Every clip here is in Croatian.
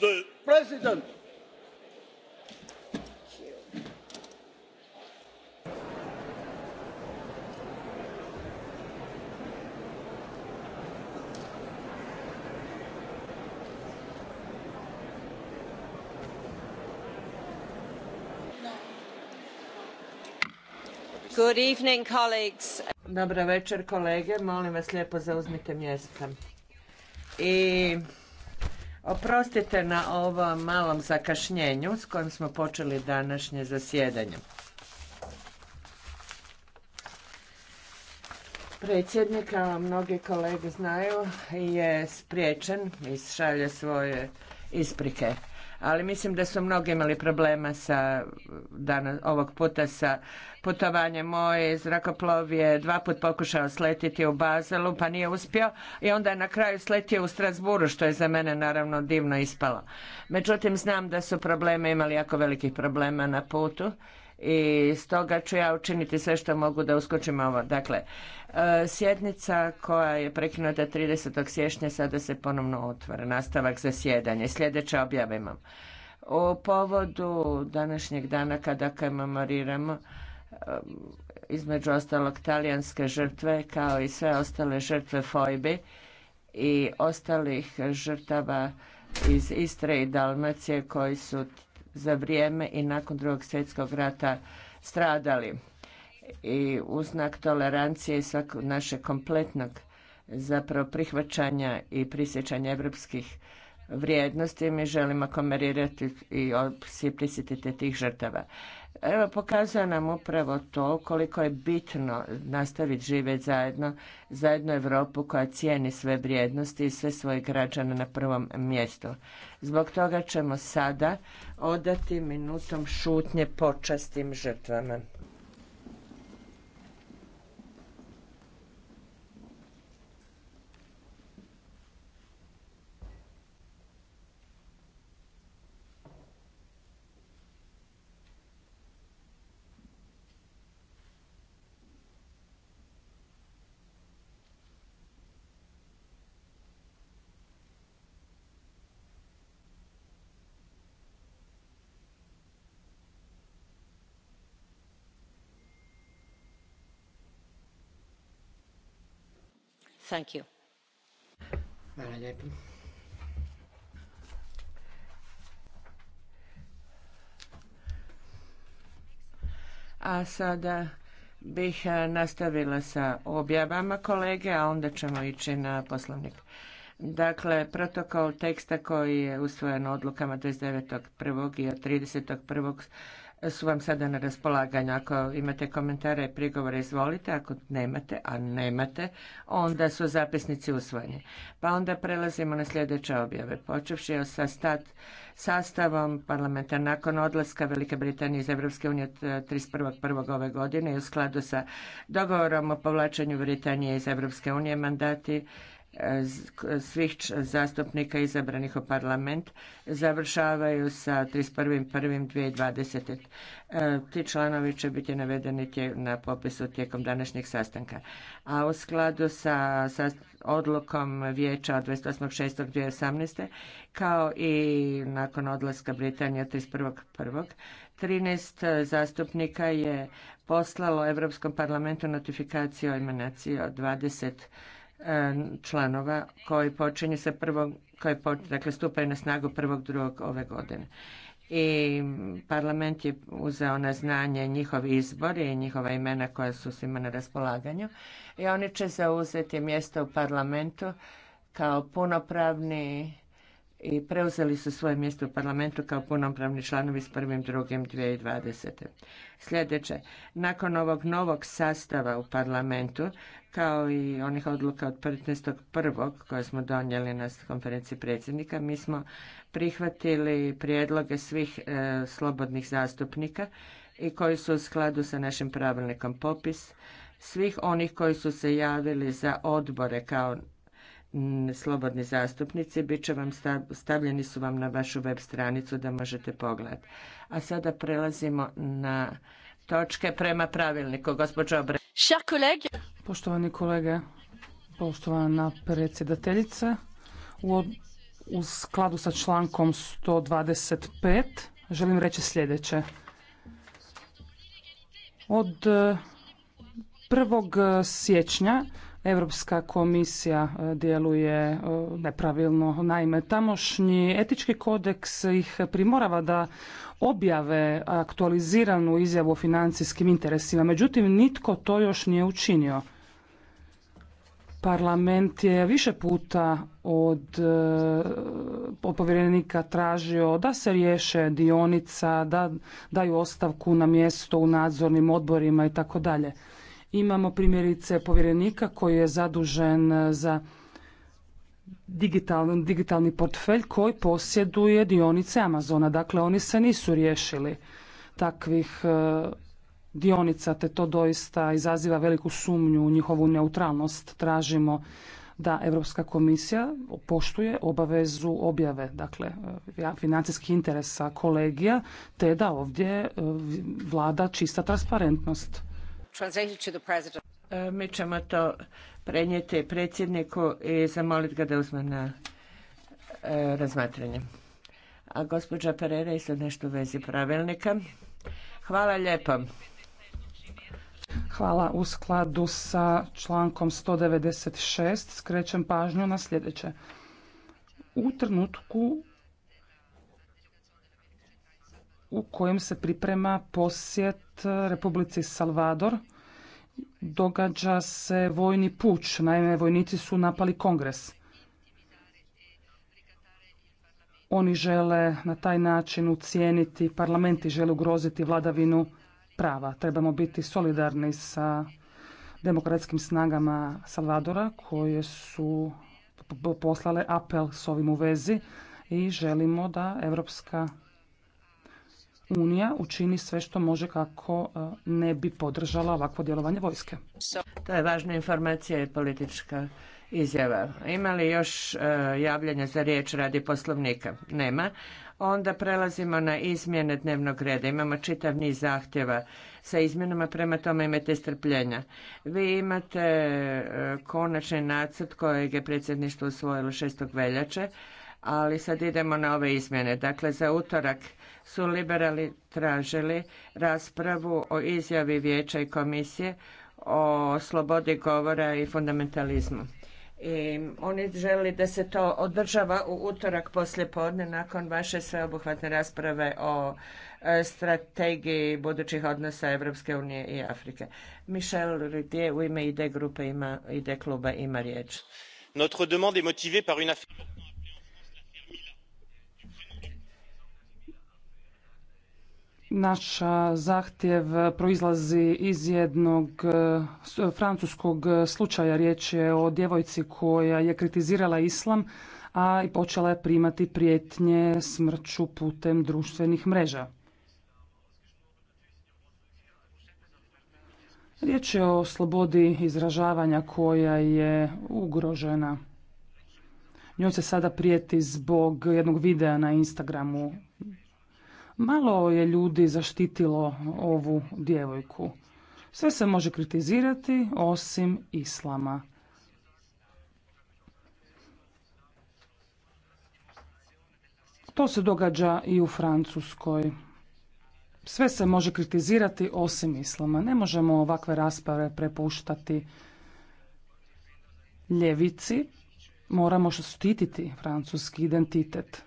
the president. Good evening, colleagues. Dobra večer kolege, molim vas lijepo zauzmite mjesta. I Oprostite na ovom malom zakašnjenju s kojim smo počeli današnje zasjedanje. Predsjednik, kao mnogi kolege znaju, je spriječen i šalje svoje isprike ali mislim da su mnogi imali problema sa danas, ovog puta sa putovanjem. moje zrakoplov je dva put pokušao sletiti u Bazelu pa nije uspio i onda je na kraju sletio u Strasburu što je za mene naravno divno ispalo. Međutim, znam da su probleme imali jako velikih problema na putu i stoga ću ja učiniti sve što mogu da uskočim ovo. Dakle, e, sjednica koja je prekinuta 30. siječnja sada se ponovno otvara. Nastavak za sjedanje. Sljedeće objava imam. U povodu današnjeg dana kada komemoriramo e, između ostalog talijanske žrtve kao i sve ostale žrtve fojbi i ostalih žrtava iz Istre i Dalmacije koji su za vrijeme i nakon drugog svjetskog rata stradali. I uznak tolerancije i svakog naše kompletnog zapravo prihvaćanja i prisjećanja evropskih vrijednosti mi želimo komerirati i prisjetiti tih žrtava. Evo, pokazuje nam upravo to koliko je bitno nastaviti živjeti zajedno, zajedno Europu koja cijeni sve vrijednosti i sve svoje građane na prvom mjestu. Zbog toga ćemo sada odati minutom šutnje počastim žrtvama. A sada bih e, nastavila sa objavama kolege, a onda ćemo ići na poslovnik. Dakle, protokol teksta koji je usvojen odlukama 29.1. i jedan su vam sada na raspolaganju. Ako imate komentare i prigovore, izvolite. Ako nemate, a nemate, onda su zapisnici usvojeni. Pa onda prelazimo na sljedeće objave. Počevši sa stat, sastavom parlamenta nakon odlaska Velike Britanije iz Europske unije 31.1. ove godine i u skladu sa dogovorom o povlačenju Britanije iz Europske unije mandati svih zastupnika izabranih u parlament završavaju sa 31.1.2020. E, ti članovi će biti navedeni na popisu tijekom današnjeg sastanka. A u skladu sa odlukom vijeća od 28.6.2018. kao i nakon odlaska Britanije 31.1. 13 zastupnika je poslalo Europskom parlamentu notifikaciju o emanaciji od 20 E, članova koji počinju sa prvog, koji dakle stupaju na snagu prvog, drugog ove godine. I parlament je uzeo na znanje njihov izbor i njihova imena koja su svima na raspolaganju i oni će zauzeti mjesto u parlamentu kao punopravni i preuzeli su svoje mjesto u parlamentu kao punopravni članovi s 1.2.2020. Sljedeće, nakon ovog novog sastava u parlamentu, kao i onih odluka od 15.1. koje smo donijeli na konferenciji predsjednika, mi smo prihvatili prijedloge svih e, slobodnih zastupnika i koji su u skladu sa našim pravilnikom popis svih onih koji su se javili za odbore kao Mm, slobodni zastupnici, bit će vam stavljeni su vam na vašu web stranicu da možete pogledati. A sada prelazimo na točke prema pravilniku. Gospođo kolege. Poštovani kolege, poštovana predsjedateljice, u, skladu sa člankom 125 želim reći sljedeće. Od 1. Eh, eh, siječnja Europska komisija e, djeluje e, nepravilno. Naime, tamošnji etički kodeks ih primorava da objave aktualiziranu izjavu o financijskim interesima. Međutim, nitko to još nije učinio. Parlament je više puta od, e, od povjerenika tražio da se riješe dionica, da daju ostavku na mjesto u nadzornim odborima i tako dalje. Imamo primjerice povjerenika koji je zadužen za digitalni, digitalni portfelj koji posjeduje dionice Amazona. Dakle, oni se nisu riješili takvih e, dionica, te to doista izaziva veliku sumnju u njihovu neutralnost. Tražimo da Europska komisija poštuje obavezu objave dakle e, financijskih interesa kolegija te da ovdje e, vlada čista transparentnost. E, mi ćemo to prenijeti predsjedniku i zamoliti ga da uzme na e, razmatranje. A gospođa Pereira isto nešto u vezi pravilnika. Hvala lijepo. Hvala. U skladu sa člankom 196 skrećem pažnju na sljedeće. U trenutku u kojem se priprema posjet e, Republici Salvador. Događa se vojni puč, naime vojnici su napali kongres. Oni žele na taj način ucijeniti parlament i žele ugroziti vladavinu prava. Trebamo biti solidarni sa demokratskim snagama Salvadora koje su poslale apel s ovim u vezi i želimo da Europska Unija učini sve što može kako e, ne bi podržala ovakvo djelovanje vojske. To je važna informacija i politička izjava. Ima li još e, javljanja za riječ radi poslovnika? Nema. Onda prelazimo na izmjene dnevnog reda. Imamo čitav niz zahtjeva sa izmjenama, prema tome imate strpljenja. Vi imate e, konačni nacrt kojeg je predsjedništvo usvojilo 6. veljače, ali sad idemo na ove izmjene. Dakle, za utorak su liberali tražili raspravu o izjavi vijeća i komisije o slobodi govora i fundamentalizmu. I oni želi da se to održava u utorak poslje podne nakon vaše sveobuhvatne rasprave o e, strategiji budućih odnosa Evropske unije i Afrike. Michel u ime ide grupe ima, ide kluba ima riječ. Notre demande est motivée par une Naš zahtjev proizlazi iz jednog e, francuskog slučaja. Riječ je o djevojci koja je kritizirala islam, a i počela je primati prijetnje smrću putem društvenih mreža. Riječ je o slobodi izražavanja koja je ugrožena. Njoj se sada prijeti zbog jednog videa na Instagramu Malo je ljudi zaštitilo ovu djevojku. Sve se može kritizirati osim islama. To se događa i u Francuskoj. Sve se može kritizirati osim islama. Ne možemo ovakve rasprave prepuštati ljevici. Moramo štititi francuski identitet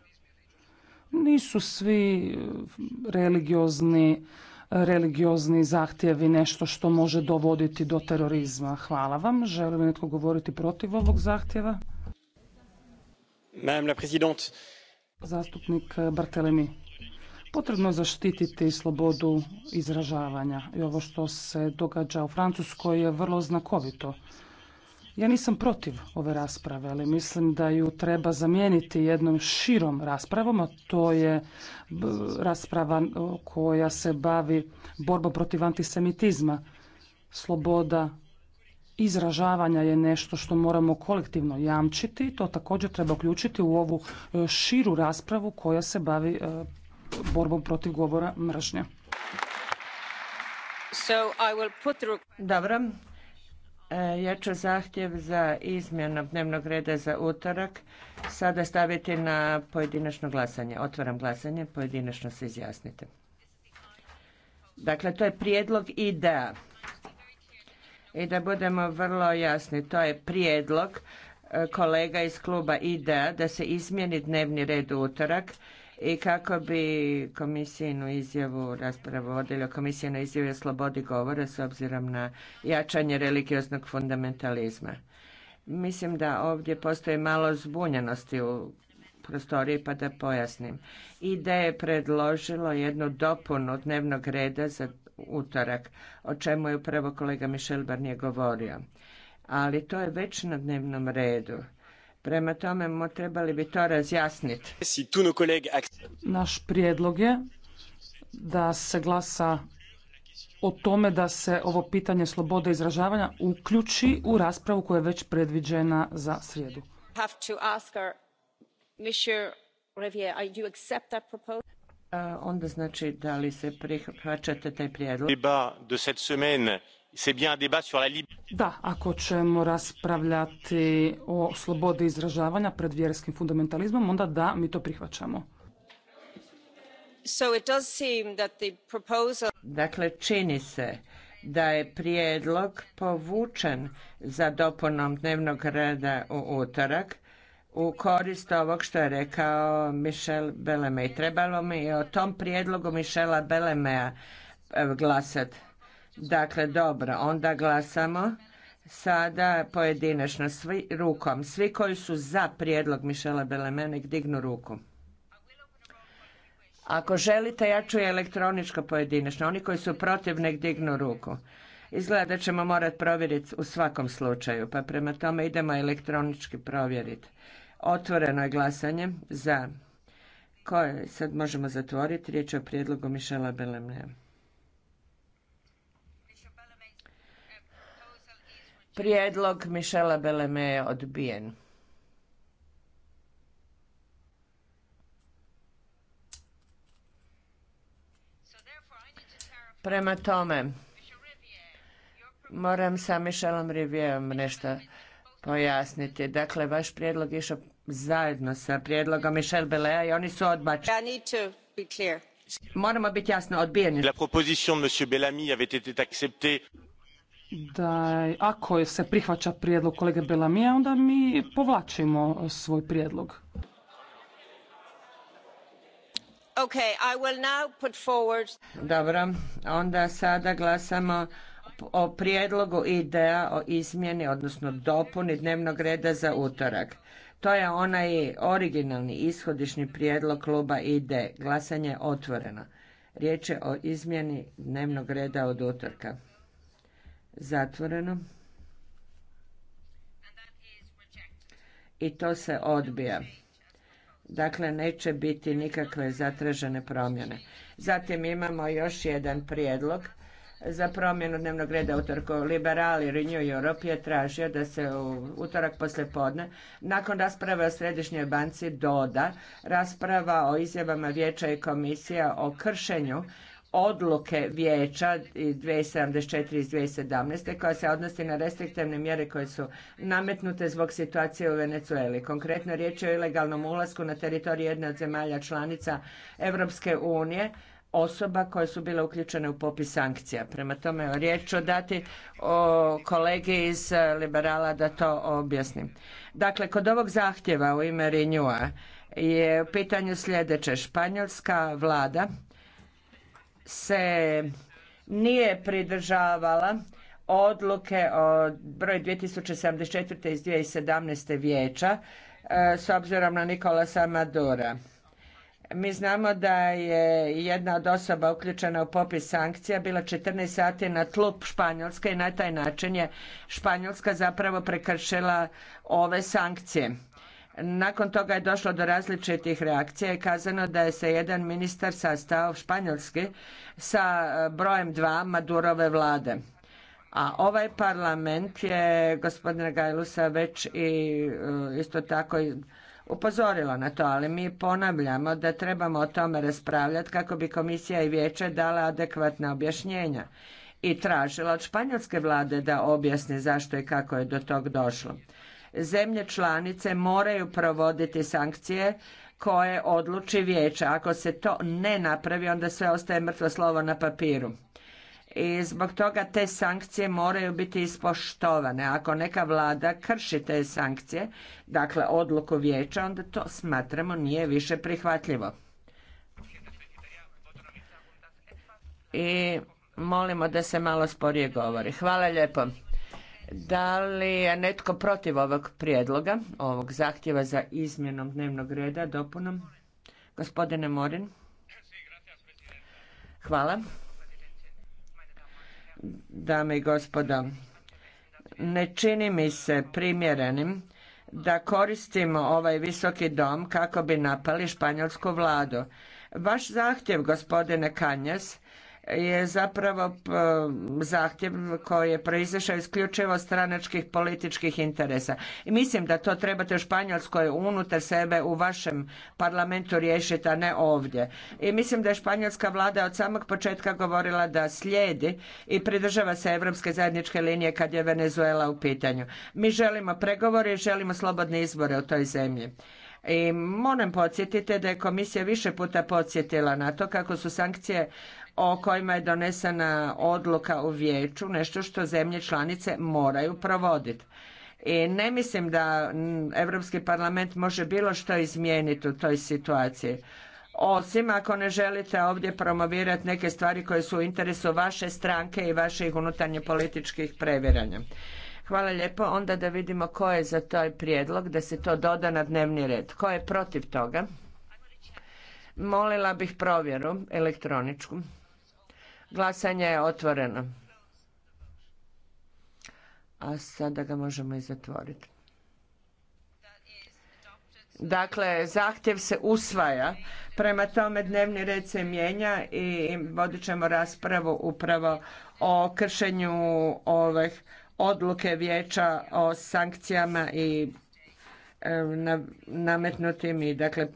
nisu svi eh, religiozni religiozni zahtjevi nešto što može dovoditi do terorizma. Hvala vam. Želi li netko govoriti protiv ovog zahtjeva? Madame la présidente. Zastupnik Bartelemi. Potrebno je zaštititi slobodu izražavanja i ovo što se događa u Francuskoj je vrlo znakovito. Ja nisam protiv ove rasprave, ali mislim da ju treba zamijeniti jednom širom raspravom, a to je e, rasprava e, koja se bavi borbom protiv antisemitizma. Sloboda izražavanja je nešto što moramo kolektivno jamčiti. To također treba uključiti u ovu e, širu raspravu koja se bavi borbom protiv govora mržnje. Dobro, E, ja ću zahtjev za izmjenu dnevnog reda za utorak sada staviti na pojedinačno glasanje. Otvaram glasanje, pojedinačno se izjasnite. Dakle, to je prijedlog ideja. I da budemo vrlo jasni, to je prijedlog e, kolega iz kluba IDEA da se izmijeni dnevni red utorak i kako bi komisijinu izjavu, raspravu odjelja komisijinu izjavu o slobodi govora s obzirom na jačanje religioznog fundamentalizma. Mislim da ovdje postoji malo zbunjenosti u prostoriji pa da pojasnim. Ide je predložilo jednu dopunu dnevnog reda za utorak, o čemu je upravo kolega Mišel Barnier govorio. Ali to je već na dnevnom redu Prema tome, trebali bi to razjasniti. Naš prijedlog je da se glasa o tome da se ovo pitanje slobode izražavanja uključi u raspravu koja je već predviđena za srijedu. Onda znači da li se prihvaćate taj prijedlog? Da, ako ćemo raspravljati o slobodi izražavanja pred vjerskim fundamentalizmom, onda da, mi to prihvaćamo. Dakle, čini se da je prijedlog povučen za dopunom dnevnog reda u utorak u korist ovog što je rekao Michel Belemej. Trebalo mi je o tom prijedlogu Michela Belemeja eh, glasati. Dakle, dobro, onda glasamo sada pojedinačno svi rukom. Svi koji su za prijedlog Mišela Belemenek dignu ruku. Ako želite, ja ću elektroničko pojedinačno. Oni koji su protiv, nek dignu ruku. Izgleda da ćemo morati provjeriti u svakom slučaju, pa prema tome idemo elektronički provjeriti. Otvoreno je glasanje za koje sad možemo zatvoriti. Riječ je o prijedlogu Mišela Belemena. Prijedlog Mišela Beleme je odbijen. Prema tome, moram sa Mišelom Rivijevom nešto pojasniti. Dakle, vaš prijedlog išao zajedno sa prijedlogom Michel Belea i oni su odbačeni. Moramo biti jasno odbijeni. La proposition de Bellamy avait été acceptée da ako se prihvaća prijedlog kolege Belamija, onda mi povlačimo svoj prijedlog. Dobro, onda sada glasamo o prijedlogu ideja o izmjeni, odnosno dopuni dnevnog reda za utorak. To je onaj originalni ishodišni prijedlog kluba ID. Glasanje je otvoreno. Riječ je o izmjeni dnevnog reda od utorka. Zatvoreno. I to se odbija. Dakle, neće biti nikakve zatražene promjene. Zatim imamo još jedan prijedlog za promjenu dnevnog reda utorku. Liberali Renew Europe je tražio da se u utorak posle podne, nakon rasprave o Središnjoj banci doda rasprava o izjavama Vijeća i komisija o kršenju odluke vijeća 274 iz 2017. koja se odnosi na restriktivne mjere koje su nametnute zbog situacije u Venezueli. Konkretno riječ je o ilegalnom ulasku na teritorij jedne od zemalja članica Europske unije osoba koje su bile uključene u popis sankcija. Prema tome, riječ ću dati o kolegi iz Liberala da to objasnim. Dakle, kod ovog zahtjeva u ime Renewa je u pitanju sljedeće. Španjolska vlada se nije pridržavala odluke od broj 2074. iz 2017. vijeća e, s obzirom na Nikola Samadura Mi znamo da je jedna od osoba uključena u popis sankcija bila 14 sati na tlup Španjolske i na taj način je Španjolska zapravo prekršila ove sankcije. Nakon toga je došlo do različitih reakcija i kazano da je se jedan ministar sastao španjolski sa e, brojem dva Madurove vlade. A ovaj parlament je gospodina Gajlusa već i e, isto tako i upozorila na to, ali mi ponavljamo da trebamo o tome raspravljati kako bi komisija i vijeće dala adekvatna objašnjenja i tražila od španjolske vlade da objasni zašto i kako je do tog došlo zemlje članice moraju provoditi sankcije koje odluči vijeće. Ako se to ne napravi, onda sve ostaje mrtvo slovo na papiru. I zbog toga te sankcije moraju biti ispoštovane. Ako neka vlada krši te sankcije, dakle odluku vijeća, onda to smatramo nije više prihvatljivo. I molimo da se malo sporije govori. Hvala lijepo. Da li je netko protiv ovog prijedloga, ovog zahtjeva za izmjenom dnevnog reda, dopunom? Gospodine Morin. Hvala. Dame i gospodo, ne čini mi se primjerenim da koristimo ovaj visoki dom kako bi napali španjolsku vladu. Vaš zahtjev, gospodine Kanjas, je zapravo zahtjev koji je proizašao isključivo stranačkih političkih interesa. I mislim da to trebate u Španjolskoj unutar sebe u vašem parlamentu riješiti, a ne ovdje. I mislim da je španjolska vlada od samog početka govorila da slijedi i pridržava se europske zajedničke linije kad je Venezuela u pitanju. Mi želimo pregovore i želimo slobodne izbore u toj zemlji. I moram podsjetiti da je komisija više puta podsjetila na to kako su sankcije o kojima je donesena odluka u vijeću, nešto što zemlje članice moraju provoditi. I ne mislim da Europski parlament može bilo što izmijeniti u toj situaciji. Osim ako ne želite ovdje promovirati neke stvari koje su u interesu vaše stranke i vaših unutarnje političkih previranja. Hvala lijepo. Onda da vidimo ko je za taj prijedlog da se to doda na dnevni red. Ko je protiv toga? Molila bih provjeru elektroničku. Glasanje je otvoreno. A sada ga možemo i zatvoriti. Dakle, zahtjev se usvaja. Prema tome dnevni red se mijenja i vodit ćemo raspravu upravo o kršenju ovih odluke vijeća o sankcijama i e, nametnutim i dakle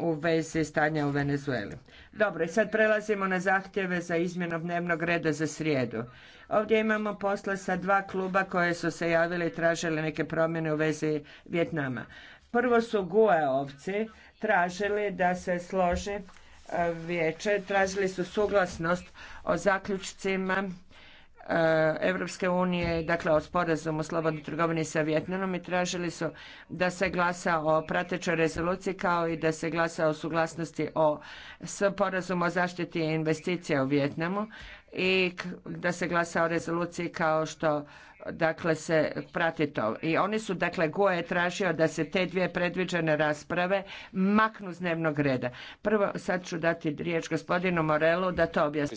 u vezi stanja u Venezueli. Dobro, i sad prelazimo na zahtjeve za izmjenu dnevnog reda za srijedu. Ovdje imamo posla sa dva kluba koje su se javili i tražili neke promjene u vezi Vjetnama. Prvo su Gua ovci tražili da se složi e, vijeće, tražili su suglasnost o zaključcima Europske unije, dakle o sporazumu slobodnoj trgovini sa Vjetnamom i tražili su da se glasa o pratećoj rezoluciji kao i da se glasa o suglasnosti o sporazumu o zaštiti investicija u Vjetnamu i da se glasa o rezoluciji kao što dakle se prati to. I oni su, dakle, Guo je tražio da se te dvije predviđene rasprave maknu s dnevnog reda. Prvo sad ću dati riječ gospodinu Morelu da to objasni.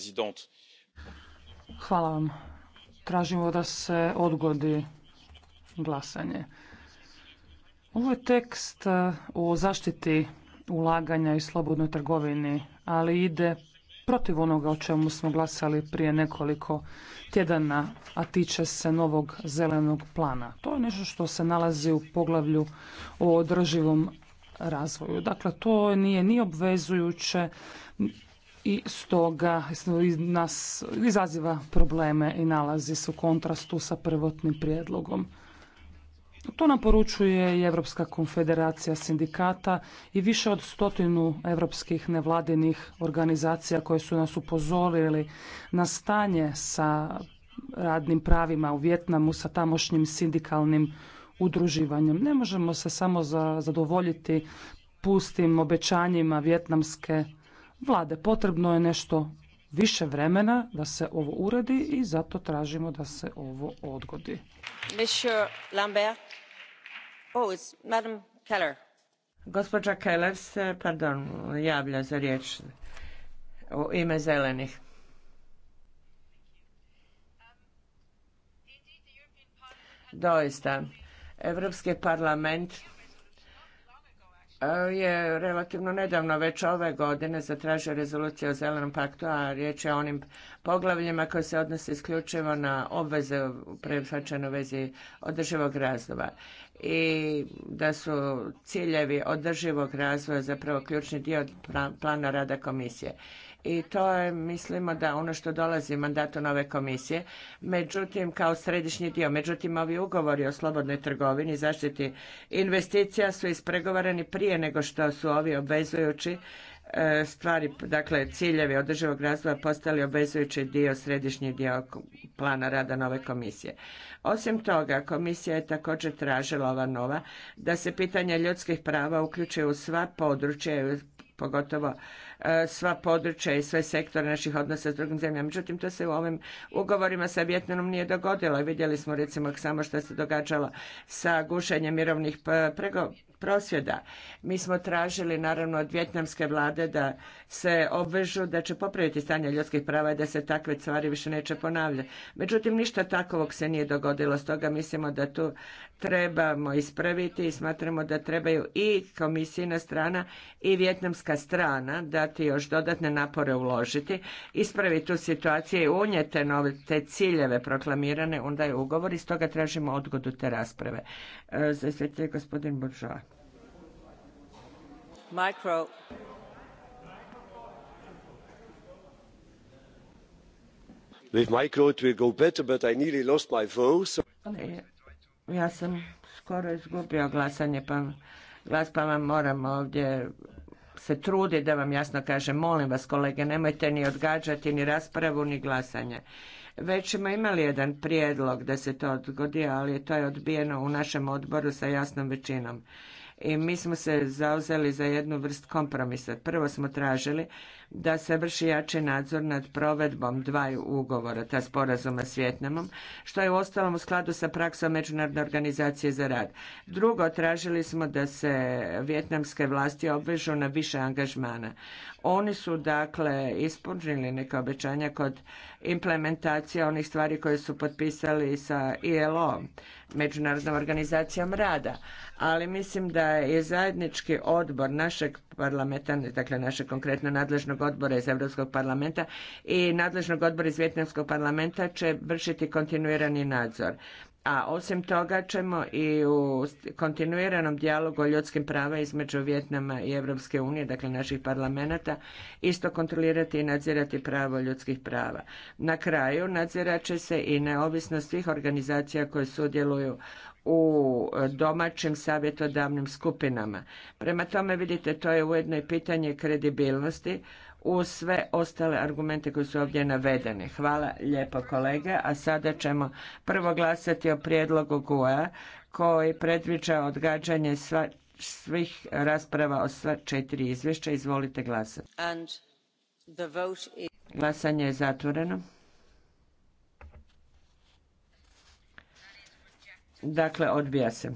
Hvala vam. Tražimo da se odgodi glasanje. Ovo je tekst e, o zaštiti ulaganja i slobodnoj trgovini, ali ide protiv onoga o čemu smo glasali prije nekoliko tjedana, a tiče se novog zelenog plana. To je nešto što se nalazi u poglavlju o održivom razvoju. Dakle, to nije ni obvezujuće, i stoga nas izaziva probleme i nalazi se u kontrastu sa prvotnim prijedlogom. To nam poručuje i Europska konfederacija sindikata i više od stotinu europskih nevladinih organizacija koje su nas upozorili na stanje sa radnim pravima u Vjetnamu, sa tamošnjim sindikalnim udruživanjem. Ne možemo se samo zadovoljiti pustim obećanjima vjetnamske vlade. Potrebno je nešto više vremena da se ovo uredi i zato tražimo da se ovo odgodi. Monsieur oh, Keller. Gospođa Keller se, pardon, javlja za riječ u ime zelenih. Doista, Europski parlament Eh, je relativno nedavno već ove godine zatražio rezoluciju o zelenom paktu, a riječ je o onim poglavljima koje se odnose isključivo na obveze u u vezi održivog razvoja i da su ciljevi održivog razvoja zapravo ključni dio plana rada komisije i to je, mislimo da ono što dolazi mandatu nove komisije, međutim kao središnji dio, međutim ovi ugovori o slobodnoj trgovini, zaštiti investicija su ispregovarani prije nego što su ovi obvezujući e, stvari, dakle ciljevi održivog razvoja postali obvezujući dio, središnji dio plana rada nove komisije. Osim toga, komisija je također tražila ova nova da se pitanje ljudskih prava uključe u sva područja, pogotovo sva područja i sve sektore naših odnosa s drugim zemljama. Međutim, to se u ovim ugovorima sa Vjetnamom nije dogodilo vidjeli smo recimo samo što se događalo sa gušenjem mirovnih eh, prosvjeda. Mi smo tražili naravno od vjetnamske vlade da se obvežu da će popraviti stanje ljudskih prava i da se takve stvari više neće ponavljati. Međutim, ništa takovog se nije dogodilo, stoga mislimo da tu trebamo ispraviti i smatramo da trebaju i komisijna strana i vjetnamska strana dati još dodatne napore uložiti, ispraviti tu situaciju i unijete nove te ciljeve proklamirane, onda je ugovor i stoga tražimo odgodu te rasprave. E, za gospodin with micro e, Ja sam skoro izgubio glasanje, pa glas pa vam moram ovdje se trudi da vam jasno kažem, molim vas kolege, nemojte ni odgađati ni raspravu ni glasanje. Već smo imali jedan prijedlog da se to odgodi, ali to je odbijeno u našem odboru sa jasnom većinom. I mi smo se zauzeli za jednu vrst kompromisa. Prvo smo tražili da se vrši jači nadzor nad provedbom dvaju ugovora, ta sporazuma s Vjetnamom, što je u ostalom u skladu sa praksom Međunarodne organizacije za rad. Drugo, tražili smo da se vjetnamske vlasti obvežu na više angažmana. Oni su dakle ispunili neka obećanja kod implementacije onih stvari koje su potpisali sa ILO, Međunarodnom organizacijom rada. Ali mislim da je zajednički odbor našeg parlamenta, dakle naše konkretno nadležnog odbora iz Europskog parlamenta i nadležnog odbora iz Vjetnamskog parlamenta će vršiti kontinuirani nadzor. A osim toga ćemo i u kontinuiranom dijalogu o ljudskim prava između Vjetnama i Europske unije, dakle naših parlamenata, isto kontrolirati i nadzirati pravo ljudskih prava. Na kraju nadzirat će se i neovisnost svih organizacija koje sudjeluju u domaćim savjetodavnim skupinama. Prema tome, vidite, to je ujedno i pitanje kredibilnosti uz sve ostale argumente koji su ovdje navedeni. Hvala lijepo kolege, a sada ćemo prvo glasati o prijedlogu GUA koji predviđa odgađanje svih rasprava o sva četiri izvješća. Izvolite glasati. Glasanje je zatvoreno. Dakle, odbija se.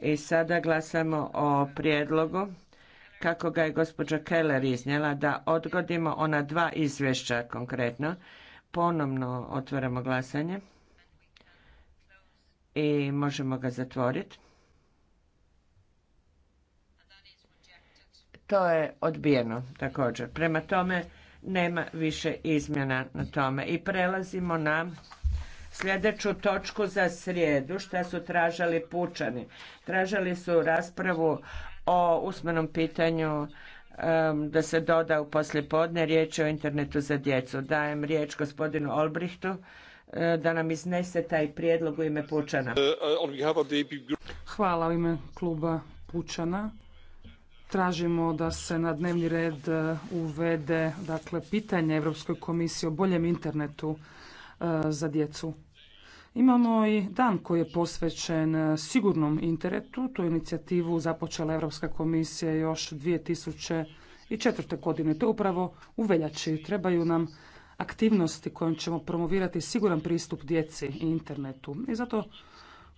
I sada glasamo o prijedlogu kako ga je gospođa Keller iznijela, da odgodimo ona dva izvješća konkretno. Ponovno otvaramo glasanje i možemo ga zatvoriti. To je odbijeno također. Prema tome nema više izmjena na tome. I prelazimo na sljedeću točku za srijedu, što su tražali pučani. Tražali su raspravu o usmenom pitanju da se doda u poslijepodne riječ o internetu za djecu. Dajem riječ gospodinu Olbrichtu eh, da nam iznese taj prijedlog u ime Pučana. Eh, eh, Hvala u ime kluba Pučana. Tražimo da se na dnevni red uvede dakle, pitanje Europskoj komisiji o boljem internetu za djecu. Imamo i dan koji je posvećen e, sigurnom internetu. Tu inicijativu započela Europska komisija još 2004. godine. To je upravo u veljači. Trebaju nam aktivnosti kojom ćemo promovirati siguran pristup djeci i internetu. I zato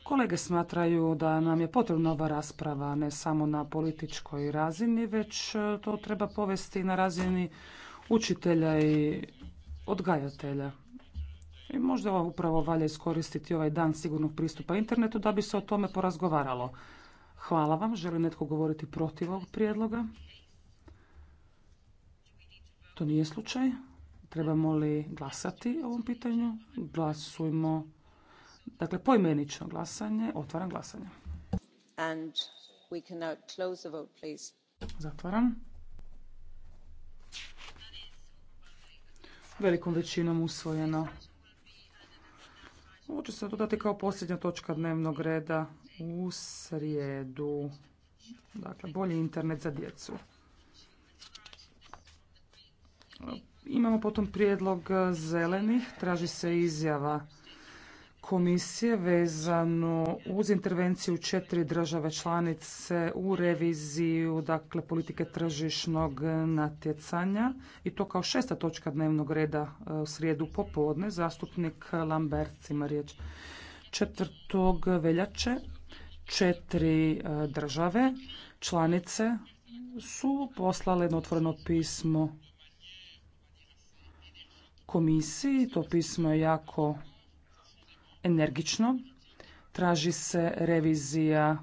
kolege smatraju da nam je potrebna ova rasprava ne samo na političkoj razini, već e, to treba povesti na razini učitelja i odgajatelja. I možda upravo valja iskoristiti ovaj dan sigurnog pristupa internetu da bi se o tome porazgovaralo. Hvala vam. Želi netko govoriti protiv ovog prijedloga? To nije slučaj. Trebamo li glasati o ovom pitanju? Glasujmo. Dakle, poimenično glasanje. Otvaram glasanje. Zatvaram. Velikom većinom usvojeno. Ovo će se dodati kao posljednja točka dnevnog reda u srijedu. Dakle, bolji internet za djecu. Imamo potom prijedlog zelenih. Traži se izjava komisije vezano uz intervenciju četiri države članice u reviziju dakle politike tržišnog natjecanja i to kao šesta točka dnevnog reda e, u srijedu popodne. Zastupnik Lambert ima riječ. 4. veljače četiri e, države članice su poslale jedno otvoreno pismo komisiji. To pismo je jako energično. Traži se revizija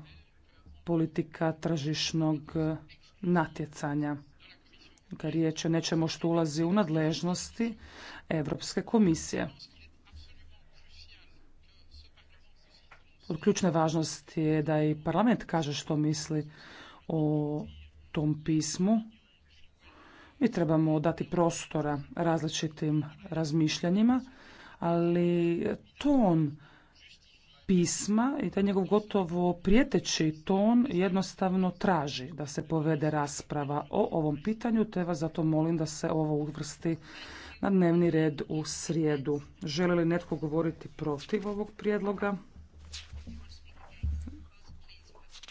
politika tržišnog natjecanja. Kad riječ je o nečemu što ulazi u nadležnosti Europske komisije. Od ključne važnosti je da i parlament kaže što misli o tom pismu. Mi trebamo dati prostora različitim razmišljanjima ali ton pisma i taj njegov gotovo prijeteći ton jednostavno traži da se povede rasprava o ovom pitanju, te vas zato molim da se ovo uvrsti na dnevni red u srijedu. Želi li netko govoriti protiv ovog prijedloga?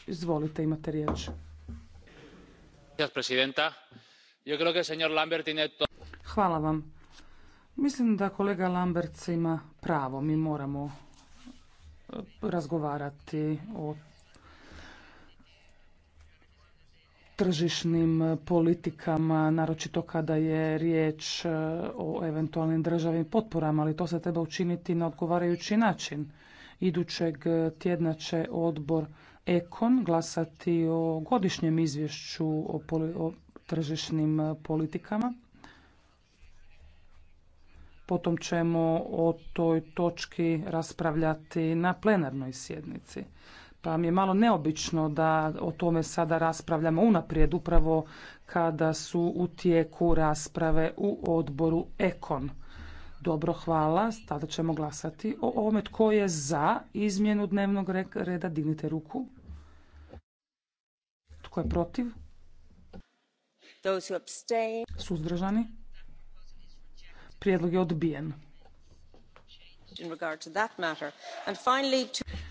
Izvolite, imate riječ. Hvala vam. Mislim da kolega Lamberts ima pravo. Mi moramo e, razgovarati o tržišnim politikama, naročito kada je riječ e, o eventualnim državnim potporama, ali to se treba učiniti na odgovarajući način. Idućeg e, tjedna će odbor Ekon glasati o godišnjem izvješću o, o tržišnim politikama potom ćemo o toj točki raspravljati na plenarnoj sjednici. Pa mi je malo neobično da o tome sada raspravljamo unaprijed upravo kada su u tijeku rasprave u odboru Ekon. Dobro, hvala. Sada ćemo glasati o ovome tko je za izmjenu dnevnog reda. Dignite ruku. Tko je protiv? Suzdržani? Prijedlog je odbijen.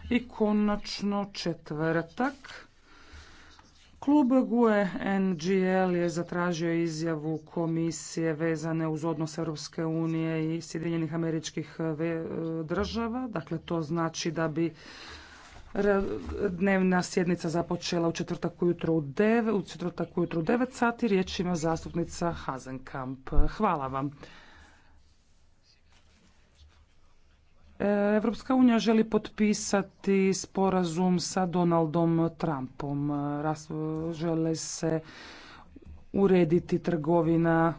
I konačno četvrtak. Klub GUE NGL je zatražio izjavu komisije vezane uz odnos Europske unije i Sjedinjenih američkih e, e, država. Dakle, to znači da bi dnevna sjednica započela u četvrtak ujutro u 9, u četvrtak ujutro u 9 sati. Riječ ima zastupnica Hazenkamp. Hvala vam. Evropska unija želi potpisati sporazum sa Donaldom Trumpom. Žele se urediti trgovina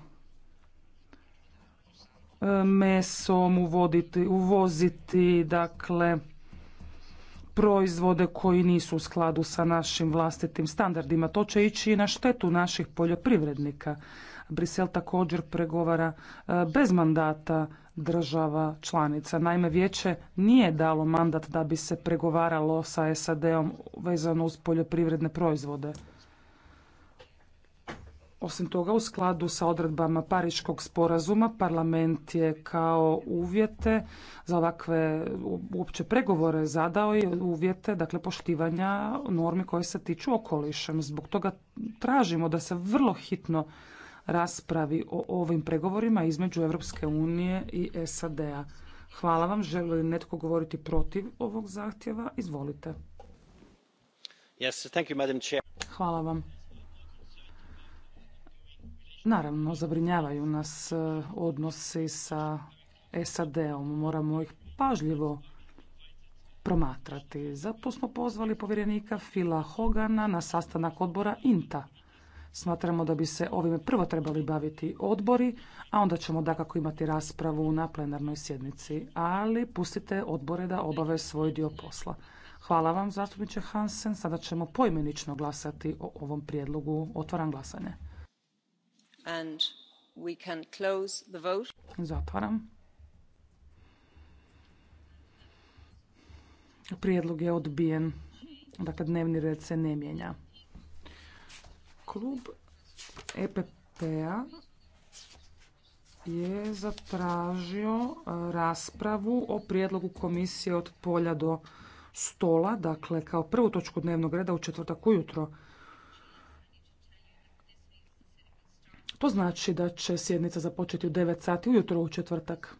e, mesom, uvoditi, uvoziti dakle proizvode koji nisu u skladu sa našim vlastitim standardima. To će ići i na štetu naših poljoprivrednika. Brisel također pregovara e, bez mandata država članica. Naime, vijeće nije dalo mandat da bi se pregovaralo sa SAD-om vezano uz poljoprivredne proizvode. Osim toga, u skladu sa odredbama Pariškog sporazuma, parlament je kao uvjete za ovakve uopće pregovore zadao i uvjete dakle, poštivanja normi koje se tiču okolišem. Zbog toga tražimo da se vrlo hitno raspravi o ovim pregovorima između Europske unije i SAD-a. Hvala vam. Želi li netko govoriti protiv ovog zahtjeva? Izvolite. Hvala vam. Naravno, zabrinjavaju nas e, odnosi sa SAD-om. Moramo ih pažljivo promatrati. Zato smo pozvali povjerenika Fila Hogana na sastanak odbora INTA. Smatramo da bi se ovime prvo trebali baviti odbori, a onda ćemo dakako imati raspravu na plenarnoj sjednici. Ali pustite odbore da obave svoj dio posla. Hvala vam zastupniče Hansen. Sada ćemo poimenično glasati o ovom prijedlogu. Otvaram glasanje. Zatvaram. Prijedlog je odbijen. Dakle, dnevni red se ne mijenja. Klub EPP-a je zatražio e, raspravu o prijedlogu komisije od polja do stola, dakle kao prvu točku dnevnog reda u četvrtak ujutro. To znači da će sjednica započeti u 9 sati ujutro u četvrtak.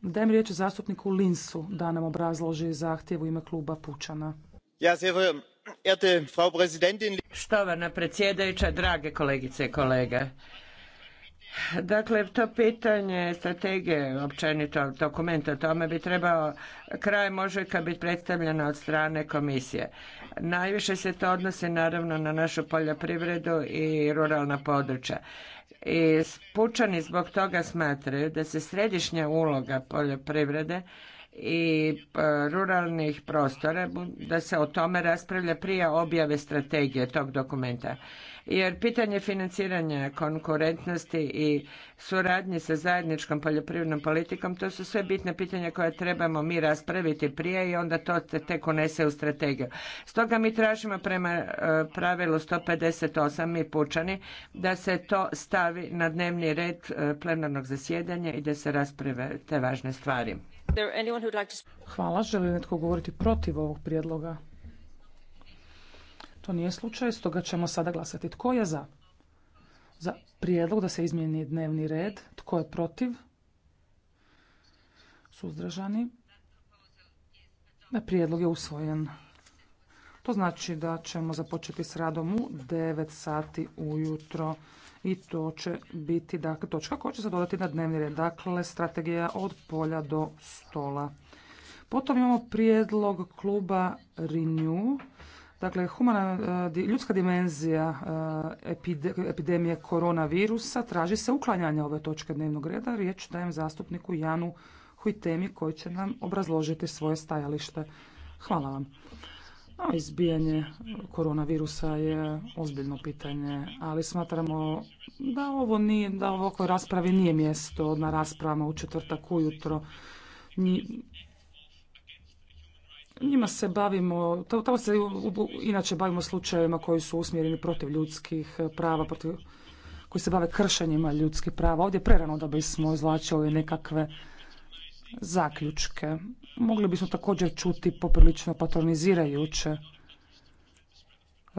Dajem riječ zastupniku Linsu da nam obrazloži zahtjev u ime kluba Pučana. Ja, Štovana predsjedavajuća, drage kolegice i kolege. Dakle, to pitanje strategije, općenito dokumenta o tome bi trebao krajem ožujka biti predstavljeno od strane komisije. Najviše se to odnosi naravno na našu poljoprivredu i ruralna područja. I pučani zbog toga smatraju da se središnja uloga poljoprivrede i e, ruralnih prostora da se o tome raspravlja prije objave strategije tog dokumenta. Jer pitanje financiranja konkurentnosti i suradnje sa zajedničkom poljoprivrednom politikom, to su sve bitna pitanja koja trebamo mi raspraviti prije i onda to tek unese u strategiju. Stoga mi tražimo prema e, pravilu 158 mi pučani da se to stavi na dnevni red e, plenarnog zasjedanja i da se rasprave te važne stvari. Hvala. Želi li netko govoriti protiv ovog prijedloga? To nije slučaj, stoga ćemo sada glasati. Tko je za? Za prijedlog da se izmijeni dnevni red. Tko je protiv? Suzdržani. Prijedlog je usvojen. To znači da ćemo započeti s radom u 9 sati ujutro i to će biti dakle, točka koja će se dodati na dnevni red. Dakle, strategija od polja do stola. Potom imamo prijedlog kluba Renew. Dakle, humana, e, ljudska dimenzija e, epidemije koronavirusa traži se uklanjanje ove točke dnevnog reda. Riječ dajem zastupniku Janu Hujtemi koji će nam obrazložiti svoje stajalište. Hvala vam. A izbijanje koronavirusa je ozbiljno pitanje, ali smatramo da ovo nije, da ovakvoj raspravi nije mjesto na raspravama u četvrtak ujutro. Njima se bavimo, tamo se inače bavimo slučajevima koji su usmjereni protiv ljudskih prava, protiv, koji se bave kršenjima ljudskih prava. Ovdje prerano da bismo izvlačili nekakve zaključke mogli bismo također čuti poprilično patronizirajuće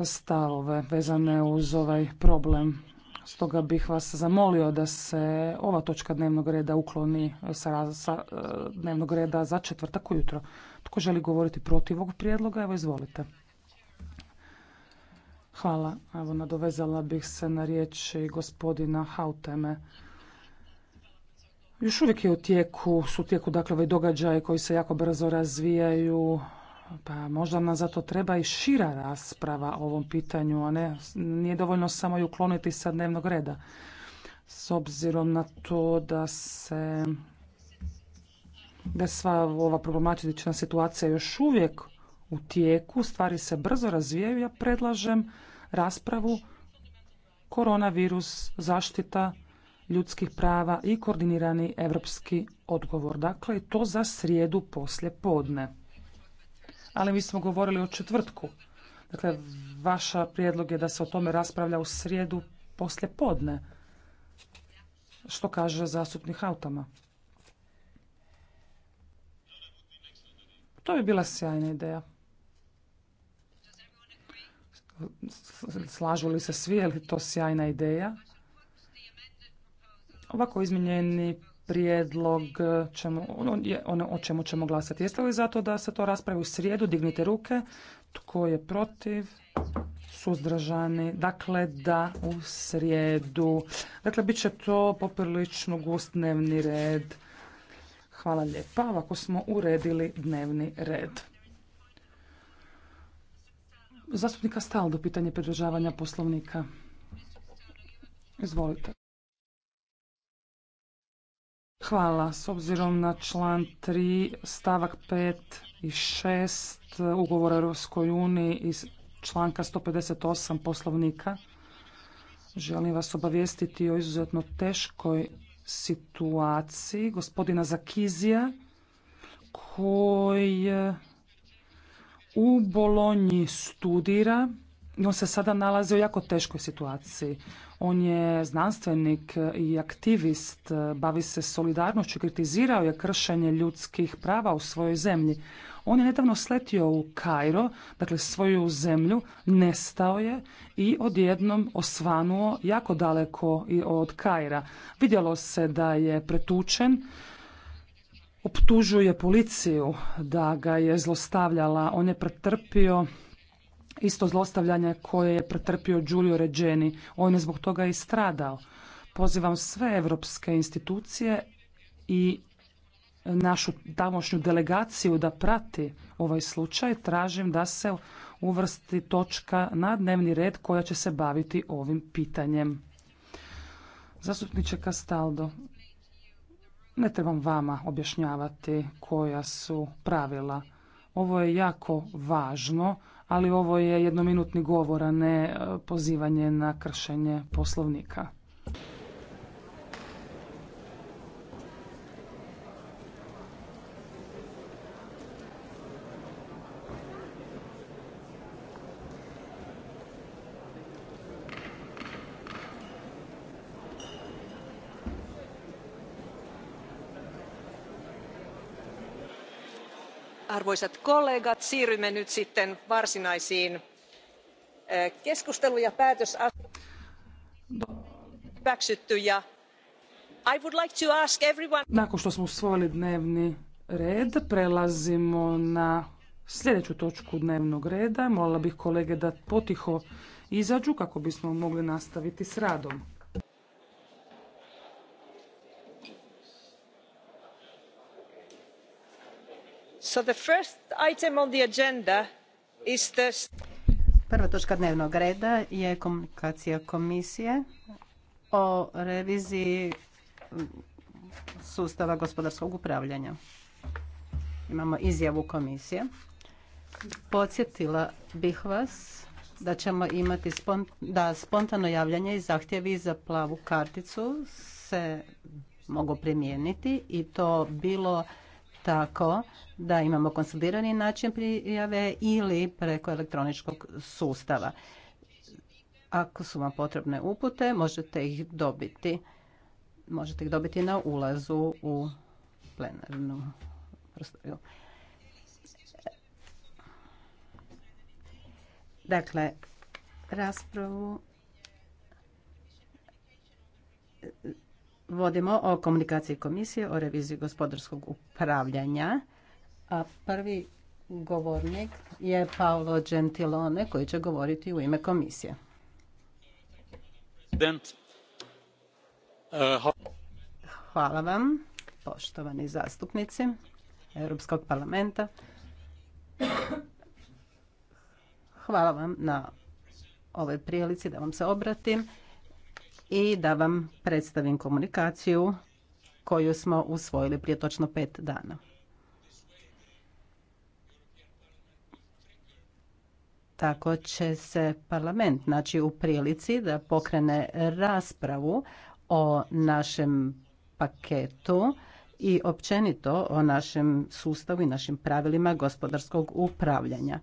stavove vezane uz ovaj problem. Stoga bih vas zamolio da se ova točka dnevnog reda ukloni sa, e, dnevnog reda za četvrtak ujutro. Tko želi govoriti protiv ovog prijedloga? Evo izvolite. Hvala. Evo nadovezala bih se na riječi gospodina Hauteme. Još uvijek je u tijeku, su u tijeku dakle ovi događaji koji se jako brzo razvijaju, pa možda nam zato treba i šira rasprava o ovom pitanju, a ne nije dovoljno samo ju ukloniti sa dnevnog reda. S obzirom na to da se da sva ova problematična situacija još uvijek u tijeku, stvari se brzo razvijaju, ja predlažem raspravu koronavirus, zaštita ljudskih prava i koordinirani europski odgovor. Dakle, to za srijedu poslje podne. Ali mi smo govorili o četvrtku. Dakle, vaša prijedlog je da se o tome raspravlja u srijedu poslje podne. Što kaže zastupnik autama? To bi bila sjajna ideja. Slažu li se svi, je li to sjajna ideja? Ovako izmijenjeni prijedlog ono je ono o čemu ćemo glasati. Jeste li zato da se to raspravi u srijedu? Dignite ruke. Tko je protiv? Suzdržani. Dakle, da u srijedu. Dakle, bit će to poprilično gust dnevni red. Hvala lijepa. Ovako smo uredili dnevni red. Zastupnika Staldo, pitanje pridržavanja poslovnika. Izvolite. Hvala. S obzirom na član 3 stavak 5 i 6 ugovora o Europskoj uniji iz članka 158 poslovnika želim vas obavijestiti o izuzetno teškoj situaciji gospodina Zakizija koji u Bolonji studira i on se sada nalazi u jako teškoj situaciji. On je znanstvenik i aktivist, bavi se solidarnošću, kritizirao je kršenje ljudskih prava u svojoj zemlji. On je nedavno sletio u Kairo, dakle svoju zemlju, nestao je i odjednom osvanuo jako daleko i od Kaira. Vidjelo se da je pretučen, optužuje policiju da ga je zlostavljala, on je pretrpio isto zlostavljanje koje je pretrpio Giulio Regeni. On je zbog toga i stradao. Pozivam sve evropske institucije i našu tamošnju delegaciju da prati ovaj slučaj. Tražim da se uvrsti točka na dnevni red koja će se baviti ovim pitanjem. Zastupniče Castaldo, ne trebam vama objašnjavati koja su pravila. Ovo je jako važno ali ovo je jednominutni govor, a ne e, pozivanje na kršenje poslovnika. arvoisat kollegat siirrymme nyt sitten varsinaisiin eh, keskustelu ja päätös hyväksytty ja I would like to ask everyone... Nakon što smo usvojili dnevni red, prelazimo na sljedeću točku dnevnog reda. Molila bih kolege da potiho izađu kako bismo mogli nastaviti s radom. Prva točka dnevnog reda je komunikacija komisije o reviziji mm, sustava gospodarskog upravljanja. Imamo izjavu komisije. Podsjetila bih vas da ćemo imati da spontano javljanje i zahtjevi za plavu karticu se mogu primijeniti i to bilo tako da imamo konsolidirani način prijave ili preko elektroničkog sustava. Ako su vam potrebne upute, možete ih dobiti. Možete ih dobiti na ulazu u plenarnu prostoriju. Dakle, raspravu vodimo o komunikaciji komisije o reviziji gospodarskog upravljanja. A prvi govornik je Paolo Gentilone koji će govoriti u ime komisije. Uh, Hvala vam, poštovani zastupnici Europskog parlamenta. Hvala vam na ovoj prijelici da vam se obratim i da vam predstavim komunikaciju koju smo usvojili prije točno pet dana. Tako će se parlament naći u prilici da pokrene raspravu o našem paketu i općenito o našem sustavu i našim pravilima gospodarskog upravljanja.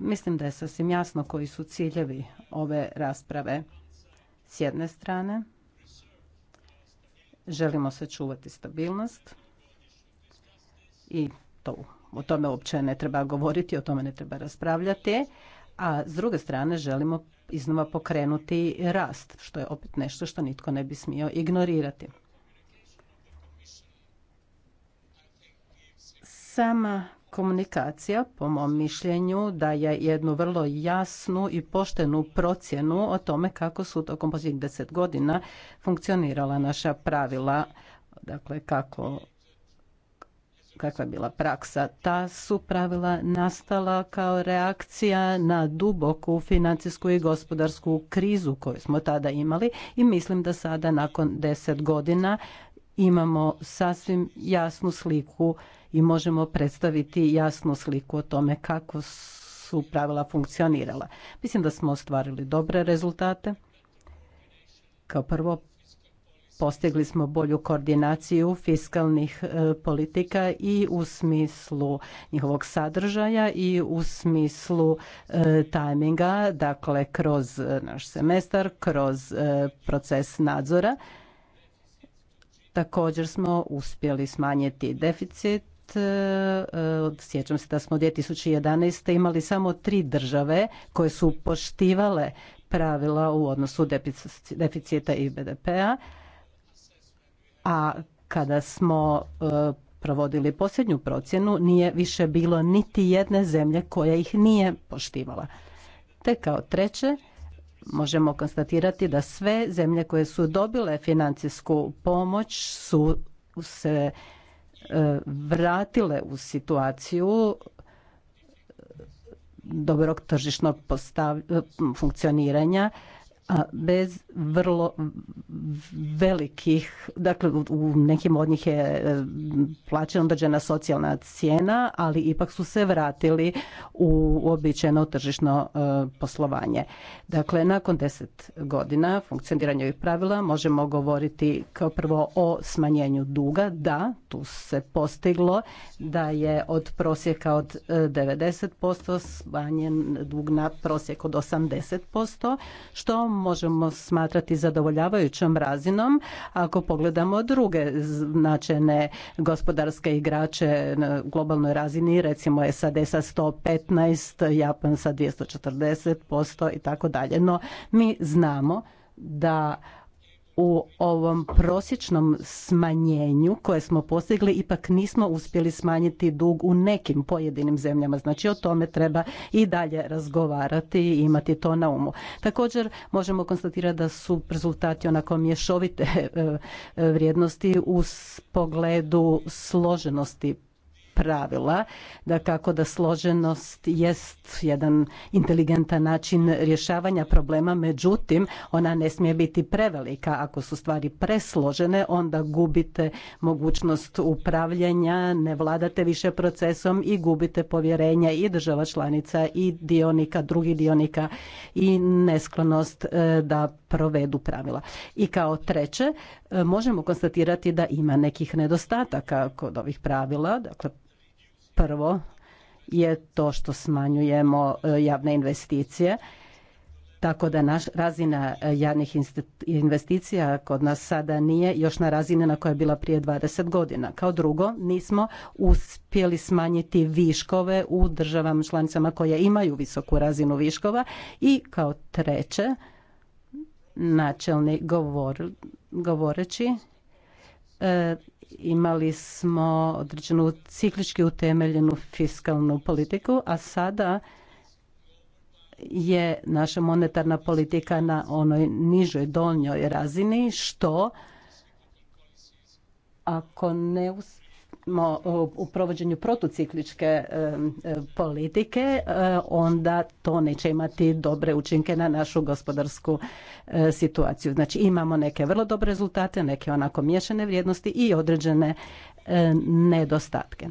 Mislim da je sasvim jasno koji su ciljevi ove rasprave. S jedne strane, želimo sačuvati stabilnost i to, o tome uopće ne treba govoriti, o tome ne treba raspravljati, a s druge strane želimo iznova pokrenuti rast, što je opet nešto što nitko ne bi smio ignorirati. Sama komunikacija, po mom mišljenju, daje jednu vrlo jasnu i poštenu procjenu o tome kako su tokom posljednjih deset godina funkcionirala naša pravila, dakle kako kakva je bila praksa. Ta su pravila nastala kao reakcija na duboku financijsku i gospodarsku krizu koju smo tada imali i mislim da sada nakon deset godina imamo sasvim jasnu sliku i možemo predstaviti jasnu sliku o tome kako su pravila funkcionirala. Mislim da smo ostvarili dobre rezultate. Kao prvo, postigli smo bolju koordinaciju fiskalnih e, politika i u smislu njihovog sadržaja i u smislu e, tajminga, dakle kroz e, naš semestar, kroz proces nadzora. Također smo uspjeli smanjiti deficit E, sjećam se da smo 2011. imali samo tri države koje su poštivale pravila u odnosu deficita i BDP-a, a kada smo e, provodili posljednju procjenu nije više bilo niti jedne zemlje koja ih nije poštivala. Te kao treće, možemo konstatirati da sve zemlje koje su dobile financijsku pomoć su se vratile u situaciju dobrog tržišnog funkcioniranja a bez vrlo velikih, dakle u nekim od njih je e, plaćena određena socijalna cijena, ali ipak su se vratili u uobičajeno tržišno e, poslovanje. Dakle, nakon deset godina funkcioniranja ovih pravila možemo govoriti kao prvo o smanjenju duga. Da, tu se postiglo da je od prosjeka od 90% e, smanjen dug na prosjek od 80%, što možemo smatrati zadovoljavajućom razinom ako pogledamo druge značajne gospodarske igrače na globalnoj razini, recimo SAD sa 115, Japan sa 240% i tako dalje. No mi znamo da u ovom prosječnom smanjenju koje smo postigli ipak nismo uspjeli smanjiti dug u nekim pojedinim zemljama. Znači o tome treba i dalje razgovarati i imati to na umu. Također možemo konstatirati da su rezultati onako mješovite e, e, vrijednosti u pogledu složenosti pravila, da kako da složenost jest jedan inteligentan način rješavanja problema, međutim ona ne smije biti prevelika. Ako su stvari presložene, onda gubite mogućnost upravljanja, ne vladate više procesom i gubite povjerenje i država članica i dionika, drugih dionika i nesklonost eh, da provedu pravila. I kao treće, e, možemo konstatirati da ima nekih nedostataka kod ovih pravila. Dakle, prvo je to što smanjujemo e, javne investicije tako da naš razina e, javnih investicija kod nas sada nije još na razini na kojoj je bila prije 20 godina. Kao drugo, nismo uspjeli smanjiti viškove u državama članicama koje imaju visoku razinu viškova i kao treće, načelni govor, govoreći e, imali smo određenu ciklički utemeljenu fiskalnu politiku, a sada je naša monetarna politika na onoj nižoj donjoj razini što ako ne u provođenju protucikličke e, e, politike, e, onda to neće imati dobre učinke na našu gospodarsku situaciju. Znači imamo neke vrlo dobre rezultate, neke onako miješane vrijednosti i određene nedostatke.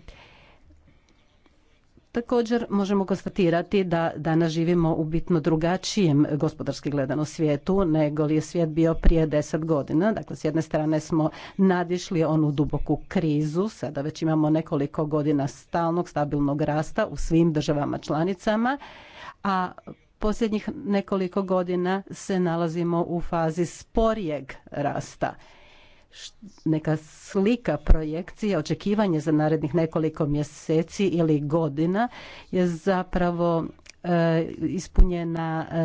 Također možemo konstatirati da danas živimo u bitno drugačijem gospodarski gledano svijetu nego li je svijet bio prije deset godina. Dakle, s jedne strane smo nadišli onu duboku krizu, sada već imamo nekoliko godina stalnog stabilnog rasta u svim državama članicama, a posljednjih nekoliko godina se nalazimo u fazi sporijeg rasta neka slika projekcija, očekivanje za narednih nekoliko mjeseci ili godina je zapravo e, ispunjena e,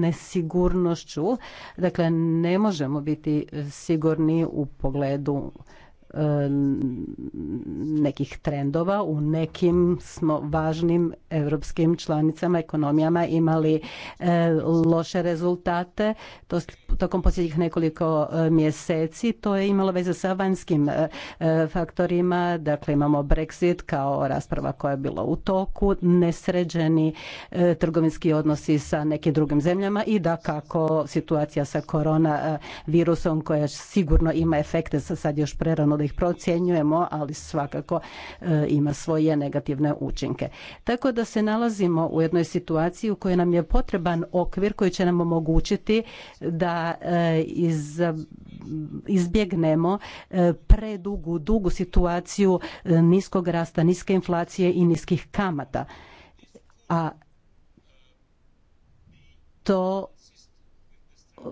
nesigurnošću. Dakle, ne možemo biti sigurni u pogledu nekih trendova. U nekim smo važnim europskim članicama, ekonomijama imali e, loše rezultate tokom posljednjih nekoliko e, mjeseci. To je imalo veze sa vanjskim e, faktorima. Dakle, imamo Brexit kao rasprava koja je bila u toku, nesređeni trgovinski odnosi sa nekim drugim zemljama i da kako situacija sa korona virusom koja sigurno ima efekte sad još prerano malo ih procjenjujemo, ali svakako e, ima svoje negativne učinke. Tako da se nalazimo u jednoj situaciji u kojoj nam je potreban okvir koji će nam omogućiti da e, iz, izbjegnemo e, predugu, dugu situaciju niskog rasta, niske inflacije i niskih kamata. A to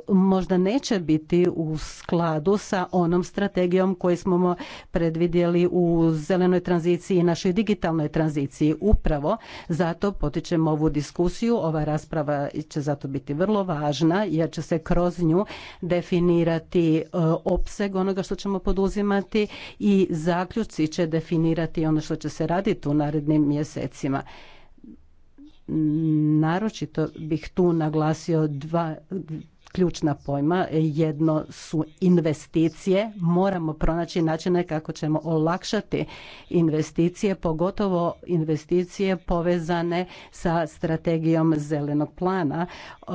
možda neće biti u skladu sa onom strategijom koju smo predvidjeli u zelenoj tranziciji i našoj digitalnoj tranziciji. Upravo zato potičemo ovu diskusiju. Ova rasprava će zato biti vrlo važna jer će se kroz nju definirati e, opseg onoga što ćemo poduzimati i zaključci će definirati ono što će se raditi u narednim mjesecima naročito bih tu naglasio dva, ključna pojma. Jedno su investicije. Moramo pronaći načine kako ćemo olakšati investicije, pogotovo investicije povezane sa strategijom zelenog plana e,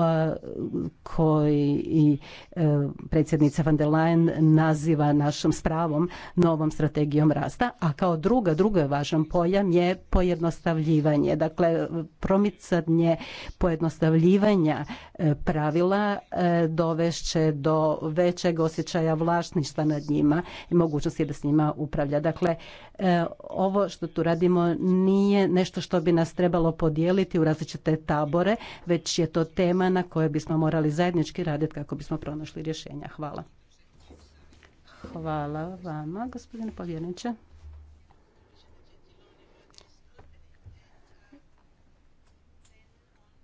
koji i e, predsjednica van der Leyen naziva našom spravom novom strategijom rasta. A kao druga, drugo je važan pojam je pojednostavljivanje. Dakle, promicanje pojednostavljivanja e, pravila E, dovešće do većeg osjećaja vlasništva nad njima i mogućnosti da s njima upravlja. Dakle, e, ovo što tu radimo nije nešto što bi nas trebalo podijeliti u različite tabore, već je to tema na kojoj bismo morali zajednički raditi kako bismo pronašli rješenja. Hvala. Hvala vama, gospodine povjerniče.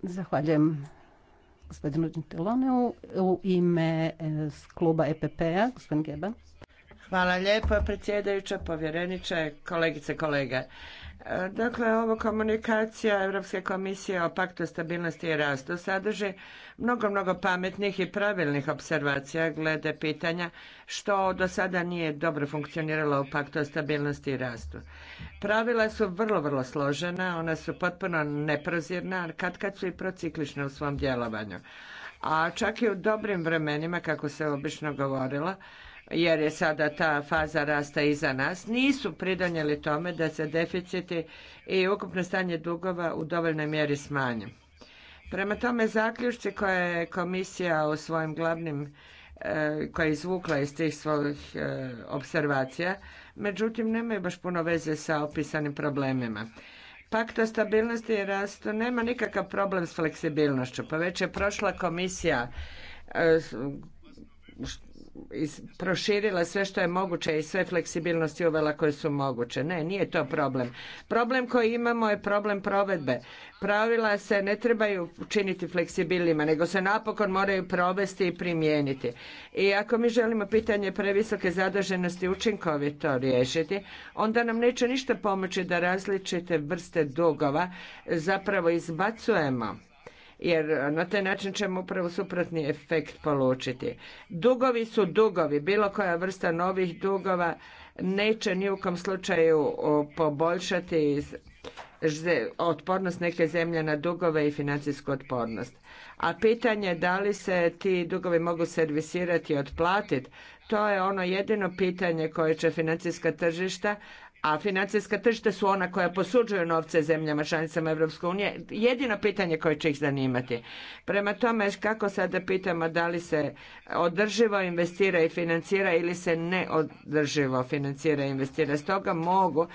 Zahvaljujem gospodinu Gentiloneu. U ime e, kluba EPP-a, gospodin Geba. Hvala lijepo, predsjedajuća, povjereniče, kolegice, kolege. Dakle, ovo komunikacija Europske komisije o paktu stabilnosti i rastu sadrži mnogo, mnogo pametnih i pravilnih observacija glede pitanja što do sada nije dobro funkcioniralo u paktu o stabilnosti i rastu. Pravila su vrlo, vrlo složena, ona su potpuno neprozirna, kad kad su i prociklična u svom djelovanju. A čak i u dobrim vremenima, kako se obično govorilo, jer je sada ta faza rasta iza nas, nisu pridonijeli tome da se deficiti i ukupno stanje dugova u dovoljnoj mjeri smanje. Prema tome, zaključci koje je komisija u svojim glavnim e, koja je izvukla iz tih svojih e, observacija, međutim nemaju baš puno veze sa opisanim problemima. Pakt o stabilnosti i rastu nema nikakav problem s fleksibilnošću, pa već je prošla komisija e, proširila sve što je moguće i sve fleksibilnosti uvela koje su moguće. Ne, nije to problem. Problem koji imamo je problem provedbe. Pravila se ne trebaju učiniti fleksibilnima, nego se napokon moraju provesti i primijeniti. I ako mi želimo pitanje previsoke zaduženosti učinkovito riješiti, onda nam neće ništa pomoći da različite vrste dugova zapravo izbacujemo jer na taj način ćemo upravo suprotni efekt polučiti. Dugovi su dugovi, bilo koja vrsta novih dugova neće ni u kom slučaju poboljšati otpornost neke zemlje na dugove i financijsku otpornost. A pitanje da li se ti dugovi mogu servisirati i otplatiti, to je ono jedino pitanje koje će financijska tržišta, a financijska tržišta su ona koja posuđuju novce zemljama članicama Europske unije, jedino pitanje koje će ih zanimati. Prema tome, kako sada pitamo da li se održivo investira i financira ili se neodrživo financira i investira. Stoga mogu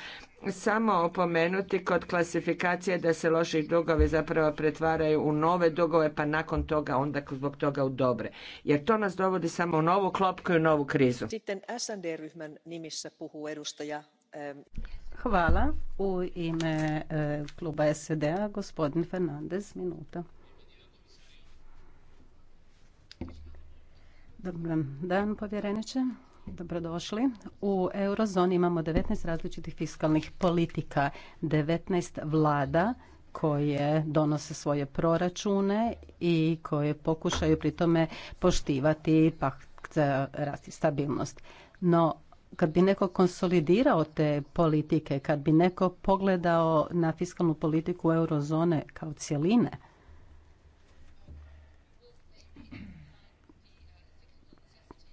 samo opomenuti kod klasifikacije da se loši dugovi zapravo pretvaraju u nove dugove pa nakon toga onda zbog toga u dobre. Jer to nas dovodi samo u novu klopku i u novu krizu. Sitten Hvala. U ime e, kluba SED-a gospodin Fernandez, minuta. Dobar dan, povjereniče. Dobrodošli. U eurozoni imamo 19 različitih fiskalnih politika, 19 vlada koje donose svoje proračune i koje pokušaju pri tome poštivati pakt rasti stabilnost. No, kad bi neko konsolidirao te politike, kad bi neko pogledao na fiskalnu politiku eurozone kao cjeline,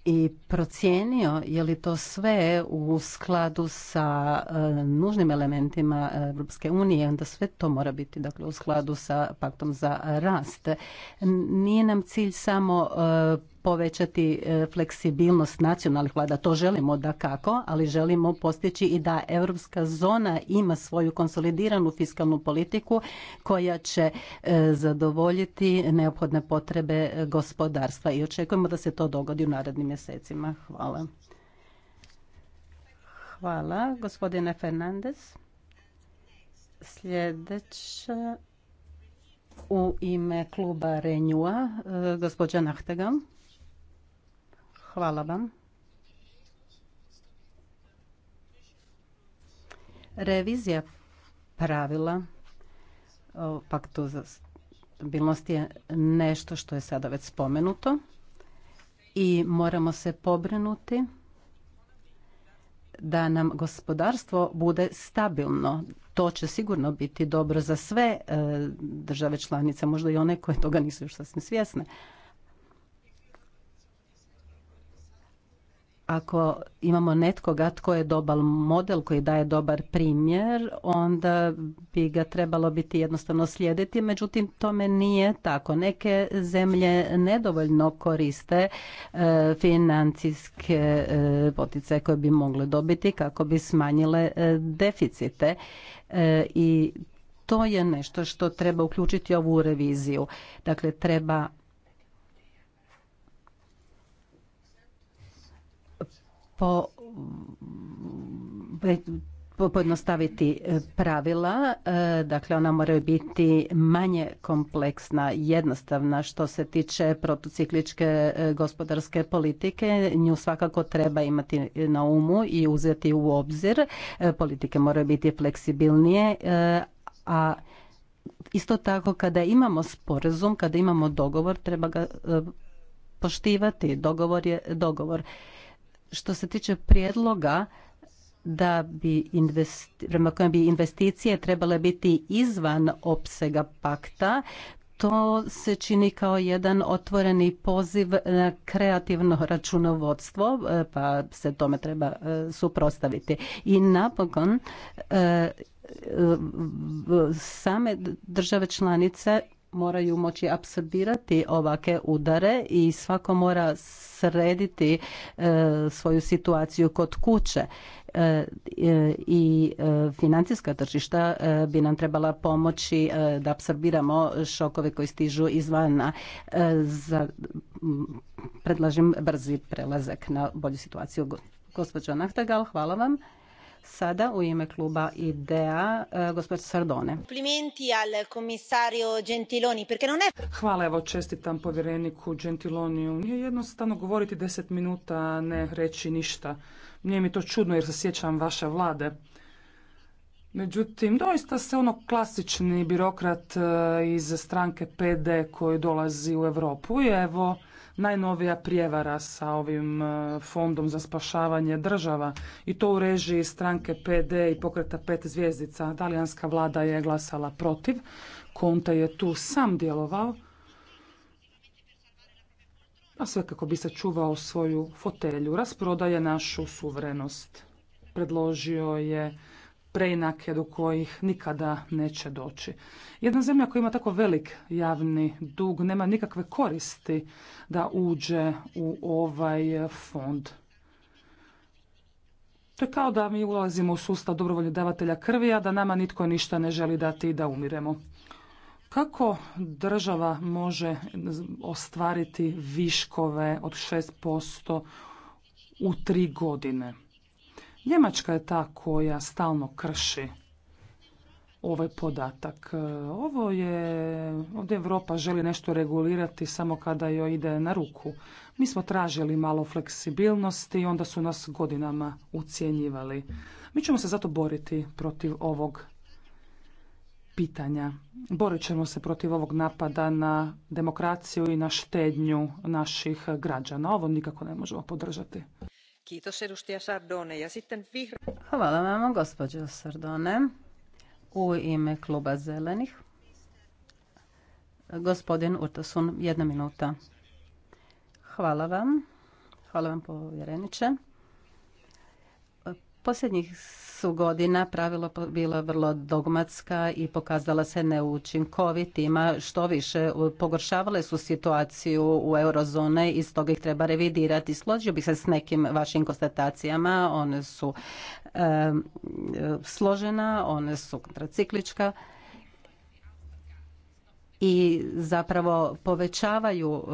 i procijenio je li to sve u skladu sa e, nužnim elementima Europske unije, onda sve to mora biti dakle, u skladu sa paktom za rast. Nije nam cilj samo e, povećati e, fleksibilnost nacionalnih vlada. To želimo da kako, ali želimo postići i da europska zona ima svoju konsolidiranu fiskalnu politiku koja će e, zadovoljiti neophodne potrebe gospodarstva i očekujemo da se to dogodi u narednim mjesecima. Hvala. Hvala, gospodine Fernandez. Sljedeća u ime kluba Renjua, e, gospođa Nahtegal. Hvala vam. Revizija pravila o paktu za stabilnost je nešto što je sada već spomenuto i moramo se pobrinuti da nam gospodarstvo bude stabilno. To će sigurno biti dobro za sve e, države članice, možda i one koje toga nisu još sasvim svjesne. ako imamo netkoga tko je dobar model, koji daje dobar primjer, onda bi ga trebalo biti jednostavno slijediti. Međutim, tome nije tako. Neke zemlje nedovoljno koriste e, financijske e, potice koje bi mogle dobiti kako bi smanjile e, deficite. E, I to je nešto što treba uključiti ovu reviziju. Dakle, treba Mm, po pojednostaviti e, pravila, e, dakle ona moraju biti manje kompleksna, jednostavna što se tiče protocikličke e, gospodarske politike. Nju svakako treba imati na umu i uzeti u obzir. Politike moraju biti fleksibilnije, a isto tako kada imamo sporazum, kada imamo dogovor, treba ga poštivati. Dogovor je dogovor što se tiče prijedloga da bi prema kojem bi investicije trebale biti izvan opsega pakta, to se čini kao jedan otvoreni poziv na kreativno računovodstvo, e, pa se tome treba e, suprostaviti. I napokon e, same države članice moraju moći apsorbirati ovake udare i svako mora srediti e, svoju situaciju kod kuće e, e, i financijska tržišta bi nam trebala pomoći da apsorbiramo šokove koji stižu izvana. Za, predlažem brzi prelazak na bolju situaciju. Gospođo Nahtagal, hvala vam. Sada u ime kluba IDEA, e, gospod Sardone. gentiloni, Hvala, evo čestitam povjereniku Gentiloniju. Nije jednostavno govoriti deset minuta, ne reći ništa. Nije mi to čudno jer se sjećam vaše vlade. Međutim, doista se ono klasični birokrat e, iz stranke PD koji dolazi u Europu i evo najnovija prijevara sa ovim e, fondom za spašavanje država i to u režiji stranke PD i pokreta pet zvijezdica. Talijanska vlada je glasala protiv. Konta je tu sam djelovao a sve kako bi čuvao svoju fotelju. Rasprodaje našu suverenost. Predložio je preinake do kojih nikada neće doći. Jedna zemlja koja ima tako velik javni dug nema nikakve koristi da uđe u ovaj fond. To je kao da mi ulazimo u sustav dobrovoljnih davatelja krvi, a da nama nitko ništa ne želi dati i da umiremo. Kako država može ostvariti viškove od 6% u tri godine? Njemačka je ta koja stalno krši ovaj podatak. E, ovo je, ovdje Europa želi nešto regulirati samo kada joj ide na ruku. Mi smo tražili malo fleksibilnosti i onda su nas godinama ucjenjivali. Mi ćemo se zato boriti protiv ovog pitanja. Borit ćemo se protiv ovog napada na demokraciju i na štednju naših građana. Ovo nikako ne možemo podržati. Hvala vam, gospođo Sardone. U ime kluba Zelenih, gospodin Urtasun, jedna minuta. Hvala vam. Hvala vam, povjereniče. Posljednjih su godina pravilo bila vrlo dogmatska i pokazala se neučinkovitima. Što više, pogoršavale su situaciju u eurozone i stoga ih treba revidirati. Složio bih se s nekim vašim konstatacijama. One su složena, one su kontraciklička i zapravo povećavaju e,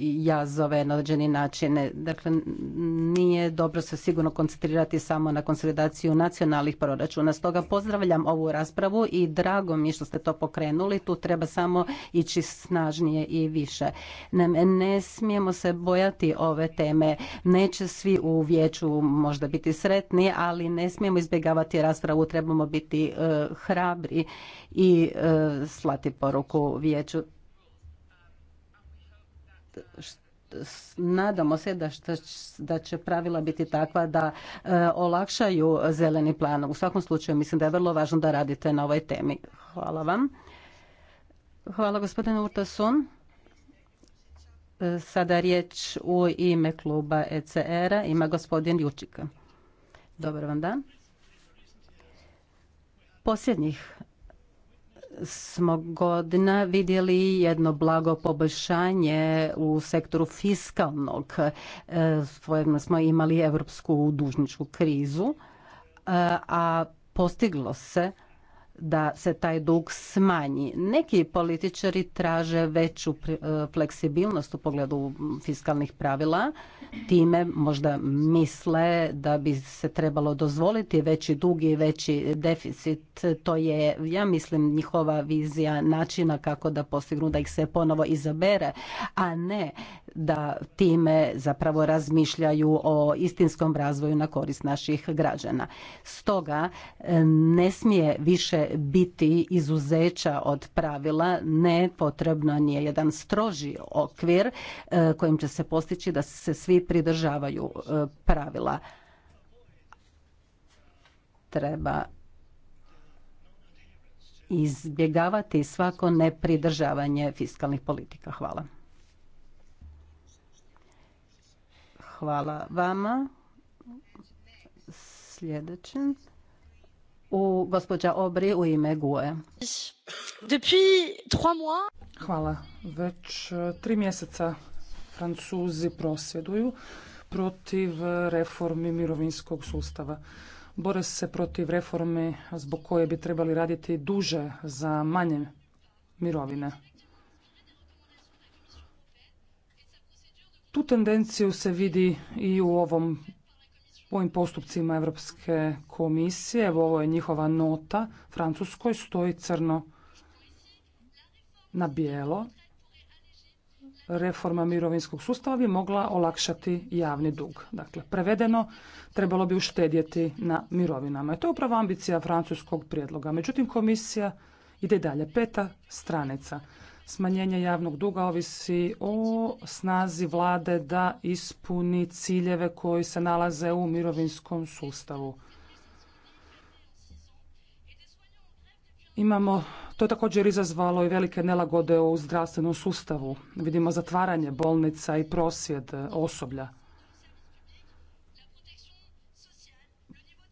jazove na određeni način. Dakle, nije dobro se sigurno koncentrirati samo na konsolidaciju nacionalnih proračuna. Stoga pozdravljam ovu raspravu i drago mi što ste to pokrenuli. Tu treba samo ići snažnije i više. Ne, smijemo se bojati ove teme. Neće svi u vijeću možda biti sretni, ali ne smijemo izbjegavati raspravu. Trebamo biti e, hrabri i e, slati poruku vijeću. Nadamo se da, će pravila biti takva da e, olakšaju zeleni plan. U svakom slučaju mislim da je vrlo važno da radite na ovoj temi. Hvala vam. Hvala gospodine Urtasun. E, sada riječ u ime kluba ECR-a ima gospodin Jučika. Dobar vam dan. Posljednjih smo godina vidjeli jedno blago poboljšanje u sektoru fiskalnog. E, Svojedno smo imali europsku dužničku krizu, e, a postiglo se da se taj dug smanji. Neki političari traže veću eh, fleksibilnost u pogledu fiskalnih pravila, time možda misle da bi se trebalo dozvoliti veći dug i veći deficit. To je, ja mislim, njihova vizija načina kako da postignu da ih se ponovo izabere, a ne da time zapravo razmišljaju o istinskom razvoju na korist naših građana. Stoga eh, ne smije više biti izuzeća od pravila, ne, potrebno nije jedan stroži okvir e, kojim će se postići da se svi pridržavaju e, pravila. Treba izbjegavati svako nepridržavanje fiskalnih politika. Hvala. Hvala vama. Sljedeće u gospođa Obri u Hvala. Već e, tri mjeseca Francuzi prosvjeduju protiv e, reformi mirovinskog sustava. Bore se protiv reformi zbog koje bi trebali raditi duže za manje mirovine. Tu tendenciju se vidi i u ovom ovim postupcima Europske komisije, evo ovo je njihova nota, Francuskoj stoji crno na bijelo. Reforma mirovinskog sustava bi mogla olakšati javni dug. Dakle, prevedeno trebalo bi uštedjeti na mirovinama. I to je upravo ambicija francuskog prijedloga. Međutim, komisija ide dalje. Peta stranica smanjenje javnog duga ovisi o snazi vlade da ispuni ciljeve koji se nalaze u mirovinskom sustavu. Imamo, to je također izazvalo i velike nelagode u zdravstvenom sustavu. Vidimo zatvaranje bolnica i prosvjed osoblja.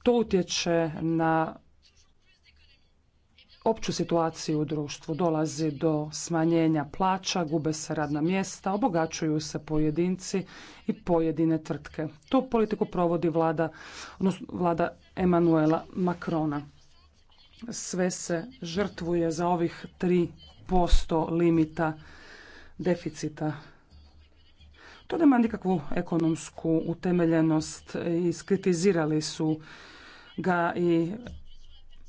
To utječe na opću situaciju u društvu. Dolazi do smanjenja plaća, gube se radna mjesta, obogaćuju se pojedinci i pojedine tvrtke. Tu politiku provodi vlada, odnosno vlada Emanuela Macrona. Sve se žrtvuje za ovih 3% limita deficita. To nema nikakvu ekonomsku utemeljenost. Iskritizirali su ga i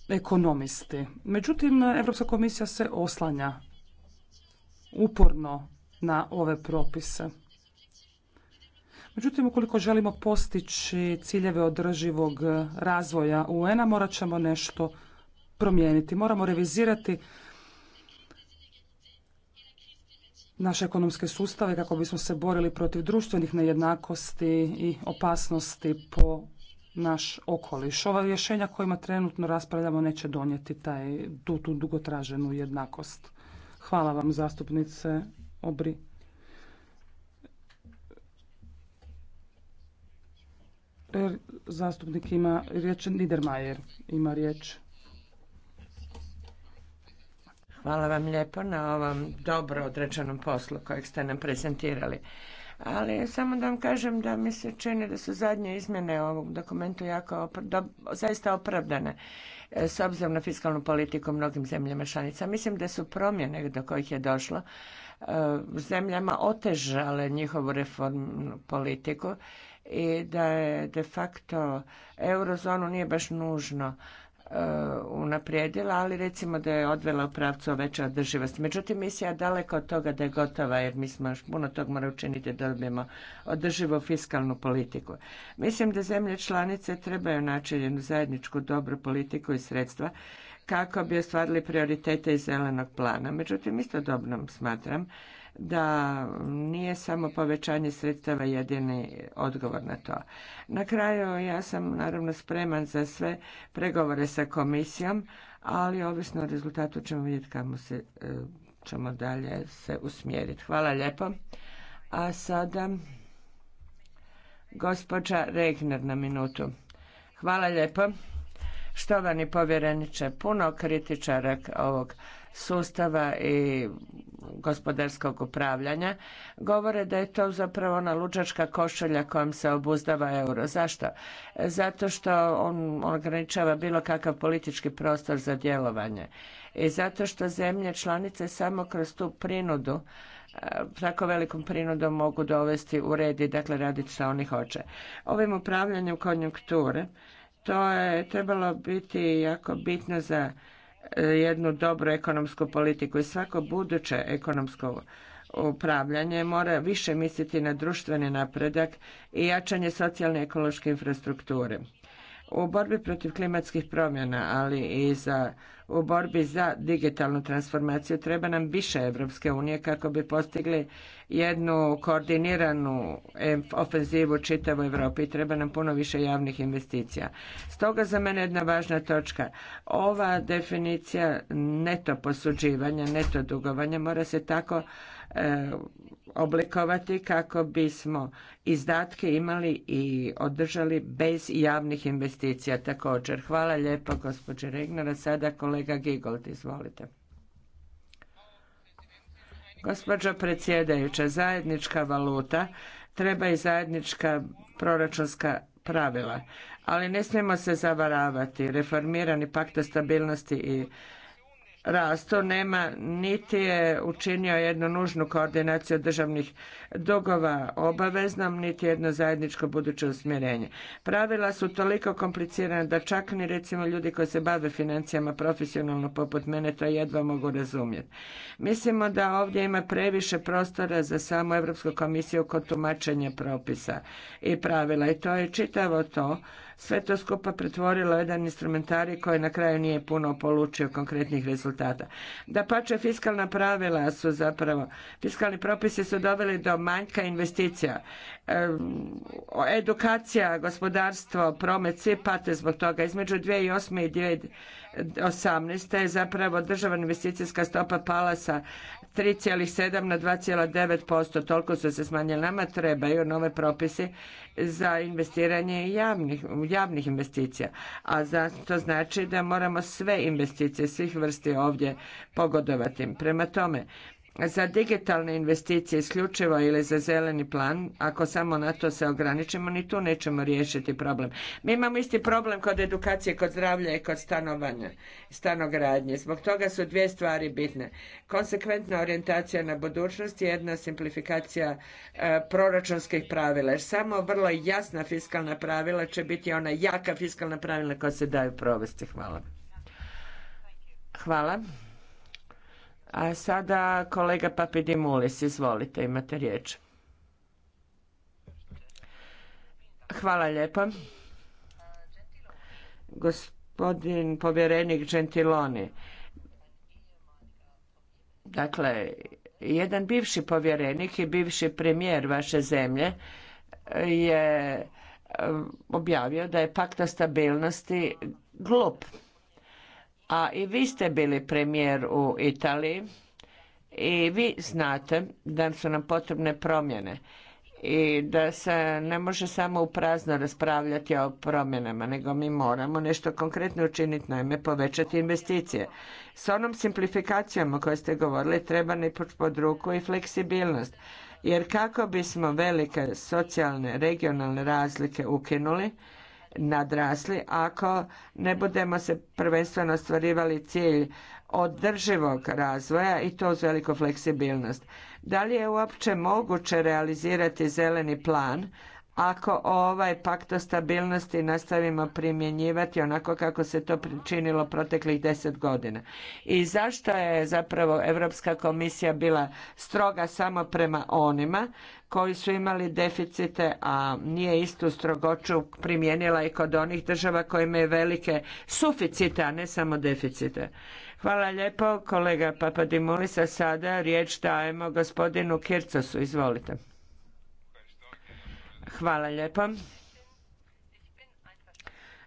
ekonomisti. Međutim, Europska komisija se oslanja uporno na ove propise. Međutim, ukoliko želimo postići ciljeve održivog razvoja UN-a, morat ćemo nešto promijeniti. Moramo revizirati naše ekonomske sustave kako bismo se borili protiv društvenih nejednakosti i opasnosti po naš okoliš. Ova rješenja kojima trenutno raspravljamo neće donijeti taj, tu, tu dugotraženu jednakost. Hvala vam zastupnice Obri. E, zastupnik ima riječ, Niedermayer ima riječ. Hvala vam lijepo na ovom dobro određenom poslu kojeg ste nam prezentirali ali samo da vam kažem da mi se čini da su zadnje izmjene ovog dokumentu jako zaista opravdane e, s obzirom na fiskalnu politiku u mnogim zemljama članica. Mislim da su promjene do kojih je došlo e, zemljama otežale njihovu reformnu politiku i da je de facto eurozonu nije baš nužno Eh, unaprijedila, ali recimo da je odvela u pravcu veća održivost. Međutim, misija daleko od toga da je gotova, jer mi smo još puno tog morali učiniti da dobijemo održivu fiskalnu politiku. Mislim da zemlje članice trebaju naći jednu zajedničku dobru politiku i sredstva kako bi ostvarili prioritete iz zelenog plana. Međutim, istodobno smatram da nije samo povećanje sredstava jedini odgovor na to. Na kraju ja sam naravno spreman za sve pregovore sa komisijom, ali ovisno o rezultatu ćemo vidjeti kamo se, e, ćemo dalje se usmjeriti. Hvala lijepo. A sada gospođa Regner na minutu. Hvala lijepo. Štovani povjereniče, puno kritičara ovog sustava i gospodarskog upravljanja govore da je to zapravo ona luđačka košulja kojom se obuzdava euro. Zašto? Zato što on ograničava bilo kakav politički prostor za djelovanje i zato što zemlje članice samo kroz tu prinudu e, tako velikom prinudom mogu dovesti u red i dakle raditi što oni hoće. Ovim upravljanjem konjunkture to je trebalo biti jako bitno za jednu dobru ekonomsku politiku i svako buduće ekonomsko upravljanje mora više misliti na društveni napredak i jačanje socijalne ekološke infrastrukture. U borbi protiv klimatskih promjena, ali i za u borbi za digitalnu transformaciju. Treba nam više Evropske unije kako bi postigli jednu koordiniranu ofenzivu čitavu Europi i treba nam puno više javnih investicija. Stoga za mene jedna važna točka. Ova definicija neto posuđivanja, neto dugovanja mora se tako E, oblikovati kako bismo izdatke imali i održali bez javnih investicija također. Hvala lijepo gospođe Regnara. Sada kolega Gigold, izvolite. Gospođo predsjedajuća, zajednička valuta treba i zajednička proračunska pravila, ali ne smijemo se zavaravati. Reformirani pakt o stabilnosti i rasto nema niti je učinio jednu nužnu koordinaciju državnih dugova obaveznom, niti jedno zajedničko buduće usmjerenje. Pravila su toliko komplicirana da čak ni recimo ljudi koji se bave financijama profesionalno poput mene to jedva mogu razumjeti. Mislimo da ovdje ima previše prostora za samu Europsku komisiju kod tumačenja propisa i pravila i to je čitavo to sve to skupa pretvorilo jedan instrumentarij koji na kraju nije puno polučio konkretnih rezultata. Da pače fiskalna pravila su zapravo, fiskalni propisi su doveli do manjka investicija. edukacija, gospodarstvo, promet, svi pate zbog toga. Između 2008. i 2018. je zapravo državna investicijska stopa pala sa 3,7 na 2,9%. Toliko su se smanjili. Nama trebaju nove propisi za investiranje javnih, javnih investicija. A za, to znači da moramo sve investicije svih vrsti ovdje pogodovati. Prema tome, za digitalne investicije isključivo ili za zeleni plan, ako samo na to se ograničimo, ni tu nećemo riješiti problem. Mi imamo isti problem kod edukacije, kod zdravlja i kod stanovanja, stanogradnje. Zbog toga su dvije stvari bitne. Konsekventna orijentacija na budućnost i jedna simplifikacija e, proračunskih pravila. Jer samo vrlo jasna fiskalna pravila će biti ona jaka fiskalna pravila koja se daju provesti. Hvala. Hvala. A sada kolega Papidimulis, izvolite, imate riječ. Hvala lijepa. Gospodin povjerenik Gentiloni. Dakle, jedan bivši povjerenik i bivši premijer vaše zemlje je eh, objavio da je pakta stabilnosti glup a i vi ste bili premijer u Italiji i vi znate da su nam potrebne promjene i da se ne može samo u prazno raspravljati o promjenama, nego mi moramo nešto konkretno učiniti, naime povećati investicije. S onom simplifikacijom o kojoj ste govorili treba ne pod ruku i fleksibilnost. Jer kako bismo velike socijalne, regionalne razlike ukinuli, nadrasli ako ne budemo se prvenstveno ostvarivali cilj održivog razvoja i to uz veliku fleksibilnost. Da li je uopće moguće realizirati zeleni plan ako ovaj pakt o stabilnosti nastavimo primjenjivati onako kako se to činilo proteklih deset godina. I zašto je zapravo Europska komisija bila stroga samo prema onima koji su imali deficite, a nije istu strogoću primijenila i kod onih država koje imaju velike suficite, a ne samo deficite. Hvala lijepo, kolega Papadimulisa. Sada riječ dajemo gospodinu Kircosu. Izvolite. Hvala lijepo.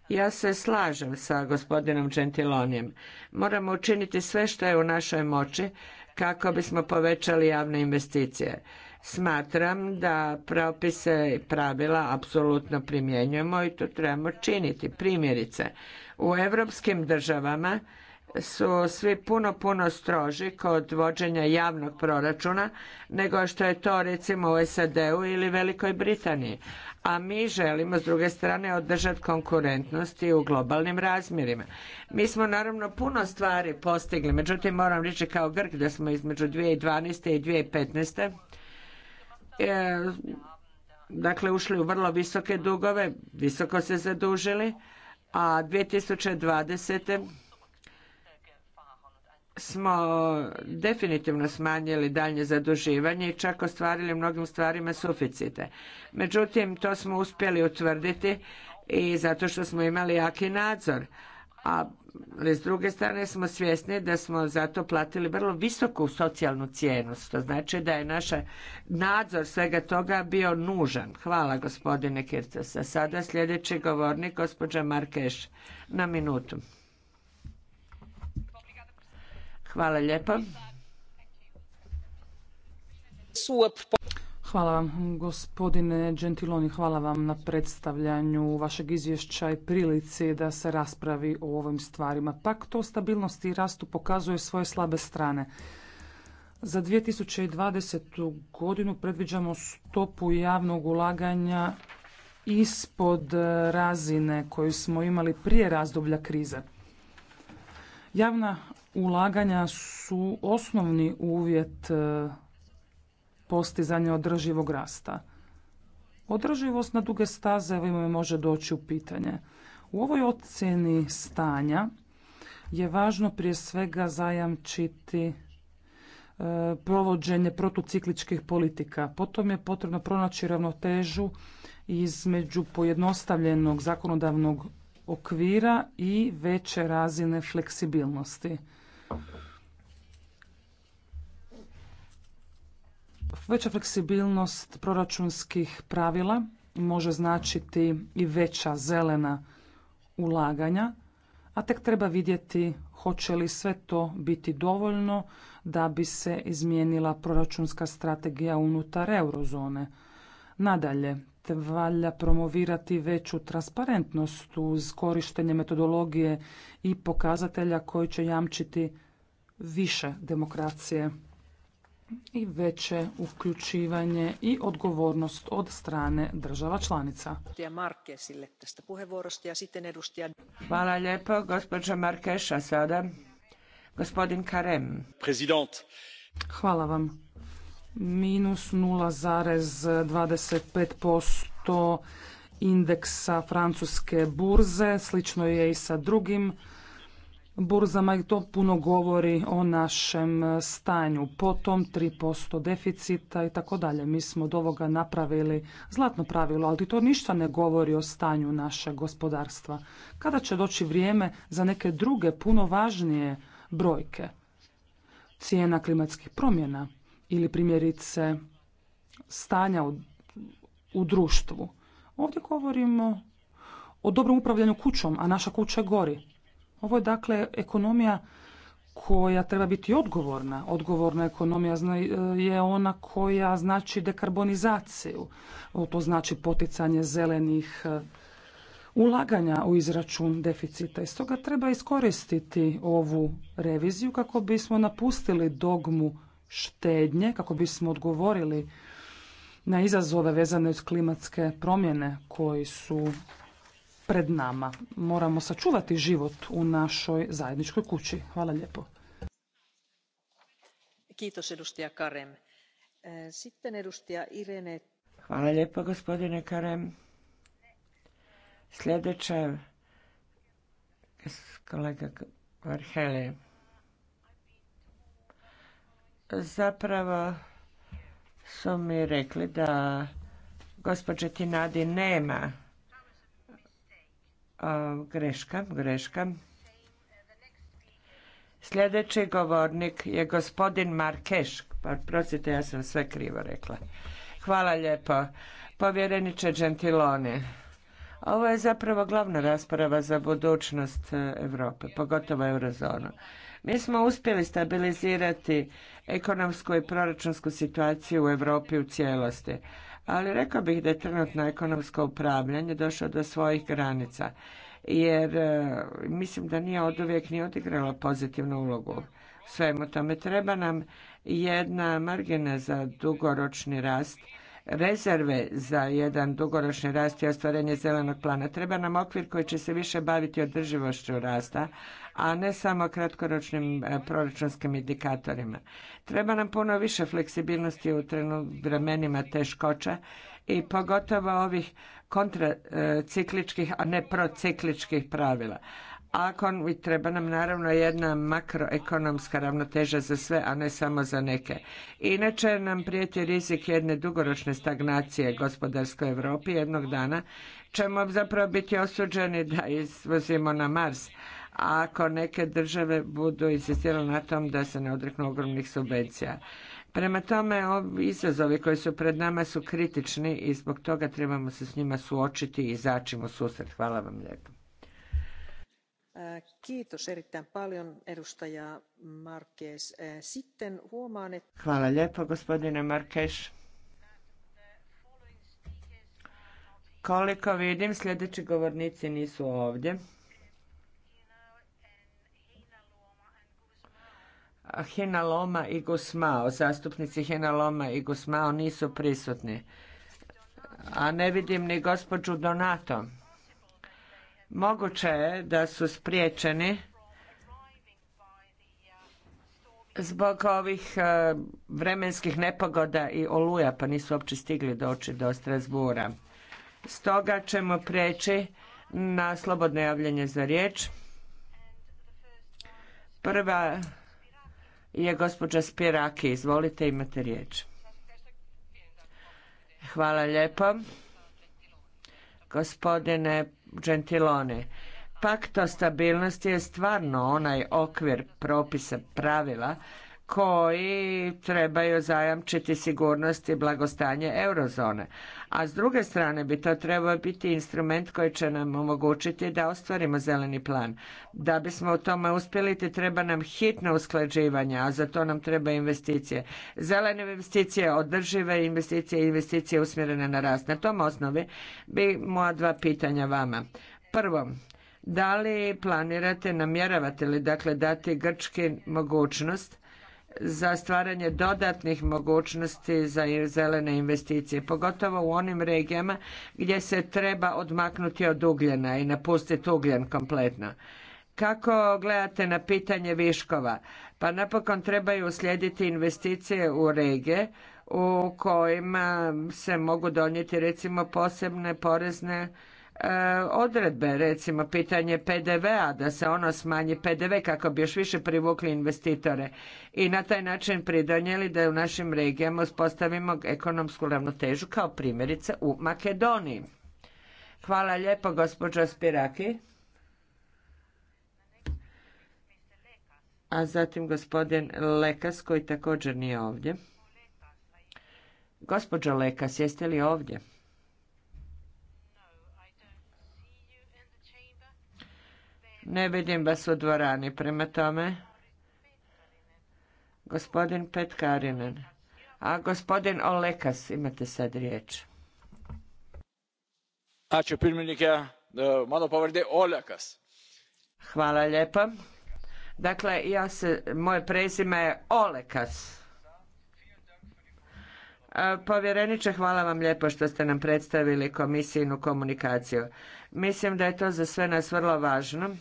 Ja se slažem sa gospodinom Gentilonijem. Moramo učiniti sve što je u našoj moći kako bismo povećali javne investicije. Smatram da propise i pravila apsolutno primjenjujemo i to trebamo činiti. Primjerice, u europskim državama su svi puno, puno stroži kod vođenja javnog proračuna nego što je to recimo u SAD-u ili Velikoj Britaniji. A mi želimo s druge strane održati konkurentnosti u globalnim razmjerima. Mi smo naravno puno stvari postigli, međutim moram reći kao Grk da smo između 2012. i 2015 E, dakle ušli u vrlo visoke dugove, visoko se zadužili, a 2020. smo definitivno smanjili daljnje zaduživanje i čak ostvarili mnogim stvarima suficite. Međutim, to smo uspjeli utvrditi i zato što smo imali jaki nadzor. A s druge strane smo svjesni da smo zato platili vrlo visoku socijalnu cijenu, što znači da je naš nadzor svega toga bio nužan. Hvala gospodine Kircasa. sada sljedeći govornik, gospođa Markeš, na minutu. Hvala lijepo. Hvala vam, gospodine Gentiloni, hvala vam na predstavljanju vašeg izvješća i prilici da se raspravi o ovim stvarima. pak o stabilnosti i rastu pokazuje svoje slabe strane. Za 2020. godinu predviđamo stopu javnog ulaganja ispod razine koju smo imali prije razdoblja krize. Javna ulaganja su osnovni uvjet postizanje održivog rasta. Održivost na duge staze ovime može doći u pitanje. U ovoj ocjeni stanja je važno prije svega zajamčiti e, provođenje protucikličkih politika. Potom je potrebno pronaći ravnotežu između pojednostavljenog zakonodavnog okvira i veće razine fleksibilnosti. Veća fleksibilnost proračunskih pravila može značiti i veća zelena ulaganja, a tek treba vidjeti hoće li sve to biti dovoljno da bi se izmijenila proračunska strategija unutar eurozone. Nadalje, te valja promovirati veću transparentnost uz korištenje metodologije i pokazatelja koji će jamčiti više demokracije i veće uključivanje i odgovornost od strane država članica. Hvala lijepo, gospođa Markeša sada. Gospodin Karem. Hvala vam. Minus 0,25% indeksa francuske burze, slično je i sa drugim burzama i to puno govori o našem stanju. Potom 3% deficita i tako dalje. Mi smo od ovoga napravili zlatno pravilo, ali to ništa ne govori o stanju našeg gospodarstva. Kada će doći vrijeme za neke druge, puno važnije brojke? Cijena klimatskih promjena ili primjerice stanja u, u društvu. Ovdje govorimo o dobrom upravljanju kućom, a naša kuća gori. Ovo je dakle ekonomija koja treba biti odgovorna. Odgovorna ekonomija e, je ona koja znači dekarbonizaciju. To znači poticanje zelenih e, ulaganja u izračun deficita. I stoga treba iskoristiti ovu reviziju kako bismo napustili dogmu štednje, kako bismo odgovorili na izazove vezane uz klimatske promjene koji su pred nama. Moramo sačuvati život u našoj zajedničkoj kući. Hvala lijepo. Kitos, edustija Karem. Eh, sitten Irene. Hvala lijepo gospodine Karem. Sljedeća je kolega Varhele. Zapravo su mi rekli da gospođe Tinadi nema greška, greška. Sljedeći govornik je gospodin Markeš. Pa, prosite, ja sam sve krivo rekla. Hvala lijepo. Povjereniče Gentiloni, ovo je zapravo glavna rasprava za budućnost e, Europe, pogotovo eurozonu. Mi smo uspjeli stabilizirati ekonomsku i proračunsku situaciju u Europi u cijelosti ali rekao bih da je trenutno ekonomsko upravljanje došlo do svojih granica jer e, mislim da nije od uvijek ni odigrala pozitivnu ulogu svemu tome. Treba nam jedna margina za dugoročni rast rezerve za jedan dugoročni rast i ostvarenje zelenog plana. Treba nam okvir koji će se više baviti održivošću rasta, a ne samo kratkoročnim e, proračunskim indikatorima. Treba nam puno više fleksibilnosti u vremenima teškoća i pogotovo ovih kontracikličkih, e, a ne procikličkih pravila ako treba nam naravno jedna makroekonomska ravnoteža za sve, a ne samo za neke. Inače nam prijeti rizik jedne dugoročne stagnacije gospodarskoj Europi jednog dana ćemo zapravo biti osuđeni da izvozimo na Mars, ako neke države budu insistirale na tom da se ne odreknu ogromnih subvencija. Prema tome, ovi izazovi koji su pred nama su kritični i zbog toga trebamo se s njima suočiti i izaći u susret. Hvala vam lijepo. Hvala lijepo gospodine Markeš. Koliko vidim, sljedeći govornici nisu ovdje. Hina Loma i Gusmao, zastupnici Hina Loma i Gusmao nisu prisutni. A ne vidim ni gospođu Donato. Moguće je da su spriječeni zbog ovih e, vremenskih nepogoda i oluja, pa nisu uopće stigli doći do Strasbura. Stoga ćemo prijeći na slobodno javljanje za riječ. Prva je gospođa Spiraki. Izvolite, imate riječ. Hvala lijepo. Gospodine Gentilone. Pakt o stabilnosti je stvarno onaj okvir propisa pravila koji trebaju zajamčiti sigurnost i blagostanje eurozone. A s druge strane bi to trebao biti instrument koji će nam omogućiti da ostvarimo zeleni plan. Da bismo u tome uspjeli, treba nam hitno usklađivanje, a za to nam treba investicije. Zelene investicije, održive investicije i investicije usmjerene na rast. Na tom osnovi bi moja dva pitanja vama. Prvo, da li planirate, namjeravate li dakle dati Grčki mogućnost za stvaranje dodatnih mogućnosti za zelene investicije, pogotovo u onim regijama gdje se treba odmaknuti od ugljena i napustiti ugljen kompletno. Kako gledate na pitanje viškova? Pa napokon trebaju uslijediti investicije u regije u kojima se mogu donijeti recimo posebne porezne odredbe, recimo pitanje PDV-a, da se ono smanji PDV kako bi još više privukli investitore i na taj način pridonijeli da u našim regijama uspostavimo ekonomsku ravnotežu kao primjerice u Makedoniji. Hvala lijepo gospođo Spiraki. A zatim gospodin Lekas koji također nije ovdje. Gospođo Lekas, jeste li ovdje? Ne vidim vas u dvorani, prema tome. Gospodin Petkarinen. A gospodin Olekas, imate sad riječ. E, malo Olekas. Hvala lijepa. Dakle, ja se, moje prezime je Olekas. E, povjereniče, hvala vam lijepo što ste nam predstavili komisijinu komunikaciju. Mislim da je to za sve nas vrlo važno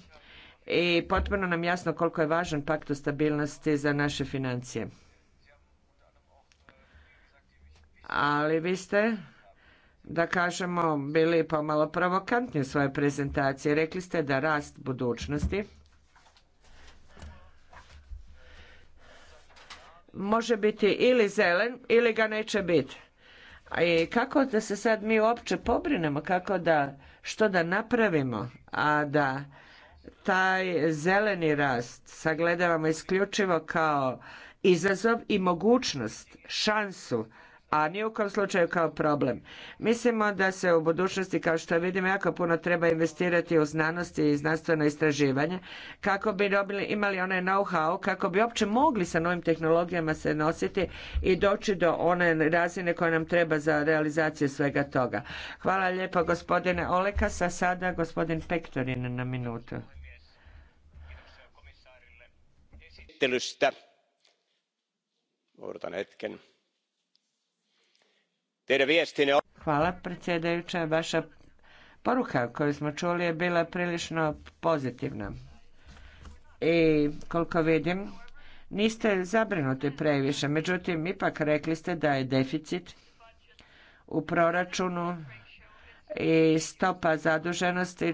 i potpuno nam jasno koliko je važan pakt o stabilnosti za naše financije. Ali vi ste, da kažemo, bili pomalo provokantni u svojoj prezentaciji. Rekli ste da rast budućnosti može biti ili zelen ili ga neće biti. I kako da se sad mi uopće pobrinemo, kako da, što da napravimo, a da taj zeleni rast sagledavamo isključivo kao izazov i mogućnost, šansu a ni u kom slučaju kao problem. Mislimo da se u budućnosti, kao što vidimo, jako puno treba investirati u znanosti i znanstveno istraživanje kako bi dobili, imali onaj know-how, kako bi uopće mogli sa novim tehnologijama se nositi i doći do one razine koja nam treba za realizaciju svega toga. Hvala lijepo gospodine oleka a sada gospodin Pektorin na minutu. Odotan Hvala predsjedajuća. Vaša poruka koju smo čuli je bila prilično pozitivna. I koliko vidim, niste zabrinuti previše. Međutim, ipak rekli ste da je deficit u proračunu i stopa zaduženosti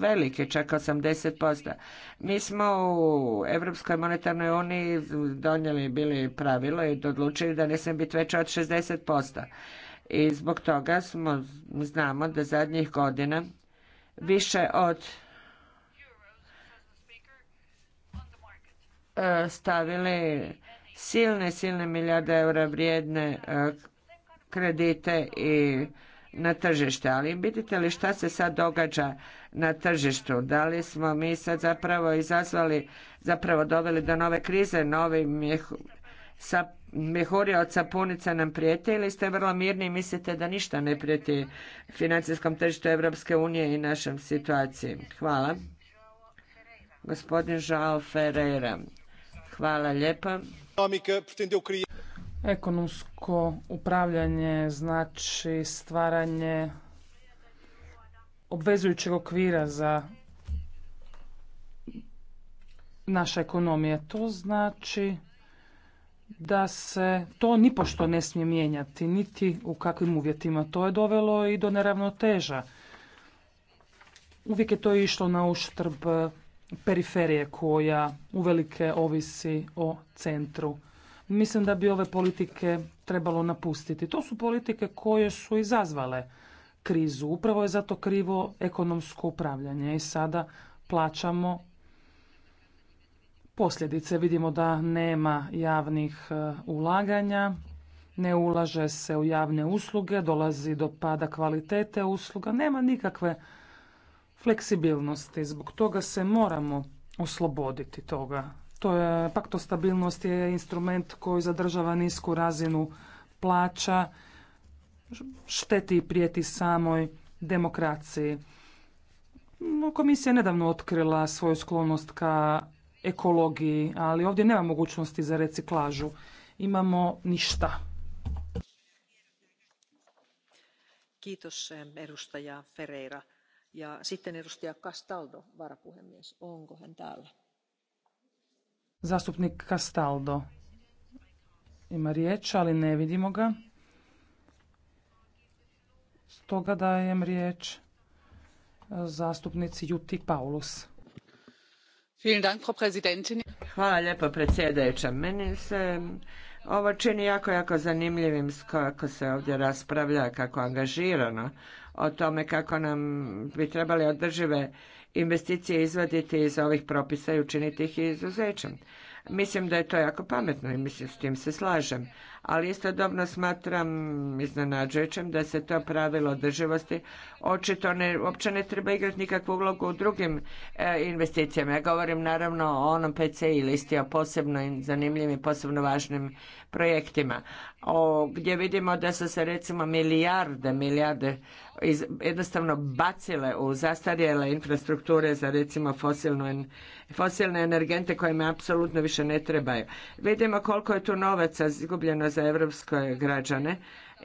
velike, čak 80%. Mi smo u Europskoj monetarnoj uniji donijeli bili pravilo i odlučili da ne smije biti veće od 60%. I zbog toga smo, znamo da zadnjih godina više od e, stavili silne, silne milijarde eura vrijedne e, kredite i na tržište. Ali vidite li šta se sad događa na tržištu? Da li smo mi sad zapravo izazvali, zapravo doveli do nove krize, novim sa mehuri od sapunica nam prijete ili ste vrlo mirni i mislite da ništa ne prijeti financijskom tržištu Europske unije i našem situaciji? Hvala. Gospodin Žao Ferreira. Hvala lijepa. Ekonomsko upravljanje znači stvaranje obvezujućeg okvira za naša ekonomija. To znači da se to nipošto ne smije mijenjati, niti u kakvim uvjetima. To je dovelo i do neravnoteža. Uvijek je to išlo na uštrb periferije koja uvelike ovisi o centru. Mislim da bi ove politike trebalo napustiti. To su politike koje su izazvale krizu. Upravo je zato krivo ekonomsko upravljanje i sada plaćamo posljedice. Vidimo da nema javnih e, ulaganja, ne ulaže se u javne usluge, dolazi do pada kvalitete usluga, nema nikakve fleksibilnosti. Zbog toga se moramo osloboditi toga. To je, pakto stabilnost je instrument koji zadržava nisku razinu plaća, šteti i prijeti samoj demokraciji. komisija je nedavno otkrila svoju sklonost ka ekologiji, ali ovdje nema mogućnosti za reciklažu. Imamo ništa. Kiitos eh, edustaja Ferreira. Ja sitten edustaja Castaldo, Onko hän Zastupnik Castaldo ima riječ, ali ne vidimo ga. Stoga dajem riječ eh, zastupnici Juti Paulus. Hvala lijepo predsjedajuća. Meni se ovo čini jako, jako zanimljivim kako se ovdje raspravlja, kako angažirano o tome kako nam bi trebali održive investicije izvaditi iz ovih propisa i učiniti ih izuzećem. Mislim da je to jako pametno i mislim s tim se slažem ali istodobno smatram iznenađujućem da se to pravilo održivosti očito ne, uopće ne treba igrati nikakvu ulogu u drugim e, investicijama. Ja govorim naravno o onom PCI listi, o posebno zanimljivim, i posebno važnim projektima, o, gdje vidimo da su se recimo milijarde, milijarde jednostavno bacile u zastarjele infrastrukture za recimo fosilne energente kojima apsolutno više ne trebaju. Vidimo koliko je tu novaca izgubljeno za evropske građane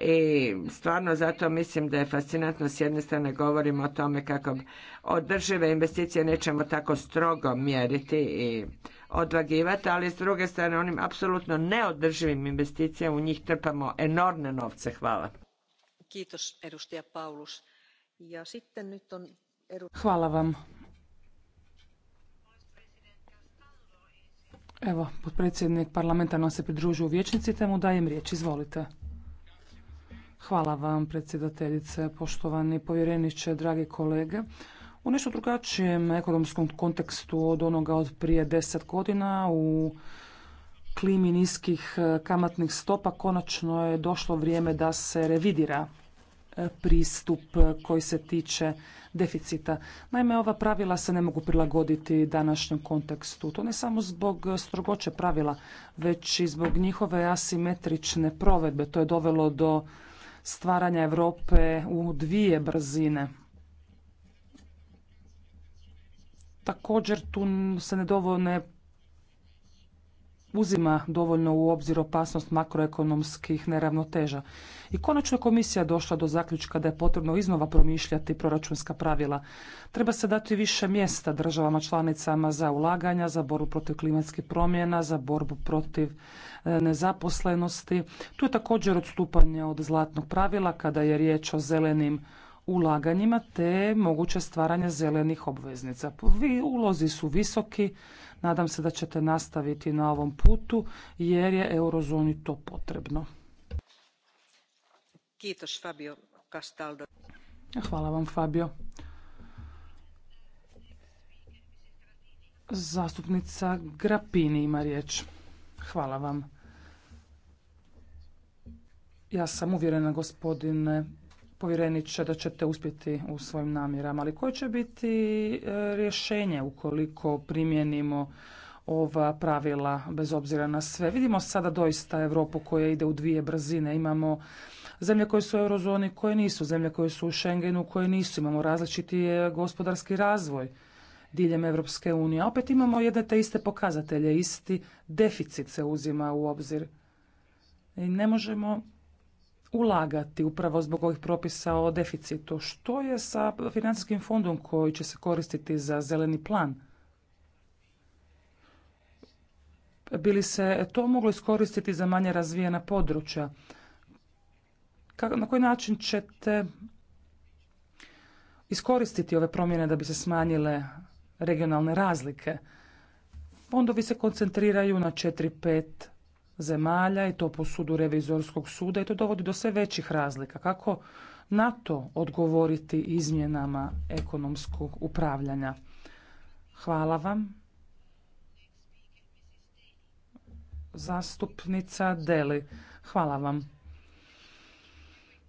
i stvarno zato mislim da je fascinantno s jedne strane govorimo o tome kako održive investicije nećemo tako strogo mjeriti i odvagivati, ali s druge strane onim apsolutno neodrživim investicijama u njih trpamo enormne novce. Hvala. Hvala vam. Evo, potpredsjednik parlamenta nam se pridružuje u vječnici, te mu dajem riječ. Izvolite. Hvala vam, predsjedateljice, poštovani povjereniče, dragi kolege. U nešto drugačijem ekonomskom kontekstu od onoga od prije deset godina u klimi niskih kamatnih stopa konačno je došlo vrijeme da se revidira pristup koji se tiče deficita. Naime, ova pravila se ne mogu prilagoditi današnjem kontekstu. To ne samo zbog strogoće pravila, već i zbog njihove asimetrične provedbe. To je dovelo do stvaranja Europe u dvije brzine. Također tu se ne, dovoljne, uzima dovoljno u obzir opasnost makroekonomskih neravnoteža. I konačno je komisija došla do zaključka da je potrebno iznova promišljati proračunska pravila. Treba se dati više mjesta državama članicama za ulaganja, za borbu protiv klimatskih promjena, za borbu protiv e, nezaposlenosti. Tu je također odstupanje od zlatnog pravila kada je riječ o zelenim ulaganjima te moguće stvaranje zelenih obveznica. Ulozi su visoki, Nadam se da ćete nastaviti na ovom putu jer je eurozoni to potrebno. Fabio Castaldo. Hvala vam Fabio. Zastupnica Grapini ima riječ. Hvala vam. Ja sam uvjerena gospodine povjereniče da ćete uspjeti u svojim namjerama, ali koje će biti e, rješenje ukoliko primjenimo ova pravila bez obzira na sve. Vidimo sada doista Europu koja ide u dvije brzine. Imamo zemlje koje su u eurozoni, koje nisu, zemlje koje su u Schengenu, koje nisu. Imamo različiti e, gospodarski razvoj diljem Europske unije. Opet imamo jedne te iste pokazatelje, isti deficit se uzima u obzir. I ne možemo ulagati upravo zbog ovih propisa o deficitu. Što je sa financijskim fondom koji će se koristiti za zeleni plan? Bi li se to moglo iskoristiti za manje razvijena područja? Na koji način ćete iskoristiti ove promjene da bi se smanjile regionalne razlike? Fondovi se koncentriraju na 4-5 zemalja i to po sudu revizorskog suda i to dovodi do sve većih razlika. Kako na to odgovoriti izmjenama ekonomskog upravljanja? Hvala vam. Zastupnica Deli, hvala vam.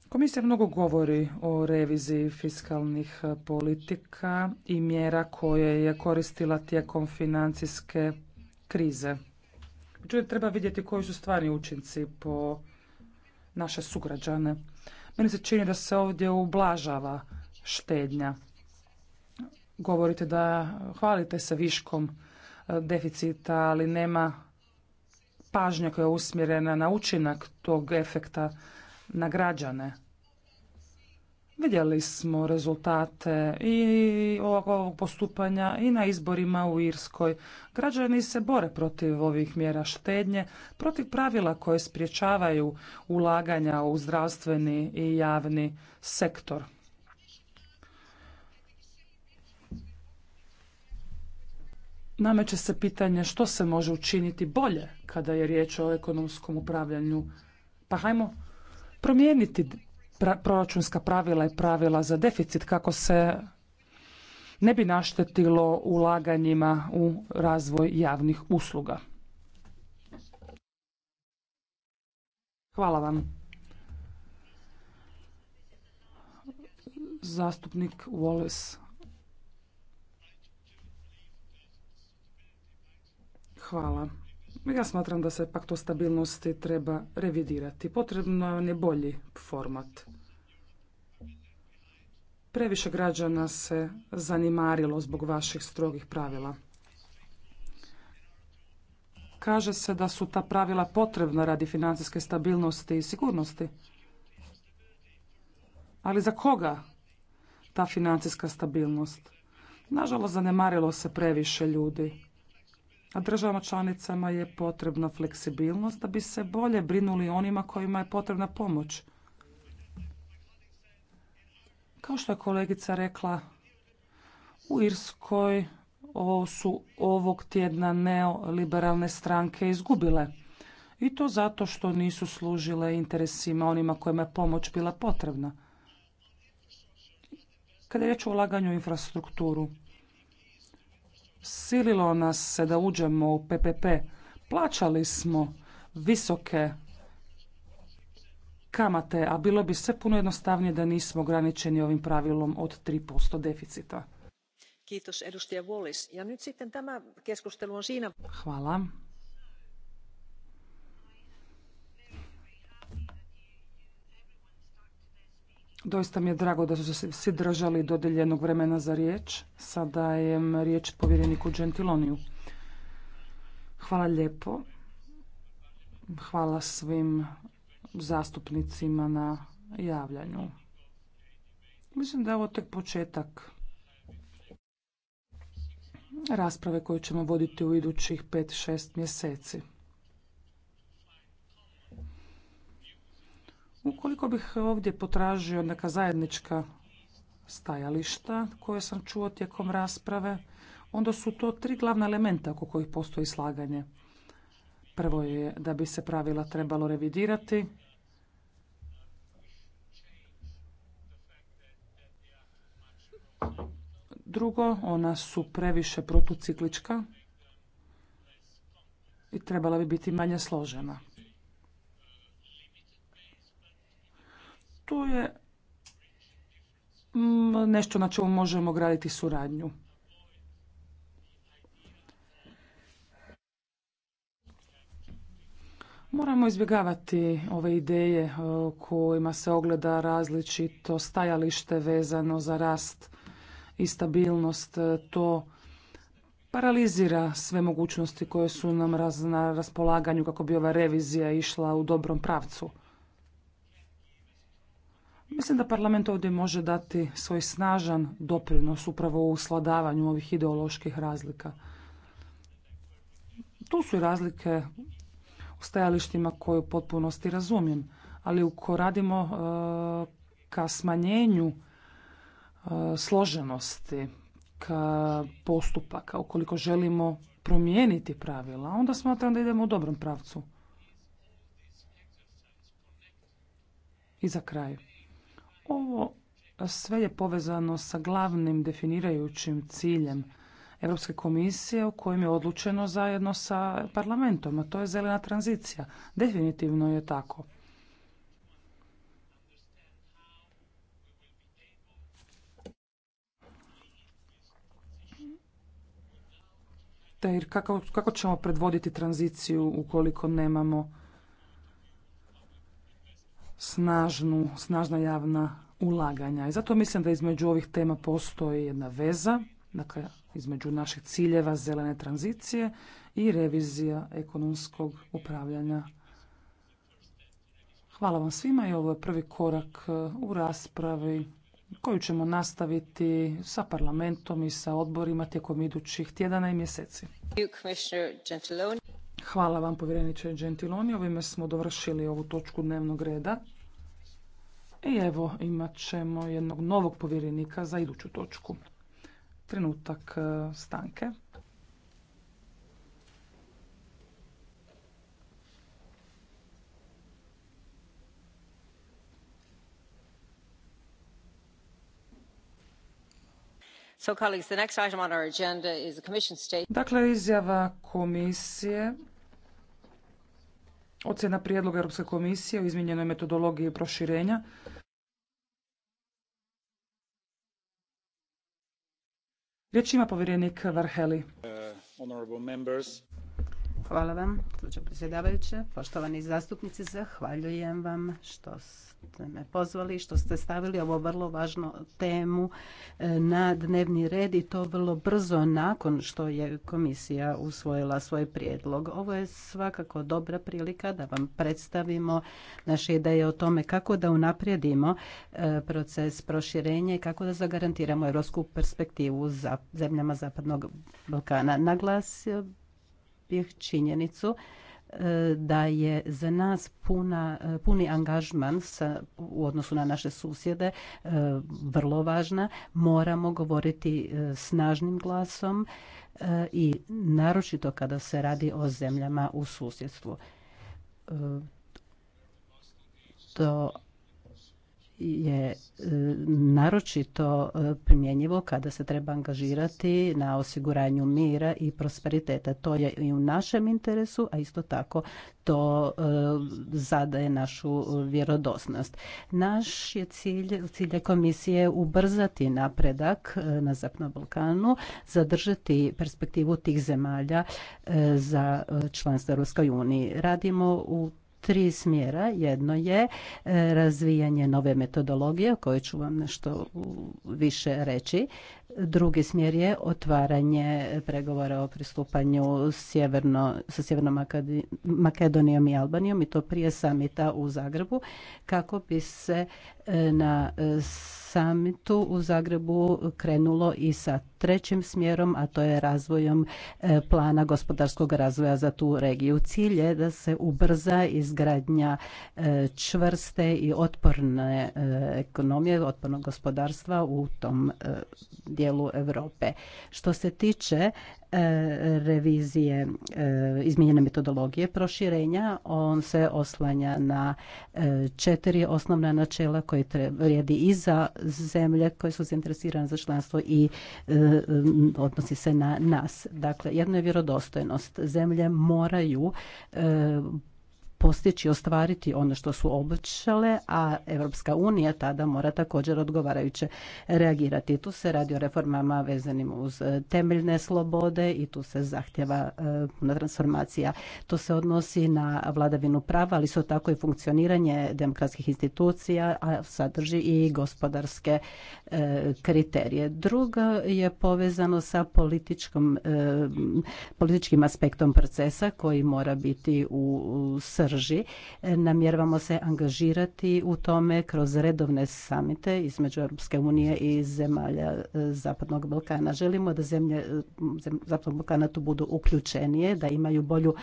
Komisija mnogo govori o reviziji fiskalnih politika i mjera koje je koristila tijekom financijske krize. Međutim, treba vidjeti koji su stvarni učinci po naše sugrađane. Meni se čini da se ovdje ublažava štednja. Govorite da hvalite se viškom e, deficita, ali nema pažnja koja je usmjerena na učinak tog efekta na građane. Vidjeli smo rezultate i ovog postupanja i na izborima u Irskoj. Građani se bore protiv ovih mjera štednje, protiv pravila koje spriječavaju ulaganja u zdravstveni i javni sektor. Nameće se pitanje što se može učiniti bolje kada je riječ o ekonomskom upravljanju. Pa hajmo promijeniti proračunska pravila i pravila za deficit kako se ne bi naštetilo ulaganjima u razvoj javnih usluga. Hvala vam. Zastupnik Wallace. Hvala. Ja smatram da se pak o stabilnosti treba revidirati. Potrebno je bolji format. Previše građana se zanimarilo zbog vaših strogih pravila. Kaže se da su ta pravila potrebna radi financijske stabilnosti i sigurnosti. Ali za koga ta financijska stabilnost? Nažalost, zanemarilo se previše ljudi a državama članicama je potrebna fleksibilnost da bi se bolje brinuli onima kojima je potrebna pomoć. Kao što je kolegica rekla, u Irskoj ovo su ovog tjedna neoliberalne stranke izgubile. I to zato što nisu služile interesima onima kojima je pomoć bila potrebna. Kada je riječ o ulaganju u infrastrukturu, sililo nas se da uđemo u PPP. Plaćali smo visoke kamate, a bilo bi sve puno jednostavnije da nismo ograničeni ovim pravilom od 3% deficita. Hvala. Doista mi je drago da su se svi držali dodeljenog vremena za riječ. Sada je riječ povjereniku Gentiloniju. Hvala lijepo. Hvala svim zastupnicima na javljanju. Mislim da je ovo tek početak rasprave koju ćemo voditi u idućih 5-6 mjeseci. Ukoliko bih ovdje potražio neka zajednička stajališta koje sam čuo tijekom rasprave, onda su to tri glavna elementa oko kojih postoji slaganje. Prvo je da bi se pravila trebalo revidirati, Drugo, ona su previše protuciklička i trebala bi biti manje složena. tu je nešto na čemu možemo graditi suradnju. Moramo izbjegavati ove ideje e, kojima se ogleda različito stajalište vezano za rast i stabilnost. E, to paralizira sve mogućnosti koje su nam na raspolaganju kako bi ova revizija išla u dobrom pravcu. Mislim da parlament ovdje može dati svoj snažan doprinos upravo u sladavanju ovih ideoloških razlika. Tu su razlike u stajalištima koje u potpunosti razumijem, ali uko radimo e, ka smanjenju e, složenosti, ka postupaka, ukoliko želimo promijeniti pravila, onda smatram da idemo u dobrom pravcu. I za kraj. Ovo sve je povezano sa glavnim definirajućim ciljem Europske komisije u kojem je odlučeno zajedno sa parlamentom, a to je zelena tranzicija. Definitivno je tako. kako ćemo predvoditi tranziciju ukoliko nemamo snažnu, snažna javna ulaganja. I zato mislim da između ovih tema postoji jedna veza, dakle između naših ciljeva zelene tranzicije i revizija ekonomskog upravljanja. Hvala vam svima i ovo je prvi korak e, u raspravi koju ćemo nastaviti sa parlamentom i sa odborima tijekom idućih tjedana i mjeseci. Hvala vam, povjereniče Gentiloni. Ovime smo dovršili ovu točku dnevnog reda. I evo, imat ćemo jednog novog povjerenika za iduću točku. Trenutak stanke. Dakle, izjava komisije Ocjena prijedloga Europske komisije o izmijenjenoj metodologiji proširenja. Riječ ima povjerenik Varheli. Uh, Hvala vam, sluče predsjedavajuća. Poštovani zastupnici, zahvaljujem vam što ste me pozvali, što ste stavili ovo vrlo važnu temu e, na dnevni red i to vrlo brzo nakon što je komisija usvojila svoj prijedlog. Ovo je svakako dobra prilika da vam predstavimo naše ideje o tome kako da unaprijedimo e, proces proširenja i kako da zagarantiramo europsku perspektivu za zemljama Zapadnog Balkana. Naglasio uspjeh činjenicu e, da je za nas puna, e, puni angažman u odnosu na naše susjede e, vrlo važna. Moramo govoriti snažnim glasom i naročito kada se radi o zemljama u susjedstvu. To je e, naročito e, primjenjivo kada se treba angažirati na osiguranju mira i prosperiteta. To je i u našem interesu, a isto tako to e, zadaje našu vjerodosnost. Naš je cilj, cilj komisije ubrzati napredak na Balkanu, zadržati perspektivu tih zemalja za članstvo Ruskoj uniji. Radimo u tri smjera. Jedno je e, razvijanje nove metodologije o kojoj ću vam nešto više reći. Drugi smjer je otvaranje pregovora o pristupanju sjeverno, sa Sjevernom Makedonijom i Albanijom i to prije samita u Zagrebu kako bi se e, na e, samitu u Zagrebu krenulo i sa trećim smjerom, a to je razvojom e, plana gospodarskog razvoja za tu regiju. Cilj je da se ubrza izgradnja čvrste i otporne ekonomije, otpornog gospodarstva u tom dijelu Europe. Što se tiče e, revizije e, izmijenjene metodologije proširenja, on se oslanja na e, četiri osnovna načela koje vrijedi i za zemlje koje su zainteresirane za članstvo i odnosi se na nas. Dakle, jedno je vjerodostojnost. Zemlje moraju postići, ostvariti ono što su obećale, a Europska unija tada mora također odgovarajuće reagirati. Tu se radi o reformama vezanim uz e, temeljne slobode i tu se zahtjeva e, puna transformacija. To se odnosi na vladavinu prava, ali su tako i funkcioniranje demokratskih institucija, a sadrži i gospodarske e, kriterije. Drugo je povezano sa političkim aspektom procesa koji mora biti u srcu drži. E, namjeravamo se angažirati u tome kroz redovne samite između Europske unije i zemalja e, Zapadnog Balkana. Želimo da zemlje e, Zapadnog Balkana tu budu uključenije, da imaju bolju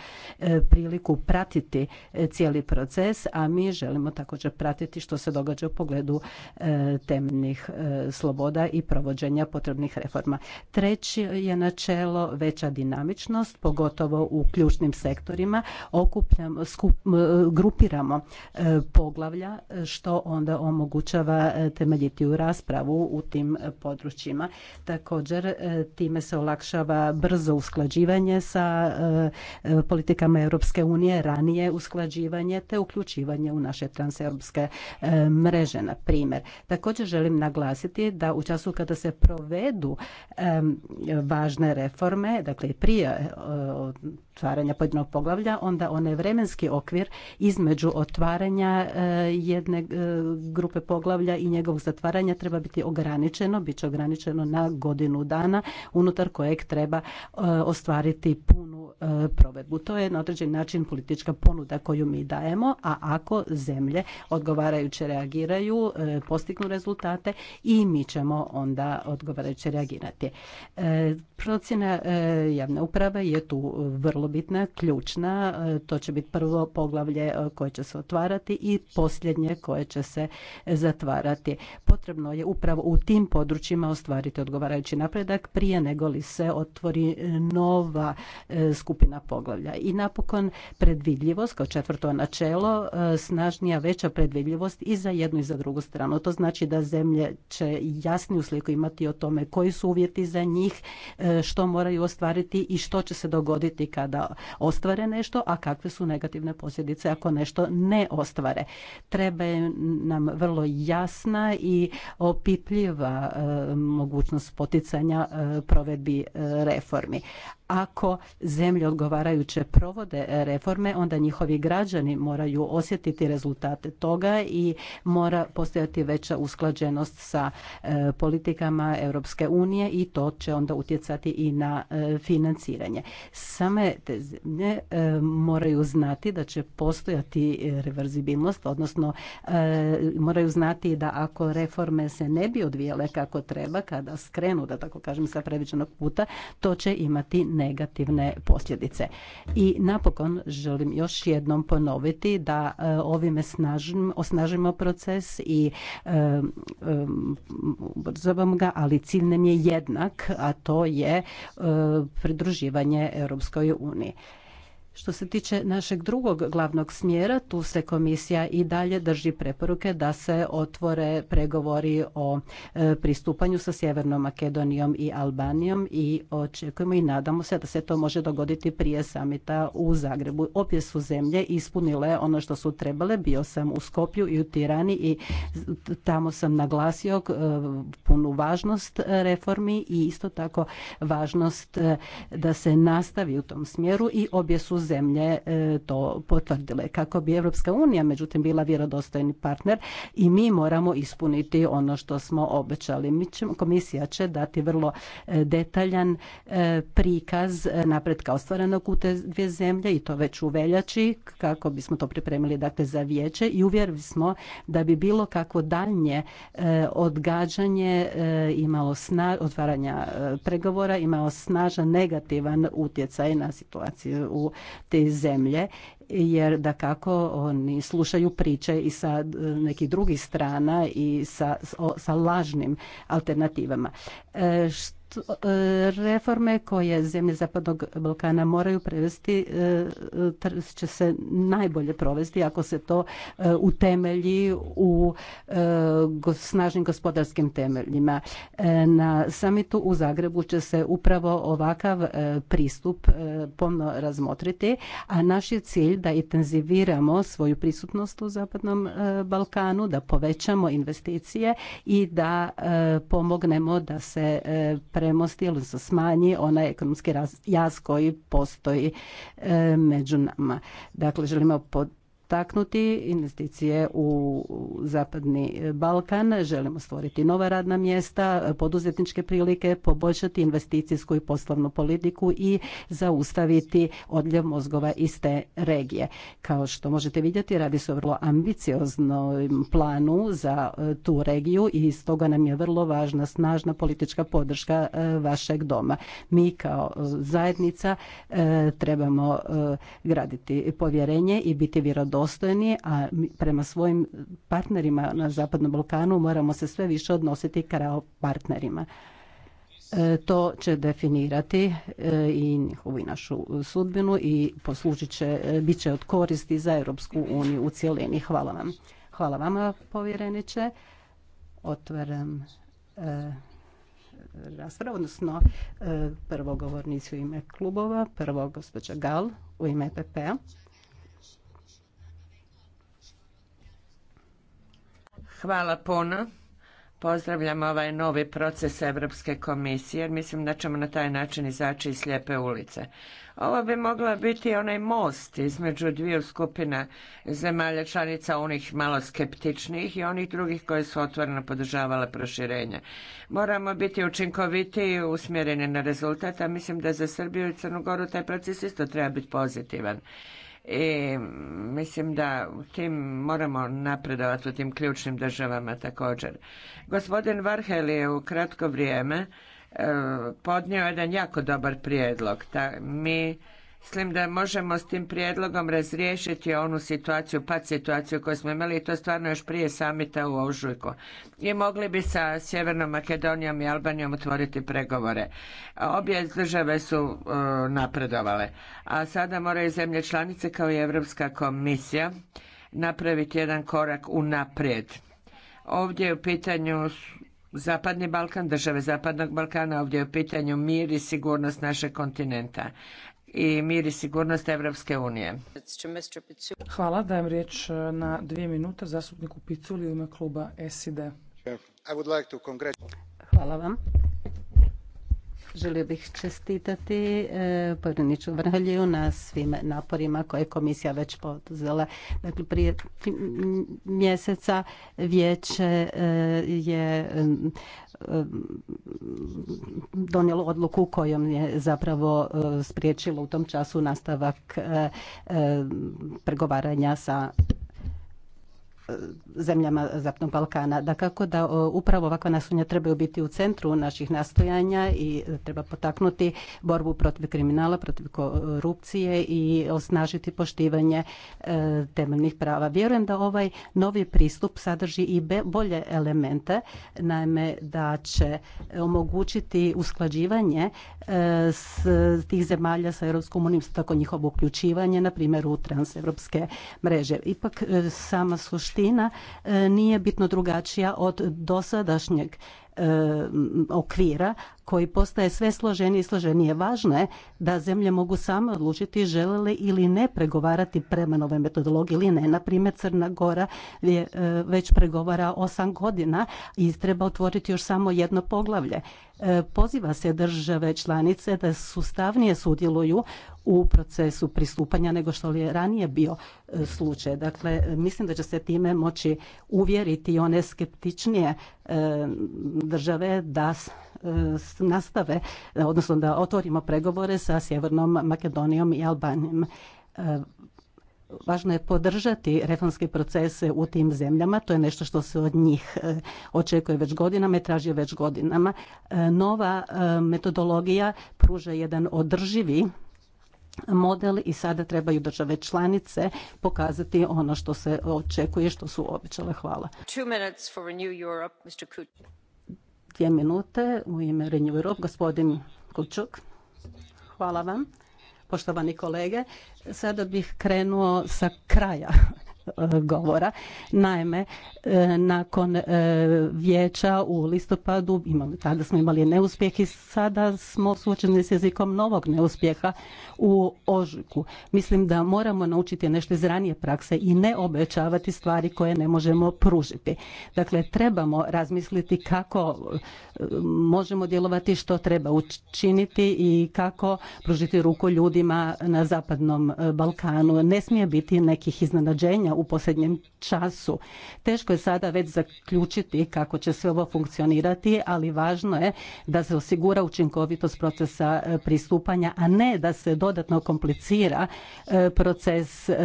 priliku pratiti cijeli proces, a mi želimo također pratiti što se događa u pogledu temeljnih sloboda i provođenja potrebnih reforma. Treći je načelo veća dinamičnost, pogotovo u ključnim sektorima. Okupljamo, skup, E, grupiramo e, poglavlja e, što onda omogućava temeljitiju raspravu u tim područjima. Također time se olakšava brzo usklađivanje sa politikama Europske unije, ranije usklađivanje te uključivanje u naše transeuropske mreže na primjer. Također želim naglasiti da u času kada se provedu važne reforme, dakle prije otvaranja pojedinog poglavlja, onda onaj vremenski okvir između otvaranja e, jedne e, grupe poglavlja i njegovog zatvaranja treba biti ograničeno, bit će ograničeno na godinu dana unutar kojeg treba e, ostvariti punu provedbu. To je na određen način politička ponuda koju mi dajemo, a ako zemlje odgovarajuće reagiraju, postignu rezultate i mi ćemo onda odgovarajuće reagirati. Procjena javne uprave je tu vrlo bitna, ključna. E, to će biti prvo poglavlje e, koje će se otvarati i posljednje koje će se zatvarati. Potrebno je upravo u tim područjima ostvariti odgovarajući napredak prije nego li se otvori nova e, skupina poglavlja. I napokon predvidljivost kao četvrto načelo, snažnija veća predvidljivost i za jednu i za drugu stranu. To znači da zemlje će jasniju sliku imati o tome koji su uvjeti za njih, što moraju ostvariti i što će se dogoditi kada ostvare nešto, a kakve su negativne posljedice ako nešto ne ostvare. Treba nam vrlo jasna i opipljiva e, mogućnost poticanja e, provedbi e, reformi. Ako zemlje odgovarajuće provode reforme, onda njihovi građani moraju osjetiti rezultate toga i mora postojati veća usklađenost sa politikama Europske unije i to će onda utjecati i na financiranje. Same te zemlje e, moraju znati da će postojati e, reverzibilnost, odnosno e, moraju znati da ako reforme se ne bi odvijele kako treba, kada skrenu, da tako kažem, sa predviđenog puta, to će imati negativne posljedice. I napokon želim još jednom ponoviti da ovime snažim, osnažimo proces i ubrzavamo ga, ali cilj nam je jednak, a to je pridruživanje Europskoj uniji. Što se tiče našeg drugog glavnog smjera, tu se komisija i dalje drži preporuke da se otvore pregovori o e, pristupanju sa Sjevernom Makedonijom i Albanijom i očekujemo i nadamo se da se to može dogoditi prije samita u Zagrebu. Obje su zemlje ispunile ono što su trebale. Bio sam u Skopju i u Tirani i tamo sam naglasio e, punu važnost reformi i isto tako važnost e, da se nastavi u tom smjeru i obje su zemlje e, to potvrdile. Kako bi Europska unija međutim bila vjerodostojni partner i mi moramo ispuniti ono što smo obećali. komisija će dati vrlo e, detaljan e, prikaz napretka ostvarenog u te dvije zemlje i to već u veljači kako bismo to pripremili dakle za vijeće i uvjerili smo da bi bilo kako daljnje odgađanje imalo otvaranja pregovora imao snažan negativan utjecaj na situaciju u te zemlje jer da kako oni slušaju priče i sa e, nekih drugih strana i sa, sa lažnim alternativama. E, E, reforme koje zemlje Zapadnog Balkana moraju prevesti e, će se najbolje provesti ako se to e, utemelji u snažnim gospodarskim temeljima. Na samitu u Zagrebu će se upravo ovakav pristup pomno razmotriti, a naš je cilj da intenziviramo svoju prisutnost u Zapadnom Balkanu, da povećamo investicije i da pomognemo da se premosti ili se smanji onaj ekonomski jaz koji postoji e, među nama. Dakle, želimo pod taknuti investicije u Zapadni Balkan, želimo stvoriti nova radna mjesta, poduzetničke prilike, poboljšati investicijsku i poslovnu politiku i zaustaviti odljev mozgova iz te regije. Kao što možete vidjeti, radi se o vrlo ambicioznom planu za e, tu regiju i stoga nam je vrlo važna snažna politička podrška e, vašeg doma. Mi kao zajednica e, trebamo graditi povjerenje i biti vjerodostojni vjerodostojni, a prema svojim partnerima na Zapadnom Balkanu moramo se sve više odnositi kao partnerima. E, to će definirati e, i njihovu i našu sudbinu i poslužit će, e, bit će od koristi za Europsku uniju u cjelini. Hvala vam. Hvala vama povjereniče. Otvaram e, raspravu, odnosno e, prvo u ime klubova, prvo gospođa Gal u ime pp a p-a. Hvala puno. Pozdravljam ovaj novi proces Europske komisije jer mislim da ćemo na taj način izaći iz slijepe ulice. Ovo bi mogla biti onaj most između dviju skupina zemalja članica, onih malo skeptičnih i onih drugih koje su otvoreno podržavale proširenje. Moramo biti učinkoviti i usmjereni na rezultat, a mislim da za Srbiju i Crnu Goru taj proces isto treba biti pozitivan i mislim da u tim moramo napredovati u tim ključnim državama također. Gospodin Varhel je u kratko vrijeme eh, podnio jedan jako dobar prijedlog. mi Mislim da možemo s tim prijedlogom razriješiti onu situaciju, pad situaciju koju smo imali i to stvarno još prije samita u Ožujku. I mogli bi sa Sjevernom Makedonijom i Albanijom otvoriti pregovore. Obje države su e, napredovale, a sada moraju zemlje članice kao i Europska komisija napraviti jedan korak naprijed. Ovdje je u pitanju Zapadni Balkan, države Zapadnog Balkana, ovdje je u pitanju mir i sigurnost našeg kontinenta i mir i sigurnost Evropske unije. Hvala, dajem riječ e, na dvije minute zastupniku Piculi u ime kluba SID. Hvala vam. Želio bih čestitati e, povjereniču vrhalju na svim naporima koje je komisija već poduzela. Dakle, prije mjeseca vijeće e, je donijelo odluku kojom je zapravo e, spriječilo u tom času nastavak e, e, pregovaranja sa zemljama Zapnog Balkana. Dakako da upravo ovakva nasunja trebaju biti u centru naših nastojanja i treba potaknuti borbu protiv kriminala, protiv korupcije i osnažiti poštivanje e, temeljnih prava. Vjerujem da ovaj novi pristup sadrži i bolje elemente, naime da će omogućiti usklađivanje e, s tih zemalja sa Europskom unijom, tako njihovo uključivanje, na primjer u transeuropske mreže. Ipak e, sama suština Ina e, nije bitno drugačija od dosadašnjeg okvira koji postaje sve složeniji i složenije. Važno je da zemlje mogu same odlučiti žele li ili ne pregovarati prema nove metodologije ili ne. Na primjer, Crna Gora e, već pregovara osam godina i treba otvoriti još samo jedno poglavlje. E, poziva se države članice da sustavnije sudjeluju u procesu pristupanja nego što li je ranije bio e, slučaj. Dakle, mislim da će se time moći uvjeriti one skeptičnije države da nastave, odnosno da otvorimo pregovore sa Sjevernom Makedonijom i Albanijom. E, važno je podržati reformske procese u tim zemljama, to je nešto što se od njih e, očekuje već godinama i traži već godinama. E, nova metodologija pruža jedan održivi model i sada trebaju države članice pokazati ono što se očekuje, što su obećale. Hvala. Dvije minute u ime Renew Europe, gospodin Kučuk. Hvala vam. Poštovani kolege, sada bih krenuo sa kraja E, govora. Naime, e, nakon e, vijeća u listopadu imali, tada smo imali neuspjeh i sada smo suočeni s jezikom novog neuspjeha u ožujku. Mislim da moramo naučiti nešto iz ranije prakse i ne obećavati stvari koje ne možemo pružiti. Dakle, trebamo razmisliti kako možemo djelovati, što treba učiniti i kako pružiti ruku ljudima na Zapadnom Balkanu. Ne smije biti nekih iznenađenja u posljednjem času. Teško je sada već zaključiti kako će sve ovo funkcionirati, ali važno je da se osigura učinkovitost procesa e, pristupanja, a ne da se dodatno komplicira e, proces e,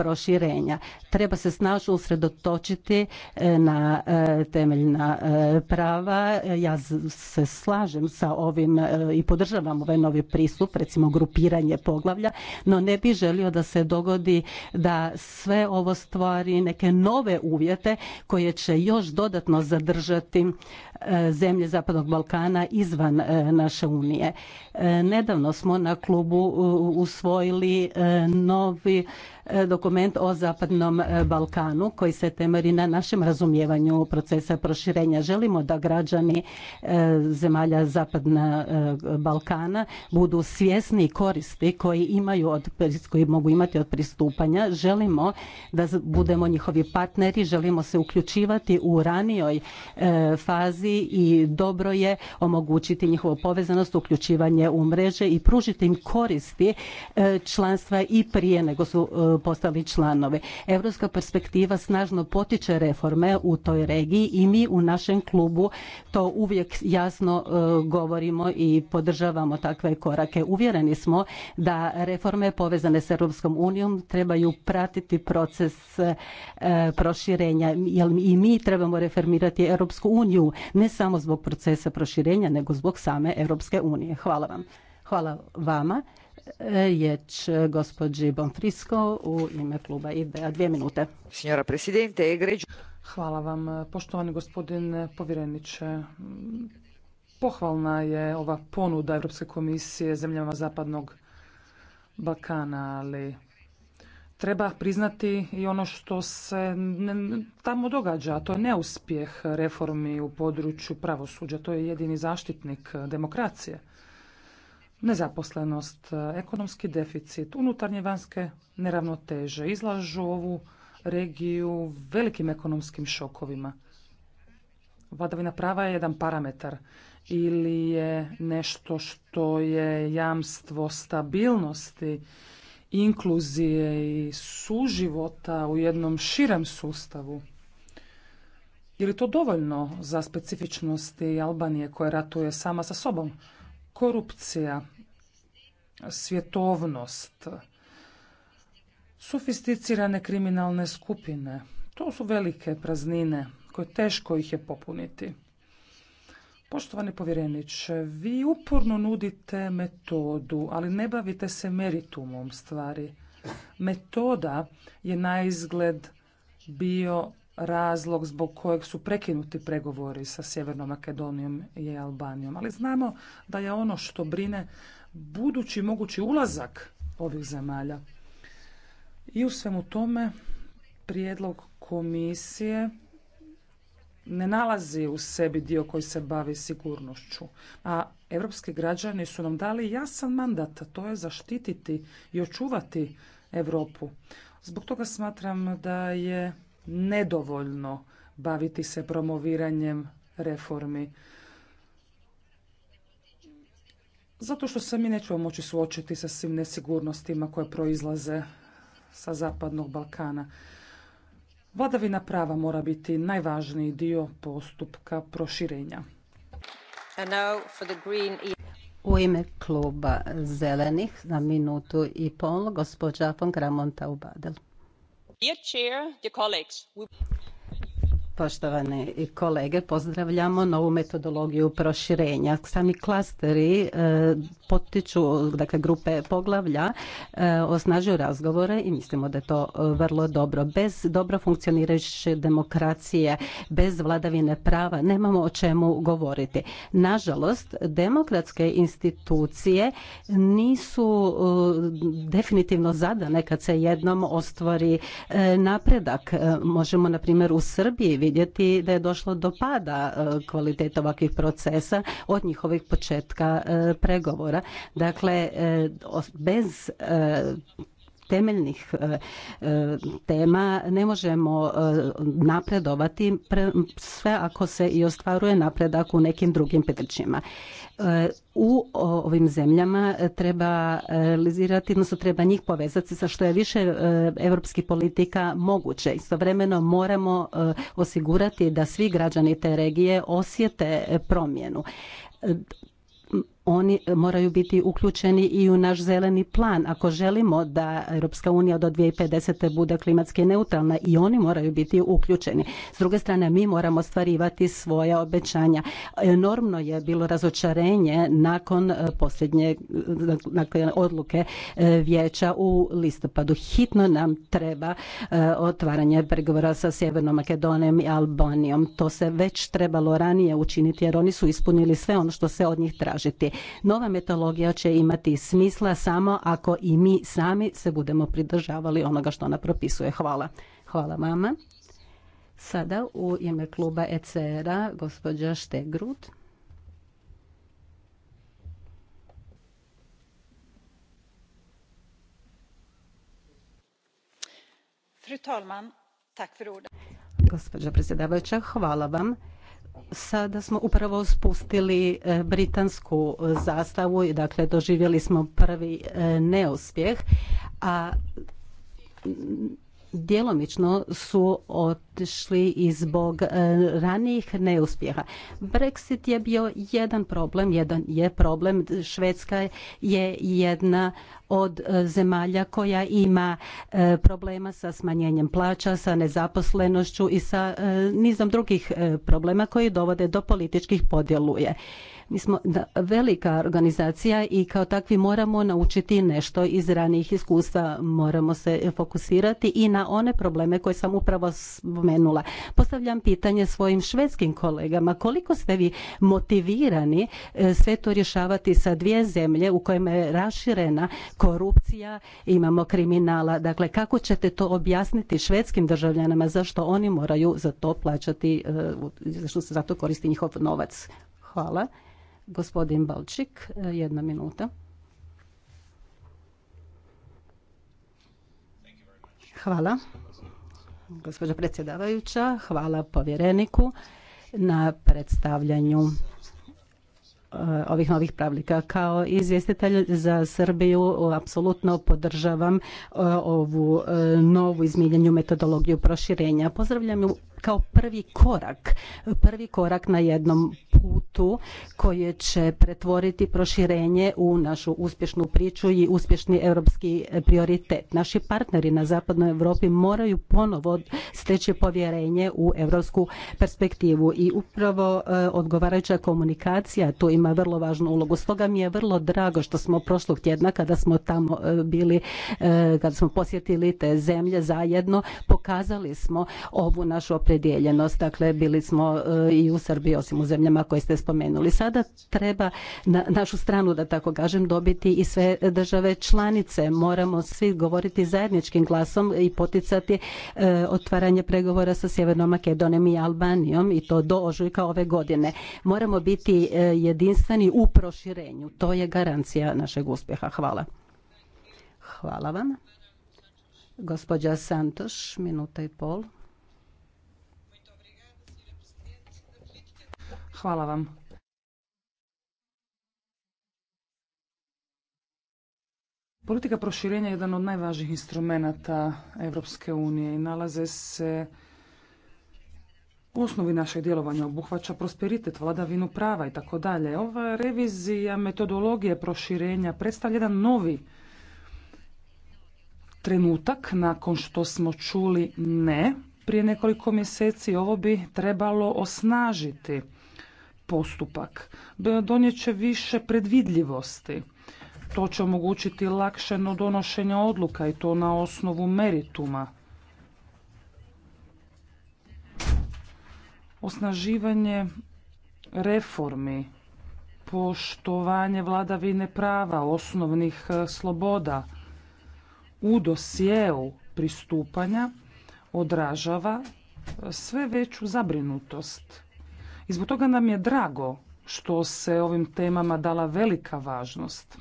proširenja. Treba se snažno usredotočiti e, na e, temeljna e, prava. Ja se slažem sa ovim i podržavam ovaj novi pristup, recimo grupiranje poglavlja, no ne bi želio da se dogodi da sve ovo stvari neke nove uvjete koje će još dodatno zadržati E, zemlje Zapadnog Balkana izvan e, naše unije. E, nedavno smo na klubu usvojili novi dokument o Zapadnom Balkanu koji se temelji na našem razumijevanju procesa proširenja. Želimo da građani zemalja Zapadna Balkana budu svjesni koristi koji imaju od, koji mogu imati od pristupanja. Želimo da budemo njihovi partneri, želimo se uključivati u ranijoj fazi i dobro je omogućiti njihovu povezanost, uključivanje u mreže i pružiti im koristi e, članstva i prije nego su e, postali članovi. Europska perspektiva snažno potiče reforme u toj regiji i mi u našem klubu to uvijek jasno e, govorimo i podržavamo takve korake. Uvjereni smo da reforme povezane s Europskom unijom trebaju pratiti proces proširenja jer i mi trebamo reformirati Europsku uniju ne samo zbog procesa proširenja, nego zbog same Europske unije. Hvala vam. Hvala vama. E, riječ e, gospođi bonfrisco u ime kluba IDEA. Dvije minute. Signora Presidente, e Hvala vam, poštovani gospodin povjereniče. Pohvalna je ova ponuda Europske komisije zemljama Zapadnog Balkana, ali treba priznati i ono što se tamo događa, a to je neuspjeh reformi u području pravosuđa. To je jedini zaštitnik demokracije. Nezaposlenost, ekonomski deficit, unutarnje vanjske neravnoteže izlažu ovu regiju velikim ekonomskim šokovima. Vladavina prava je jedan parametar ili je nešto što je jamstvo stabilnosti inkluzije i suživota u jednom širem sustavu. Je li to dovoljno za specifičnosti Albanije koja ratuje sama sa sobom? Korupcija, svjetovnost, sofisticirane kriminalne skupine. To su velike praznine koje teško ih je popuniti. Poštovani povjereniče, vi uporno nudite metodu, ali ne bavite se meritumom stvari. Metoda je na izgled bio razlog zbog kojeg su prekinuti pregovori sa Sjevernom Makedonijom i Albanijom. Ali znamo da je ono što brine budući mogući ulazak ovih zemalja. I u svemu tome prijedlog komisije ne nalazi u sebi dio koji se bavi sigurnošću. A europski građani su nam dali jasan mandat, a to je zaštititi i očuvati Europu. Zbog toga smatram da je nedovoljno baviti se promoviranjem reformi. Zato što se mi nećemo moći suočiti sa svim nesigurnostima koje proizlaze sa Zapadnog Balkana. Vladavina prava mora biti najvažniji dio postupka proširenja. E- U ime kluba Zelenih na minutu i pol gospođa von colleagues, we... Poštovane kolege, pozdravljamo novu metodologiju proširenja. Sami klasteri e, potiču, dakle grupe poglavlja, e, osnažuju razgovore i mislimo da je to e, vrlo dobro. Bez dobro funkcionirajuće demokracije, bez vladavine prava nemamo o čemu govoriti. Nažalost, demokratske institucije nisu definitivno zadane kad se jednom ostvari napredak. Možemo, na primjer, u Srbiji vidjeti da je došlo do pada e, kvalitete ovakvih procesa od njihovih početka e, pregovora. Dakle, e, bez temeljnih e, e, tema ne možemo e, napredovati sve ako se i ostvaruje napredak u nekim drugim područjima. U ovim zemljama treba realizirati, odnosno treba njih povezati sa što je više evropskih politika moguće. Istovremeno moramo osigurati da svi građani te regije osjete promjenu oni moraju biti uključeni i u naš zeleni plan. Ako želimo da Europska unija do 2050. bude klimatski neutralna i oni moraju biti uključeni. S druge strane, mi moramo stvarivati svoja obećanja. Enormno je bilo razočarenje nakon eh, posljednje eh, odluke eh, vijeća u listopadu. Hitno nam treba otvaranje pregovora sa Sjevernom Makedonijom i Albanijom. To se već trebalo ranije učiniti jer oni su ispunili sve ono što se od njih tražiti. Nova metodologija će imati smisla samo ako i mi sami se budemo pridržavali onoga što ona propisuje. Hvala. Hvala vama. Sada u ime kluba ECR-a gospođa Štegrud. Fru talman, tak för Gospođa predsjedavajuća, hvala vam sada smo upravo spustili e, britansku e, zastavu i dakle doživjeli smo prvi e, neuspjeh, a djelomično su otišli i zbog e, ranijih neuspjeha. Brexit je bio jedan problem, jedan je problem. Švedska je jedna od e, zemalja koja ima e, problema sa smanjenjem plaća, sa nezaposlenošću i sa nizom drugih problema koji dovode do političkih podjeluje. Mi smo velika organizacija i kao takvi moramo naučiti nešto iz ranijih iskustva. Moramo se fokusirati i na one probleme koje sam upravo spomenula. Postavljam pitanje svojim švedskim kolegama. Koliko ste vi motivirani e, sve to rješavati sa dvije zemlje u kojima je raširena korupcija, imamo kriminala. Dakle, kako ćete to objasniti švedskim državljanima zašto oni moraju za to plaćati, e, zašto se za to koristi njihov novac? Hvala. Gospodin Balčik, e, jedna minuta. Hvala, gospođa predsjedavajuća. Hvala povjereniku na predstavljanju e, ovih novih pravlika. Kao izvjestitelj za Srbiju apsolutno podržavam e, ovu novu izmijenjenu metodologiju proširenja. Pozdravljam kao prvi korak, prvi korak na jednom putu koje će pretvoriti proširenje u našu uspješnu priču i uspješni europski prioritet. Naši partneri na zapadnoj Europi moraju ponovo steći povjerenje u europsku perspektivu i upravo e, odgovarajuća komunikacija tu ima vrlo važnu ulogu. Stoga mi je vrlo drago što smo prošlog tjedna kada smo tamo e, bili, e, kada smo posjetili te zemlje zajedno, pokazali smo ovu našu opredjeljenost. Dakle, bili smo e, i u Srbiji, osim u zemljama koje ste spomenuli. Sada treba na našu stranu, da tako kažem, dobiti i sve države članice. Moramo svi govoriti zajedničkim glasom i poticati e, otvaranje pregovora sa Sjevernom Makedonijom i Albanijom i to do ožujka ove godine. Moramo biti e, jedinstveni u proširenju. To je garancija našeg uspjeha. Hvala. Hvala vam. Gospođa Santoš, minuta i pol. Hvala vam. Politika proširenja je jedan od najvažnijih instrumenata Europske unije i nalaze se u osnovi našeg djelovanja obuhvaća prosperitet, vladavinu prava i tako dalje. Ova revizija metodologije proširenja predstavlja jedan novi trenutak nakon što smo čuli ne prije nekoliko mjeseci. Ovo bi trebalo osnažiti postupak. Donijet će više predvidljivosti. To će omogućiti lakše donošenje odluka i to na osnovu merituma. Osnaživanje reformi, poštovanje vladavine prava, osnovnih e, sloboda u dosjeu pristupanja odražava e, sve veću zabrinutost i zbog toga nam je drago što se ovim temama dala velika važnost.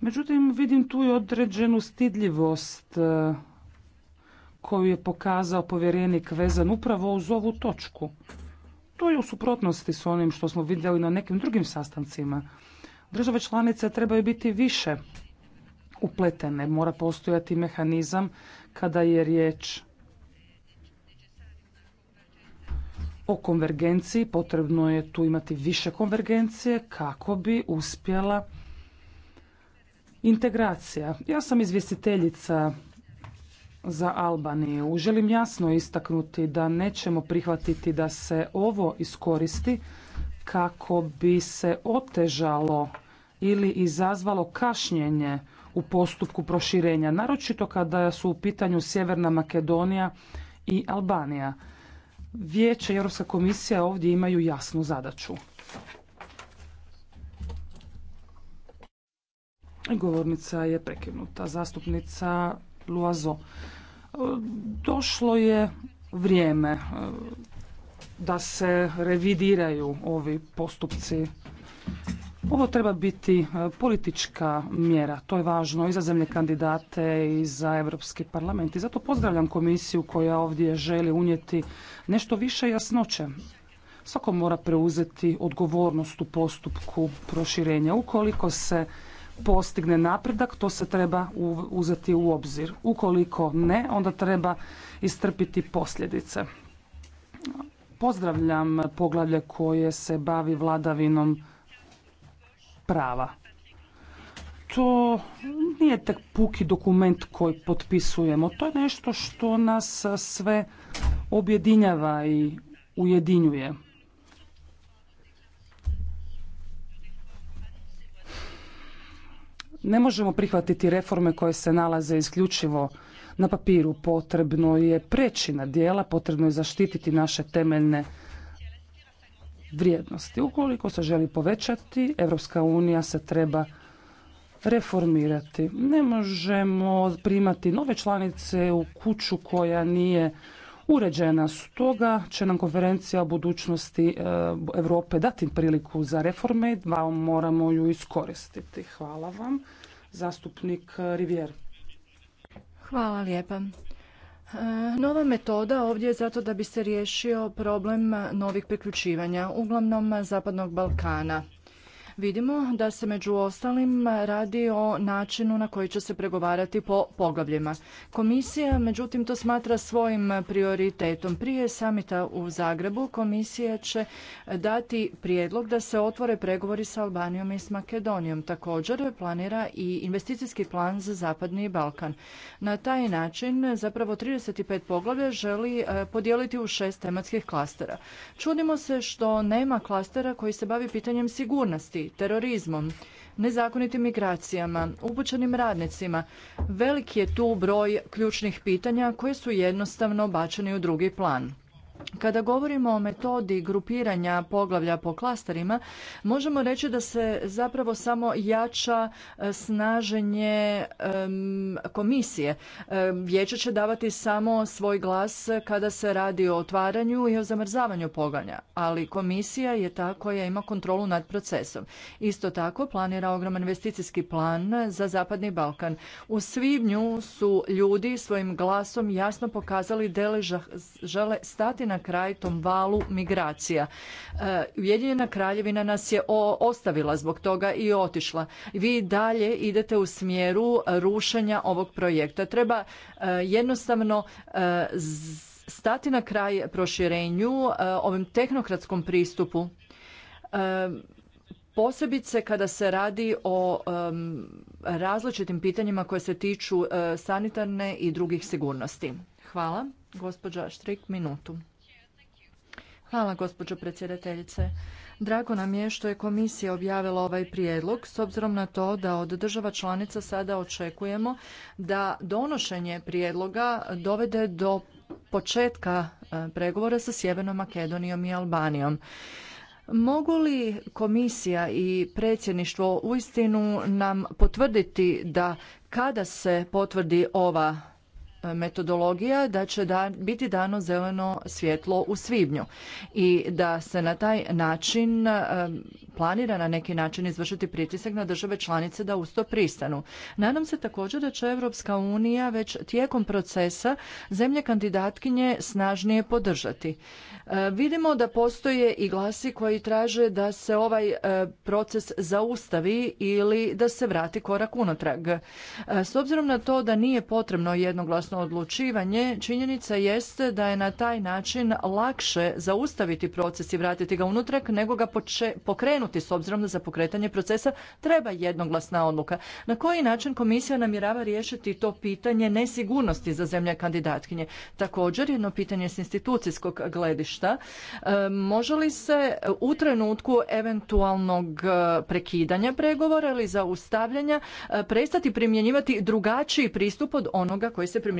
Međutim, vidim tu i određenu stidljivost e, koju je pokazao povjerenik vezan upravo uz ovu točku. To je u suprotnosti s onim što smo vidjeli na nekim drugim sastancima. Države članice trebaju biti više upletene, mora postojati mehanizam kada je riječ o konvergenciji, potrebno je tu imati više konvergencije kako bi uspjela integracija. Ja sam izvjestiteljica za Albaniju. Želim jasno istaknuti da nećemo prihvatiti da se ovo iskoristi kako bi se otežalo ili izazvalo kašnjenje u postupku proširenja, naročito kada su u pitanju Sjeverna Makedonija i Albanija. Vijeće i Europska komisija ovdje imaju jasnu zadaću. Govornica je prekinuta, zastupnica Luazo. Došlo je vrijeme e, da se revidiraju ovi postupci ovo treba biti e, politička mjera, to je važno i za zemlje kandidate i za Europski parlament i zato pozdravljam komisiju koja ovdje želi unijeti nešto više jasnoće. Svako mora preuzeti odgovornost u postupku proširenja. Ukoliko se postigne napredak, to se treba uzeti u obzir. Ukoliko ne, onda treba istrpiti posljedice. Pozdravljam poglavlje koje se bavi vladavinom prava. To nije tek puki dokument koji potpisujemo, to je nešto što nas sve objedinjava i ujedinjuje. Ne možemo prihvatiti reforme koje se nalaze isključivo na papiru. Potrebno je preći na dijela, potrebno je zaštititi naše temeljne vrijednosti. Ukoliko se želi povećati, Europska unija se treba reformirati. Ne možemo primati nove članice u kuću koja nije uređena. Stoga će nam konferencija o budućnosti Europe dati priliku za reforme i moramo ju iskoristiti. Hvala vam. Zastupnik Rivier. Hvala lijepa. Eh, nova metoda ovdje je zato da bi se riješio problem novih priključivanja, uglavnom Zapadnog Balkana vidimo da se među ostalim radi o načinu na koji će se pregovarati po poglavljima. Komisija, međutim, to smatra svojim prioritetom. Prije samita u Zagrebu komisija će dati prijedlog da se otvore pregovori sa Albanijom i s Makedonijom. Također planira i investicijski plan za Zapadni Balkan. Na taj način zapravo 35 poglavlja želi e, podijeliti u šest tematskih klastera. Čudimo se što nema klastera koji se bavi pitanjem sigurnosti terorizmom, nezakonitim migracijama, upućenim radnicima. Veliki je tu broj ključnih pitanja koje su jednostavno bačeni u drugi plan. Kada govorimo o metodi grupiranja poglavlja po klasterima, možemo reći da se zapravo samo jača e, snaženje komisije. E, vijeće će davati samo svoj glas kada se radi o otvaranju i o zamrzavanju poganja, ali komisija je ta koja ima kontrolu nad procesom. Isto tako planira ogroman investicijski plan za Zapadni Balkan. U svibnju su ljudi svojim glasom jasno pokazali da žele stati na kraj tom valu migracija. E, Ujedinjena kraljevina nas je ostavila zbog toga i otišla. Vi dalje idete u smjeru rušenja ovog projekta. Treba e, jednostavno e, stati na kraj proširenju ovom tehnokratskom pristupu posebice kada se radi o različitim pitanjima koje se tiču sanitarne i drugih sigurnosti. Hvala. Gospođa Štrik, minutu. Hvala, gospođo predsjedateljice. Drago nam je što je komisija objavila ovaj prijedlog s obzirom na to da od država članica sada očekujemo da donošenje prijedloga dovede do početka e, pregovora sa Sjevernom Makedonijom i Albanijom. Mogu li komisija i predsjedništvo uistinu nam potvrditi da kada se potvrdi ova metodologija da će da, biti dano zeleno svjetlo u svibnju i da se na taj način e, planira na neki način izvršiti pritisak na države članice da usto pristanu. Nadam se također da će Europska unija već tijekom procesa zemlje kandidatkinje snažnije podržati. E, vidimo da postoje i glasi koji traže da se ovaj e, proces zaustavi ili da se vrati korak unatrag. S obzirom na to da nije potrebno jednoglasno odlučivanje, činjenica jeste da je na taj način lakše zaustaviti proces i vratiti ga unutrag nego ga pokrenuti s obzirom da za pokretanje procesa treba jednoglasna odluka. Na koji način komisija namjerava riješiti to pitanje nesigurnosti za zemlje kandidatkinje? Također jedno pitanje s institucijskog gledišta. E, može li se u trenutku eventualnog e, prekidanja pregovora ili zaustavljanja e, prestati primjenjivati drugačiji pristup od onoga koji se primjenjuje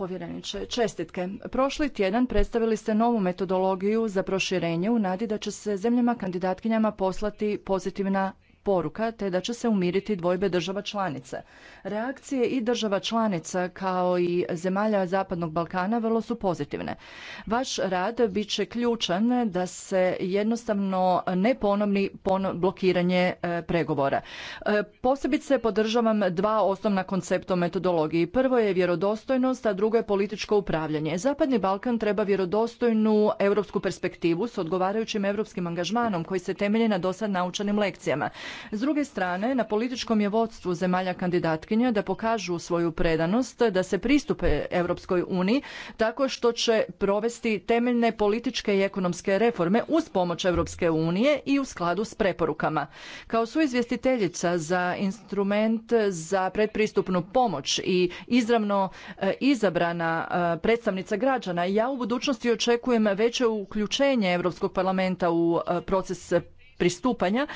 povjereniče, čestitke. Prošli tjedan predstavili ste novu metodologiju za proširenje u nadi da će se zemljama kandidatkinjama poslati pozitivna poruka te da će se umiriti dvojbe država članica. Reakcije i država članica kao i zemalja Zapadnog Balkana vrlo su pozitivne. Vaš rad bit će ključan da se jednostavno ne ponovni blokiranje e, pregovora. E, posebice podržavam dva osnovna koncepta o metodologiji. Prvo je vjerodostojnost, a drugo je političko upravljanje. Zapadni Balkan treba vjerodostojnu europsku perspektivu s odgovarajućim europskim angažmanom koji se temelji na dosad naučenim lekcijama. S druge strane, na političkom je vodstvu zemalja kandidatkinja da pokažu svoju predanost, da se pristupe Europskoj uniji tako što će provesti temeljne političke i ekonomske reforme uz pomoć Europske unije i u skladu s preporukama. Kao su izvjestiteljica za instrument za predpristupnu pomoć i izravno e, izabrana e, predstavnica građana, ja u budućnosti očekujem veće uključenje Europskog parlamenta u e, proces pristupanja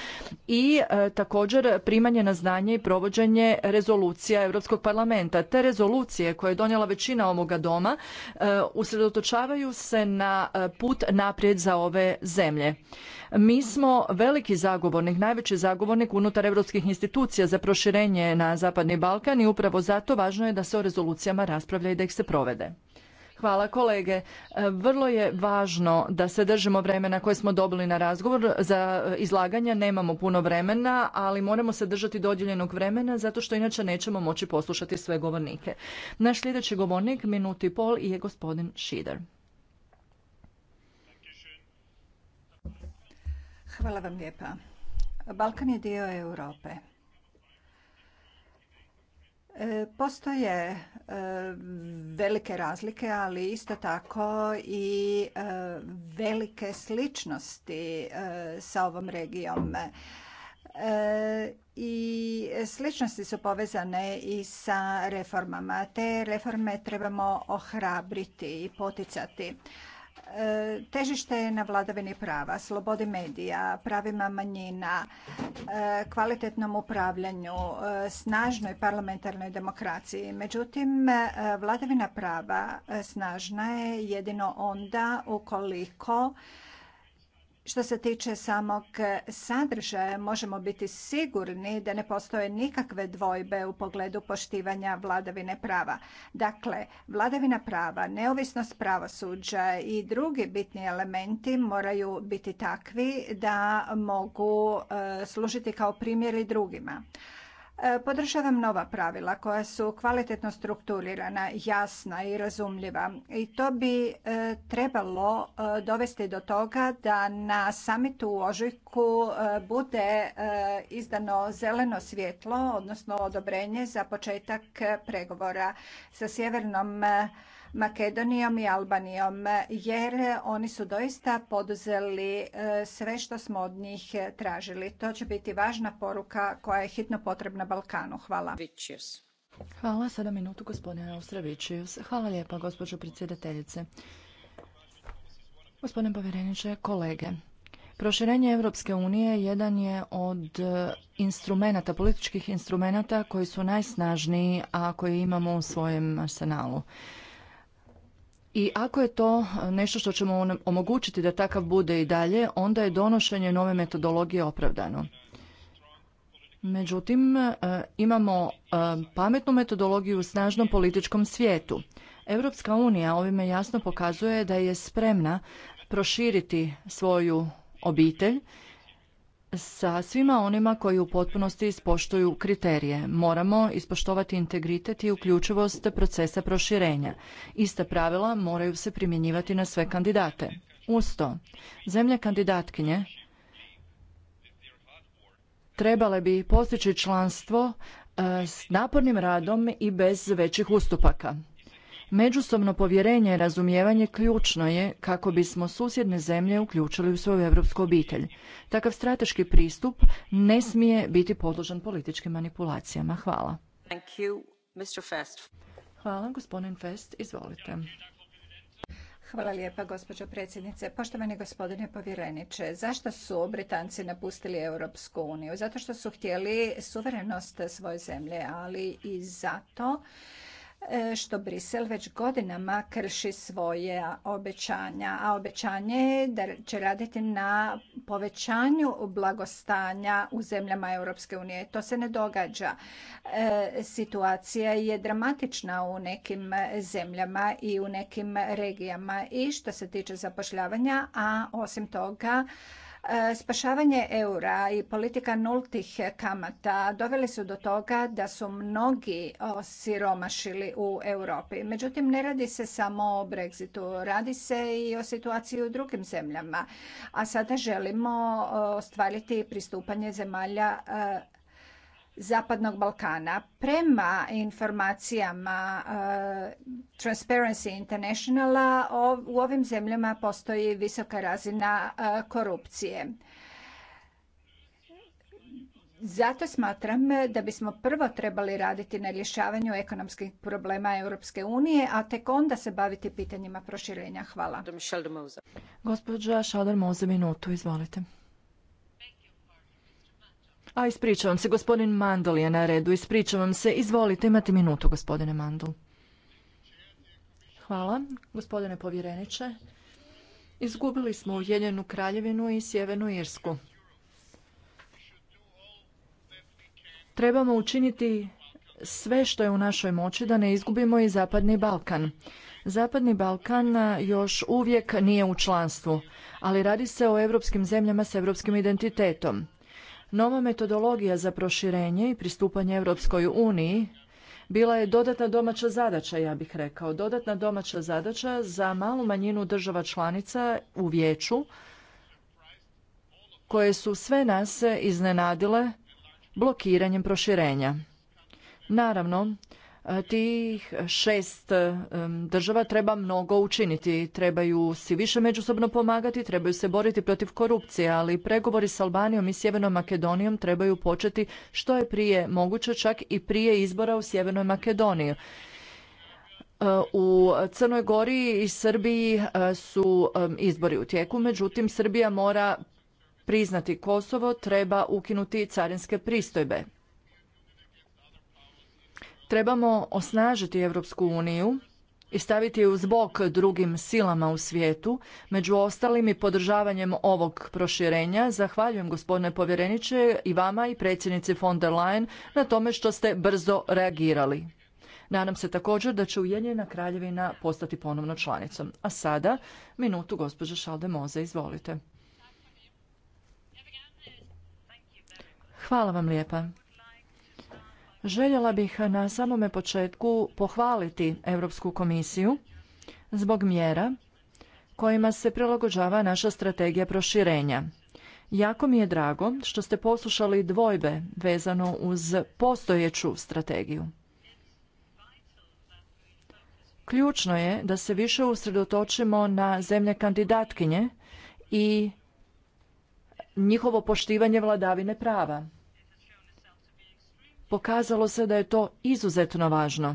i e, također primanje na znanje i provođenje rezolucija Europskog parlamenta. Te rezolucije koje je donijela većina ovoga doma e, usredotočavaju se na e, put naprijed za ove zemlje. Mi smo veliki zagovornik, najveći zagovornik unutar europskih institucija za proširenje na Zapadni Balkan i upravo zato važno je da se o rezolucijama raspravlja i da ih se provede. Hvala kolege. E, vrlo je važno da se držimo vremena koje smo dobili na razgovor. Za izlaganja nemamo puno vremena, ali moramo se držati dodijeljenog vremena zato što inače nećemo moći poslušati sve govornike. Naš sljedeći govornik, minuti i pol, je gospodin Šider. Hvala vam lijepa. Balkan je dio Europe E, postoje e, velike razlike, ali isto tako i e, velike sličnosti sa ovom regijom. I sličnosti su povezane i sa reformama. Te reforme trebamo ohrabriti i poticati težište je na vladavini prava, slobodi medija, pravima manjina, e, kvalitetnom upravljanju, e, snažnoj parlamentarnoj demokraciji. Međutim, e, vladavina prava snažna je jedino onda ukoliko što se tiče samog e, sadržaja, možemo biti sigurni da ne postoje nikakve dvojbe u pogledu poštivanja vladavine prava. Dakle, vladavina prava, neovisnost pravosuđa i drugi bitni elementi moraju biti takvi da mogu e, služiti kao primjeri drugima. Podržavam nova pravila koja su kvalitetno strukturirana, jasna i razumljiva i to bi e, trebalo e, dovesti do toga da na samitu u Ožujku e, bude izdano zeleno svjetlo, odnosno odobrenje za početak pregovora sa Sjevernom Makedonijom i Albanijom jer oni su doista poduzeli e, sve što smo od njih tražili. To će biti važna poruka koja je hitno potrebna Balkanu. Hvala. Hvala. Sada minutu gospodina Austravičius. Hvala lijepa gospođo predsjedateljice. Gospodine povjereniče, kolege, Proširenje Europske unije jedan je od e, instrumenata, političkih instrumenata koji su najsnažniji, a koji imamo u svojem arsenalu i ako je to nešto što ćemo omogućiti da takav bude i dalje, onda je donošenje nove metodologije opravdano. Međutim, e, imamo e, pametnu metodologiju u snažnom političkom svijetu. Europska unija ovime jasno pokazuje da je spremna proširiti svoju obitelj sa svima onima koji u potpunosti ispoštuju kriterije. Moramo ispoštovati integritet i uključivost procesa proširenja. Ista pravila moraju se primjenjivati na sve kandidate. Usto, zemlje kandidatkinje trebale bi postići članstvo e, s napornim radom i bez većih ustupaka. Međusobno povjerenje i razumijevanje ključno je kako bismo susjedne zemlje uključili u svoju europsku obitelj. Takav strateški pristup ne smije biti podložan političkim manipulacijama. Hvala. Fest. Hvala, gospodin Fest, izvolite. Hvala lijepa, gospođo predsjednice. Poštovani gospodine povjereniče, zašto su Britanci napustili Europsku uniju? Zato što su htjeli suverenost svoje zemlje, ali i zato E, što Brisel već godinama krši svoje obećanja, a obećanje je da će raditi na povećanju blagostanja u zemljama Europske unije. To se ne događa. E, situacija je dramatična u nekim zemljama i u nekim regijama i što se tiče zapošljavanja, a osim toga E, spašavanje eura i politika nultih kamata doveli su do toga da su mnogi siromašili u Europi. Međutim, ne radi se samo o Brexitu, radi se i o situaciji u drugim zemljama. A sada želimo e, ostvariti pristupanje zemalja e, Zapadnog Balkana. Prema informacijama eh, Transparency Internationala u ovim zemljama postoji visoka razina eh, korupcije. Zato smatram eh, da bismo prvo trebali raditi na rješavanju ekonomskih problema Europske unije, a tek onda se baviti pitanjima proširenja. Hvala. Gospođa Moze, minutu, izvolite. A ispričavam se, gospodin Mandol je na redu. Ispričavam se. Izvolite, imate minutu, gospodine Mandol. Hvala, gospodine povjereniče. Izgubili smo Ujedinjenu kraljevinu i Sjevernu Irsku. Trebamo učiniti sve što je u našoj moći da ne izgubimo i Zapadni Balkan. Zapadni Balkan još uvijek nije u članstvu, ali radi se o europskim zemljama s europskim identitetom. Nova metodologija za proširenje i pristupanje Europskoj uniji bila je dodatna domaća zadaća, ja bih rekao. Dodatna domaća zadaća za malu manjinu država članica u vijeću koje su sve nas iznenadile blokiranjem proširenja. Naravno, E, tih šest e, država treba mnogo učiniti. Trebaju si više međusobno pomagati, trebaju se boriti protiv korupcije, ali pregovori s Albanijom i Sjevernom Makedonijom trebaju početi što je prije moguće, čak i prije izbora u Sjevernoj Makedoniji. E, u Crnoj Gori i Srbiji su izbori u tijeku, međutim Srbija mora priznati Kosovo, treba ukinuti carinske pristojbe. Trebamo osnažiti Europsku uniju i staviti uz bok drugim silama u svijetu, među ostalim i podržavanjem ovog proširenja. Zahvaljujem gospodine povjereniče i vama i predsjednici von der Leyen na tome što ste brzo reagirali. Nadam se također da će Ujedinjena kraljevina postati ponovno članicom. A sada minutu gospođe Šalde izvolite. Hvala vam lijepa. Željela bih na samome početku pohvaliti Europsku komisiju zbog mjera kojima se prilagođava naša strategija proširenja. Jako mi je drago što ste poslušali dvojbe vezano uz postojeću strategiju. Ključno je da se više usredotočimo na zemlje kandidatkinje i njihovo poštivanje vladavine prava pokazalo se da je to izuzetno važno.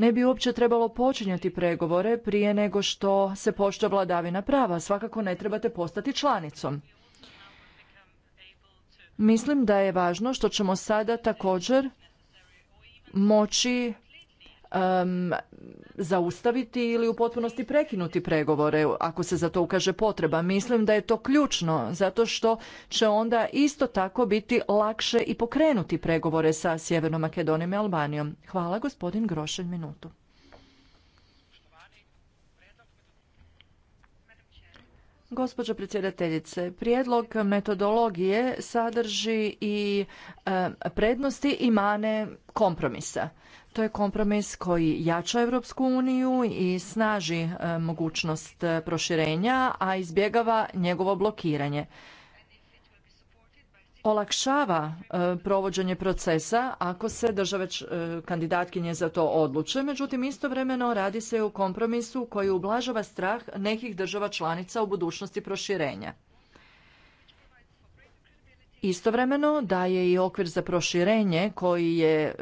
Ne bi uopće trebalo počinjati pregovore prije nego što se pošto vladavina prava. Svakako ne trebate postati članicom. Mislim da je važno što ćemo sada također moći um, zaustaviti ili u potpunosti prekinuti pregovore ako se za to ukaže potreba. Mislim da je to ključno zato što će onda isto tako biti lakše i pokrenuti pregovore sa Sjevernom Makedonijom i Albanijom. Hvala gospodin Grošelj minutu. Gospođo predsjedateljice, prijedlog metodologije sadrži i prednosti i mane kompromisa. To je kompromis koji jača Europsku uniju i snaži e, mogućnost e, proširenja, a izbjegava njegovo blokiranje olakšava e, provođenje procesa ako se države kandidatkinje za to odluče, međutim istovremeno radi se o kompromisu koji ublažava strah nekih država članica u budućnosti proširenja. Istovremeno daje i okvir za proširenje koji je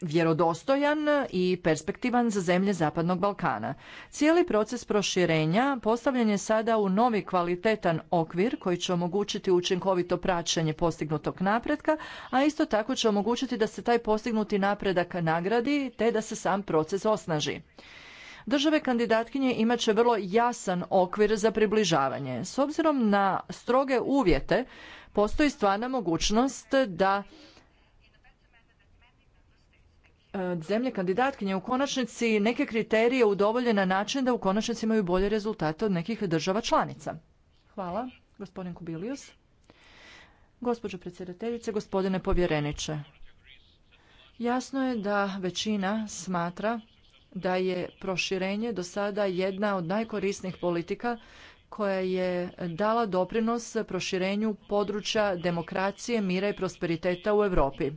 vjerodostojan i perspektivan za zemlje Zapadnog Balkana. Cijeli proces proširenja postavljen je sada u novi kvalitetan okvir koji će omogućiti učinkovito praćenje postignutog napretka, a isto tako će omogućiti da se taj postignuti napredak nagradi te da se sam proces osnaži. Države kandidatkinje imat će vrlo jasan okvir za približavanje. S obzirom na stroge uvjete, postoji stvarna mogućnost da E, zemlje kandidatkinje u konačnici neke kriterije udovolje na način da u konačnici imaju bolje rezultate od nekih država članica. Hvala, gospodin Kubilius. Gospođo predsjedateljice, gospodine povjereniče. Jasno je da većina smatra da je proširenje do sada jedna od najkorisnijih politika koja je dala doprinos proširenju područja demokracije, mira i prosperiteta u Europi.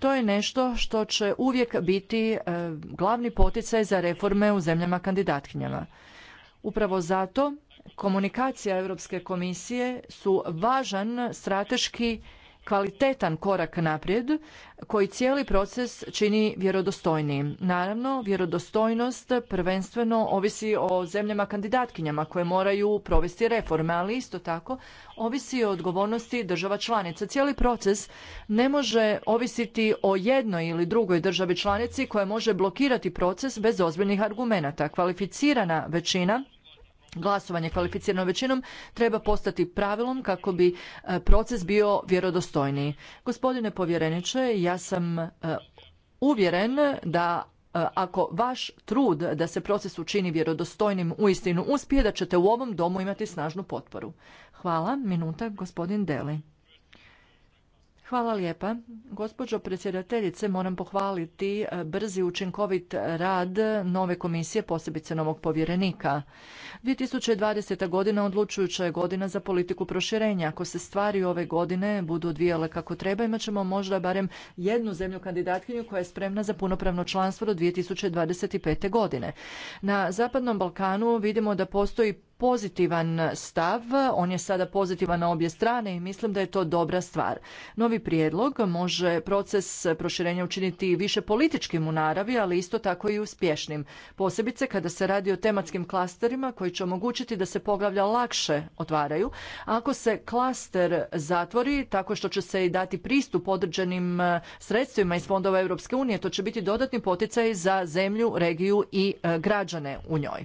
To je nešto što će uvijek biti e, glavni poticaj za reforme u zemljama kandidatkinjama. Upravo zato komunikacija Europske komisije su važan strateški kvalitetan korak naprijed koji cijeli proces čini vjerodostojnijim. Naravno, vjerodostojnost prvenstveno ovisi o zemljama kandidatkinjama koje moraju provesti reforme, ali isto tako ovisi o odgovornosti država članica. Cijeli proces ne može ovisiti o jednoj ili drugoj državi članici koja može blokirati proces bez ozbiljnih argumenata. Kvalificirana većina glasovanje kvalificiranom većinom treba postati pravilom kako bi e, proces bio vjerodostojniji. Gospodine povjereniče, ja sam e, uvjeren da e, ako vaš trud da se proces učini vjerodostojnim uistinu uspije, da ćete u ovom domu imati snažnu potporu. Hvala. Minuta, gospodin Deli. Hvala lijepa. Gospođo predsjedateljice, moram pohvaliti e, brzi učinkovit rad nove komisije, posebice novog povjerenika. 2020. godina odlučujuća je godina za politiku proširenja. Ako se stvari ove godine budu odvijale kako treba, imat ćemo možda barem jednu zemlju kandidatkinju koja je spremna za punopravno članstvo do 2025. godine. Na Zapadnom Balkanu vidimo da postoji pozitivan stav, on je sada pozitivan na obje strane i mislim da je to dobra stvar. Novi prijedlog može proces proširenja učiniti više političkim u naravi, ali isto tako i uspješnim. Posebice kada se radi o tematskim klasterima koji će omogućiti da se poglavlja lakše otvaraju. Ako se klaster zatvori tako što će se i dati pristup određenim e, sredstvima iz fondova Europske unije, to će biti dodatni poticaj za zemlju, regiju i e, građane u njoj.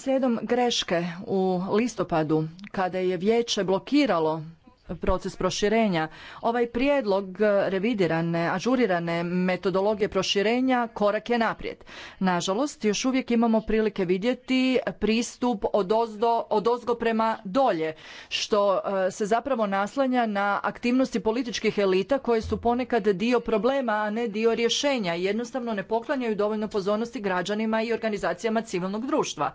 Slijedom greške u listopadu kada je vijeće blokiralo proces proširenja. Ovaj prijedlog revidirane, ažurirane metodologije proširenja korak je naprijed. Nažalost, još uvijek imamo prilike vidjeti pristup od, od ozgo prema dolje, što e, se zapravo naslanja na aktivnosti političkih elita koje su ponekad dio problema, a ne dio rješenja i jednostavno ne poklanjaju dovoljno pozornosti građanima i organizacijama civilnog društva.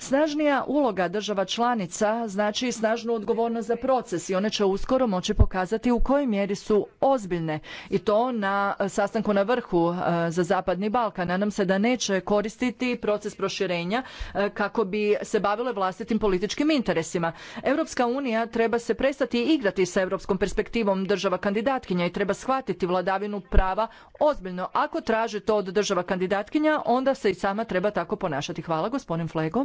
Snažnija uloga država članica znači i snažnu odgovornost za proces i one će uskoro moći pokazati u kojoj mjeri su ozbiljne i to na sastanku na vrhu e, za Zapadni Balkan. Nadam se da neće koristiti proces proširenja e, kako bi se bavile vlastitim političkim interesima. Europska unija treba se prestati igrati sa europskom perspektivom država kandidatkinja i treba shvatiti vladavinu prava ozbiljno. Ako traže to od država kandidatkinja, onda se i sama treba tako ponašati. Hvala gospodin Flego.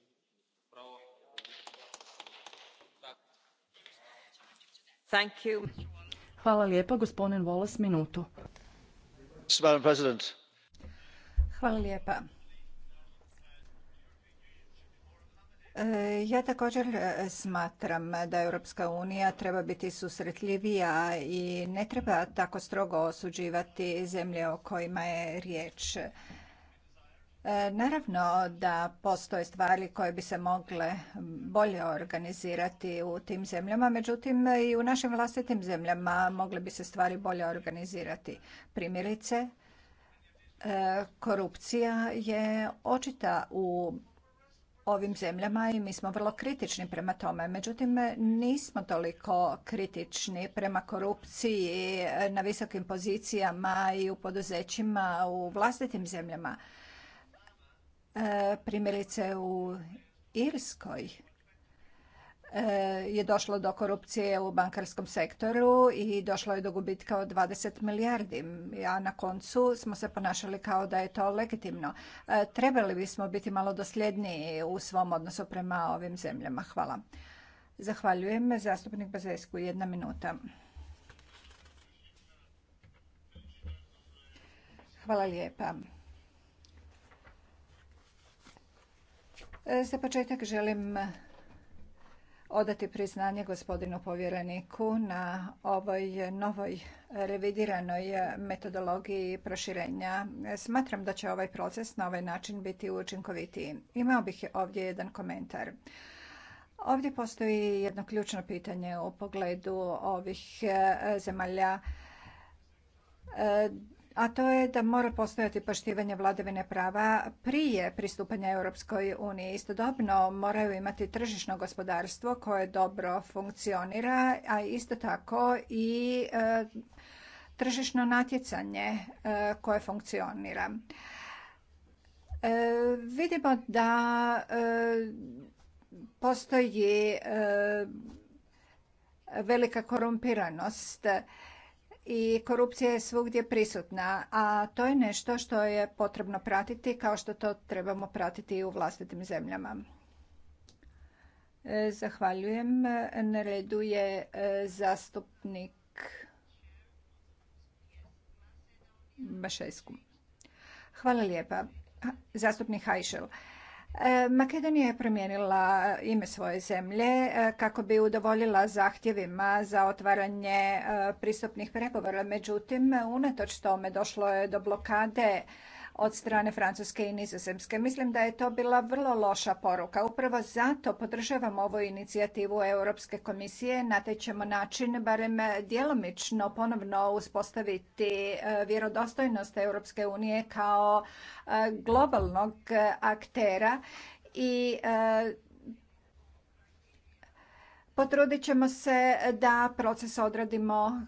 Thank you. Hvala lijepa, gospodin Hvala lijepa. E, ja također e, smatram da Europska unija treba biti susretljivija i ne treba tako strogo osuđivati zemlje o kojima je riječ. E, naravno da postoje stvari koje bi se mogle bolje organizirati u tim zemljama, međutim i u našim vlastitim zemljama mogle bi se stvari bolje organizirati. Primjerice, e, korupcija je očita u ovim zemljama i mi smo vrlo kritični prema tome. Međutim, nismo toliko kritični prema korupciji na visokim pozicijama i u poduzećima u vlastitim zemljama. E, primjerice u Irskoj e, je došlo do korupcije u bankarskom sektoru i došlo je do gubitka od 20 milijardi, a na koncu smo se ponašali kao da je to legitimno. E, trebali bismo biti malo dosljedniji u svom odnosu prema ovim zemljama. Hvala. Zahvaljujem. Zastupnik Bazesku, jedna minuta. Hvala lijepa. Za početak želim odati priznanje gospodinu povjereniku na ovoj novoj revidiranoj metodologiji proširenja. Smatram da će ovaj proces na ovaj način biti učinkovitiji. Imao bih ovdje jedan komentar. Ovdje postoji jedno ključno pitanje u pogledu ovih eh, zemalja eh, a to je da mora postojati poštivanje vladavine prava prije pristupanja Europskoj uniji. Istodobno moraju imati tržišno gospodarstvo koje dobro funkcionira, a isto tako i e, tržišno natjecanje e, koje funkcionira. E, vidimo da postoji velika korumpiranost i korupcija je svugdje prisutna, a to je nešto što je potrebno pratiti kao što to trebamo pratiti i u vlastitim zemljama. E, zahvaljujem. Na redu je e, zastupnik Bašesku. Hvala lijepa. Zastupnik Hajšel. E, Makedonija je promijenila ime svoje zemlje e, kako bi udovoljila zahtjevima za otvaranje e, pristupnih pregovora. Međutim, unatoč tome došlo je do blokade od strane Francuske i Nizozemske. Mislim da je to bila vrlo loša poruka. Upravo zato podržavam ovu inicijativu Europske komisije. Na ćemo način barem djelomično ponovno uspostaviti e, vjerodostojnost Europske unije kao e, globalnog aktera i e, Potrudit ćemo se da proces odradimo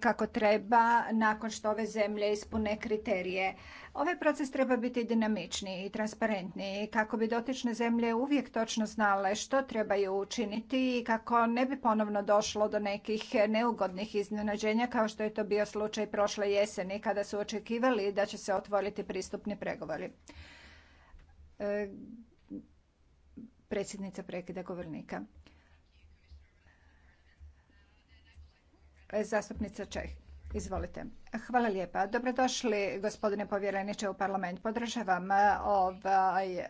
kako treba nakon što ove zemlje ispune kriterije. Ovaj proces treba biti dinamičniji i transparentniji kako bi dotične zemlje uvijek točno znale što trebaju učiniti i kako ne bi ponovno došlo do nekih neugodnih iznenađenja kao što je to bio slučaj prošle jeseni kada su očekivali da će se otvoriti pristupni pregovori. E, predsjednica prekida govornika. Zastupnica Čeh. Izvolite. Hvala lijepa. Dobrodošli gospodine povjereniče u parlament. Podržavam e, ovaj e,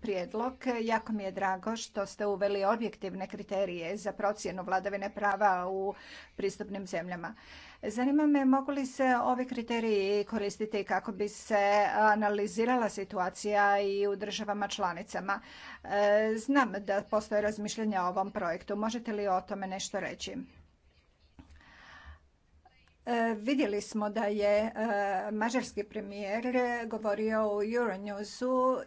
prijedlog. Jako mi je drago što ste uveli objektivne kriterije za procjenu vladavine prava u pristupnim zemljama. Zanima me mogu li se ovi kriteriji koristiti kako bi se analizirala situacija i u državama članicama. E, znam da postoje razmišljanja o ovom projektu. Možete li o tome nešto reći? E, vidjeli smo da je e, mađarski premijer govorio u Euronewsu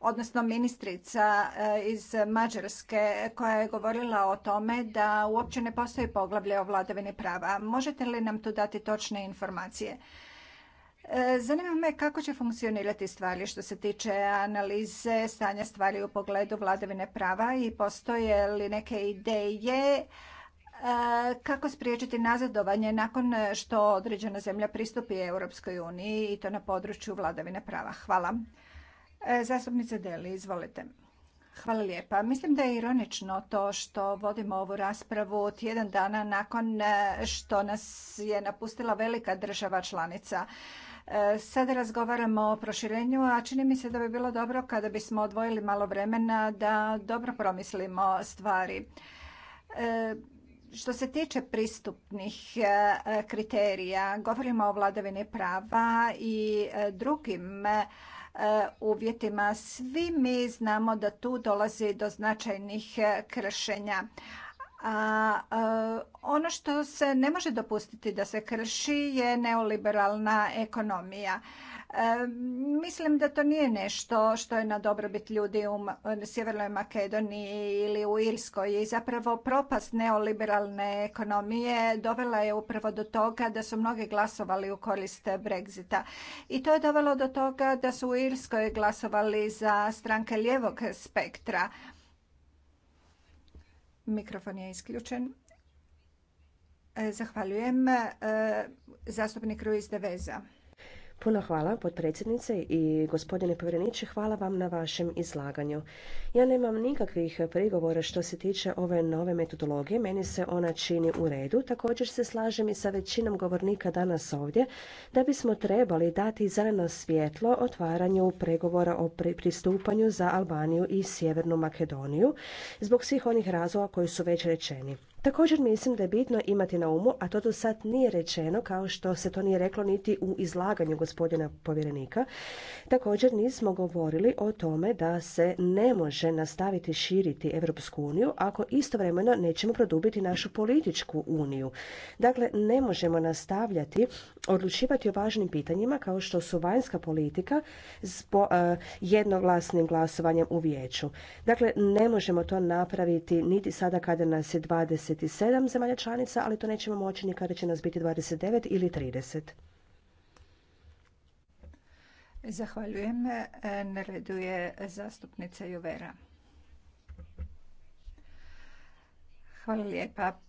odnosno ministrica e, iz Mađarske koja je govorila o tome da uopće ne postoji poglavlje o vladavini prava. Možete li nam tu dati točne informacije? Zanima me kako će funkcionirati stvari što se tiče analize stanja stvari u pogledu vladavine prava i postoje li neke ideje E, kako spriječiti nazadovanje nakon što određena zemlja pristupi Europskoj uniji i to na području vladavine prava. Hvala. E, zastupnice Deli, izvolite. Hvala lijepa. Mislim da je ironično to što vodimo ovu raspravu tjedan dana nakon e, što nas je napustila velika država članica. Sada razgovaramo o proširenju, a čini mi se da bi bilo dobro kada bismo odvojili malo vremena da dobro promislimo stvari što se tiče pristupnih e, kriterija, govorimo o vladavini prava i e, drugim e, uvjetima. Svi mi znamo da tu dolazi do značajnih kršenja. A ono što se ne može dopustiti da se krši je neoliberalna ekonomija. Mislim da to nije nešto što je na dobrobit ljudi u Sjevernoj Makedoniji ili u Irskoj i zapravo propast neoliberalne ekonomije dovela je upravo do toga da su mnogi glasovali u korist Brexita. I to je dovelo do toga da su u Irskoj glasovali za stranke lijevog spektra. Mikrofon je isključen. E, zahvaljujem. E, zastupnik Ruiz Deveza. Puno hvala, potpredsjednice i gospodine povjereniče, hvala vam na vašem izlaganju. Ja nemam nikakvih prigovora što se tiče ove nove metodologije, meni se ona čini u redu. Također se slažem i sa većinom govornika danas ovdje da bismo trebali dati zeleno svjetlo otvaranju pregovora o pristupanju za Albaniju i Sjevernu Makedoniju zbog svih onih razloga koji su već rečeni. Također mislim da je bitno imati na umu, a to do sad nije rečeno, kao što se to nije reklo niti u izlaganju gospodina povjerenika, također nismo govorili o tome da se ne može nastaviti širiti Europsku uniju ako istovremeno nećemo produbiti našu političku uniju. Dakle, ne možemo nastavljati odlučivati o važnim pitanjima kao što su vanjska politika s e, jednoglasnim glasovanjem u vijeću. Dakle, ne možemo to napraviti niti sada kada nas je 20 27 zemalja članica, ali to nećemo moći ni kada će nas biti 29 ili 30. Zahvaljujem. Na redu je zastupnica Jovera. Hvala lijepa.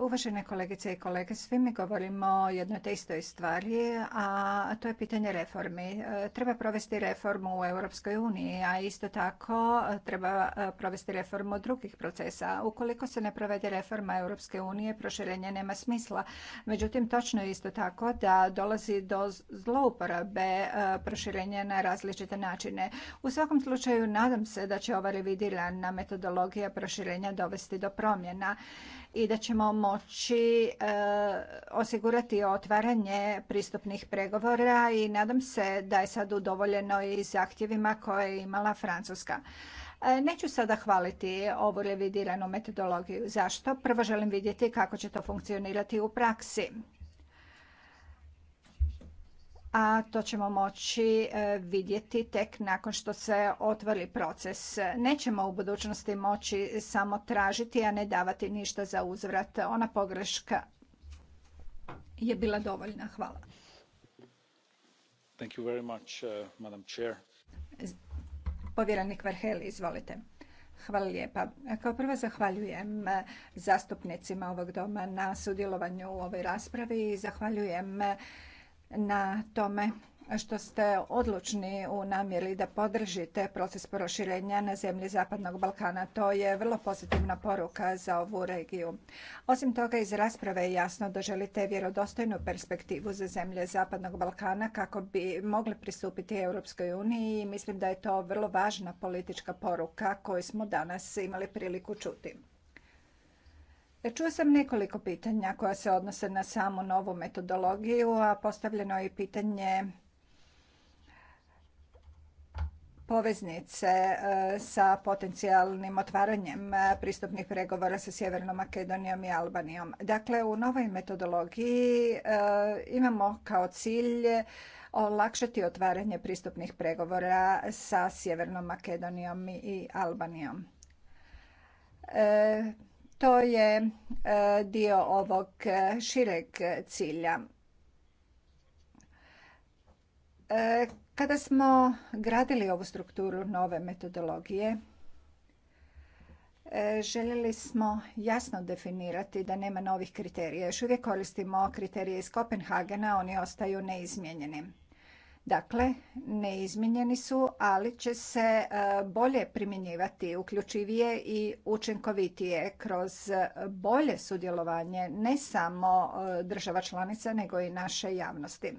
Uvažene kolegice i kolege, svi mi govorimo o jednoj te istoj stvari, a to je pitanje reformi. E, treba provesti reformu u Europskoj uniji, a isto tako e, treba e, provesti reformu drugih procesa. Ukoliko se ne provede reforma Europske unije, proširenje nema smisla. Međutim, točno je isto tako da dolazi do zlouporabe proširenja na različite načine. U svakom slučaju, nadam se da će ova revidirana metodologija proširenja dovesti do promjena i da ćemo moći e, osigurati otvaranje pristupnih pregovora i nadam se da je sad udovoljeno i zahtjevima koje je imala Francuska. E, neću sada hvaliti ovu revidiranu metodologiju. Zašto? Prvo želim vidjeti kako će to funkcionirati u praksi a to ćemo moći e, vidjeti tek nakon što se otvori proces. Nećemo u budućnosti moći samo tražiti, a ne davati ništa za uzvrat. Ona pogreška je bila dovoljna. Hvala. Thank uh, Povjerenik Varheli, izvolite. Hvala lijepa. Kao prvo zahvaljujem e, zastupnicima ovog doma na sudjelovanju u ovoj raspravi i zahvaljujem e, na tome što ste odlučni u namjeri da podržite proces proširenja na zemlji Zapadnog Balkana. To je vrlo pozitivna poruka za ovu regiju. Osim toga, iz rasprave je jasno da želite vjerodostojnu perspektivu za zemlje Zapadnog Balkana kako bi mogli pristupiti Europskoj uniji i mislim da je to vrlo važna politička poruka koju smo danas imali priliku čuti. Čuo sam nekoliko pitanja koja se odnose na samu novu metodologiju, a postavljeno je i pitanje poveznice e, sa potencijalnim otvaranjem e, pristupnih pregovora sa Sjevernom Makedonijom i Albanijom. Dakle, u novoj metodologiji e, imamo kao cilj olakšati otvaranje pristupnih pregovora sa Sjevernom Makedonijom i Albanijom. To je e, dio ovog e, šireg cilja. E, kada smo gradili ovu strukturu nove metodologije, željeli smo jasno definirati da nema novih kriterija. Još uvijek koristimo kriterije iz Kopenhagena, oni ostaju neizmijenjeni. Dakle, neizmijenjeni su, ali će se e, bolje primjenjivati, uključivije i učinkovitije kroz e, bolje sudjelovanje ne samo e, država članica, nego i naše javnosti.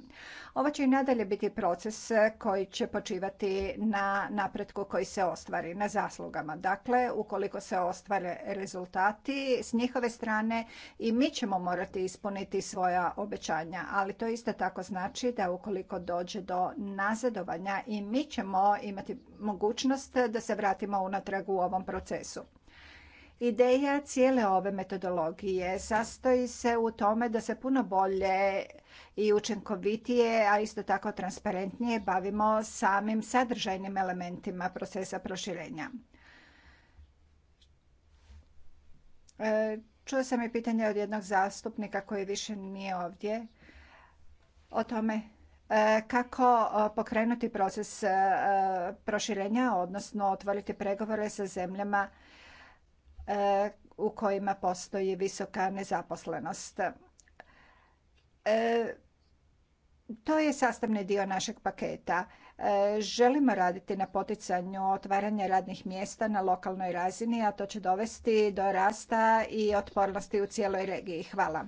Ovo će i nadalje biti proces koji će počivati na napretku koji se ostvari, na zaslugama. Dakle, ukoliko se ostvare rezultati s njihove strane i mi ćemo morati ispuniti svoja obećanja, ali to isto tako znači da ukoliko dođe do nazadovanja i mi ćemo imati mogućnost da se vratimo unatrag u ovom procesu. Ideja cijele ove metodologije sastoji se u tome da se puno bolje i učinkovitije, a isto tako transparentnije bavimo samim sadržajnim elementima procesa proširenja. E, čuo sam i pitanje od jednog zastupnika koji više nije ovdje o tome E, kako pokrenuti proces e, proširenja, odnosno otvoriti pregovore sa zemljama e, u kojima postoji visoka nezaposlenost. To je sastavni dio našeg paketa. Želimo raditi na poticanju otvaranja radnih mjesta na lokalnoj razini, a to će dovesti do rasta i otpornosti u cijeloj regiji. Hvala.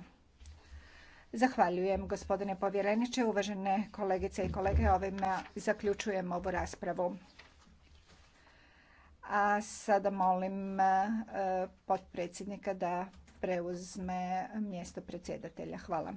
Zahvaljujem gospodine povjereniče, uvažene kolegice i kolege. Ovime zaključujem ovu raspravu. A sada molim e, potpredsjednika da preuzme mjesto predsjedatelja. Hvala.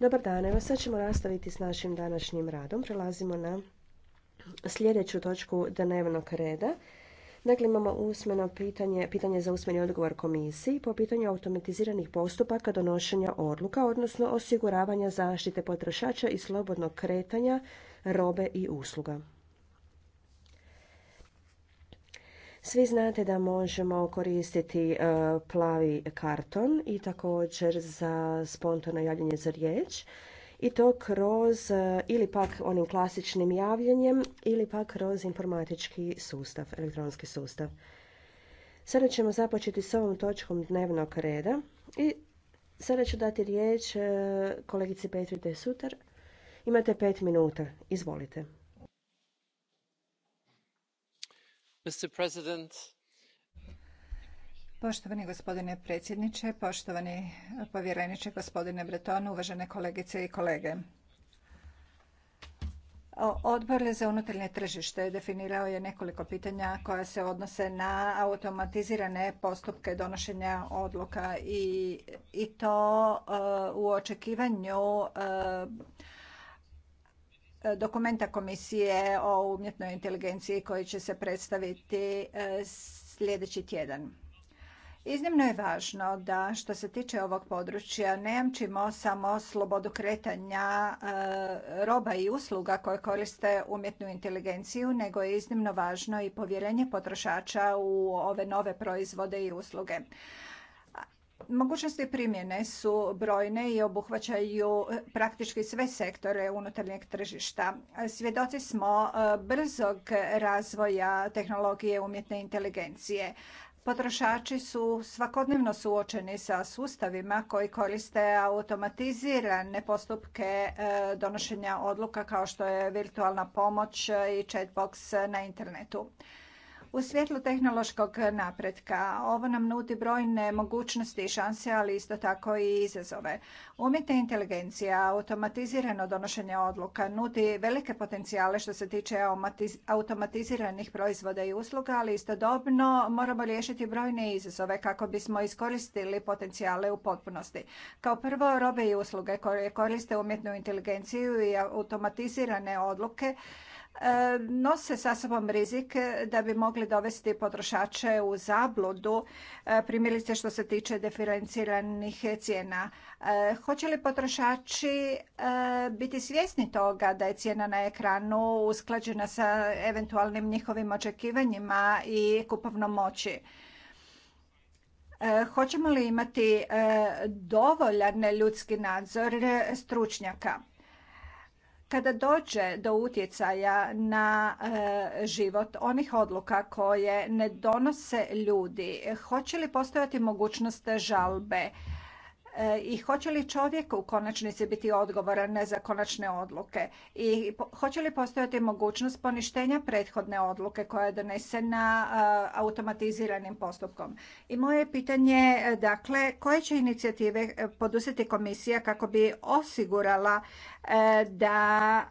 Dobar dan, evo sad ćemo nastaviti s našim današnjim radom. Prelazimo na sljedeću točku dnevnog reda. Dakle, imamo usmeno pitanje, pitanje za usmeni odgovor komisiji po pitanju automatiziranih postupaka donošenja odluka, odnosno osiguravanja zaštite potrošača i slobodnog kretanja robe i usluga. Svi znate da možemo koristiti e, plavi karton i također za spontano javljanje za riječ i to kroz e, ili pak onim klasičnim javljanjem ili pak kroz informatički sustav, elektronski sustav. Sada ćemo započeti s ovom točkom dnevnog reda i sada ću dati riječ e, kolegici Petri Desutar. Imate pet minuta, izvolite. Poštovani gospodine predsjedniče, poštovani povjereniče gospodine Breton, uvažene kolegice i kolege. Odbor za unutarnje tržište definirao je nekoliko pitanja koja se odnose na automatizirane postupke donošenja odluka i, i to e, u očekivanju e, E, dokumenta komisije o umjetnoj inteligenciji koji će se predstaviti e, sljedeći tjedan. Iznimno je važno da što se tiče ovog područja ne jamčimo samo slobodu kretanja e, roba i usluga koje koriste umjetnu inteligenciju, nego je iznimno važno i povjerenje potrošača u ove nove proizvode i usluge. Mogućnosti primjene su brojne i obuhvaćaju e, praktički sve sektore unutarnjeg tržišta. Svjedoci smo e, brzog razvoja tehnologije umjetne inteligencije. Potrošači su svakodnevno suočeni sa sustavima koji koriste automatizirane postupke e, donošenja odluka kao što je virtualna pomoć i chatbox na internetu. U svjetlu tehnološkog napretka ovo nam nudi brojne mogućnosti i šanse, ali isto tako i izazove. Umjetna inteligencija, automatizirano donošenje odluka nudi velike potencijale što se tiče automatiziranih proizvoda i usluga, ali istodobno moramo riješiti brojne izazove kako bismo iskoristili potencijale u potpunosti. Kao prvo, robe i usluge koje koriste umjetnu inteligenciju i automatizirane odluke E, nose sa sobom rizik da bi mogli dovesti potrošače u zabludu, e, primjerice što se tiče diferenciranih cijena. E, hoće li potrošači biti svjesni toga da je cijena na ekranu usklađena sa eventualnim njihovim očekivanjima i kupovnom moći? Hoćemo li imati dovoljan ljudski nadzor stručnjaka? kada dođe do utjecaja na e, život onih odluka koje ne donose ljudi, hoće li postojati mogućnost žalbe? E, i hoće li čovjek u konačnici biti odgovoran za konačne odluke i hoće li postojati mogućnost poništenja prethodne odluke koja je donesena e, automatiziranim postupkom. I moje pitanje dakle koje će inicijative e, poduzeti komisija kako bi osigurala da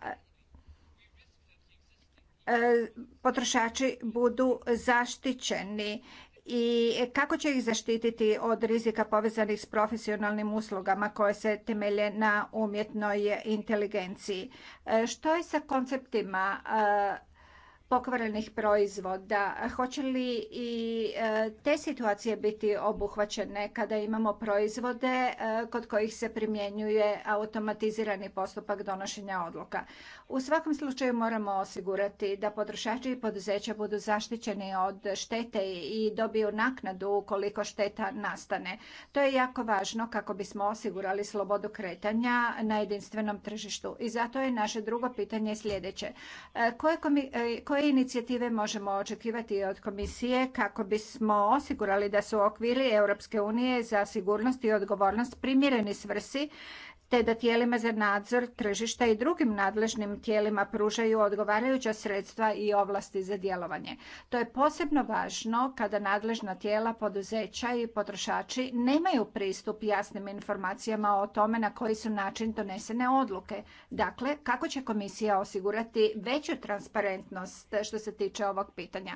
potrošači budu zaštićeni i kako će ih zaštititi od rizika povezanih s profesionalnim uslugama koje se temelje na umjetnoj inteligenciji. E, što je sa konceptima e, pokvarenih proizvoda. Hoće li i e, te situacije biti obuhvaćene kada imamo proizvode e, kod kojih se primjenjuje automatizirani postupak donošenja odluka? U svakom slučaju moramo osigurati da potrošači i poduzeća budu zaštićeni od štete i dobiju naknadu ukoliko šteta nastane. To je jako važno kako bismo osigurali slobodu kretanja na jedinstvenom tržištu. I zato je naše drugo pitanje sljedeće. E, koje koje inicijative možemo očekivati od komisije kako bismo osigurali da su okviri Europske unije za sigurnost i odgovornost primjereni svrsi te da tijelima za nadzor tržišta i drugim nadležnim tijelima pružaju odgovarajuća sredstva i ovlasti za djelovanje. To je posebno važno kada nadležna tijela, poduzeća i potrošači nemaju pristup jasnim informacijama o tome na koji su način donesene odluke. Dakle, kako će komisija osigurati veću transparentnost što se tiče ovog pitanja.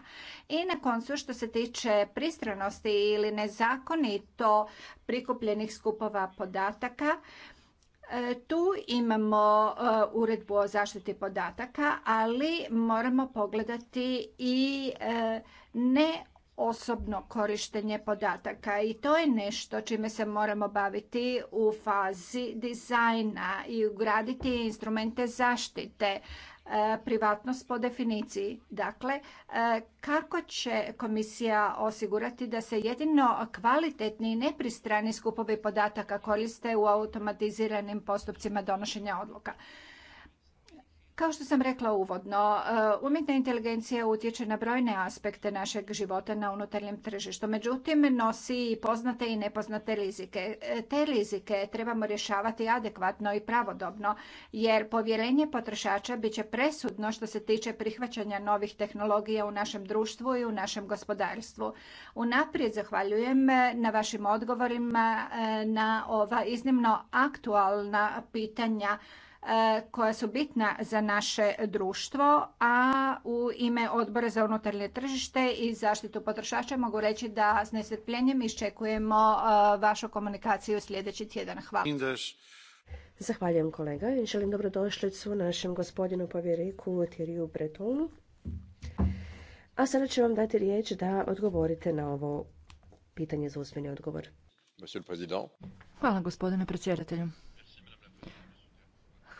I na koncu što se tiče pristranosti ili nezakonito prikupljenih skupova podataka, E, tu imamo e, uredbu o zaštiti podataka, ali moramo pogledati i e, ne osobno korištenje podataka i to je nešto čime se moramo baviti u fazi dizajna i ugraditi instrumente zaštite E, privatnost po definiciji. Dakle, e, kako će komisija osigurati da se jedino kvalitetni i nepristrani skupovi podataka koriste u automatiziranim postupcima donošenja odluka? Kao što sam rekla uvodno, e, umjetna inteligencija utječe na brojne aspekte našeg života na unutarnjem tržištu. Međutim, nosi i poznate i nepoznate rizike. E, te rizike trebamo rješavati adekvatno i pravodobno, jer povjerenje potrošača bit će presudno što se tiče prihvaćanja novih tehnologija u našem društvu i u našem gospodarstvu. Unaprijed zahvaljujem e, na vašim odgovorima na ova iznimno aktualna pitanja koja su bitna za naše društvo, a u ime Odbora za unutarnje tržište i zaštitu potrošača mogu reći da s nesrpljenjem iščekujemo eh, vašu komunikaciju sljedeći tjedan. Hvala. Zahvaljujem kolega i želim dobrodošlicu našem gospodinu povjeriku Thierryu Bretonu. A sada ću vam dati riječ da odgovorite na ovo pitanje za usmeni odgovor. Hvala gospodine predsjedatelju.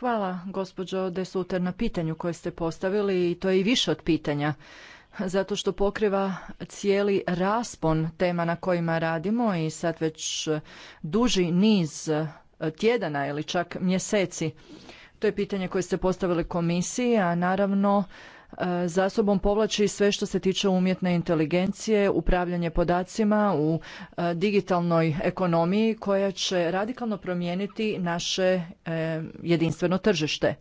Hvala gospođo Desuter na pitanju koje ste postavili i to je i više od pitanja zato što pokriva cijeli raspon tema na kojima radimo i sad već duži niz tjedana ili čak mjeseci. To je pitanje koje ste postavili komisiji, a naravno E, za sobom povlači sve što se tiče umjetne inteligencije, upravljanje podacima u e, digitalnoj ekonomiji koja će radikalno promijeniti naše e, jedinstveno tržište.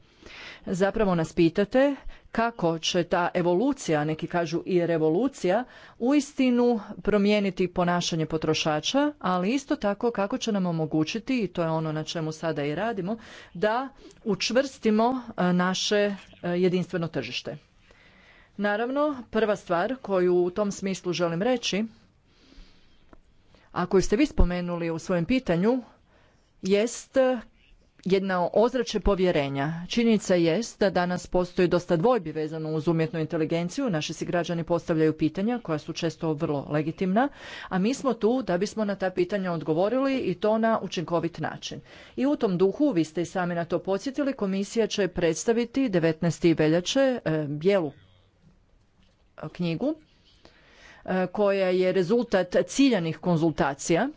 Zapravo nas pitate kako će ta evolucija, neki kažu i revolucija, uistinu promijeniti ponašanje potrošača, ali isto tako kako će nam omogućiti, i to je ono na čemu sada i radimo, da učvrstimo naše jedinstveno tržište. Naravno, prva stvar koju u tom smislu želim reći, a koju ste vi spomenuli u svojem pitanju, jest jedna ozračje povjerenja. Činjenica jest da danas postoji dosta dvojbi vezano uz umjetnu inteligenciju. Naši si građani postavljaju pitanja koja su često vrlo legitimna, a mi smo tu da bismo na ta pitanja odgovorili i to na učinkovit način. I u tom duhu, vi ste i sami na to podsjetili, komisija će predstaviti 19. veljače e, bijelu knjigu e, koja je rezultat ciljanih konzultacija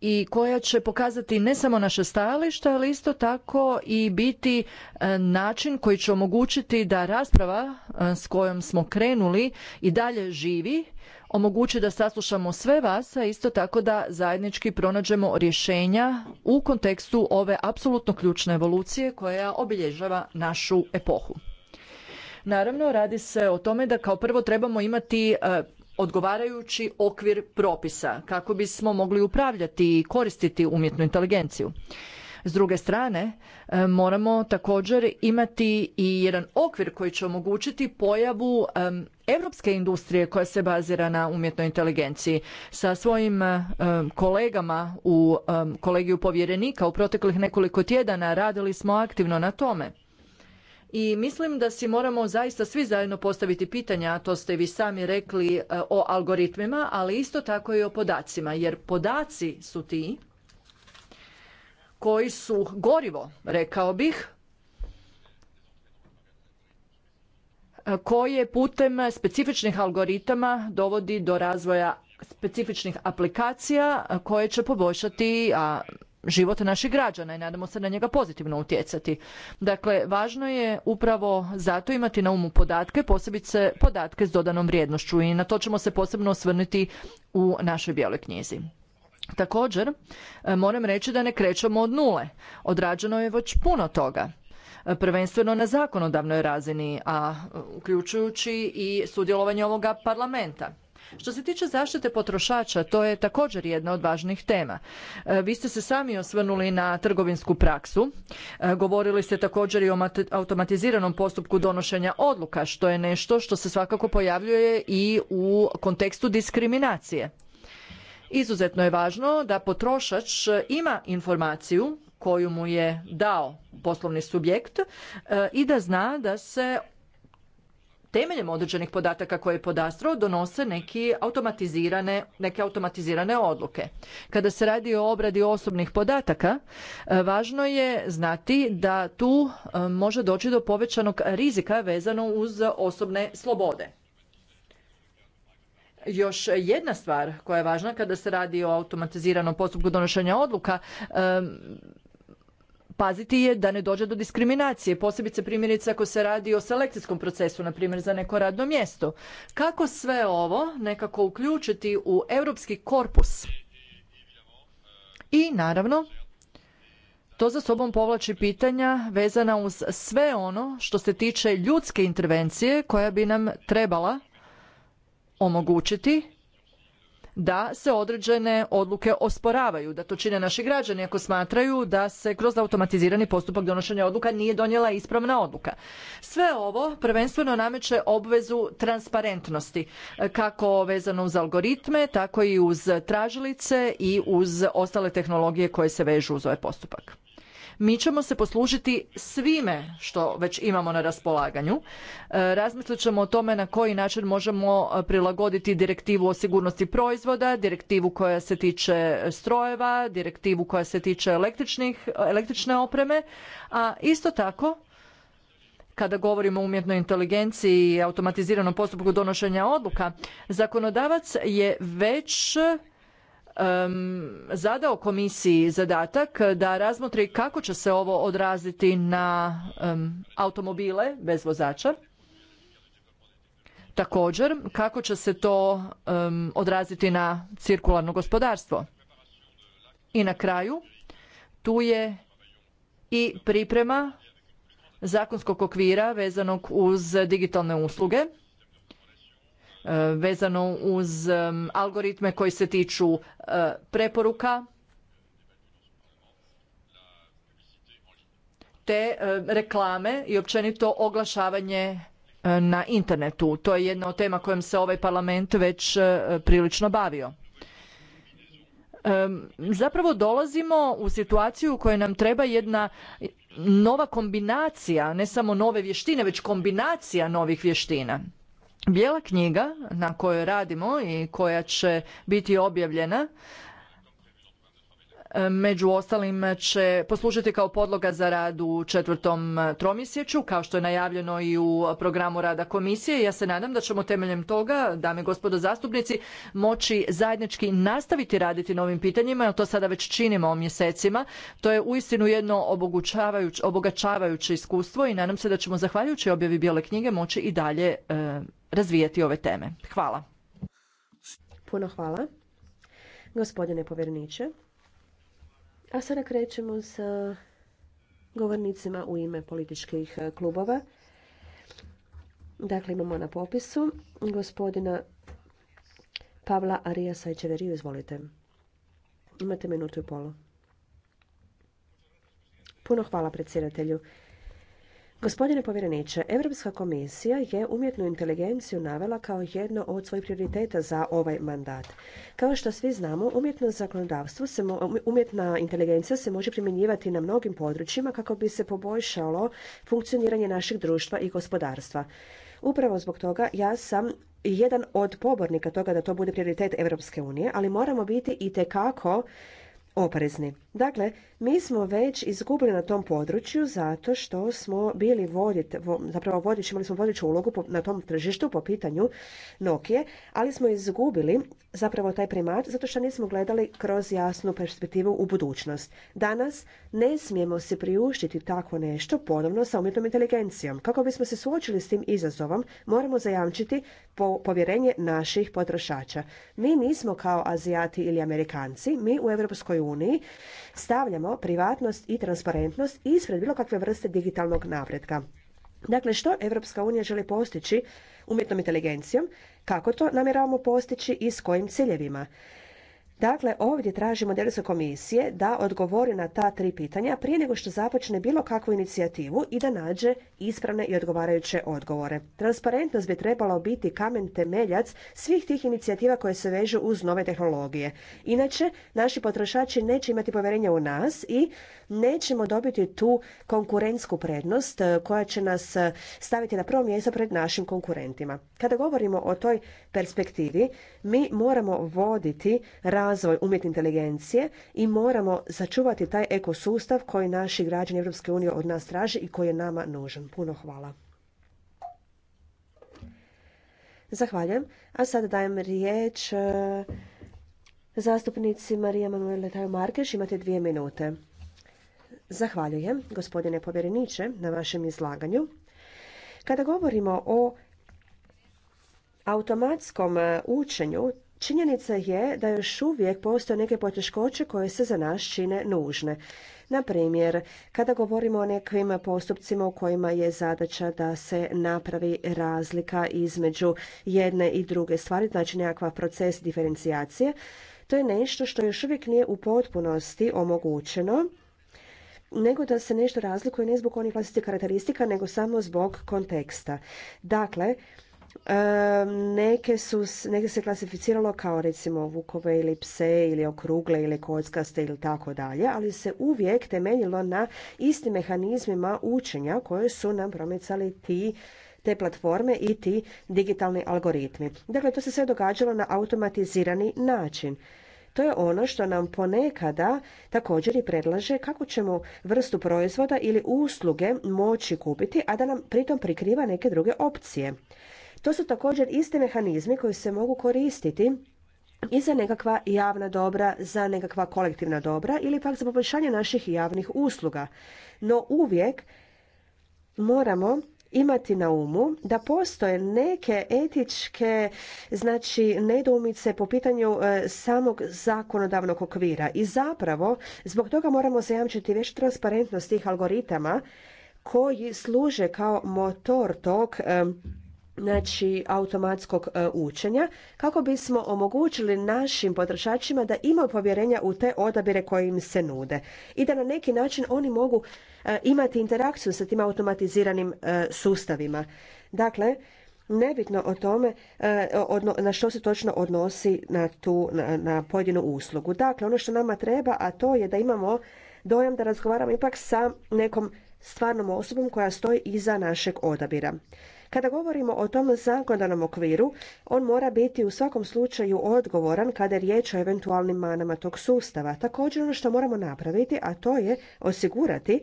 i koja će pokazati ne samo naše stajališta, ali isto tako i biti e, način koji će omogućiti da rasprava e, s kojom smo krenuli i dalje živi, omogući da saslušamo sve vas, a isto tako da zajednički pronađemo rješenja u kontekstu ove apsolutno ključne evolucije koja obilježava našu epohu. Naravno, radi se o tome da kao prvo trebamo imati e, odgovarajući okvir propisa kako bismo mogli upravljati i koristiti umjetnu inteligenciju. S druge strane, e, moramo također imati i jedan okvir koji će omogućiti pojavu europske industrije koja se bazira na umjetnoj inteligenciji. Sa svojim e, kolegama u kolegiju povjerenika u proteklih nekoliko tjedana radili smo aktivno na tome. I mislim da si moramo zaista svi zajedno postaviti pitanja, a to ste vi sami rekli e, o algoritmima, ali isto tako i o podacima, jer podaci su ti koji su gorivo, rekao bih, e, koje putem specifičnih algoritama dovodi do razvoja specifičnih aplikacija e, koje će poboljšati a život naših građana i nadamo se na njega pozitivno utjecati. Dakle, važno je upravo zato imati na umu podatke, posebice podatke s dodanom vrijednošću i na to ćemo se posebno osvrnuti u našoj bijeloj knjizi. Također, e, moram reći da ne krećemo od nule. Odrađeno je već puno toga e, prvenstveno na zakonodavnoj razini, a e, uključujući i sudjelovanje ovoga parlamenta. Što se tiče zaštite potrošača, to je također jedna od važnih tema. E, vi ste se sami osvrnuli na trgovinsku praksu. E, govorili ste također i o automatiziranom postupku donošenja odluka, što je nešto što se svakako pojavljuje i u kontekstu diskriminacije. Izuzetno je važno da potrošač ima informaciju koju mu je dao poslovni subjekt e, i da zna da se temeljem određenih podataka koje je podastro donose neki automatizirane, neke automatizirane odluke. Kada se radi o obradi osobnih podataka, e, važno je znati da tu e, može doći do povećanog rizika vezano uz osobne slobode. Još jedna stvar koja je važna kada se radi o automatiziranom postupku donošenja odluka, e, paziti je da ne dođe do diskriminacije, posebice primjerice ako se radi o selekcijskom procesu, na primjer za neko radno mjesto. Kako sve ovo nekako uključiti u europski korpus? I naravno, to za sobom povlači pitanja vezana uz sve ono što se tiče ljudske intervencije koja bi nam trebala omogućiti da se određene odluke osporavaju, da to čine naši građani ako smatraju da se kroz automatizirani postupak donošenja odluka nije donijela ispravna odluka. Sve ovo prvenstveno nameće obvezu transparentnosti, e, kako vezano uz algoritme, tako i uz tražilice i uz ostale tehnologije koje se vežu uz ovaj postupak. Mi ćemo se poslužiti svime što već imamo na raspolaganju. E, razmislit ćemo o tome na koji način možemo e, prilagoditi direktivu o sigurnosti proizvoda, direktivu koja se tiče strojeva, direktivu koja se tiče električnih, električne opreme, a isto tako kada govorimo o umjetnoj inteligenciji i automatiziranom postupku donošenja odluka, zakonodavac je već zadao komisiji zadatak da razmotri kako će se ovo odraziti na automobile bez vozača također kako će se to odraziti na cirkularno gospodarstvo i na kraju tu je i priprema zakonskog okvira vezanog uz digitalne usluge vezano uz algoritme koji se tiču eh, preporuka te reklame i općenito oglašavanje eh, na internetu. To je jedna od tema kojom se ovaj parlament već eh, prilično bavio. Zapravo dolazimo u situaciju u kojoj nam treba jedna nova kombinacija, ne samo nove vještine, već kombinacija novih vještina. Bijela knjiga na kojoj radimo i koja će biti objavljena e, među ostalim će poslužiti kao podloga za rad u četvrtom tromjesečju kao što je najavljeno i u programu rada komisije. Ja se nadam da ćemo temeljem toga, dame i gospodo zastupnici, moći zajednički nastaviti raditi na ovim pitanjima, jer to sada već činimo mjesecima. To je uistinu jedno obogačavajuće iskustvo i nadam se da ćemo zahvaljujući objavi bijele knjige moći i dalje e, razvijati ove teme. Hvala. Puno hvala. Gospodine povjerniče, a sada krećemo sa govornicima u ime političkih e, klubova. Dakle, imamo na popisu gospodina Pavla i Sajčeveriju, izvolite. Imate minutu i polo. Puno hvala predsjedatelju. Gospodine povjereniče, Europska komisija je umjetnu inteligenciju navela kao jedno od svojih prioriteta za ovaj mandat. Kao što svi znamo, umjetno zakonodavstvo se um- umjetna inteligencija se može primjenjivati na mnogim područjima kako bi se poboljšalo funkcioniranje našeg društva i gospodarstva. Upravo zbog toga ja sam jedan od pobornika toga da to bude prioritet Europske unije, ali moramo biti i tekako oprezni. Dakle, mi smo već izgubili na tom području zato što smo bili vodit, zapravo vodič, imali smo vodiču ulogu na tom tržištu po pitanju Nokije, ali smo izgubili zapravo taj primat zato što nismo gledali kroz jasnu perspektivu u budućnost. Danas ne smijemo se priuštiti tako nešto ponovno sa umjetnom inteligencijom. Kako bismo se suočili s tim izazovom, moramo zajamčiti po povjerenje naših potrošača. Mi nismo kao Azijati ili Amerikanci, mi u Europskoj uniji stavljamo privatnost i transparentnost ispred bilo kakve vrste digitalnog napretka. Dakle, što Europska unija želi postići umjetnom inteligencijom, kako to namjeravamo postići i s kojim ciljevima. Dakle, ovdje tražimo od komisije da odgovori na ta tri pitanja prije nego što započne bilo kakvu inicijativu i da nađe ispravne i odgovarajuće odgovore. Transparentnost bi trebala biti kamen temeljac svih tih inicijativa koje se vežu uz nove tehnologije. Inače, naši potrošači neće imati povjerenja u nas i nećemo dobiti tu konkurentsku prednost e, koja će nas e, staviti na prvo mjesto pred našim konkurentima. Kada govorimo o toj perspektivi, mi moramo voditi rad razvoj umjetne inteligencije i moramo sačuvati taj ekosustav koji naši građani Europske unije od nas traže i koji je nama nužan. Puno hvala. Zahvaljujem. A sada dajem riječ e, zastupnici Marija Manuela Taju Markeš. Imate dvije minute. Zahvaljujem, gospodine povjereniče, na vašem izlaganju. Kada govorimo o automatskom e, učenju, Činjenica je da još uvijek postoje neke poteškoće koje se za nas čine nužne. Na primjer, kada govorimo o nekim postupcima u kojima je zadaća da se napravi razlika između jedne i druge stvari, znači nekakav proces diferencijacije, to je nešto što još uvijek nije u potpunosti omogućeno nego da se nešto razlikuje ne zbog onih vlastitih karakteristika, nego samo zbog konteksta. Dakle, Neke, su, se klasificiralo kao recimo vukove ili pse ili okrugle ili kockaste ili tako dalje, ali se uvijek temeljilo na istim mehanizmima učenja koje su nam promicali ti te platforme i ti digitalni algoritmi. Dakle, to se sve događalo na automatizirani način. To je ono što nam ponekada također i predlaže kako ćemo vrstu proizvoda ili usluge moći kupiti, a da nam pritom prikriva neke druge opcije. To su također isti mehanizmi koji se mogu koristiti i za nekakva javna dobra, za nekakva kolektivna dobra ili pak za poboljšanje naših javnih usluga. No uvijek moramo imati na umu da postoje neke etičke znači nedoumice po pitanju e, samog zakonodavnog okvira i zapravo zbog toga moramo zajamčiti već transparentnost tih algoritama koji služe kao motor tog e, znači automatskog e, učenja kako bismo omogućili našim potrošačima da imaju povjerenja u te odabire koje im se nude i da na neki način oni mogu e, imati interakciju sa tim automatiziranim e, sustavima. Dakle, nebitno o tome na što se točno odnosi na tu na pojedinu uslugu. Dakle, ono što nama treba, a to je da imamo dojam da razgovaramo ipak sa nekom stvarnom osobom koja stoji iza našeg odabira. Kada govorimo o tom zakonodavnom okviru, on mora biti u svakom slučaju odgovoran kada je riječ o eventualnim manama tog sustava. Također ono što moramo napraviti, a to je osigurati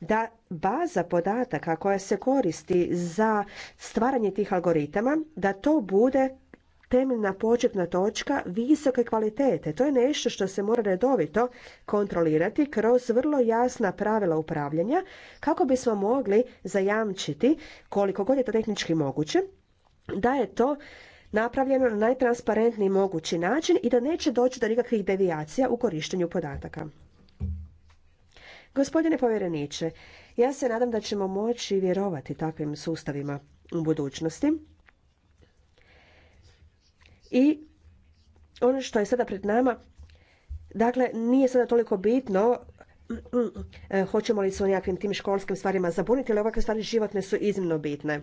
da baza podataka koja se koristi za stvaranje tih algoritama, da to bude temeljna početna točka visoke kvalitete. To je nešto što se mora redovito kontrolirati kroz vrlo jasna pravila upravljanja kako bismo mogli zajamčiti koliko god je to tehnički moguće da je to napravljeno na najtransparentniji mogući način i da neće doći do nikakvih devijacija u korištenju podataka. Gospodine povjereniče, ja se nadam da ćemo moći vjerovati takvim sustavima u budućnosti i ono što je sada pred nama, dakle, nije sada toliko bitno e, hoćemo li se o nekakvim tim školskim stvarima zabuniti, ali ovakve stvari životne su iznimno bitne.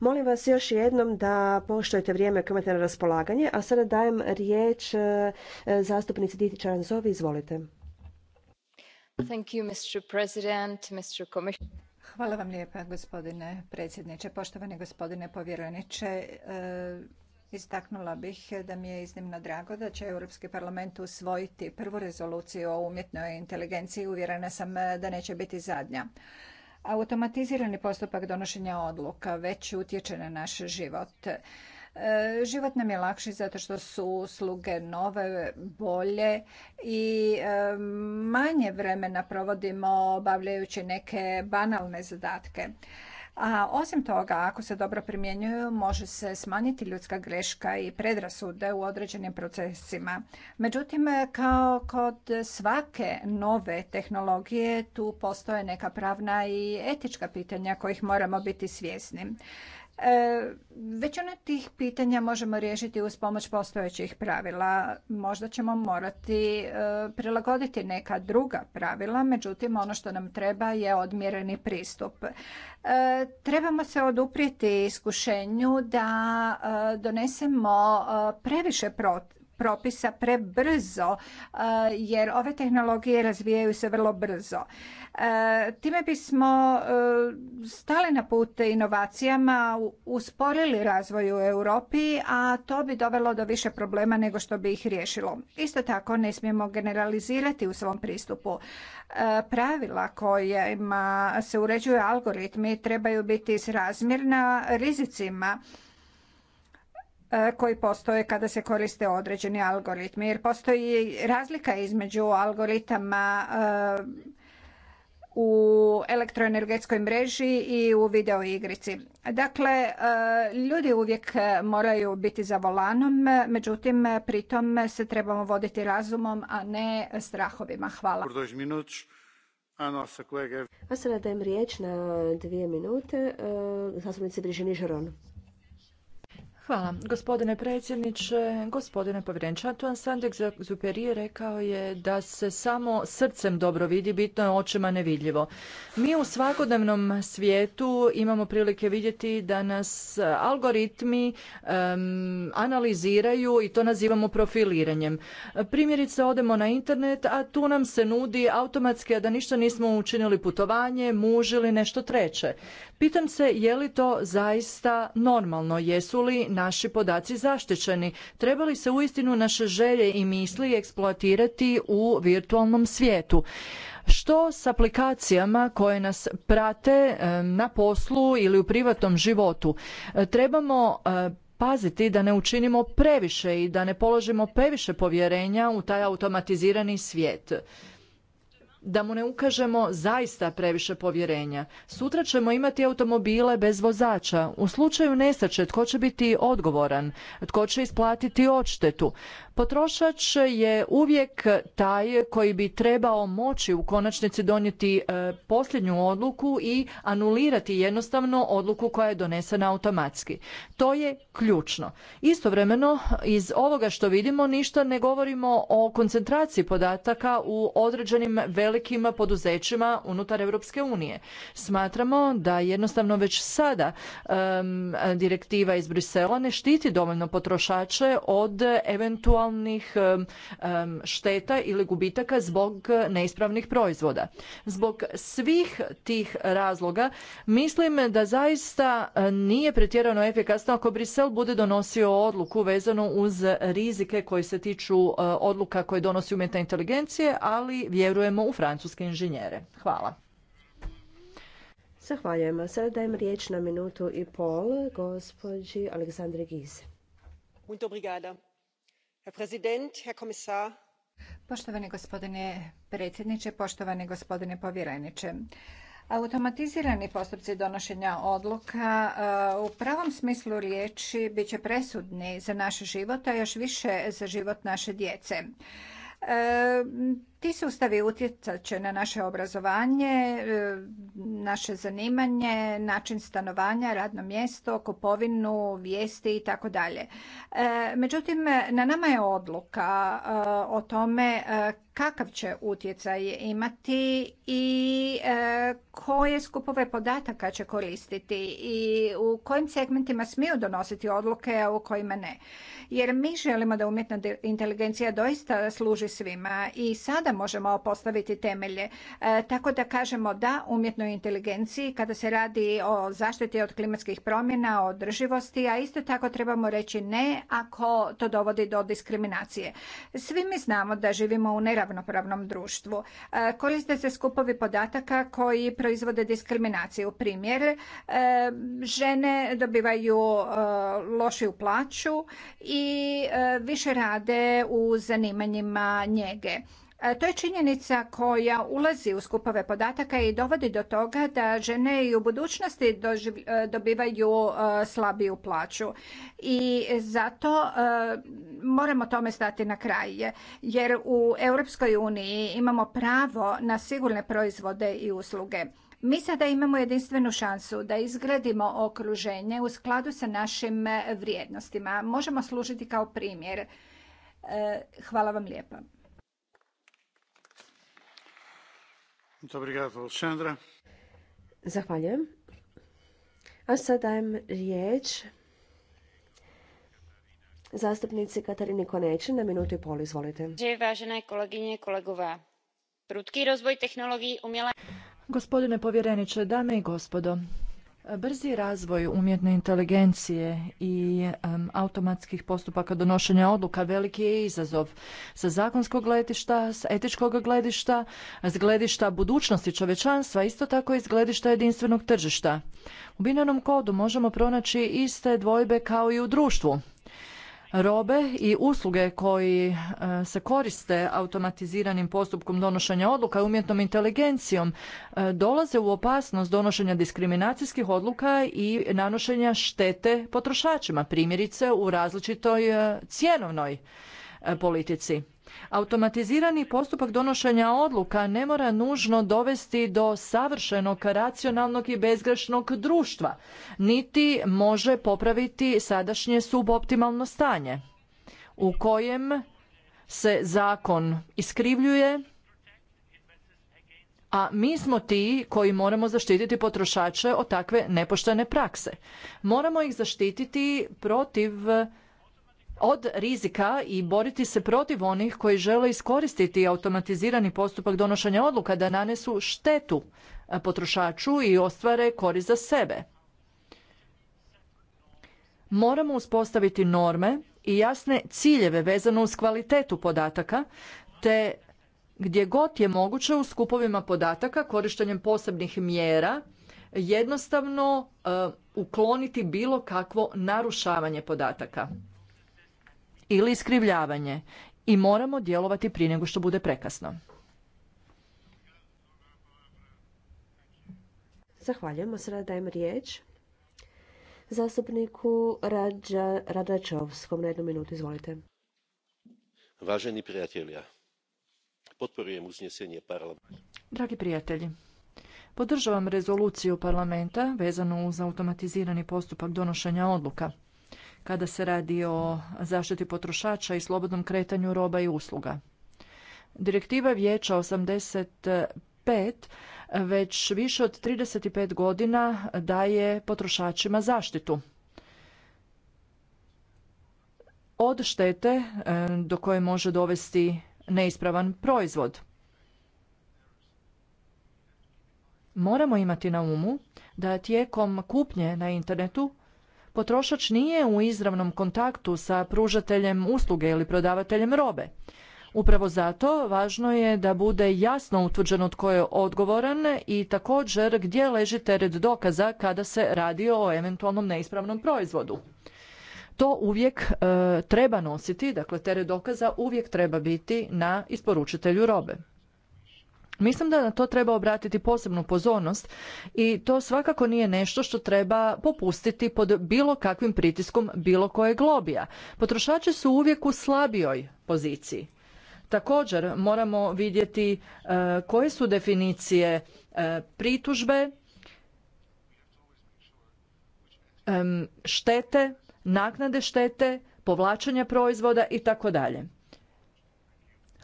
Molim vas još jednom da poštujete vrijeme koje imate na raspolaganje, a sada dajem riječ e, zastupnici Diti Čaranzovi. Izvolite. Hvala vam lijepa, gospodine predsjedniče. Poštovani gospodine povjereniče, e, Istaknula bih da mi je iznimno drago da će Europski parlament usvojiti prvu rezoluciju o umjetnoj inteligenciji. Uvjerena sam eh, da neće biti zadnja. Automatizirani postupak donošenja odluka već utječe na naš život. Eh, život nam je lakši zato što su usluge nove, bolje i eh, manje vremena provodimo obavljajući neke banalne zadatke. A osim toga, ako se dobro primjenjuju, može se smanjiti ljudska greška i predrasude u određenim procesima. Međutim, kao kod svake nove tehnologije, tu postoje neka pravna i etička pitanja kojih moramo biti svjesni. E, Većinu ono tih pitanja možemo riješiti uz pomoć postojećih pravila. Možda ćemo morati e, prilagoditi neka druga pravila, međutim ono što nam treba je odmjereni pristup. E, trebamo se oduprijeti iskušenju da donesemo previše propisa prebrzo e, jer ove tehnologije razvijaju se vrlo brzo. E, time bismo e, stali na put inovacijama, usporili razvoj u Europi, a to bi dovelo do više problema nego što bi ih riješilo. Isto tako ne smijemo generalizirati u svom pristupu. Pravila kojima se uređuju algoritmi trebaju biti srazmjerna rizicima E, koji postoje kada se koriste određeni algoritmi. Jer postoji razlika između algoritama e, u elektroenergetskoj mreži i u videoigrici. Dakle, e, ljudi uvijek moraju biti za volanom, međutim, pritom se trebamo voditi razumom, a ne strahovima. Hvala. A sada dajem riječ na dvije minute zastupnici Brižini Hvala. Gospodine predsjedniče, gospodine povjerenče. Antoine Sandek-Zuperi rekao je da se samo srcem dobro vidi, bitno je očima nevidljivo. Mi u svakodnevnom svijetu imamo prilike vidjeti da nas eh, algoritmi analiziraju i to nazivamo profiliranjem. Primjerice, odemo na internet, a tu nam se nudi automatski, a da ništa nismo učinili putovanje, muž ili nešto treće. Pitam se je li to zaista normalno, jesu li naši podaci zaštićeni, treba li se uistinu naše želje i misli eksploatirati u virtualnom svijetu. Što s aplikacijama koje nas prate e, na poslu ili u privatnom životu? E, trebamo e, paziti da ne učinimo previše i da ne položimo previše povjerenja u taj automatizirani svijet da mu ne ukažemo zaista previše povjerenja. Sutra ćemo imati automobile bez vozača. U slučaju nesreće tko će biti odgovoran, tko će isplatiti odštetu. Potrošač je uvijek taj koji bi trebao moći u konačnici donijeti e, posljednju odluku i anulirati jednostavno odluku koja je donesena automatski. To je ključno. Istovremeno iz ovoga što vidimo ništa ne govorimo o koncentraciji podataka u određenim velikim velikim poduzećima unutar Europske unije. Smatramo da jednostavno već sada direktiva iz Brisela ne štiti dovoljno potrošače od eventualnih šteta ili gubitaka zbog neispravnih proizvoda. Zbog svih tih razloga mislim da zaista nije pretjerano efikasno ako Brisel bude donosio odluku vezano uz rizike koji se tiču e, odluka koje donosi umjetna inteligencije, ali vjerujemo u francuske inženjere. Hvala. Zahvaljujem. Sada dajem riječ na minutu i pol gospođi Aleksandri Gize. Muito obrigada. Herr Präsident, Herr Kommissar, Poštovani gospodine predsjedniče, poštovani gospodine povjereniče. Automatizirani postupci donošenja odluka e, u pravom smislu riječi bit će presudni za naš život, a još više za život naše djece. E, ti sustavi utjecat će na naše obrazovanje, e, naše zanimanje, način stanovanja, radno mjesto, kupovinu, vijesti i tako dalje. E, međutim, na nama je odluka e, o tome kakav će utjecaj imati i koje skupove podataka će koristiti i u kojim segmentima smiju donositi odluke, a u kojima ne. Jer mi želimo da umjetna inteligencija doista služi svima i sad tada možemo postaviti temelje. E, tako da kažemo da umjetnoj inteligenciji kada se radi o zaštiti od klimatskih promjena, o održivosti, a isto tako trebamo reći ne ako to dovodi do diskriminacije. Svi mi znamo da živimo u neravnopravnom društvu. E, koriste se skupovi podataka koji proizvode diskriminaciju. Primjer, e, žene dobivaju lošiju plaću i više rade u zanimanjima njege. E, to je činjenica koja ulazi u skupove podataka i dovodi do toga da žene i u budućnosti e, dobivaju e, slabiju plaću. I zato moramo tome stati na kraj. Jer u Europskoj uniji imamo pravo na sigurne proizvode i usluge. Mi sada imamo jedinstvenu šansu da izgradimo okruženje u skladu sa našim vrijednostima. Možemo služiti kao primjer. Hvala vam lijepa. Zahvaljujem. A sad dajem riječ zastupnici Katarini Konečin na minutu i pol, izvolite. Važene koleginje kolegova, prutki razvoj tehnologiji umjela... Gospodine povjereniče, dame i gospodo, Brzi razvoj umjetne inteligencije i automatskih postupaka donošenja odluka veliki je izazov sa zakonskog gledišta, s etičkog gledišta, s gledišta budućnosti čovečanstva, isto tako i s gledišta jedinstvenog tržišta. U binarnom kodu možemo pronaći iste dvojbe kao i u društvu robe i usluge koji e, se koriste automatiziranim postupkom donošenja odluka i umjetnom inteligencijom e, dolaze u opasnost donošenja diskriminacijskih odluka i nanošenja štete potrošačima, primjerice u različitoj e, cjenovnoj politici. Automatizirani postupak donošenja odluka ne mora nužno dovesti do savršenog, racionalnog i bezgrešnog društva, niti može popraviti sadašnje suboptimalno stanje u kojem se zakon iskrivljuje, a mi smo ti koji moramo zaštititi potrošače od takve nepoštene prakse. Moramo ih zaštititi protiv od rizika i boriti se protiv onih koji žele iskoristiti automatizirani postupak donošenja odluka da nanesu štetu e, potrošaču i ostvare korist za sebe. Moramo uspostaviti norme i jasne ciljeve vezano uz kvalitetu podataka te gdje god je moguće u skupovima podataka korištenjem posebnih mjera jednostavno e, ukloniti bilo kakvo narušavanje podataka ili iskrivljavanje i moramo djelovati prije nego što bude prekasno. Zahvaljujemo, sada dajem riječ zastupniku Rađa, Radačovskom. Na jednu minutu, izvolite. Važeni potporujem uznjesenje parlamenta. Dragi prijatelji, podržavam rezoluciju parlamenta vezanu uz automatizirani postupak donošenja odluka kada se radi o zaštiti potrošača i slobodnom kretanju roba i usluga. Direktiva vijeća 85 već više od 35 godina daje potrošačima zaštitu od štete e, do koje može dovesti neispravan proizvod. Moramo imati na umu da tijekom kupnje na internetu potrošač nije u izravnom kontaktu sa pružateljem usluge ili prodavateljem robe. Upravo zato važno je da bude jasno utvrđeno tko je odgovoran i također gdje leži teret dokaza kada se radi o eventualnom neispravnom proizvodu. To uvijek e, treba nositi, dakle teret dokaza uvijek treba biti na isporučitelju robe. Mislim da na to treba obratiti posebnu pozornost i to svakako nije nešto što treba popustiti pod bilo kakvim pritiskom bilo kojeg lobija. Potrošači su uvijek u slabijoj poziciji. Također moramo vidjeti e, koje su definicije e, pritužbe, štete, naknade štete, povlačenja proizvoda i tako dalje.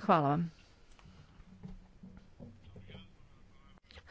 Hvala vam.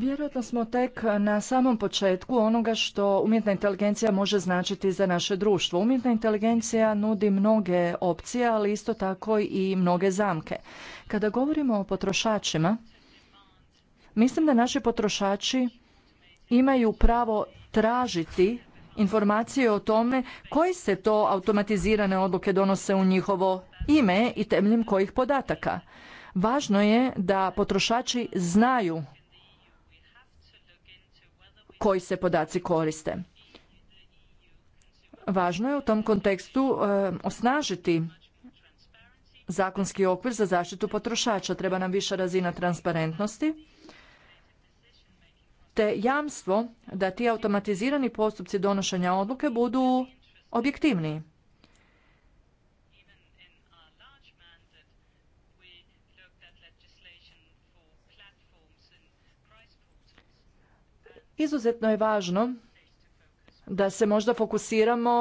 Vjerojatno smo tek na samom početku onoga što umjetna inteligencija može značiti za naše društvo. Umjetna inteligencija nudi mnoge opcije, ali isto tako i mnoge zamke. Kada govorimo o potrošačima, mislim da naši potrošači imaju pravo tražiti informacije o tome koji se to automatizirane odluke donose u njihovo ime i temeljem kojih podataka. Važno je da potrošači znaju koji se podaci koriste. Važno je u tom kontekstu e, osnažiti zakonski okvir za zaštitu potrošača. Treba nam viša razina transparentnosti te jamstvo da ti automatizirani postupci donošenja odluke budu objektivniji. Izuzetno je važno da se možda fokusiramo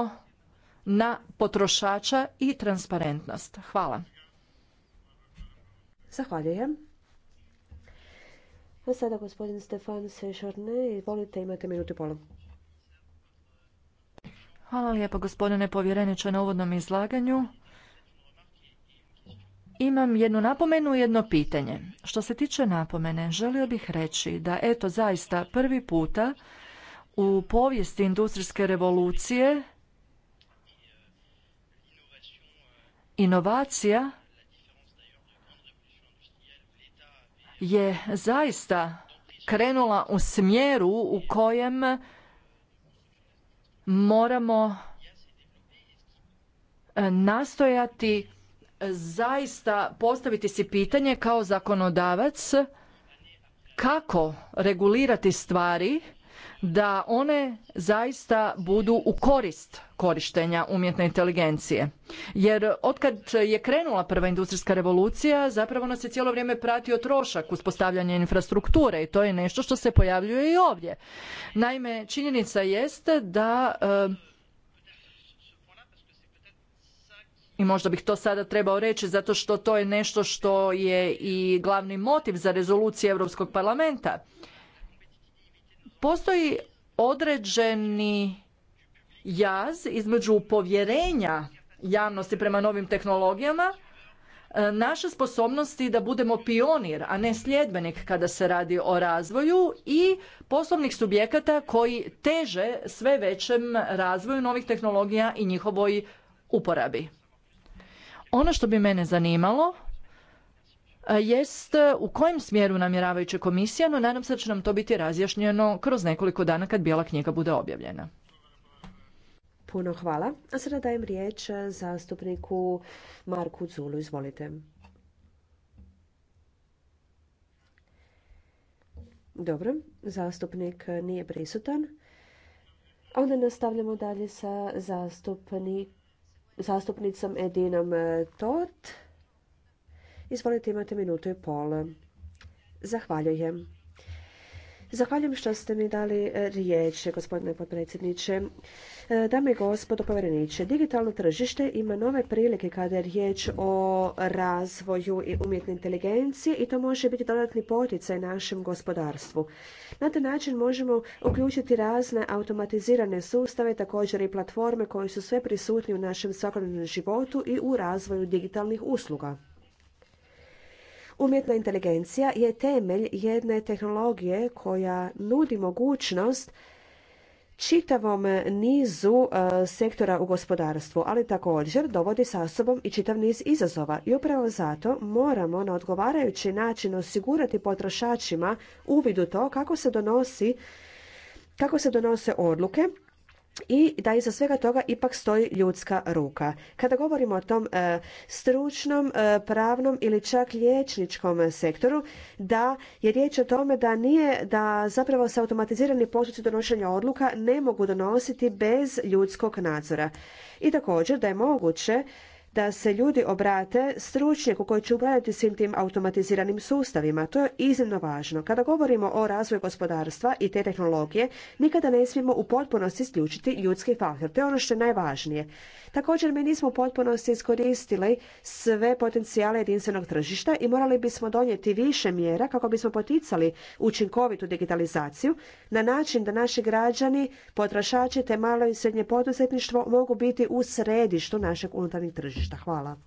na potrošača i transparentnost. Hvala. Zahvaljujem. A sada gospodin Stefan Sešarne, izvolite, imate minutu i pola. Hvala lijepo gospodine povjereniče na uvodnom izlaganju. Imam jednu napomenu i jedno pitanje. Što se tiče napomene, želio bih reći da eto zaista prvi puta u povijesti industrijske revolucije inovacija je zaista krenula u smjeru u kojem moramo e, nastojati zaista postaviti si pitanje kao zakonodavac kako regulirati stvari da one zaista budu u korist korištenja umjetne inteligencije. Jer otkad je krenula prva industrijska revolucija, zapravo nas je cijelo vrijeme pratio trošak uspostavljanja infrastrukture i to je nešto što se pojavljuje i ovdje. Naime, činjenica jest da e, i možda bih to sada trebao reći zato što to je nešto što je i glavni motiv za rezoluciju Europskog parlamenta. Postoji određeni jaz između povjerenja javnosti prema novim tehnologijama, e, naše sposobnosti da budemo pionir, a ne sljedbenik kada se radi o razvoju i poslovnih subjekata koji teže sve većem razvoju novih tehnologija i njihovoj uporabi. Ono što bi mene zanimalo e, jest e, u kojem smjeru namjeravajuće komisija, no nadam se da će nam to biti razjašnjeno kroz nekoliko dana kad bijela knjiga bude objavljena. Puno hvala. A sada dajem riječ e, zastupniku Marku Zulu. Izvolite. Dobro, zastupnik nije prisutan. Onda nastavljamo dalje sa zastupnik zastupnicom Edinom e, Tot. Izvolite, imate minutu i pol. Zahvaljujem. Zahvaljujem što ste mi dali e, riječ, gospodine potpredsjedniče. E, dame i gospodo povjereniče, digitalno tržište ima nove prilike kada je riječ o razvoju i umjetne inteligencije i to može biti dodatni poticaj našem gospodarstvu. Na taj način možemo uključiti razne automatizirane sustave, također i platforme koje su sve prisutni u našem svakodnevnom životu i u razvoju digitalnih usluga. Umjetna inteligencija je temelj jedne tehnologije koja nudi mogućnost čitavom e, nizu e, sektora u gospodarstvu, ali također dovodi sa sobom i čitav niz izazova. I upravo zato moramo na odgovarajući način osigurati potrošačima uvid u to kako se donosi kako se donose odluke i da iza svega toga ipak stoji ljudska ruka. Kada govorimo o tom e, stručnom, e, pravnom ili čak liječničkom sektoru, da je riječ o tome da nije, da zapravo se automatizirani postupci donošenja odluka ne mogu donositi bez ljudskog nadzora. I također da je moguće da se ljudi obrate stručnjaku koji će upravljati svim tim automatiziranim sustavima. To je iznimno važno. Kada govorimo o razvoju gospodarstva i te tehnologije, nikada ne smijemo u potpunosti isključiti ljudski faktor. To je ono što je najvažnije. Također mi nismo u potpunosti iskoristili sve potencijale jedinstvenog tržišta i morali bismo donijeti više mjera kako bismo poticali učinkovitu digitalizaciju na način da naši građani, potrošači te malo i srednje poduzetništvo mogu biti u središtu našeg unutarnjeg tržišta. Hvala.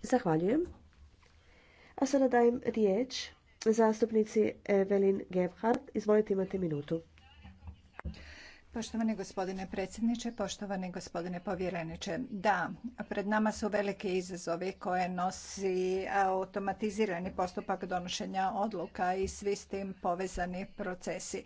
Zahvaljujem. A sada dajem riječ zastupnici Evelin Gebhardt. Izvolite, imate minutu. Poštovani gospodine predsjedniče, poštovani gospodine povjereniče. Da, pred nama su veliki izazovi koje nosi automatizirani postupak donošenja odluka i svi s tim povezani procesi.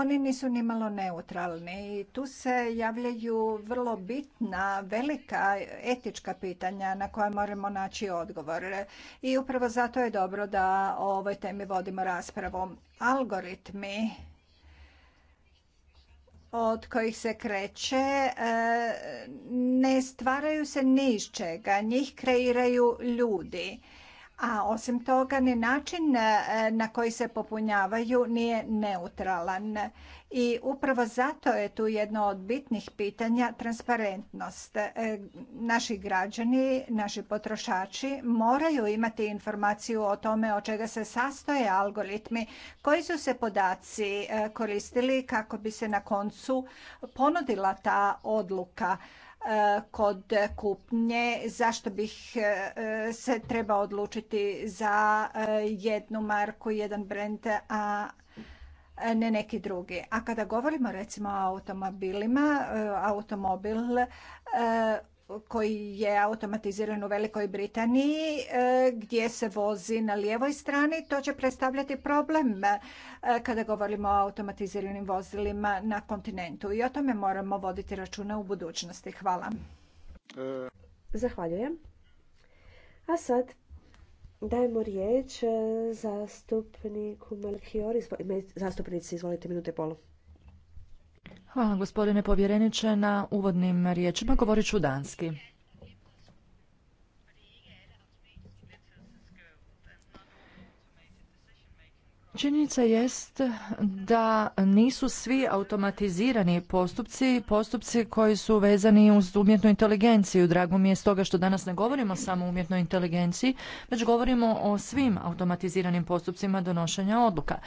Oni nisu nimalo neutralni i tu se javljaju vrlo bitna, velika etička pitanja na koja moramo naći odgovor. I upravo zato je dobro da o ovoj temi vodimo raspravu. Algoritmi od kojih se kreće e, ne stvaraju se ni iz čega, njih kreiraju ljudi a osim toga ni način e, na koji se popunjavaju nije neutralan. I upravo zato je tu jedno od bitnih pitanja transparentnost. E, naši građani, naši potrošači moraju imati informaciju o tome o čega se sastoje algoritmi, koji su se podaci e, koristili kako bi se na koncu ponudila ta odluka kod kupnje, zašto bih e, se trebao odlučiti za e, jednu marku, jedan brend, a ne neki drugi. A kada govorimo recimo o automobilima, e, automobil koji je automatiziran u Velikoj Britaniji e, gdje se vozi na lijevoj strani, to će predstavljati problem e, kada govorimo o automatiziranim vozilima na kontinentu i o tome moramo voditi računa u budućnosti. Hvala. E. Zahvaljujem. A sad dajemo riječ zastupniku Zastupnici, izvolite minute i Hvala gospodine povjereniče na uvodnim riječima. Govorit ću danski. Činjenica jest da nisu svi automatizirani postupci, postupci koji su vezani uz umjetnu inteligenciju. Drago mi je stoga što danas ne govorimo samo o umjetnoj inteligenciji, već govorimo o svim automatiziranim postupcima donošenja odluka.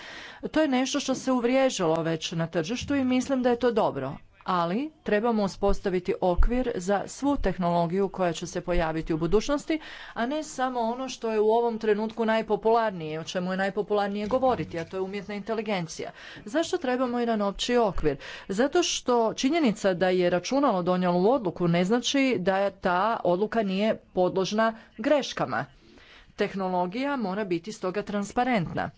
To je nešto što se uvriježilo već na tržištu i mislim da je to dobro ali trebamo uspostaviti okvir za svu tehnologiju koja će se pojaviti u budućnosti, a ne samo ono što je u ovom trenutku najpopularnije, o čemu je najpopularnije govoriti, a to je umjetna inteligencija. Zašto trebamo jedan opći okvir? Zato što činjenica da je računalo donijelo odluku ne znači da je ta odluka nije podložna greškama. Tehnologija mora biti stoga transparentna.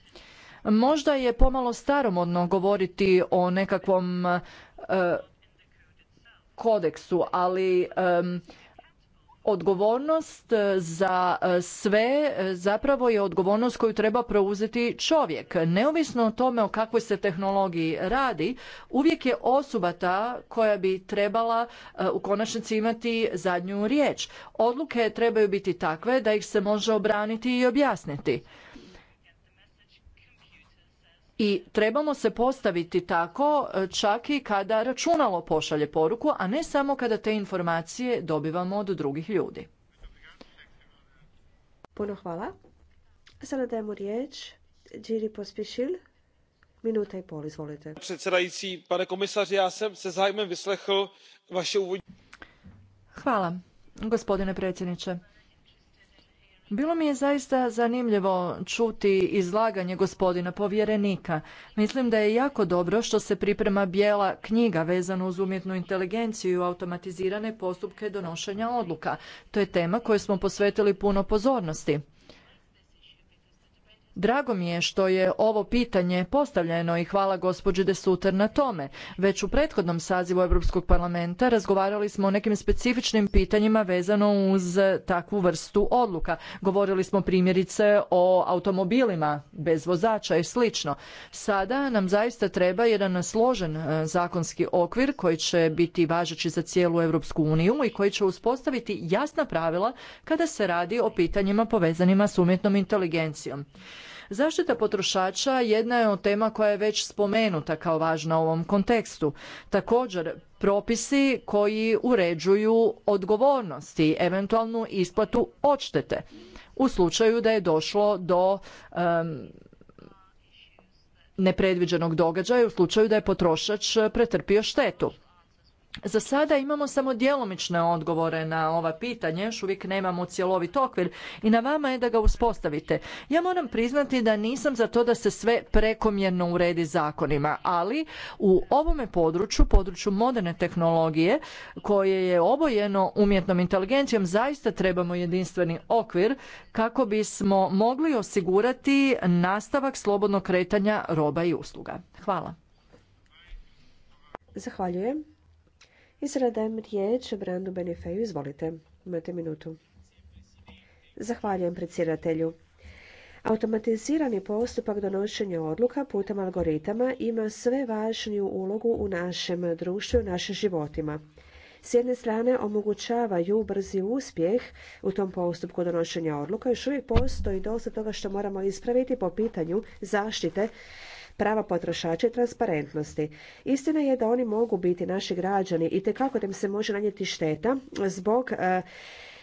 Možda je pomalo staromodno govoriti o nekakvom e, kodeksu, ali odgovornost e, za e, sve e, zapravo je odgovornost koju treba preuzeti čovjek. Neovisno o tome o kakvoj se tehnologiji radi, uvijek je osoba ta koja bi trebala u konačnici imati zadnju riječ. Odluke trebaju biti takve da ih se može obraniti i objasniti. I trebamo se postaviti tako e, čak i kada računalo pošalje poruku, a ne samo kada te informacije dobivamo od drugih ljudi. Puno hvala. Sada dajemo riječ Džiri Pospišil. Minuta i pol, izvolite. Predsjedajci, pane komisaři, ja sam se zajmem vyslechl vaše uvodnje. Hvala, gospodine predsjedniče. Bilo mi je zaista zanimljivo čuti izlaganje gospodina povjerenika. Mislim da je jako dobro što se priprema bijela knjiga vezana uz umjetnu inteligenciju i automatizirane postupke donošenja odluka. To je tema koju smo posvetili puno pozornosti. Drago mi je što je ovo pitanje postavljeno i hvala gospođi De Suter na tome. Već u prethodnom sazivu Europskog parlamenta razgovarali smo o nekim specifičnim pitanjima vezano uz takvu vrstu odluka. Govorili smo primjerice o automobilima bez vozača i slično. Sada nam zaista treba jedan složen e, zakonski okvir koji će biti važeći za cijelu Europsku uniju i koji će uspostaviti jasna pravila kada se radi o pitanjima povezanima s umjetnom inteligencijom. Zaštita potrošača jedna je od tema koja je već spomenuta kao važna u ovom kontekstu. Također, propisi koji uređuju odgovornosti, eventualnu isplatu odštete u slučaju da je došlo do nepredviđenog događaja u slučaju da je potrošač pretrpio štetu. Za sada imamo samo djelomične odgovore na ova pitanja, još uvijek nemamo cjelovit okvir i na vama je da ga uspostavite. Ja moram priznati da nisam za to da se sve prekomjerno uredi zakonima, ali u ovome području, području moderne tehnologije koje je obojeno umjetnom inteligencijom, zaista trebamo jedinstveni okvir kako bismo mogli osigurati nastavak slobodnog kretanja roba i usluga. Hvala. Zahvaljujem. I sada dajem riječ Brandu Benifeju. Izvolite, imate minutu. Zahvaljujem predsjedatelju. Automatizirani postupak donošenja odluka putem algoritama ima sve važniju ulogu u našem društvu, u našim životima. S jedne strane omogućavaju brzi uspjeh u tom postupku donošenja odluka, još uvijek postoji dosta toga što moramo ispraviti po pitanju zaštite prava potrošača i transparentnosti. Istina je da oni mogu biti naši građani i tekako da im se može nanijeti šteta zbog e,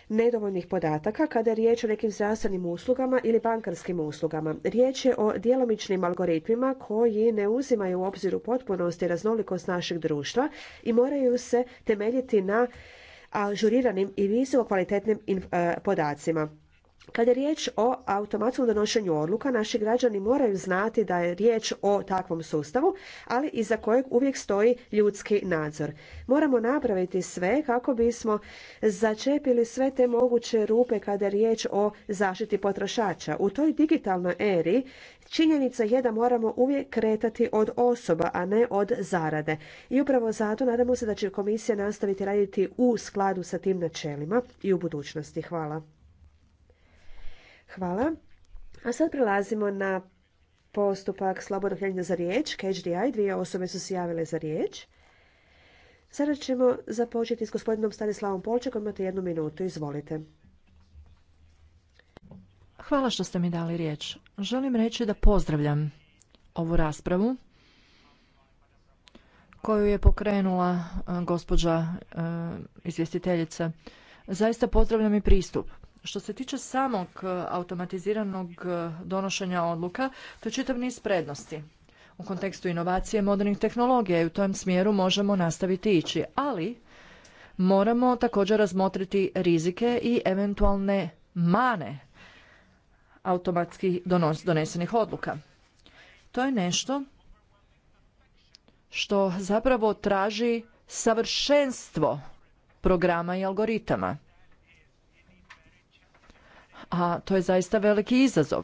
nedovoljnih podataka kada je riječ o nekim zdravstvenim uslugama ili bankarskim uslugama. Riječ je o djelomičnim algoritmima koji ne uzimaju u obzir u potpunosti raznolikost našeg društva i moraju se temeljiti na ažuriranim i visoko kvalitetnim e, podacima. Kada je riječ o automatskom donošenju odluka, naši građani moraju znati da je riječ o takvom sustavu, ali iza kojeg uvijek stoji ljudski nadzor. Moramo napraviti sve kako bismo začepili sve te moguće rupe kada je riječ o zaštiti potrošača. U toj digitalnoj eri činjenica je da moramo uvijek kretati od osoba, a ne od zarade. I upravo zato nadamo se da će komisija nastaviti raditi u skladu sa tim načelima i u budućnosti. Hvala. Hvala. A sad prelazimo na postupak slobodnog javljanja za riječ, KHDI. Dvije osobe su se javile za riječ. Sada ćemo započeti s gospodinom Stanislavom Polčekom. Imate jednu minutu, izvolite. Hvala što ste mi dali riječ. Želim reći da pozdravljam ovu raspravu koju je pokrenula eh, gospođa eh, izvjestiteljica. Zaista pozdravljam i pristup. Što se tiče samog e, automatiziranog e, donošenja odluka, to je čitav niz prednosti u kontekstu inovacije modernih tehnologija i u tom smjeru možemo nastaviti ići, ali moramo također razmotriti rizike i eventualne mane automatski donesenih odluka. To je nešto što zapravo traži savršenstvo programa i algoritama a to je zaista veliki izazov.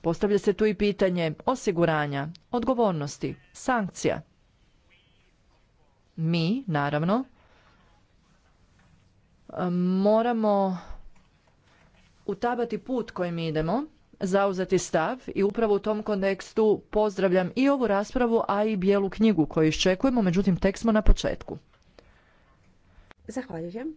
Postavlja se tu i pitanje osiguranja, odgovornosti, sankcija. Mi, naravno, moramo utabati put kojim idemo, zauzeti stav i upravo u tom kontekstu pozdravljam i ovu raspravu, a i bijelu knjigu koju iščekujemo, međutim tek smo na početku. Zahvaljujem.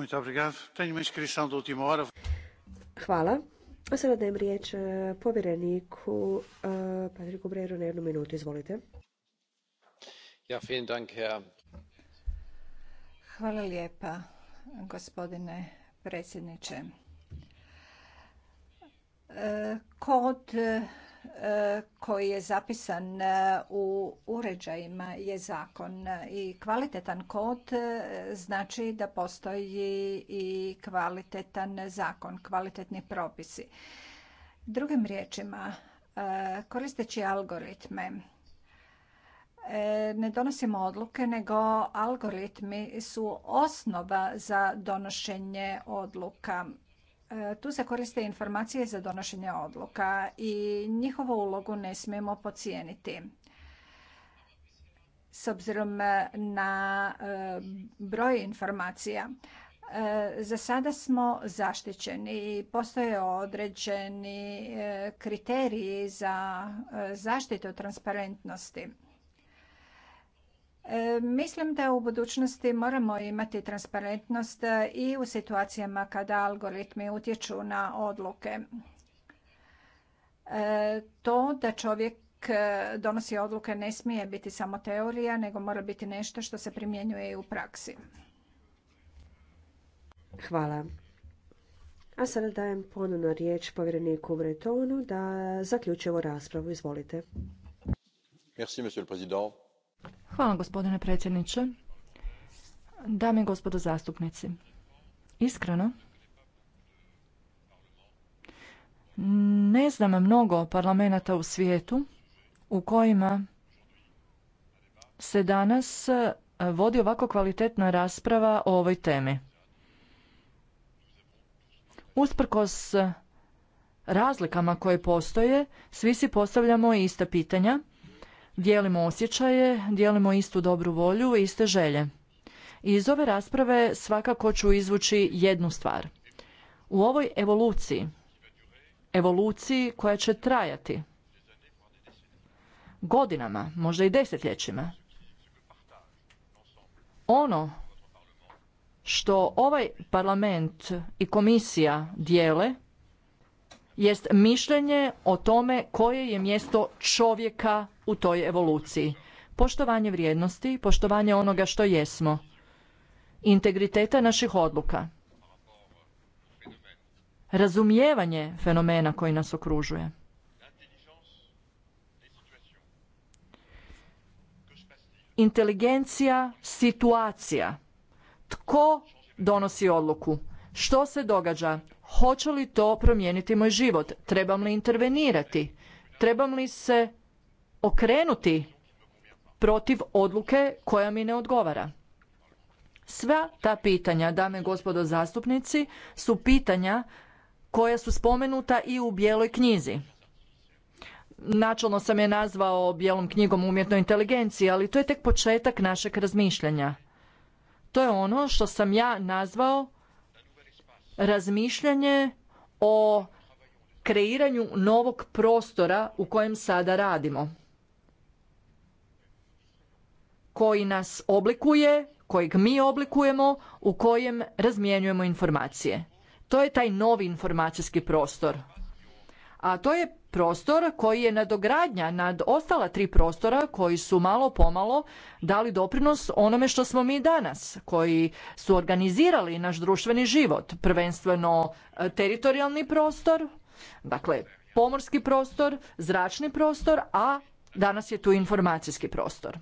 Muito Tenho da última hora. Hvala. A sada dajem riječ eh, povjereniku eh, Patriku Breru na jednu minutu. Izvolite. Ja, vielen Dank, Herr. Hvala lijepa, gospodine predsjedniče. Eh, kod koji je zapisan e, u uređajima je zakon i kvalitetan kod e, znači da postoji i kvalitetan zakon, kvalitetni propisi. Drugim riječima, e, koristeći algoritme, ne donosimo odluke, nego algoritmi su osnova za donošenje odluka E, tu se koriste informacije za donošenje odluka i njihovu ulogu ne smijemo pocijeniti. S obzirom na e, broj informacija, e, za sada smo zaštićeni i postoje određeni kriteriji za zaštitu transparentnosti. Mislim da u budućnosti moramo imati transparentnost e, i u situacijama kada algoritmi utječu na odluke. E, to da čovjek e, donosi odluke ne smije biti samo teorija, nego mora biti nešto što se primjenjuje i u praksi. Hvala. A sada dajem ponovno riječ povjereniku Bretonu da zaključi ovu raspravu. Izvolite. Merci, monsieur Hvala gospodine predsjedniče. Dame i gospodo zastupnici, iskreno, ne znam mnogo parlamenta u svijetu u kojima se danas eh, vodi ovako kvalitetna rasprava o ovoj temi. Usprkos eh, razlikama koje postoje, svi si postavljamo ista pitanja Dijelimo osjećaje, dijelimo istu dobru volju i iste želje. I iz ove rasprave svakako ću izvući jednu stvar. U ovoj evoluciji, evoluciji koja će trajati godinama, možda i desetljećima, ono što ovaj parlament i komisija dijele jest mišljenje o tome koje je mjesto čovjeka u toj evoluciji. Poštovanje vrijednosti, poštovanje onoga što jesmo, integriteta naših odluka, razumijevanje fenomena koji nas okružuje. Inteligencija situacija. Tko donosi odluku? Što se događa? Hoće li to promijeniti moj život? Trebam li intervenirati? Trebam li se okrenuti protiv odluke koja mi ne odgovara. Sva ta pitanja, dame i gospodo zastupnici, su pitanja koja su spomenuta i u bijeloj knjizi. Načelno sam je nazvao bijelom knjigom umjetnoj inteligenciji, ali to je tek početak našeg razmišljanja. To je ono što sam ja nazvao razmišljanje o kreiranju novog prostora u kojem sada radimo koji nas oblikuje, kojeg mi oblikujemo, u kojem razmjenjujemo informacije. To je taj novi informacijski prostor. A to je prostor koji je nadogradnja nad ostala tri prostora koji su malo pomalo dali doprinos onome što smo mi danas, koji su organizirali naš društveni život, prvenstveno e, teritorijalni prostor, dakle pomorski prostor, zračni prostor, a danas je tu informacijski prostor.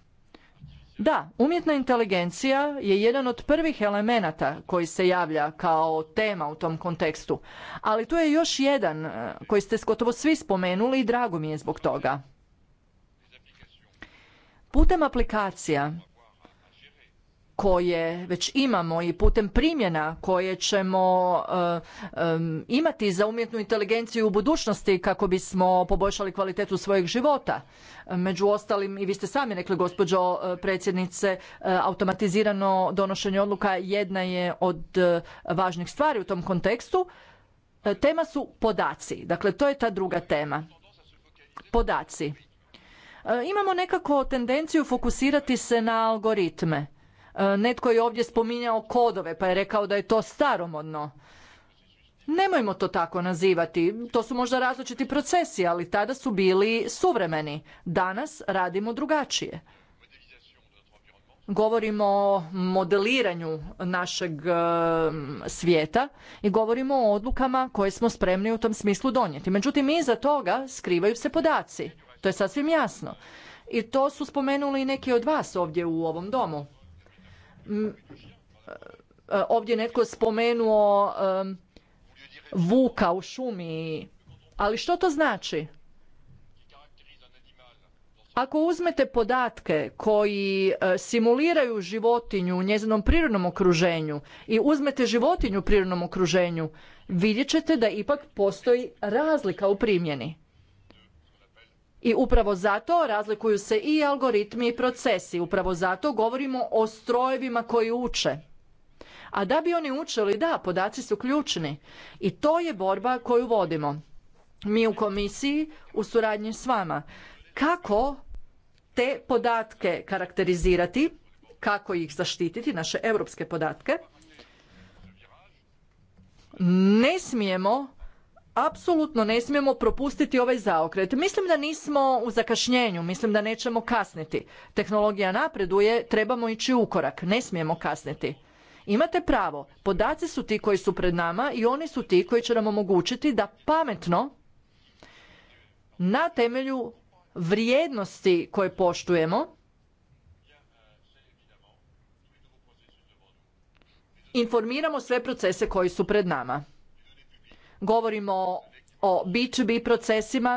Da, umjetna inteligencija je jedan od prvih elemenata koji se javlja kao tema u tom kontekstu. Ali tu je još jedan eh, koji ste gotovo svi spomenuli i drago mi je zbog toga. Putem aplikacija koje već imamo i putem primjena koje ćemo e, imati za umjetnu inteligenciju u budućnosti kako bismo poboljšali kvalitetu svojeg života. Među ostalim, i vi ste sami rekli, gospođo e, predsjednice, e, automatizirano donošenje odluka jedna je od važnih stvari u tom kontekstu. Tema su podaci. Dakle, to je ta druga tema. Podaci. Imamo nekako tendenciju fokusirati se na algoritme E, netko je ovdje spominjao kodove pa je rekao da je to staromodno. Nemojmo to tako nazivati. To su možda različiti procesi, ali tada su bili suvremeni. Danas radimo drugačije. Govorimo o modeliranju našeg e, svijeta i govorimo o odlukama koje smo spremni u tom smislu donijeti. Međutim, iza toga skrivaju se podaci. To je sasvim jasno. I to su spomenuli i neki od vas ovdje u ovom domu. E, ovdje netko spomenuo vuka u šumi, ali što to znači? Ako uzmete podatke koji e, simuliraju životinju u njezinom prirodnom okruženju i uzmete životinju u prirodnom okruženju, vidjet ćete da ipak postoji razlika u primjeni. I upravo zato razlikuju se i algoritmi i procesi. Upravo zato govorimo o strojevima koji uče. A da bi oni učili, da, podaci su ključni. I to je borba koju vodimo. Mi u komisiji u suradnji s vama. Kako te podatke karakterizirati, kako ih zaštititi, naše europske podatke. Ne smijemo apsolutno ne smijemo propustiti ovaj zaokret. Mislim da nismo u zakašnjenju, mislim da nećemo kasniti. Tehnologija napreduje, trebamo ići u korak, ne smijemo kasniti. Imate pravo, podaci su ti koji su pred nama i oni su ti koji će nam omogućiti da pametno na temelju vrijednosti koje poštujemo informiramo sve procese koji su pred nama. Govorimo o B2B procesima,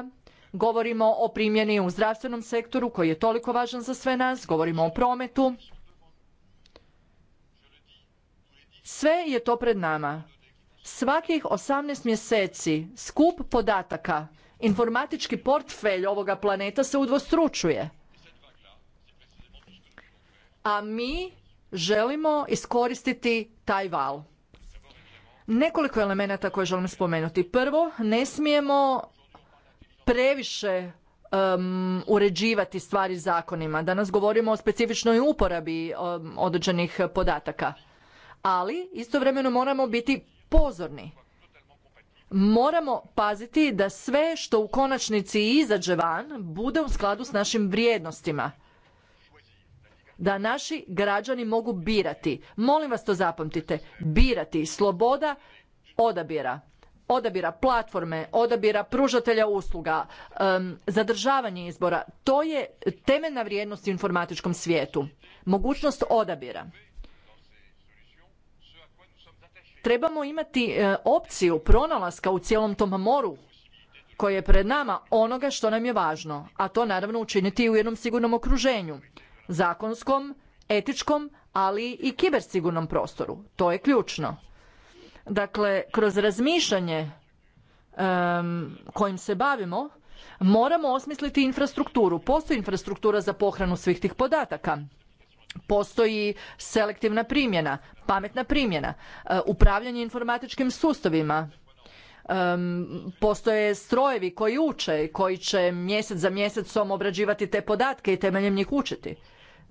govorimo o primjeni u zdravstvenom sektoru koji je toliko važan za sve nas, govorimo o prometu. Sve je to pred nama. Svakih 18 mjeseci skup podataka, informatički portfelj ovoga planeta se udvostručuje. A mi želimo iskoristiti taj val. Nekoliko elemenata koje želim spomenuti. Prvo, ne smijemo previše uređivati stvari zakonima. Danas govorimo o specifičnoj uporabi um, određenih podataka. Ali istovremeno moramo biti pozorni. Moramo paziti da sve što u konačnici izađe van bude u skladu s našim vrijednostima da naši građani mogu birati. Molim vas to zapamtite. Birati. Sloboda odabira. Odabira platforme, odabira pružatelja usluga, zadržavanje izbora. To je temeljna vrijednost u informatičkom svijetu. Mogućnost odabira. Trebamo imati e, opciju pronalaska u cijelom tom moru koje je pred nama onoga što nam je važno, a to naravno učiniti i u jednom sigurnom okruženju zakonskom, etičkom, ali i kibersigurnom prostoru. To je ključno. Dakle, kroz razmišljanje um, kojim se bavimo, moramo osmisliti infrastrukturu. Postoji infrastruktura za pohranu svih tih podataka. Postoji selektivna primjena, pametna primjena, e, upravljanje informatičkim sustavima, postoje strojevi koji uče, koji će mjesec za mjesecom obrađivati te podatke i temeljem njih učiti.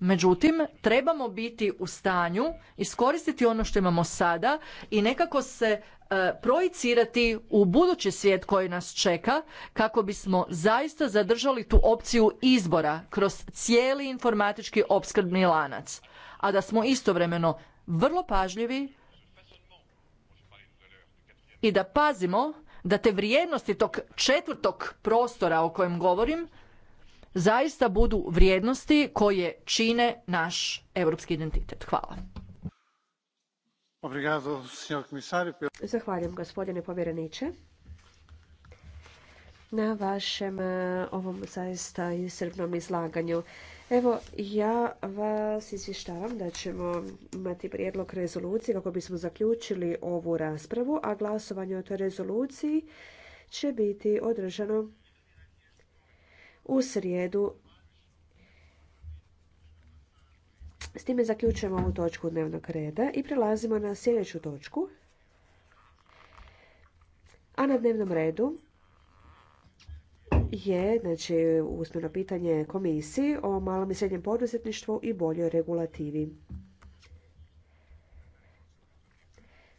Međutim, trebamo biti u stanju iskoristiti ono što imamo sada i nekako se e, projicirati u budući svijet koji nas čeka kako bismo zaista zadržali tu opciju izbora kroz cijeli informatički opskrbni lanac, a da smo istovremeno vrlo pažljivi i da pazimo da te vrijednosti tog četvrtog prostora o kojem govorim zaista budu vrijednosti koje čine naš europski identitet. Hvala. Zahvaljujem gospodine povjereniče na vašem e, ovom zaista iscrpnom izlaganju. Evo, ja vas izvještavam da ćemo imati prijedlog rezolucije kako bismo zaključili ovu raspravu, a glasovanje o toj rezoluciji će biti održano u srijedu. S time zaključujemo ovu točku dnevnog reda i prelazimo na sljedeću točku. A na dnevnom redu je znači, usmeno pitanje komisiji o malom i srednjem poduzetništvu i boljoj regulativi.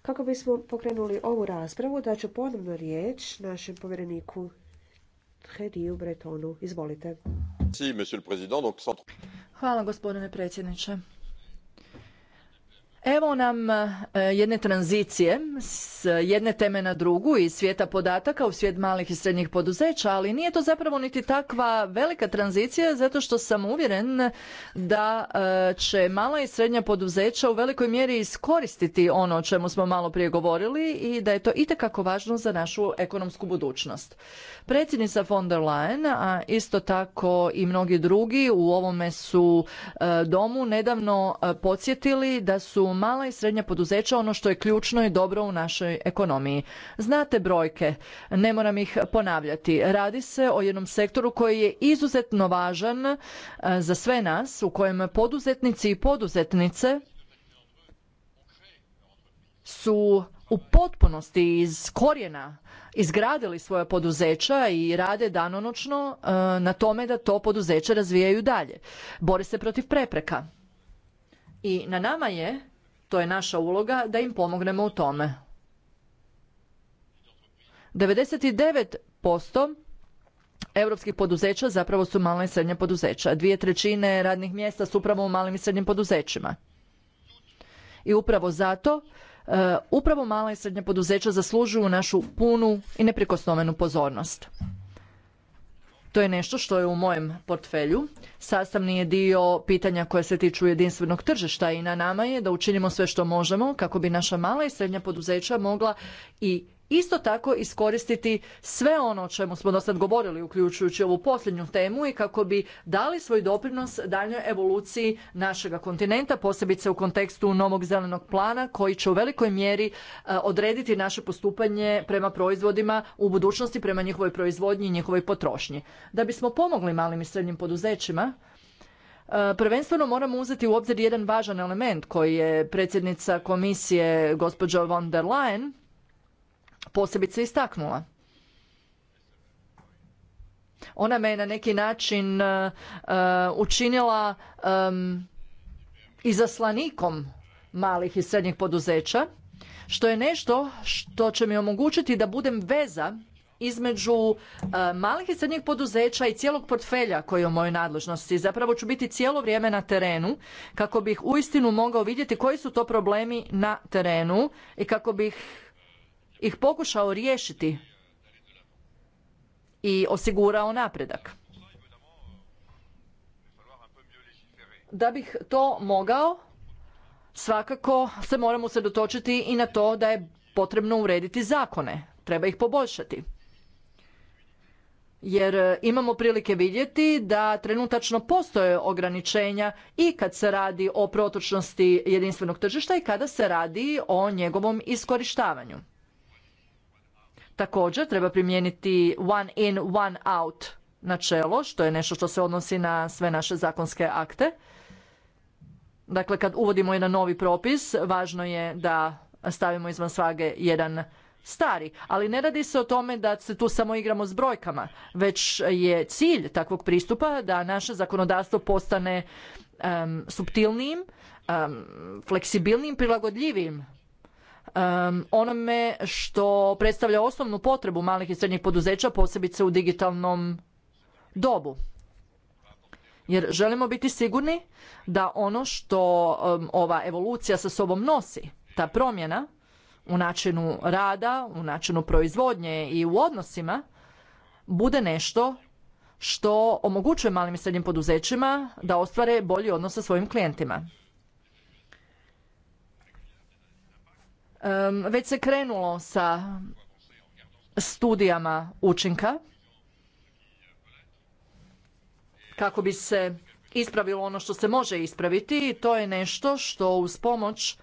Kako bismo pokrenuli ovu raspravu, daću ponovno riječ našem povjereniku Heriju Bretonu. Izvolite. Hvala gospodine predsjedniče. Evo nam e, jedne tranzicije s jedne teme na drugu iz svijeta podataka u svijet malih i srednjih poduzeća, ali nije to zapravo niti takva velika tranzicija zato što sam uvjeren da e, će mala i srednja poduzeća u velikoj mjeri iskoristiti ono o čemu smo malo prije govorili i da je to itekako važno za našu ekonomsku budućnost. Predsjednica von der Leyen, a isto tako i mnogi drugi u ovome su e, domu nedavno podsjetili da su mala i srednja poduzeća ono što je ključno i dobro u našoj ekonomiji. Znate brojke, ne moram ih ponavljati. Radi se o jednom sektoru koji je izuzetno važan e, za sve nas u kojem poduzetnici i poduzetnice su u potpunosti iz korijena izgradili svoja poduzeća i rade danonočno e, na tome da to poduzeće razvijaju dalje. Bore se protiv prepreka. I na nama je to je naša uloga da im pomognemo u tome. 99% europskih poduzeća zapravo su mala i srednja poduzeća. Dvije trećine radnih mjesta su upravo u malim i srednjim poduzećima. I upravo zato e, upravo mala i srednja poduzeća zaslužuju našu punu i neprikosnovenu pozornost. To je nešto što je u mojem portfelju. Sastavni je dio pitanja koje se tiču jedinstvenog tržišta i na nama je da učinimo sve što možemo kako bi naša mala i srednja poduzeća mogla i isto tako iskoristiti sve ono o čemu smo do sad govorili, uključujući ovu posljednju temu i kako bi dali svoj doprinos daljnjoj evoluciji našega kontinenta, posebice u kontekstu novog zelenog plana koji će u velikoj mjeri e, odrediti naše postupanje prema proizvodima u budućnosti, prema njihovoj proizvodnji i njihovoj potrošnji. Da bismo pomogli malim i srednjim poduzećima, e, Prvenstveno moramo uzeti u obzir jedan važan element koji je predsjednica komisije gospođa von der Leyen posebice istaknula. Ona me je na neki način uh, učinila izaslanikom malih i srednjih poduzeća, što je nešto što će mi omogućiti da budem veza između e, malih i srednjih poduzeća i cijelog portfelja koji je u mojoj nadležnosti. Zapravo ću biti cijelo vrijeme na terenu kako bih uistinu mogao vidjeti koji su to problemi na terenu i kako bih ih pokušao riješiti i osigurao napredak. Da bih to mogao, svakako se moramo usredotočiti i na to da je potrebno urediti zakone. Treba ih poboljšati. Jer e, imamo prilike vidjeti da trenutačno postoje ograničenja i kad se radi o protočnosti jedinstvenog tržišta i kada se radi o njegovom iskorištavanju. Također treba primijeniti one in, one out načelo, što je nešto što se odnosi na sve naše zakonske akte. Dakle, kad uvodimo jedan novi propis, važno je da stavimo izvan svage jedan stari, ali ne radi se o tome da se tu samo igramo s brojkama, već je cilj takvog pristupa da naše zakonodavstvo postane um, subtilnijim, fleksibilnijim, prilagodljivijim onome što predstavlja osnovnu potrebu malih i srednjih poduzeća, posebice u digitalnom dobu. Jer želimo biti sigurni da ono što ova evolucija sa sobom nosi, ta promjena u načinu rada, u načinu proizvodnje i u odnosima, bude nešto što omogućuje malim i srednjim poduzećima da ostvare bolji odnos sa svojim klijentima. Već se krenulo sa studijama učinka kako bi se ispravilo ono što se može ispraviti i to je nešto što uz pomoć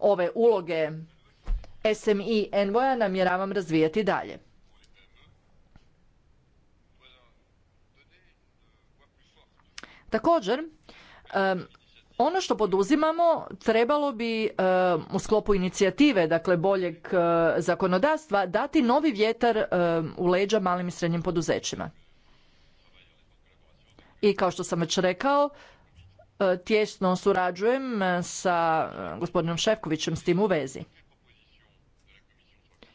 ove uloge SMI Envoja namjeravam razvijati dalje. Također, ono što poduzimamo trebalo bi e, u sklopu inicijative, dakle boljeg e, zakonodavstva, dati novi vjetar e, u leđa malim i srednjim poduzećima. I kao što sam već rekao, tjesno surađujem sa gospodinom Šefkovićem s tim u vezi.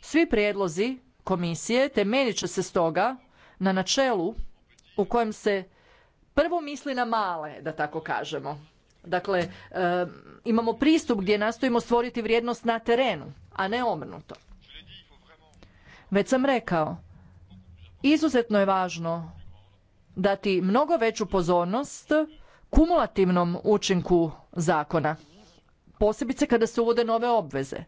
Svi prijedlozi komisije temeljit će se stoga na načelu u kojem se prvo misli na male, da tako kažemo Dakle, e, imamo pristup gdje nastojimo stvoriti vrijednost na terenu, a ne obrnuto Već sam rekao, izuzetno je važno dati mnogo veću pozornost kumulativnom učinku zakona, posebice kada se uvode nove obveze.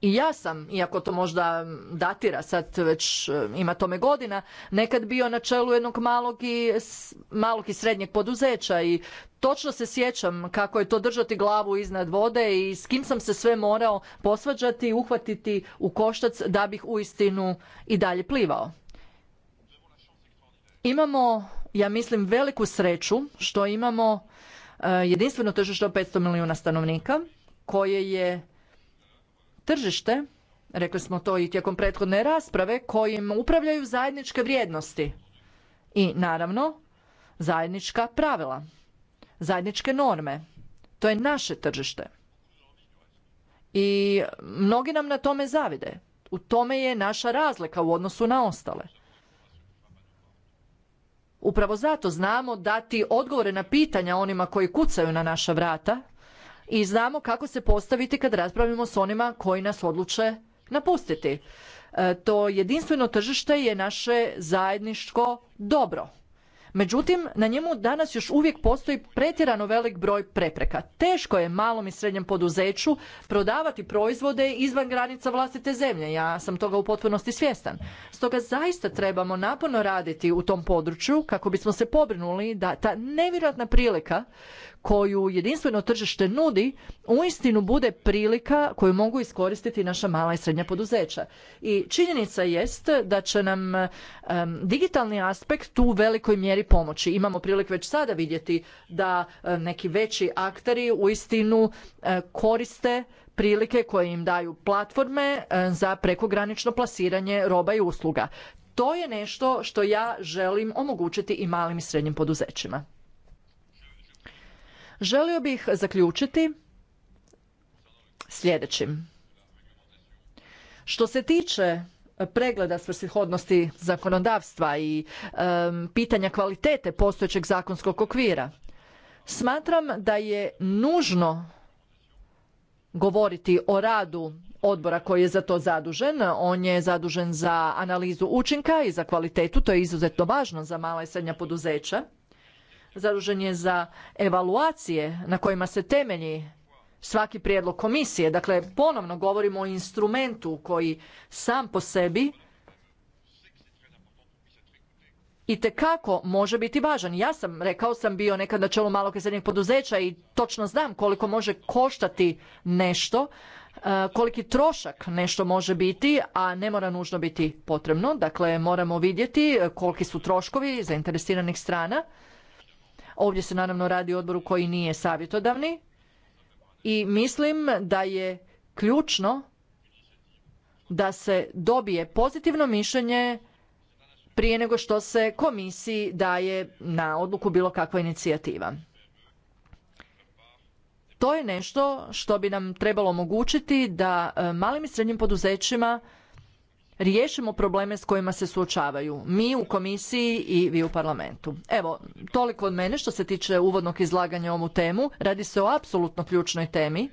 I ja sam, iako to možda datira sad već e, ima tome godina, nekad bio na čelu jednog malog i, malog i srednjeg poduzeća i točno se sjećam kako je to držati glavu iznad vode i s kim sam se sve morao posvađati i uhvatiti u koštac da bih u istinu i dalje plivao. Imamo, ja mislim, veliku sreću što imamo e, jedinstveno tržište od 500 milijuna stanovnika koje je tržište, rekli smo to i tijekom prethodne rasprave, kojim upravljaju zajedničke vrijednosti i naravno zajednička pravila, zajedničke norme. To je naše tržište. I mnogi nam na tome zavide. U tome je naša razlika u odnosu na ostale. Upravo zato znamo dati odgovore na pitanja onima koji kucaju na naša vrata i znamo kako se postaviti kad raspravljamo s onima koji nas odluče napustiti. E, to jedinstveno tržište je naše zajedničko dobro. Međutim, na njemu danas još uvijek postoji pretjerano velik broj prepreka. Teško je malom i srednjem poduzeću prodavati proizvode izvan granica vlastite zemlje. Ja sam toga u potpunosti svjestan. Stoga zaista trebamo naporno raditi u tom području kako bismo se pobrinuli da ta nevjerojatna prilika koju jedinstveno tržište nudi uistinu bude prilika koju mogu iskoristiti naša mala i srednja poduzeća. I činjenica jest da će nam digitalni aspekt tu u velikoj mjeri pomoći. Imamo prilike već sada vidjeti da neki veći akteri uistinu istinu e, koriste prilike koje im daju platforme e, za prekogranično plasiranje roba i usluga. To je nešto što ja želim omogućiti i malim i srednjim poduzećima. Želio bih zaključiti sljedećim. Što se tiče pregleda svrsihodnosti zakonodavstva i pitanja kvalitete postojećeg zakonskog okvira smatram da je nužno govoriti o radu odbora koji je za to zadužen on je zadužen za analizu učinka i za kvalitetu to je izuzetno važno za mala i srednja poduzeća zadužen za evaluacije na kojima se temelji svaki prijedlog komisije. Dakle, ponovno govorimo o instrumentu koji sam po sebi i kako može biti važan. Ja sam, rekao sam, bio nekad na čelu malog i srednjeg poduzeća i točno znam koliko može koštati nešto, e, koliki trošak nešto može biti, a ne mora nužno biti potrebno. Dakle, moramo vidjeti koliki su troškovi zainteresiranih strana Ovdje se naravno radi o odboru koji nije savjetodavni i mislim da je ključno da se dobije pozitivno mišljenje prije nego što se komisiji daje na odluku bilo kakva inicijativa. To je nešto što bi nam trebalo omogućiti da e, malim i srednjim poduzećima riješimo probleme s kojima se suočavaju mi u komisiji i vi u parlamentu. Evo, toliko od mene što se tiče uvodnog izlaganja ovu temu. Radi se o apsolutno ključnoj temi.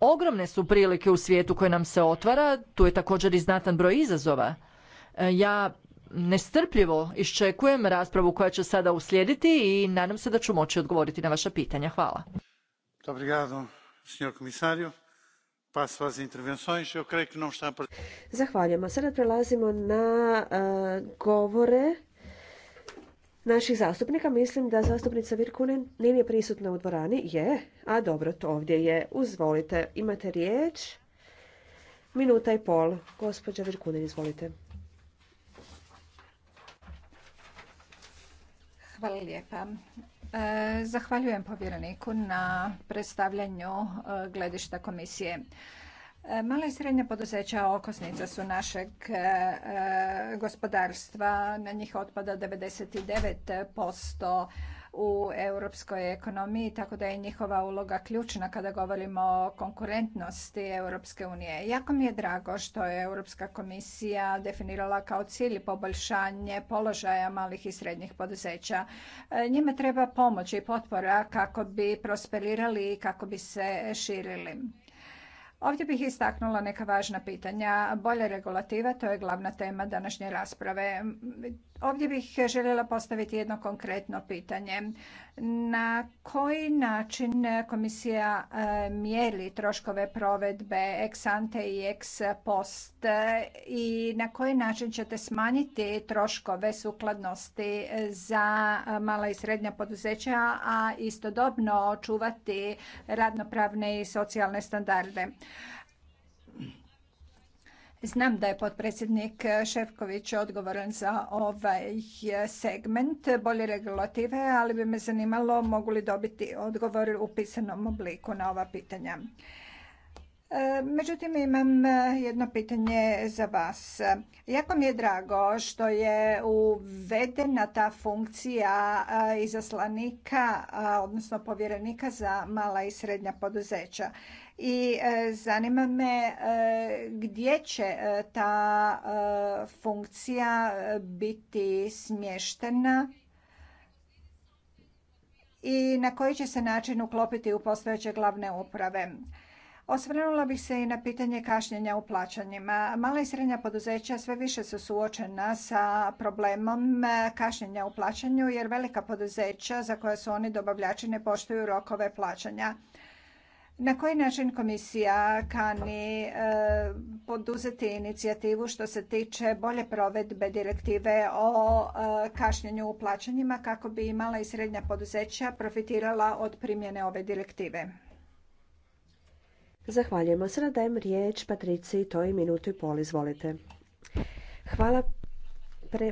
ogromne su prilike u svijetu koje nam se otvara, tu je također i znatan broj izazova. E, ja nestrpljivo iščekujem raspravu koja će sada uslijediti i nadam se da ću moći odgovoriti na vaša pitanja. Hvala. Obrigado, Zahvaljujemo. Sada prelazimo na eh, govore naših zastupnika. Mislim da zastupnica Virkunen nije prisutna u dvorani. Je, a dobro, to ovdje je. Uzvolite, imate riječ. Minuta i pol. Gospođa Virkunen, izvolite. Hvala lijepa. E, zahvaljujem povjereniku na predstavljanju e, gledišta komisije. E, mala i srednja poduzeća okosnica su našeg gospodarstva, na njih otpada 99% u europskoj ekonomiji, tako da je njihova uloga ključna kada govorimo o konkurentnosti Europske unije. Jako mi je drago što je Europska komisija definirala kao cilj poboljšanje položaja malih i srednjih poduzeća. E, njima treba pomoć i potpora kako bi prosperirali i kako bi se širili. Ovdje bih istaknula neka važna pitanja. Bolja regulativa, to je glavna tema današnje rasprave. Ovdje bih željela postaviti jedno konkretno pitanje. Na koji način komisija e, mjeri troškove provedbe ex ante i ex post e, i na koji način ćete smanjiti troškove sukladnosti e, za mala i srednja poduzeća, a istodobno očuvati radnopravne i socijalne standarde? Znam da je potpredsjednik Šefković odgovoran za ovaj segment bolje regulative, ali bi me zanimalo mogu li dobiti odgovor u pisanom obliku na ova pitanja. E, međutim, imam jedno pitanje za vas. Jako mi je drago što je uvedena ta funkcija izaslanika, odnosno povjerenika za mala i srednja poduzeća i e, zanima me e, gdje će e, ta funkcija biti smještena i na koji će se način uklopiti u postojeće glavne uprave. Osvrnula bih se i na pitanje kašnjenja u plaćanjima. Mala i srednja poduzeća sve više su suočena sa problemom kašnjenja u plaćanju jer velika poduzeća za koja su oni dobavljači ne poštuju rokove plaćanja. Na koji način komisija kani e, poduzeti inicijativu što se tiče bolje provedbe direktive o e, kašnjenju u plaćanjima kako bi imala i srednja poduzeća profitirala od primjene ove direktive? Zahvaljujemo. Sada dajem riječ Patriciji, to je minutu i pol, izvolite. Hvala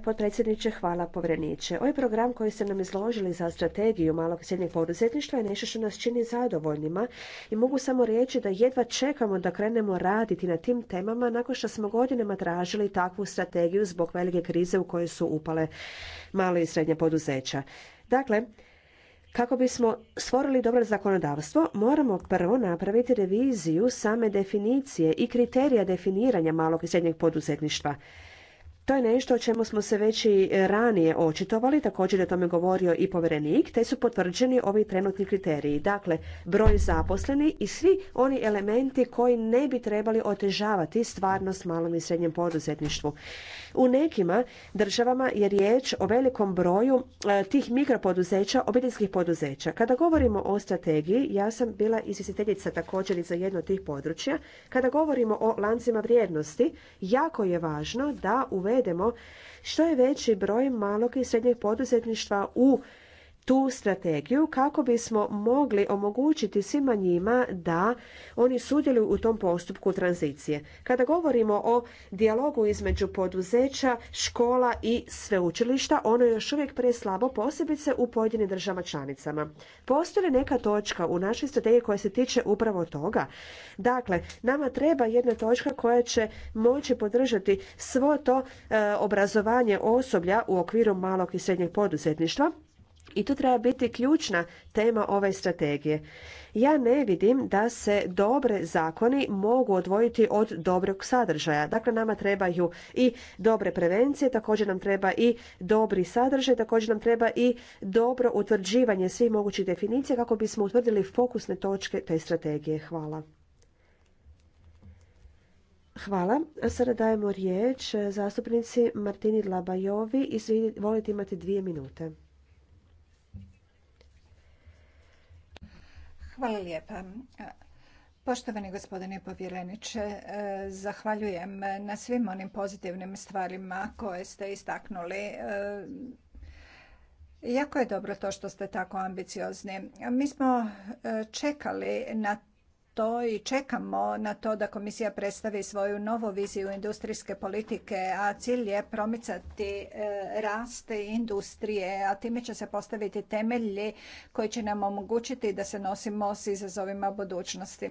potpredsjedniče, hvala povjereniče. Ovaj program koji ste nam izložili za strategiju malog i srednjeg poduzetništva je nešto što nas čini zadovoljnima i mogu samo reći da jedva čekamo da krenemo raditi na tim temama nakon što smo godinama tražili takvu strategiju zbog velike krize u kojoj su upale malo i srednje poduzeća. Dakle, kako bismo stvorili dobro zakonodavstvo, moramo prvo napraviti reviziju same definicije i kriterija definiranja malog i srednjeg poduzetništva. To je nešto o čemu smo se već i ranije očitovali, također je o tome govorio i povjerenik, te su potvrđeni ovi trenutni kriteriji. Dakle, broj zaposleni i svi oni elementi koji ne bi trebali otežavati stvarnost malom i srednjem poduzetništvu. U nekima državama je riječ o velikom broju e, tih mikropoduzeća, obiteljskih poduzeća. Kada govorimo o strategiji, ja sam bila izvjestiteljica također i za jedno od tih područja. Kada govorimo o lancima vrijednosti, jako je važno da uvedemo idemo što je veći broj malog i srednjeg poduzetništva u tu strategiju kako bismo mogli omogućiti svima njima da oni sudjeluju u tom postupku tranzicije. Kada govorimo o dijalogu između poduzeća, škola i sveučilišta, ono je još uvijek preslabo, posebice u pojedinim državama članicama. Postoji li neka točka u našoj strategiji koja se tiče upravo toga? Dakle, nama treba jedna točka koja će moći podržati svo to e, obrazovanje osoblja u okviru malog i srednjeg poduzetništva, i tu treba biti ključna tema ove strategije. Ja ne vidim da se dobre zakoni mogu odvojiti od dobrog sadržaja. Dakle, nama trebaju i dobre prevencije, također nam treba i dobri sadržaj, također nam treba i dobro utvrđivanje svih mogućih definicija kako bismo utvrdili fokusne točke te strategije. Hvala. Hvala. A sada dajemo riječ e, zastupnici Martini Dlabajovi i svi volite imati dvije minute. Hvala lijepa. E, poštovani gospodine povjereniče, e, zahvaljujem na svim onim pozitivnim stvarima koje ste istaknuli. E, jako je dobro to što ste tako ambiciozni. Mi smo čekali na i čekamo na to da komisija predstavi svoju novu viziju industrijske politike, a cilj je promicati e, rast industrije, a time će se postaviti temelji koji će nam omogućiti da se nosimo s izazovima budućnosti.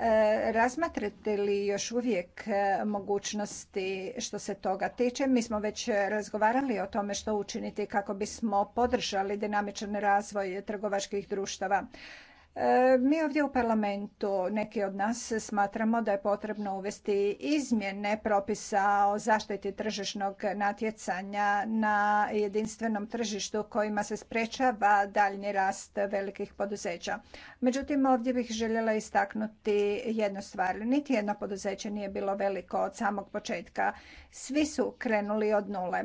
E, razmatrate li još uvijek e, mogućnosti što se toga tiče? Mi smo već razgovarali o tome što učiniti kako bismo podržali dinamičan razvoj trgovačkih društava. E, mi ovdje u parlamentu, neki od nas, smatramo da je potrebno uvesti izmjene propisa o zaštiti tržišnog natjecanja na jedinstvenom tržištu kojima se sprečava daljnji rast velikih poduzeća. Međutim, ovdje bih željela istaknuti jednu stvar. Niti jedno poduzeće nije bilo veliko od samog početka. Svi su krenuli od nule.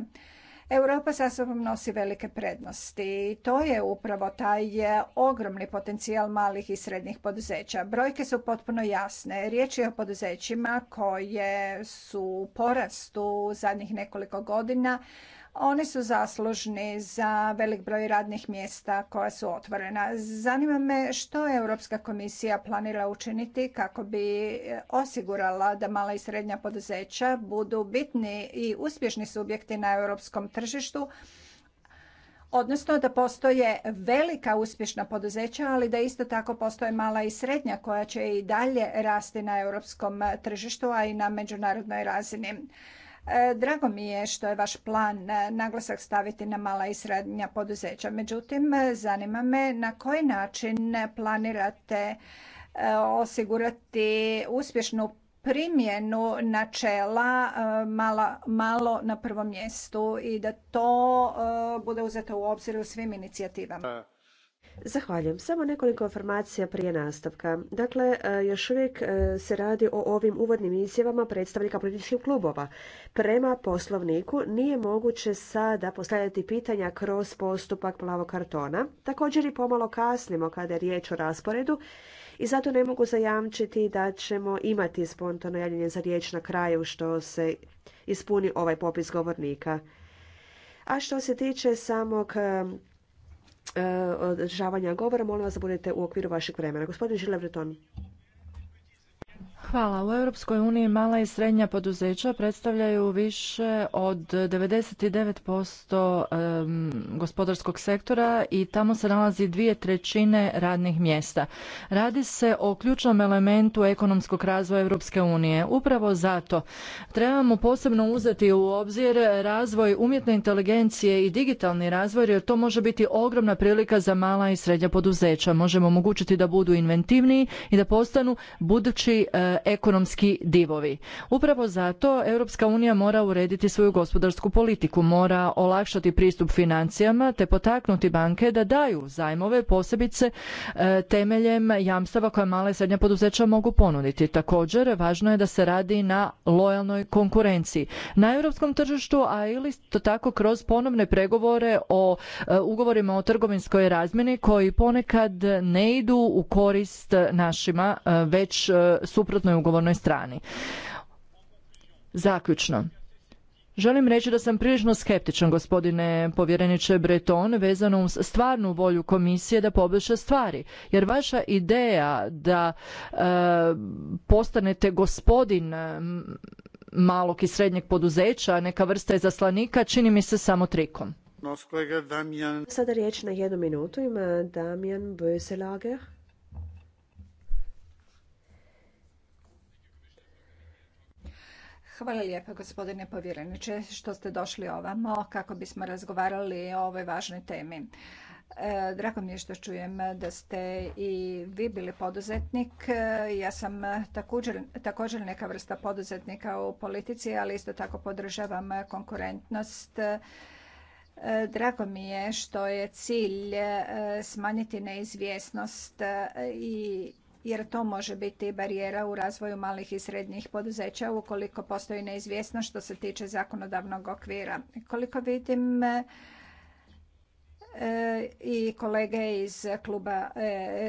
Europa sa sobom nosi velike prednosti i to je upravo taj e, ogromni potencijal malih i srednjih poduzeća. Brojke su potpuno jasne. Riječ je o poduzećima koje su u porastu zadnjih nekoliko godina oni su zaslužni za velik broj radnih mjesta koja su otvorena. Zanima me što Europska komisija planira učiniti kako bi e, osigurala da mala i srednja poduzeća budu bitni i uspješni subjekti na europskom tržištu, odnosno da postoje velika uspješna poduzeća, ali da isto tako postoje mala i srednja koja će i dalje rasti na europskom tržištu, a i na međunarodnoj razini. E, drago mi je što je vaš plan e, naglasak staviti na mala i srednja poduzeća. Međutim, e, zanima me na koji način planirate osigurati uspješnu primjenu načela malo na prvom mjestu i da to bude uzeto u obzir u svim inicijativama. Zahvaljujem. Samo nekoliko informacija prije nastavka. Dakle, e, još uvijek e, se radi o ovim uvodnim izjavama predstavnika političkih klubova. Prema poslovniku nije moguće sada postavljati pitanja kroz postupak plavog kartona. Također i pomalo kasnimo kada je riječ o rasporedu i zato ne mogu zajamčiti da ćemo imati spontano javljanje za riječ na kraju što se ispuni ovaj popis govornika. A što se tiče samog E, održavanja govora. Molim vas da budete u okviru vašeg vremena. Gospodin Žile Breton. Hvala. U Europskoj uniji mala i srednja poduzeća predstavljaju više od 99% gospodarskog sektora i tamo se nalazi dvije trećine radnih mjesta. Radi se o ključnom elementu ekonomskog razvoja Europske unije. Upravo zato trebamo posebno uzeti u obzir razvoj umjetne inteligencije i digitalni razvoj jer to može biti ogromna prilika za mala i srednja poduzeća. Možemo omogućiti da budu inventivniji i da postanu budući e, ekonomski divovi. Upravo zato Europska unija mora urediti svoju gospodarsku politiku, mora olakšati pristup financijama te potaknuti banke da daju zajmove posebice e, temeljem jamstava koja mala i srednja poduzeća mogu ponuditi. Također, važno je da se radi na lojalnoj konkurenciji na europskom tržištu, a ili to tako kroz ponovne pregovore o e, ugovorima o trgovinskoj razmjeni koji ponekad ne idu u korist našima, e, već suprotno ugovornoj strani. Zaključno. Želim reći da sam prilično skeptičan, gospodine povjereniče Breton, vezano uz stvarnu volju komisije da poboljša stvari. Jer vaša ideja da e, postanete gospodin e, malog i srednjeg poduzeća, neka vrsta izaslanika, čini mi se samo trikom. Sada riječ na jednu minutu ima Damjan Böselager. Hvala lijepa gospodine povjereniče što ste došli ovamo kako bismo razgovarali o ovoj važnoj temi. E, drago mi je što čujem da ste i vi bili poduzetnik. E, ja sam također, neka vrsta poduzetnika u politici, ali isto tako podržavam konkurentnost. E, drago mi je što je cilj smanjiti neizvjesnost i jer to može biti barijera u razvoju malih i srednjih poduzeća ukoliko postoji neizvjesnost što se tiče zakonodavnog okvira. Koliko vidim e, i kolege iz kluba e,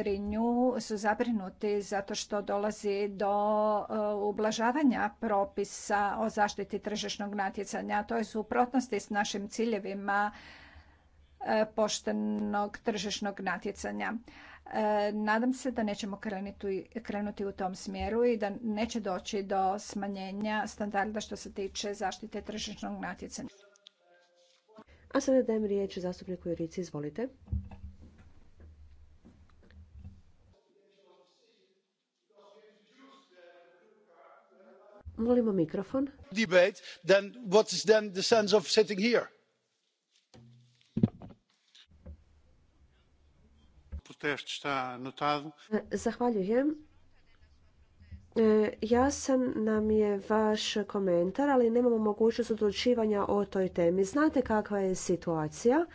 Renew su zabrinuti zato što dolazi do e, ublažavanja propisa o zaštiti tržišnog natjecanja. To je suprotnosti s našim ciljevima poštenog tržišnog natjecanja. E, nadam se da nećemo krenuti, krenuti u tom smjeru i da neće doći do smanjenja standarda što se tiče zaštite tržišnog natjecanja. A sada dajem riječ zastupniku Jurici, izvolite. Molimo mikrofon. Debate, then what is then the sense of sitting here? teste está anotado. Zahvaljujem. E, jasan nam je vaš komentar, ali nemamo mogućnost odlučivanja o toj temi. Znate kakva je situacija?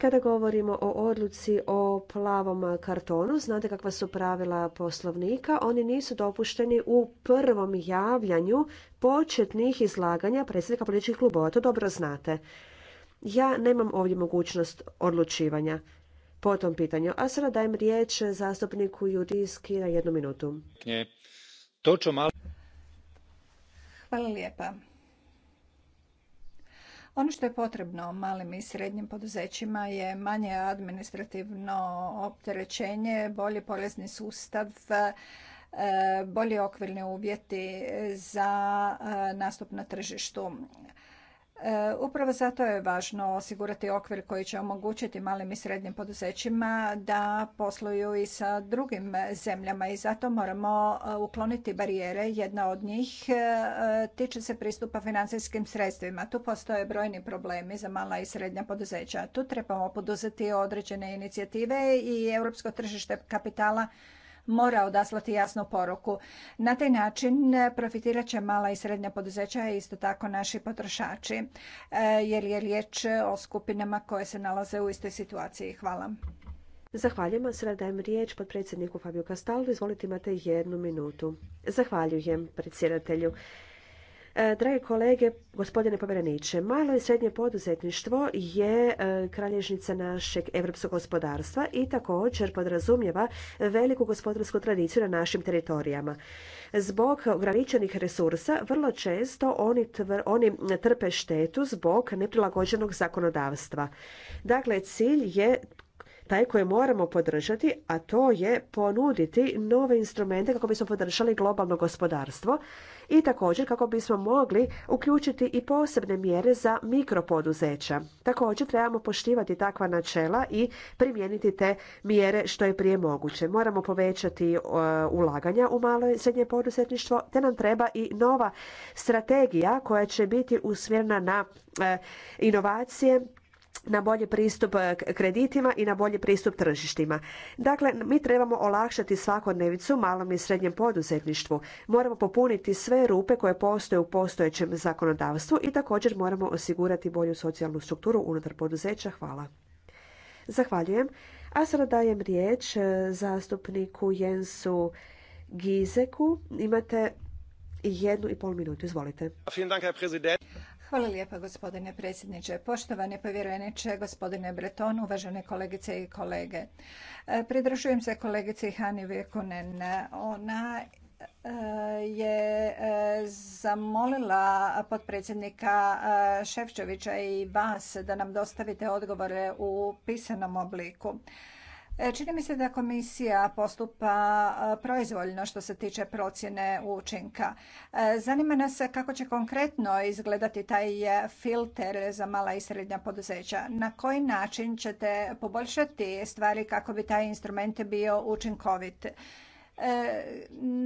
Kada govorimo o odluci o plavom kartonu, znate kakva su pravila poslovnika, oni nisu dopušteni u prvom javljanju početnih izlaganja predsjednika političkih klubova, to dobro znate. Ja nemam ovdje mogućnost odlučivanja po tom pitanju. A sada dajem riječ zastupniku Judijski na jednu minutu. Hvala lijepa. Ono što je potrebno malim i srednjim poduzećima je manje administrativno opterećenje, bolji porezni sustav, e, bolji okvirni uvjeti za e, nastup na tržištu. E, upravo zato je važno osigurati okvir koji će omogućiti malim i srednjim poduzećima da posluju i sa drugim zemljama i zato moramo e, ukloniti barijere. Jedna od njih e, tiče se pristupa financijskim sredstvima. Tu postoje brojni problemi za mala i srednja poduzeća. Tu trebamo poduzeti određene inicijative i europsko tržište kapitala mora odaslati jasnu poruku. Na taj način e, profitirat će mala i srednja poduzeća isto tako naši potrošači e, jer je riječ o skupinama koje se nalaze u istoj situaciji. Hvala. Zahvaljujem. Sada dajem riječ pod predsjedniku Fabio Castaldo. Izvolite, imate jednu minutu. Zahvaljujem predsjedatelju. E, Dragi kolege, gospodine povjereniče, malo i srednje poduzetništvo je e, kralježnica našeg europskog gospodarstva i također podrazumijeva veliku gospodarsku tradiciju na našim teritorijama. Zbog ograničenih resursa vrlo često oni, trpe štetu zbog neprilagođenog zakonodavstva. Dakle, cilj je taj koji moramo podržati, a to je ponuditi nove instrumente kako bismo podržali globalno gospodarstvo i također kako bismo mogli uključiti i posebne mjere za mikropoduzeća. Također trebamo poštivati takva načela i primijeniti te mjere što je prije moguće. Moramo povećati e, ulaganja u malo i srednje poduzetništvo te nam treba i nova strategija koja će biti usmjerena na e, inovacije na bolji pristup eh, kreditima i na bolji pristup tržištima. Dakle, mi trebamo olakšati svakodnevicu malom i srednjem poduzetništvu. Moramo popuniti sve rupe koje postoje u postojećem zakonodavstvu i također moramo osigurati bolju socijalnu strukturu unutar poduzeća. Hvala. Zahvaljujem. A sada dajem riječ eh, zastupniku Jensu Gizeku. Imate jednu i pol minutu. Izvolite. Hvala lijepa gospodine predsjedniče. Poštovani povjereniče, gospodine Breton, uvažene kolegice i kolege. E, pridružujem se kolegici Hani Virkunen. Ona e, je e, zamolila potpredsjednika Ševčevića i vas da nam dostavite odgovore u pisanom obliku. E, čini mi se da komisija postupa e, proizvoljno što se tiče procjene učinka. E, zanima nas kako će konkretno izgledati taj filter za mala i srednja poduzeća. Na koji način ćete poboljšati stvari kako bi taj instrument bio učinkovit?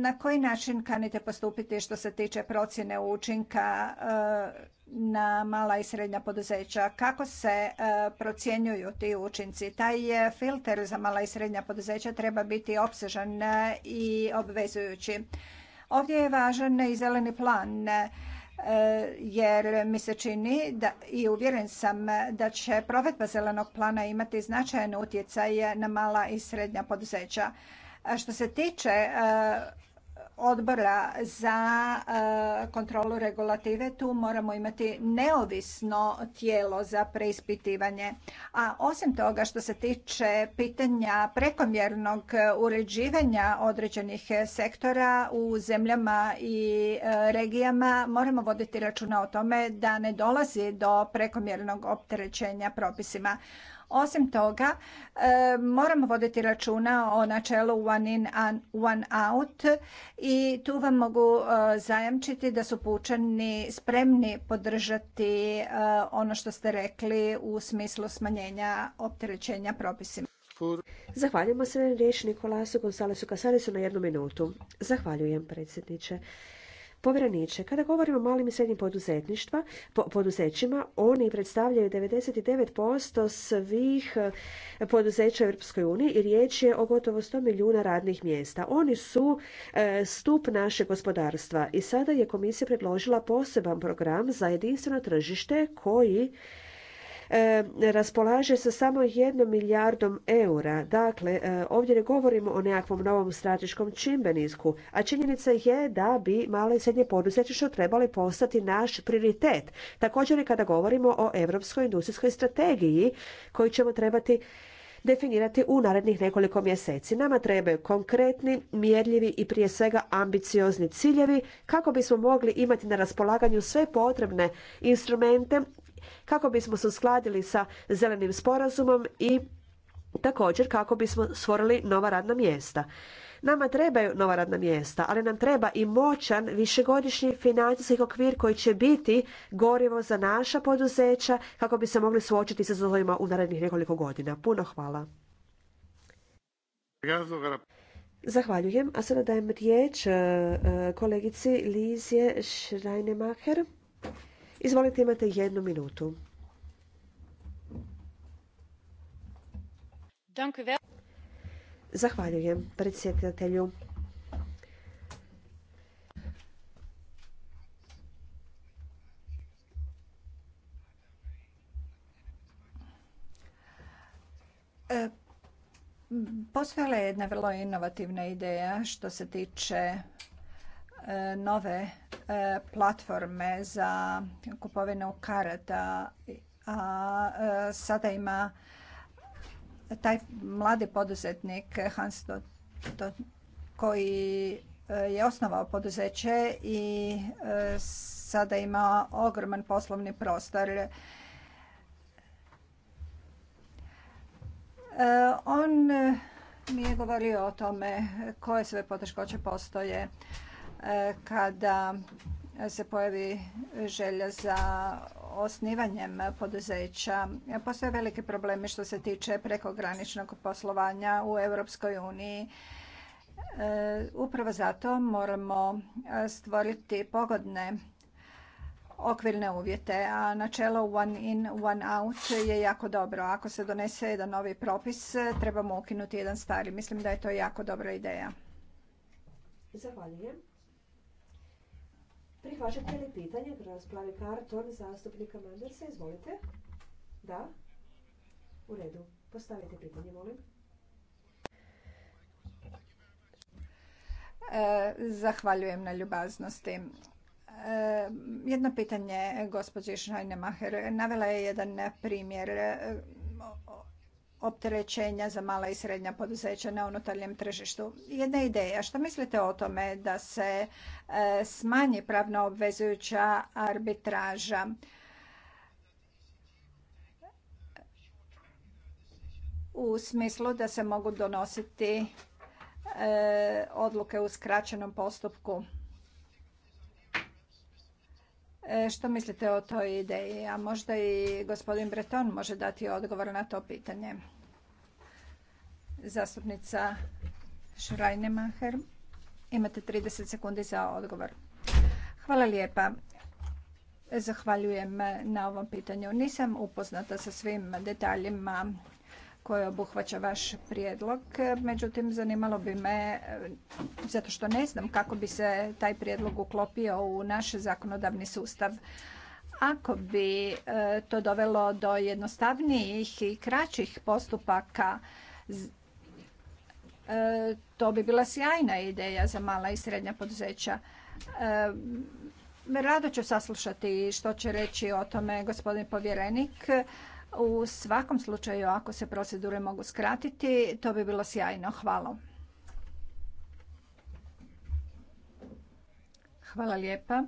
Na koji način kanite postupiti što se tiče procjene učinka e, na mala i srednja poduzeća? Kako se e, procjenjuju ti učinci? Taj e, filter za mala i srednja poduzeća treba biti opsežan i obvezujući. Ovdje je važan i zeleni plan jer mi se čini da, i uvjeren sam da će provedba zelenog plana imati značajan utjecaj na mala i srednja poduzeća. Što se tiče e, odbora za e, kontrolu regulative tu moramo imati neovisno tijelo za preispitivanje. A osim toga što se tiče pitanja prekomjernog uređivanja određenih sektora u zemljama i e, regijama moramo voditi računa o tome da ne dolazi do prekomjernog opterećenja propisima. Osim toga, e, moramo voditi računa o načelu one in, one out i tu vam mogu e, zajamčiti da su pučani spremni podržati e, ono što ste rekli u smislu smanjenja opterećenja propisima. Zahvaljujemo se riječ Nikolasu Gonzalesu Kasarisu na jednu minutu. Zahvaljujem predsjedniče. Povjereniče, kada govorimo o malim i srednjim poduzećima, oni predstavljaju 99% svih eh, poduzeća u Europskoj i riječ je o gotovo 100 milijuna radnih mjesta. Oni su eh, stup našeg gospodarstva i sada je komisija predložila poseban program za jedinstveno tržište koji E, raspolaže sa samo jednom milijardom eura. Dakle, e, ovdje ne govorimo o nekakvom novom strateškom čimbenisku, a činjenica je da bi malo i srednje poduzetništvo trebali postati naš prioritet. Također i kada govorimo o europskoj industrijskoj strategiji koju ćemo trebati definirati u narednih nekoliko mjeseci. Nama trebaju konkretni, mjerljivi i prije svega ambiciozni ciljevi kako bismo mogli imati na raspolaganju sve potrebne instrumente kako bismo se uskladili sa zelenim sporazumom i također kako bismo stvorili nova radna mjesta. Nama trebaju nova radna mjesta, ali nam treba i moćan višegodišnji financijski okvir koji će biti gorivo za naša poduzeća kako bi se mogli suočiti sa izazovima u narednih nekoliko godina. Puno hvala. Zahvaljujem. A sada dajem riječ e, e, kolegici Lizije Šrajnemacheru. Izvolite, imate jednu minutu. Zahvaljujem predsjedatelju. E, postojala je jedna vrlo inovativna ideja što se tiče E, nove e, platforme za kupovinu karata, a e, sada ima taj mladi poduzetnik Hans koji je osnovao poduzeće i sada ima ogroman poslovni prostor. On mi je govorio o tome koje sve poteškoće postoje kada se pojavi želja za osnivanjem poduzeća. Postoje veliki problemi što se tiče prekograničnog poslovanja u Europskoj uniji. E, upravo zato moramo stvoriti pogodne okvirne uvjete, a načelo one in, one out je jako dobro. Ako se donese jedan novi propis, trebamo ukinuti jedan stari. Mislim da je to jako dobra ideja. Zahvaljujem. Prihvaćate li pitanje kroz plavi karton zastupnika Mandersa? Izvolite. Da? U redu. Postavite pitanje, molim. E, zahvaljujem na ljubaznosti. E, jedno pitanje gospođi Šajnemaher. Navela je jedan primjer opterećenja za mala i srednja poduzeća na unutarnjem tržištu. Jedna ideja, što mislite o tome da se e, smanji pravno obvezujuća arbitraža? u smislu da se mogu donositi e, odluke u skraćenom postupku. E, što mislite o toj ideji? A možda i gospodin Breton može dati odgovor na to pitanje. Zastupnica Šrajnemacher, imate 30 sekundi za odgovor. Hvala lijepa. Zahvaljujem na ovom pitanju. Nisam upoznata sa svim detaljima koje obuhvaća vaš prijedlog. Međutim, zanimalo bi me, zato što ne znam kako bi se taj prijedlog uklopio u naš zakonodavni sustav. Ako bi e, to dovelo do jednostavnijih i kraćih postupaka E, to bi bila sjajna ideja za mala i srednja poduzeća. E, rado ću saslušati što će reći o tome gospodin povjerenik. U svakom slučaju, ako se procedure mogu skratiti, to bi bilo sjajno. Hvala. Hvala lijepa.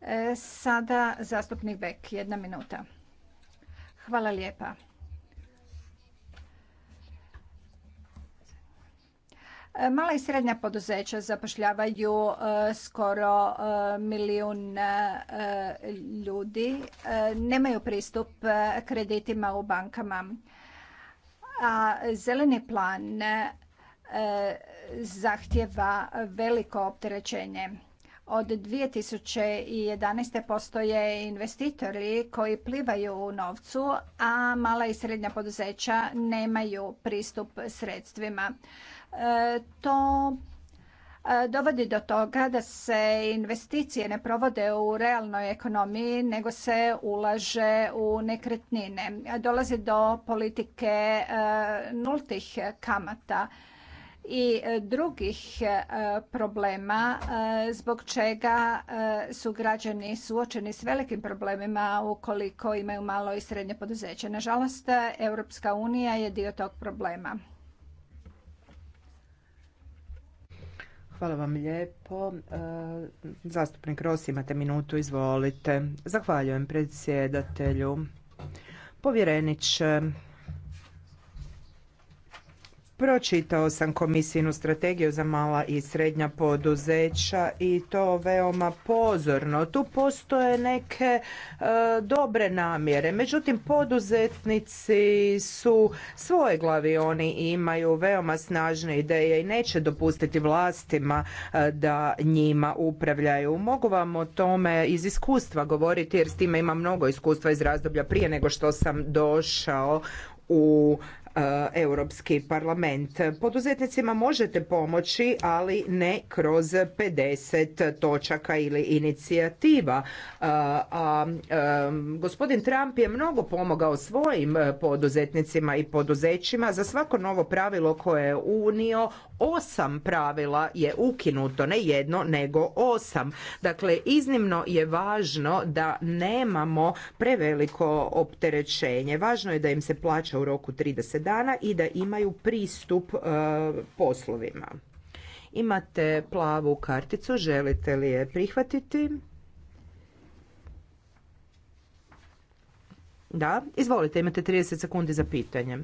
E, sada zastupnik Bek, jedna minuta. Hvala lijepa. Mala i srednja poduzeća zapošljavaju e, skoro e, milijun e, ljudi, nemaju pristup kreditima u bankama. A zeleni plan zahtjeva veliko opterećenje. Od 2011. postoje investitori koji plivaju u novcu, a mala i srednja poduzeća nemaju pristup sredstvima to e, dovodi do toga da se investicije ne provode u realnoj ekonomiji nego se ulaže u nekretnine. Dolazi do politike e, nultih kamata i drugih e, problema zbog čega su građani suočeni s velikim problemima ukoliko imaju malo i srednje poduzeće. Nažalost, Europska unija je dio tog problema. Hvala vam lijepo. E, zastupnik Ros, imate minutu, izvolite. Zahvaljujem predsjedatelju. Povjereniče, Pročitao sam komisijnu strategiju za mala i srednja poduzeća i to veoma pozorno. Tu postoje neke e, dobre namjere, međutim poduzetnici su svoje glavi, oni imaju veoma snažne ideje i neće dopustiti vlastima e, da njima upravljaju. Mogu vam o tome iz iskustva govoriti jer s time imam mnogo iskustva iz razdoblja prije nego što sam došao u E, Europski parlament. Poduzetnicima možete pomoći, ali ne kroz 50 točaka ili inicijativa. E, a, e, gospodin Trump je mnogo pomogao svojim poduzetnicima i poduzećima. Za svako novo pravilo koje je unio, osam pravila je ukinuto, ne jedno, nego osam. Dakle, iznimno je važno da nemamo preveliko opterećenje. Važno je da im se plaća u roku 30 dana dana i da imaju pristup e, poslovima. Imate plavu karticu, želite li je prihvatiti? Da, izvolite, imate 30 sekundi za pitanje.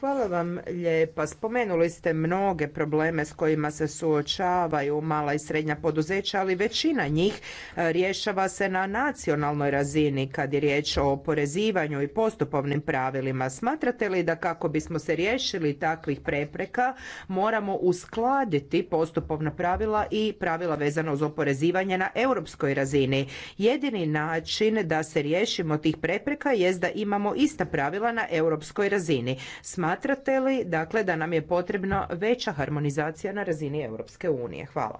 Hvala vam lijepa. Spomenuli ste mnoge probleme s kojima se suočavaju mala i srednja poduzeća, ali većina njih e, rješava se na nacionalnoj razini kad je riječ o oporezivanju i postupovnim pravilima. Smatrate li da kako bismo se riješili takvih prepreka moramo uskladiti postupovna pravila i pravila vezano uz oporezivanje na europskoj razini? Jedini način da se riješimo tih prepreka jest da imamo ista pravila na europskoj razini. Smatrate Smatrate li dakle da nam je potrebna veća harmonizacija na razini Europske unije? Hvala.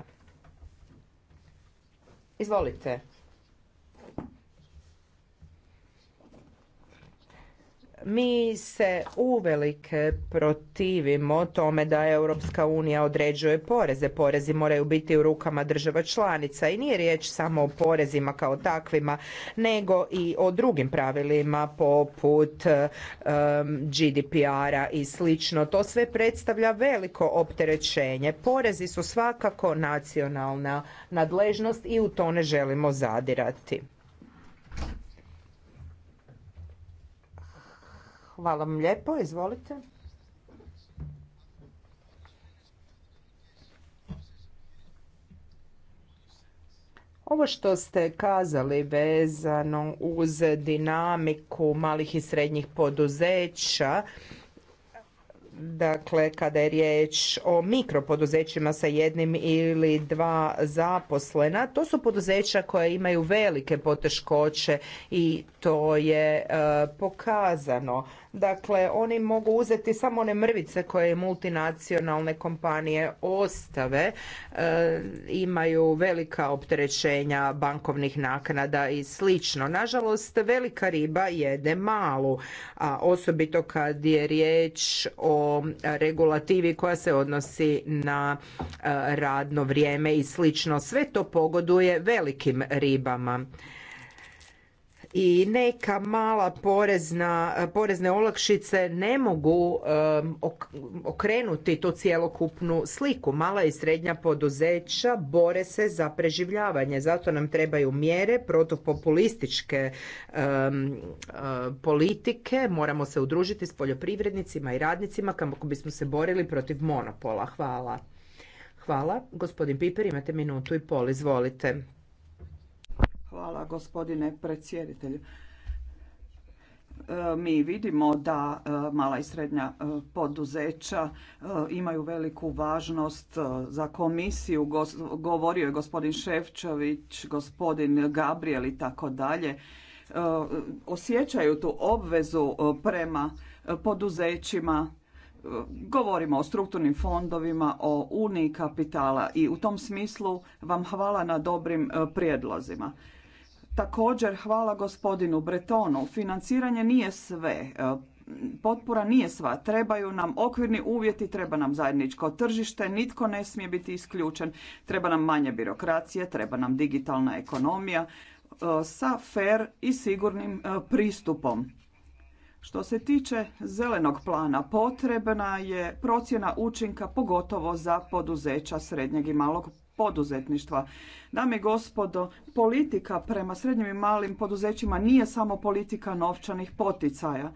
Izvolite. mi se uvelike protivimo tome da Europska unija određuje poreze. Porezi moraju biti u rukama država članica i nije riječ samo o porezima kao takvima, nego i o drugim pravilima poput um, GDPR-a i slično. To sve predstavlja veliko opterećenje. Porezi su svakako nacionalna nadležnost i u to ne želimo zadirati. Hvala vam lijepo, izvolite. Ovo što ste kazali vezano uz dinamiku malih i srednjih poduzeća, dakle kada je riječ o mikropoduzećima sa jednim ili dva zaposlena, to su poduzeća koja imaju velike poteškoće i to je e, pokazano. Dakle, oni mogu uzeti samo one mrvice koje multinacionalne kompanije ostave. E, imaju velika opterećenja bankovnih naknada i slično. Nažalost, velika riba jede malu, a osobito kad je riječ o regulativi koja se odnosi na e, radno vrijeme i slično. Sve to pogoduje velikim ribama i neka mala porezna, porezne olakšice ne mogu okrenuti tu cjelokupnu sliku. Mala i srednja poduzeća bore se za preživljavanje, zato nam trebaju mjere protupopulističke politike, moramo se udružiti s poljoprivrednicima i radnicima kako bismo se borili protiv monopola. Hvala. Hvala. Gospodin Piper, imate minutu i pol, izvolite. Hvala gospodine predsjeditelju. E, mi vidimo da e, mala i srednja e, poduzeća imaju veliku važnost za komisiju. Govorio je gospodin Ševčević, gospodin Gabriel i tako dalje. Osjećaju tu obvezu prema poduzećima, govorimo o strukturnim fondovima, o uniji kapitala i u tom smislu vam hvala na dobrim prijedlozima. Također hvala gospodinu Bretonu. Financiranje nije sve. E, potpora nije sva. Trebaju nam okvirni uvjeti, treba nam zajedničko tržište, nitko ne smije biti isključen. Treba nam manje birokracije, treba nam digitalna ekonomija e, sa fair i sigurnim e, pristupom. Što se tiče zelenog plana, potrebna je procjena učinka pogotovo za poduzeća srednjeg i malog poduzetništva. Dame i gospodo, politika prema srednjim i malim poduzećima nije samo politika novčanih poticaja.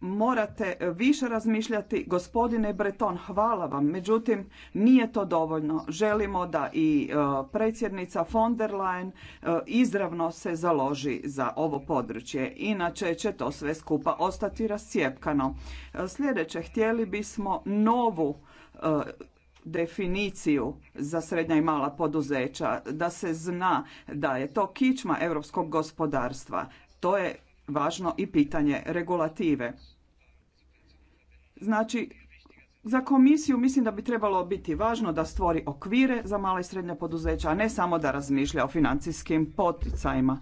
Morate više razmišljati, gospodine Breton, hvala vam, međutim nije to dovoljno. Želimo da i e, predsjednica von der Leyen e, izravno se založi za ovo područje, inače će to sve skupa ostati rascijepkano. E, sljedeće, htjeli bismo novu definiciju za srednja i mala poduzeća, da se zna da je to kičma europskog gospodarstva. To je važno i pitanje regulative. Znači, za komisiju mislim da bi trebalo biti važno da stvori okvire za mala i srednja poduzeća, a ne samo da razmišlja o financijskim poticajima.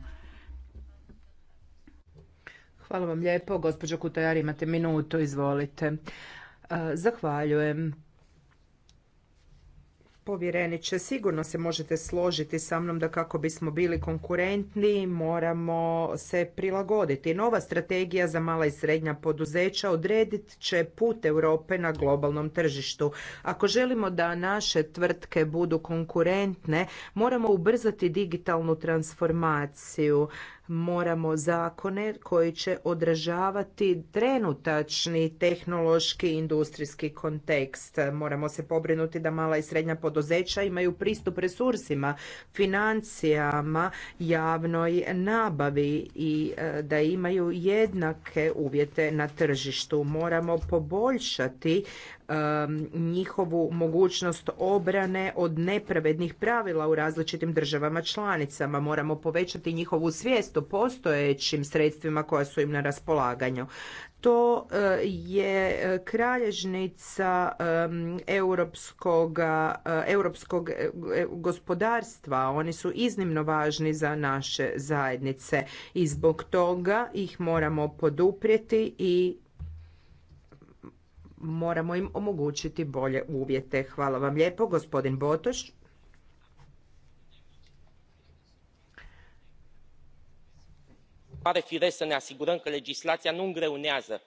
Hvala vam lijepo. Gospođo Kutajari, imate minutu, izvolite. Zahvaljujem povjereniče, sigurno se možete složiti sa mnom da kako bismo bili konkurentni moramo se prilagoditi. Nova strategija za mala i srednja poduzeća odredit će put Europe na globalnom tržištu. Ako želimo da naše tvrtke budu konkurentne, moramo ubrzati digitalnu transformaciju moramo zakone koji će odražavati trenutačni tehnološki industrijski kontekst. Moramo se pobrinuti da mala i srednja poduzeća imaju pristup resursima, financijama, javnoj nabavi i e, da imaju jednake uvjete na tržištu. Moramo poboljšati Um, njihovu mogućnost obrane od nepravednih pravila u različitim državama članicama. Moramo povećati njihovu svijest o postojećim sredstvima koja su im na raspolaganju. To uh, je uh, kralježnica um, uh, europskog, europskog gospodarstva. Oni su iznimno važni za naše zajednice i zbog toga ih moramo poduprijeti i moramo im omogućiti bolje uvjete. Hvala vam lijepo, gospodin Botoš. pare firesc să ne asigurăm că legislația nu îngreunează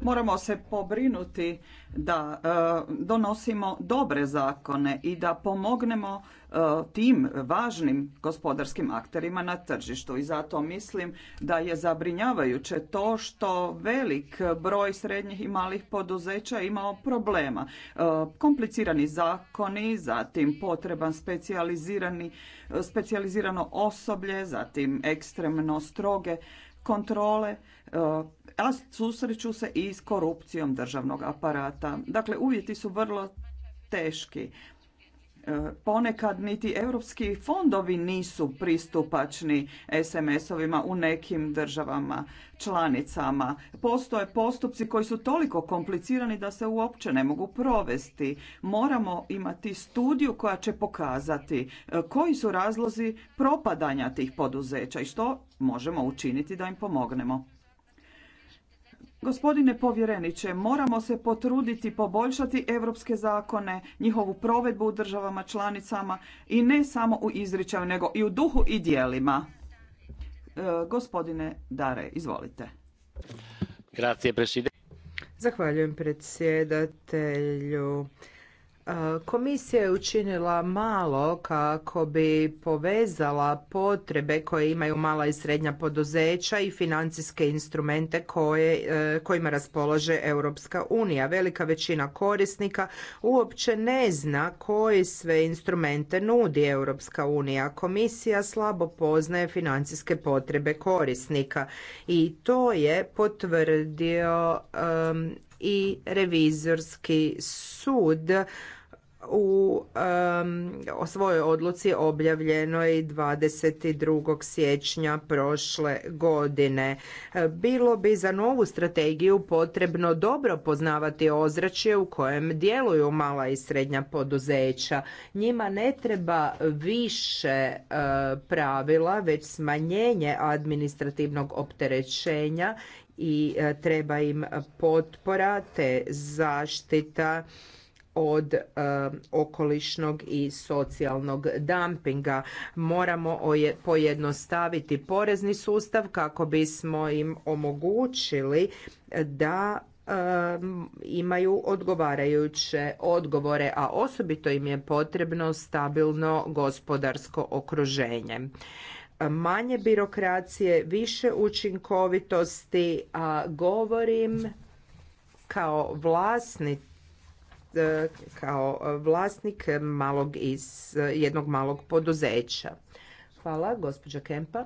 Moramo se pobrinuti da e, donosimo dobre zakone i da pomognemo e, tim važnim gospodarskim akterima na tržištu. I zato mislim da je zabrinjavajuće to što velik broj srednjih i malih poduzeća imao problema. E, komplicirani zakoni, zatim potreban specijalizirano osoblje, zatim ekstremno stroge kontrole a susreću se i s korupcijom državnog aparata. Dakle, uvjeti su vrlo teški. E, ponekad niti europski fondovi nisu pristupačni SMS-ovima u nekim državama, članicama. Postoje postupci koji su toliko komplicirani da se uopće ne mogu provesti. Moramo imati studiju koja će pokazati e, koji su razlozi propadanja tih poduzeća i što možemo učiniti da im pomognemo. Gospodine povjereniče, moramo se potruditi poboljšati europske zakone, njihovu provedbu u državama članicama i ne samo u izričaju, nego i u duhu i dijelima. E, gospodine Dare, izvolite. Grazie, Zahvaljujem predsjedatelju. E, komisija je učinila malo kako bi povezala potrebe koje imaju mala i srednja poduzeća i financijske instrumente koje, e, kojima raspolaže Europska unija. Velika većina korisnika uopće ne zna koji sve instrumente nudi Europska unija. Komisija slabo poznaje financijske potrebe korisnika i to je potvrdio i revizorski sud u svojoj odluci objavljenoj 22. siječnja prošle godine. Bilo bi za novu strategiju potrebno dobro poznavati ozračje u kojem djeluju mala i srednja poduzeća. Njima ne treba više eh, pravila, već smanjenje administrativnog opterećenja i e, treba im potpora te zaštita od e, okolišnog i socijalnog dumpinga. Moramo oje, pojednostaviti porezni sustav kako bismo im omogućili da e, imaju odgovarajuće odgovore, a osobito im je potrebno stabilno gospodarsko okruženje manje birokracije, više učinkovitosti, a govorim kao vlasnik e, kao vlasnik malog iz, jednog malog poduzeća. Hvala, gospođa Kempa.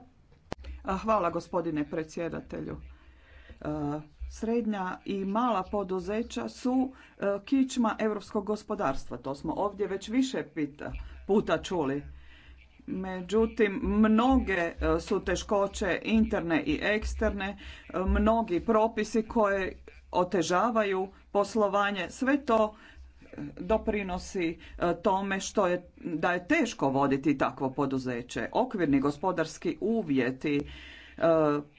Hvala, gospodine predsjedatelju. E, srednja i mala poduzeća su e, kičma europskog gospodarstva. To smo ovdje već više puta čuli Međutim, mnoge e, su teškoće interne i eksterne, e, mnogi propisi koje otežavaju poslovanje, sve to e, doprinosi tome što je, da je teško voditi takvo poduzeće. Okvirni gospodarski uvjeti,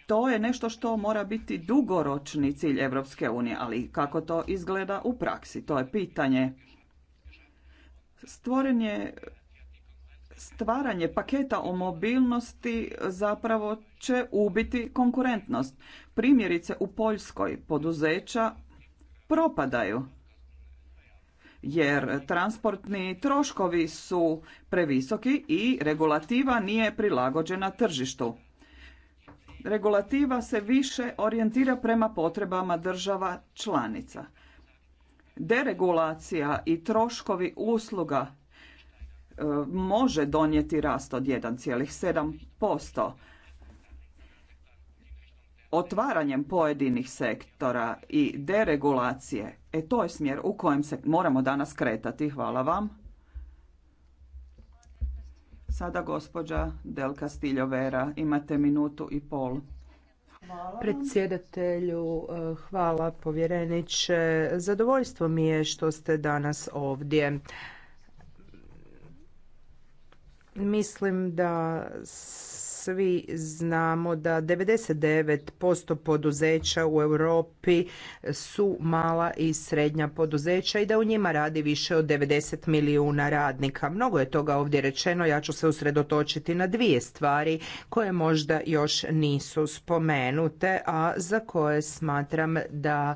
to je nešto što mora biti dugoročni cilj Europske unije, ali kako to izgleda u praksi, to je pitanje. Stvoren je stvaranje paketa o mobilnosti zapravo će ubiti konkurentnost. Primjerice u Poljskoj poduzeća propadaju jer transportni troškovi su previsoki i regulativa nije prilagođena tržištu. Regulativa se više orijentira prema potrebama država članica. Deregulacija i troškovi usluga može donijeti rast od 1,7%. Otvaranjem pojedinih sektora i deregulacije, e to je smjer u kojem se moramo danas kretati. Hvala vam. Sada gospođa Del Castillo Vera, imate minutu i pol. Predsjedatelju, eh, hvala povjereniče. Zadovoljstvo mi je što ste danas ovdje. Mislim da svi znamo da 99% poduzeća u Europi su mala i srednja poduzeća i da u njima radi više od 90 milijuna radnika. Mnogo je toga ovdje rečeno, ja ću se usredotočiti na dvije stvari koje možda još nisu spomenute, a za koje smatram da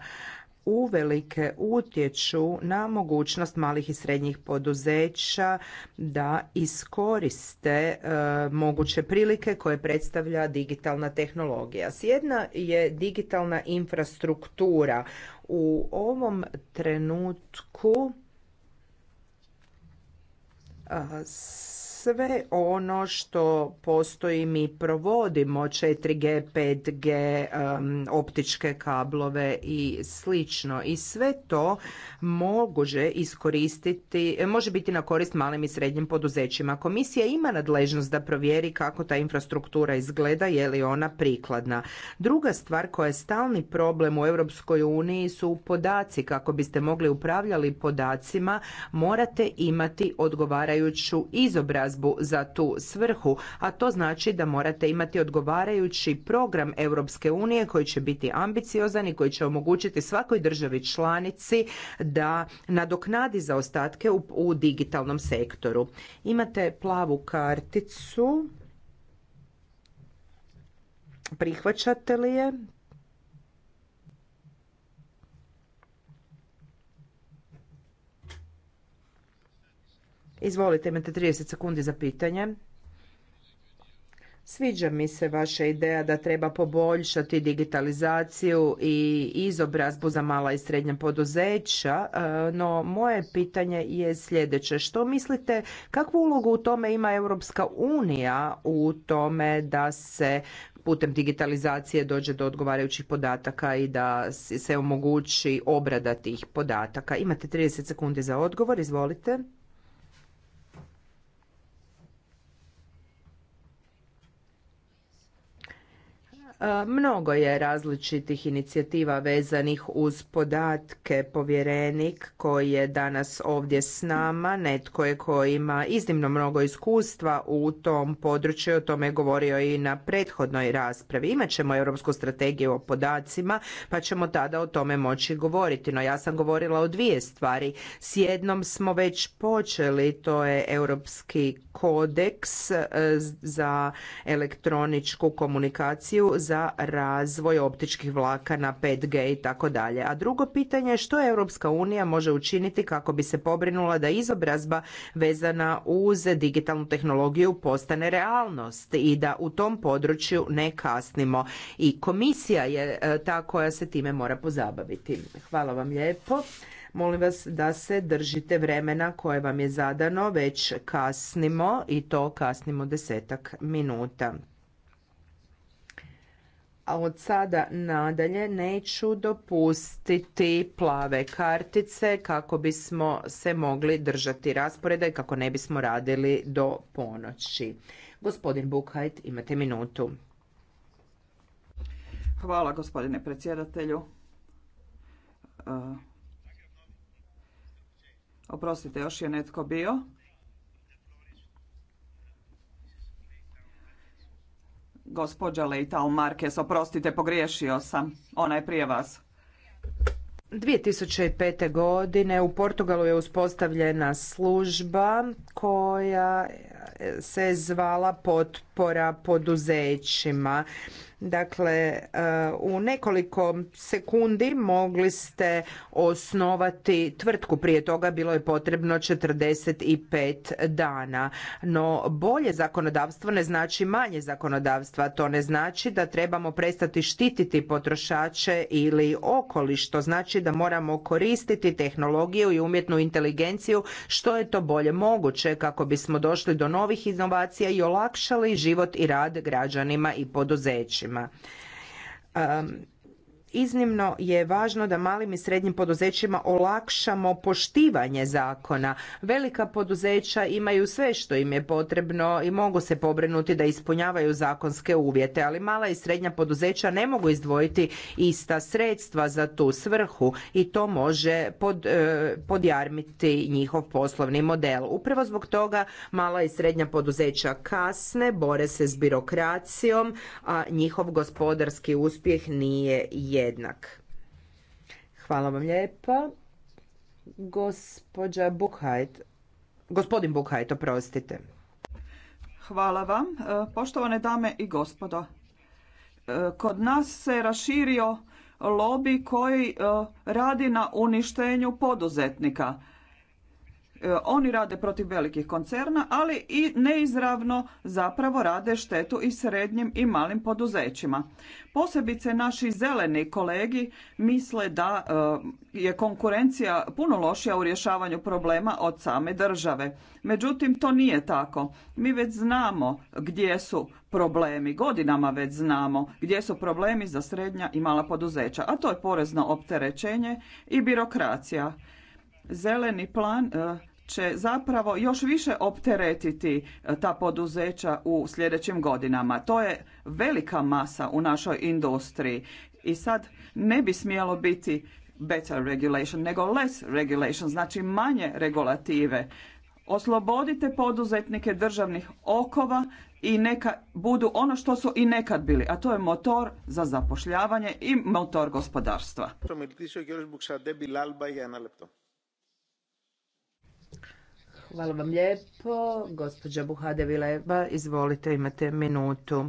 uvelike utječu na mogućnost malih i srednjih poduzeća da iskoriste e, moguće prilike koje predstavlja digitalna tehnologija. Sjedna je digitalna infrastruktura. U ovom trenutku sve ono što postoji mi provodimo 4G, 5G, optičke kablove i slično i sve to može iskoristiti, može biti na korist malim i srednjim poduzećima. Komisija ima nadležnost da provjeri kako ta infrastruktura izgleda, je li ona prikladna. Druga stvar koja je stalni problem u Europskoj uniji su podaci. Kako biste mogli upravljali podacima, morate imati odgovarajuću izobrazbu izobrazbu za tu svrhu, a to znači da morate imati odgovarajući program Europske unije koji će biti ambiciozan i koji će omogućiti svakoj državi članici da nadoknadi zaostatke u digitalnom sektoru. Imate plavu karticu. Prihvaćate li je? Izvolite, imate 30 sekundi za pitanje. Sviđa mi se vaša ideja da treba poboljšati digitalizaciju i izobrazbu za mala i srednja poduzeća, e, no moje pitanje je sljedeće. Što mislite, kakvu ulogu u tome ima Europska unija u tome da se putem digitalizacije dođe do odgovarajućih podataka i da se omogući obrada tih podataka? Imate 30 sekundi za odgovor, izvolite. E, mnogo je različitih inicijativa vezanih uz podatke povjerenik koji je danas ovdje s nama, netko je koji ima iznimno mnogo iskustva u tom području, o tome je govorio i na prethodnoj raspravi. ćemo europsku strategiju o podacima, pa ćemo tada o tome moći govoriti. No ja sam govorila o dvije stvari. S jednom smo već počeli, to je europski kodeks e, za elektroničku komunikaciju za razvoj optičkih vlakana, 5G i tako dalje. A drugo pitanje je što Europska unija može učiniti kako bi se pobrinula da izobrazba vezana uz digitalnu tehnologiju postane realnost i da u tom području ne kasnimo. I komisija je e, ta koja se time mora pozabaviti. Hvala vam lijepo. Molim vas da se držite vremena koje vam je zadano, već kasnimo i to kasnimo desetak minuta od sada nadalje neću dopustiti plave kartice kako bismo se mogli držati rasporeda i kako ne bismo radili do ponoći. Gospodin Bukhajt, imate minutu. Hvala gospodine predsjedatelju. E, oprostite, još je netko bio. Gospođa Leital Marquez, oprostite, pogriješio sam. Ona je prije vas. 2005. godine u Portugalu je uspostavljena služba koja se zvala potpora poduzećima. Dakle, e, u nekoliko sekundi mogli ste osnovati tvrtku. Prije toga bilo je potrebno 45 dana. No, bolje zakonodavstvo ne znači manje zakonodavstva. To ne znači da trebamo prestati štititi potrošače ili okoliš. To znači da moramo koristiti tehnologiju i umjetnu inteligenciju što je to bolje moguće kako bismo došli do novih inovacija i olakšali život i rad građanima i poduzećima. Iznimno je važno da malim i srednjim poduzećima olakšamo poštivanje zakona. Velika poduzeća imaju sve što im je potrebno i mogu se pobrinuti da ispunjavaju zakonske uvjete, ali mala i srednja poduzeća ne mogu izdvojiti ista sredstva za tu svrhu i to može e, podjarmiti njihov poslovni model. Upravo zbog toga mala i srednja poduzeća kasne, bore se s birokracijom, a njihov gospodarski uspjeh nije je jednak. Hvala vam lijepa. Gospođa Bukhajt, gospodin Bukhajt, oprostite. Hvala vam. E, poštovane dame i gospodo, e, kod nas se raširio lobi koji e, radi na uništenju poduzetnika E, oni rade protiv velikih koncerna, ali i neizravno zapravo rade štetu i srednjim i malim poduzećima. Posebice naši zeleni kolegi misle da e, je konkurencija puno lošija u rješavanju problema od same države. Međutim, to nije tako. Mi već znamo gdje su problemi, godinama već znamo gdje su problemi za srednja i mala poduzeća, a to je porezno opterećenje i birokracija. Zeleni plan e, će zapravo još više opteretiti e, ta poduzeća u sljedećim godinama. To je velika masa u našoj industriji i sad ne bi smjelo biti better regulation, nego less regulation, znači manje regulative. Oslobodite poduzetnike državnih okova i neka budu ono što su i nekad bili, a to je motor za zapošljavanje i motor gospodarstva. Hvala vam lijepo. Gospođa Buhade izvolite, imate minutu.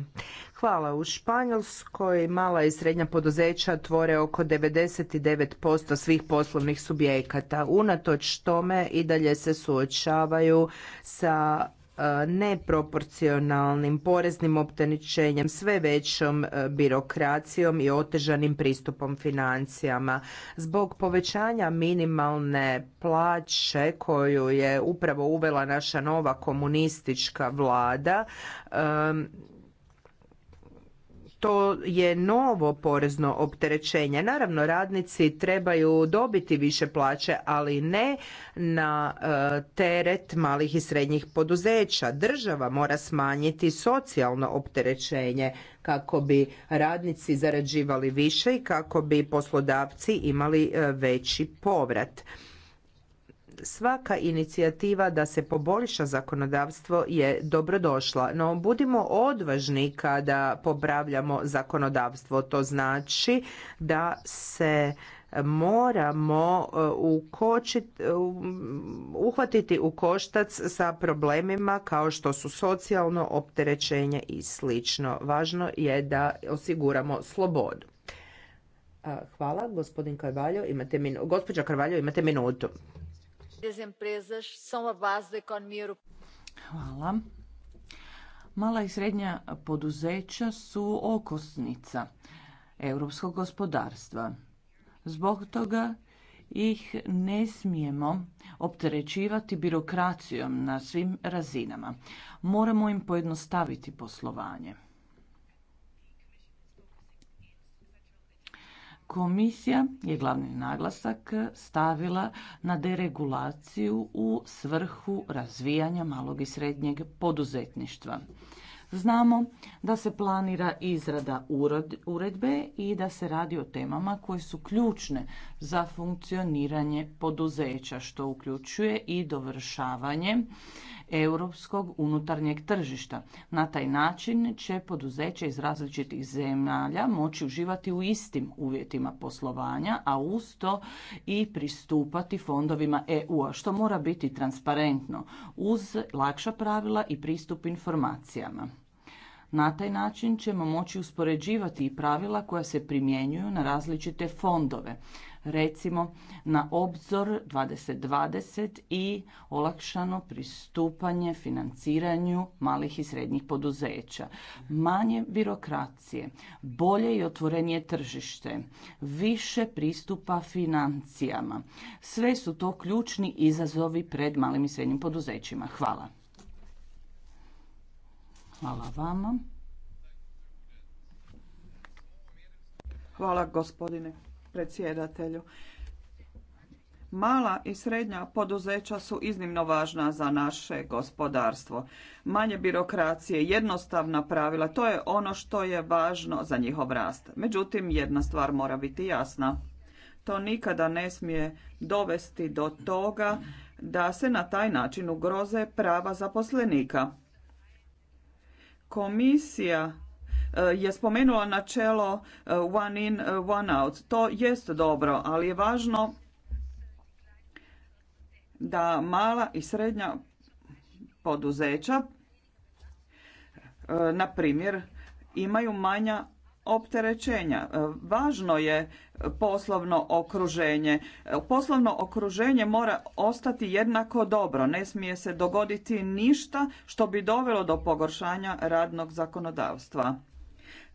Hvala. U Španjolskoj mala i srednja poduzeća tvore oko 99% svih poslovnih subjekata. Unatoč tome i dalje se suočavaju sa E, neproporcionalnim poreznim opterećenjem, sve većom e, birokracijom i otežanim pristupom financijama. Zbog povećanja minimalne plaće koju je upravo uvela naša nova komunistička vlada, e, to je novo porezno opterećenje. Naravno, radnici trebaju dobiti više plaće, ali ne na e, teret malih i srednjih poduzeća. Država mora smanjiti socijalno opterećenje kako bi radnici zarađivali više i kako bi poslodavci imali e, veći povrat. Svaka inicijativa da se poboljša zakonodavstvo je dobrodošla, no budimo odvažni kada popravljamo zakonodavstvo. To znači da se moramo uh, uh, uhvatiti u koštac sa problemima kao što su socijalno opterećenje i slično. Važno je da osiguramo slobodu. Uh, hvala, gospodin Karvaljo, imate gospođa Karvaljo, imate minutu. Hvala. Mala i srednja poduzeća su okosnica europskog gospodarstva. Zbog toga ih ne smijemo opterećivati birokracijom na svim razinama. Moramo im pojednostaviti poslovanje. Komisija je glavni naglasak stavila na deregulaciju u svrhu razvijanja malog i srednjeg poduzetništva. Znamo da se planira izrada uredbe i da se radi o temama koje su ključne za funkcioniranje poduzeća, što uključuje i dovršavanje europskog unutarnjeg tržišta. Na taj način će poduzeće iz različitih zemalja moći uživati u istim uvjetima poslovanja, a uz to i pristupati fondovima EU-a, što mora biti transparentno uz lakša pravila i pristup informacijama. Na taj način ćemo moći uspoređivati i pravila koja se primjenjuju na različite fondove recimo na obzor 2020 i olakšano pristupanje financiranju malih i srednjih poduzeća. Manje birokracije, bolje i otvorenije tržište, više pristupa financijama. Sve su to ključni izazovi pred malim i srednjim poduzećima. Hvala. Hvala vama. Hvala gospodine predsjedatelju. Mala i srednja poduzeća su iznimno važna za naše gospodarstvo. Manje birokracije, jednostavna pravila, to je ono što je važno za njihov rast. Međutim, jedna stvar mora biti jasna. To nikada ne smije dovesti do toga da se na taj način ugroze prava zaposlenika. Komisija je spomenula načelo eh, one in, eh, one out. To jest dobro, ali je važno da mala i srednja poduzeća, eh, na primjer, imaju manja opterećenja. Važno je poslovno okruženje. Poslovno okruženje mora ostati jednako dobro. Ne smije se dogoditi ništa što bi dovelo do pogoršanja radnog zakonodavstva.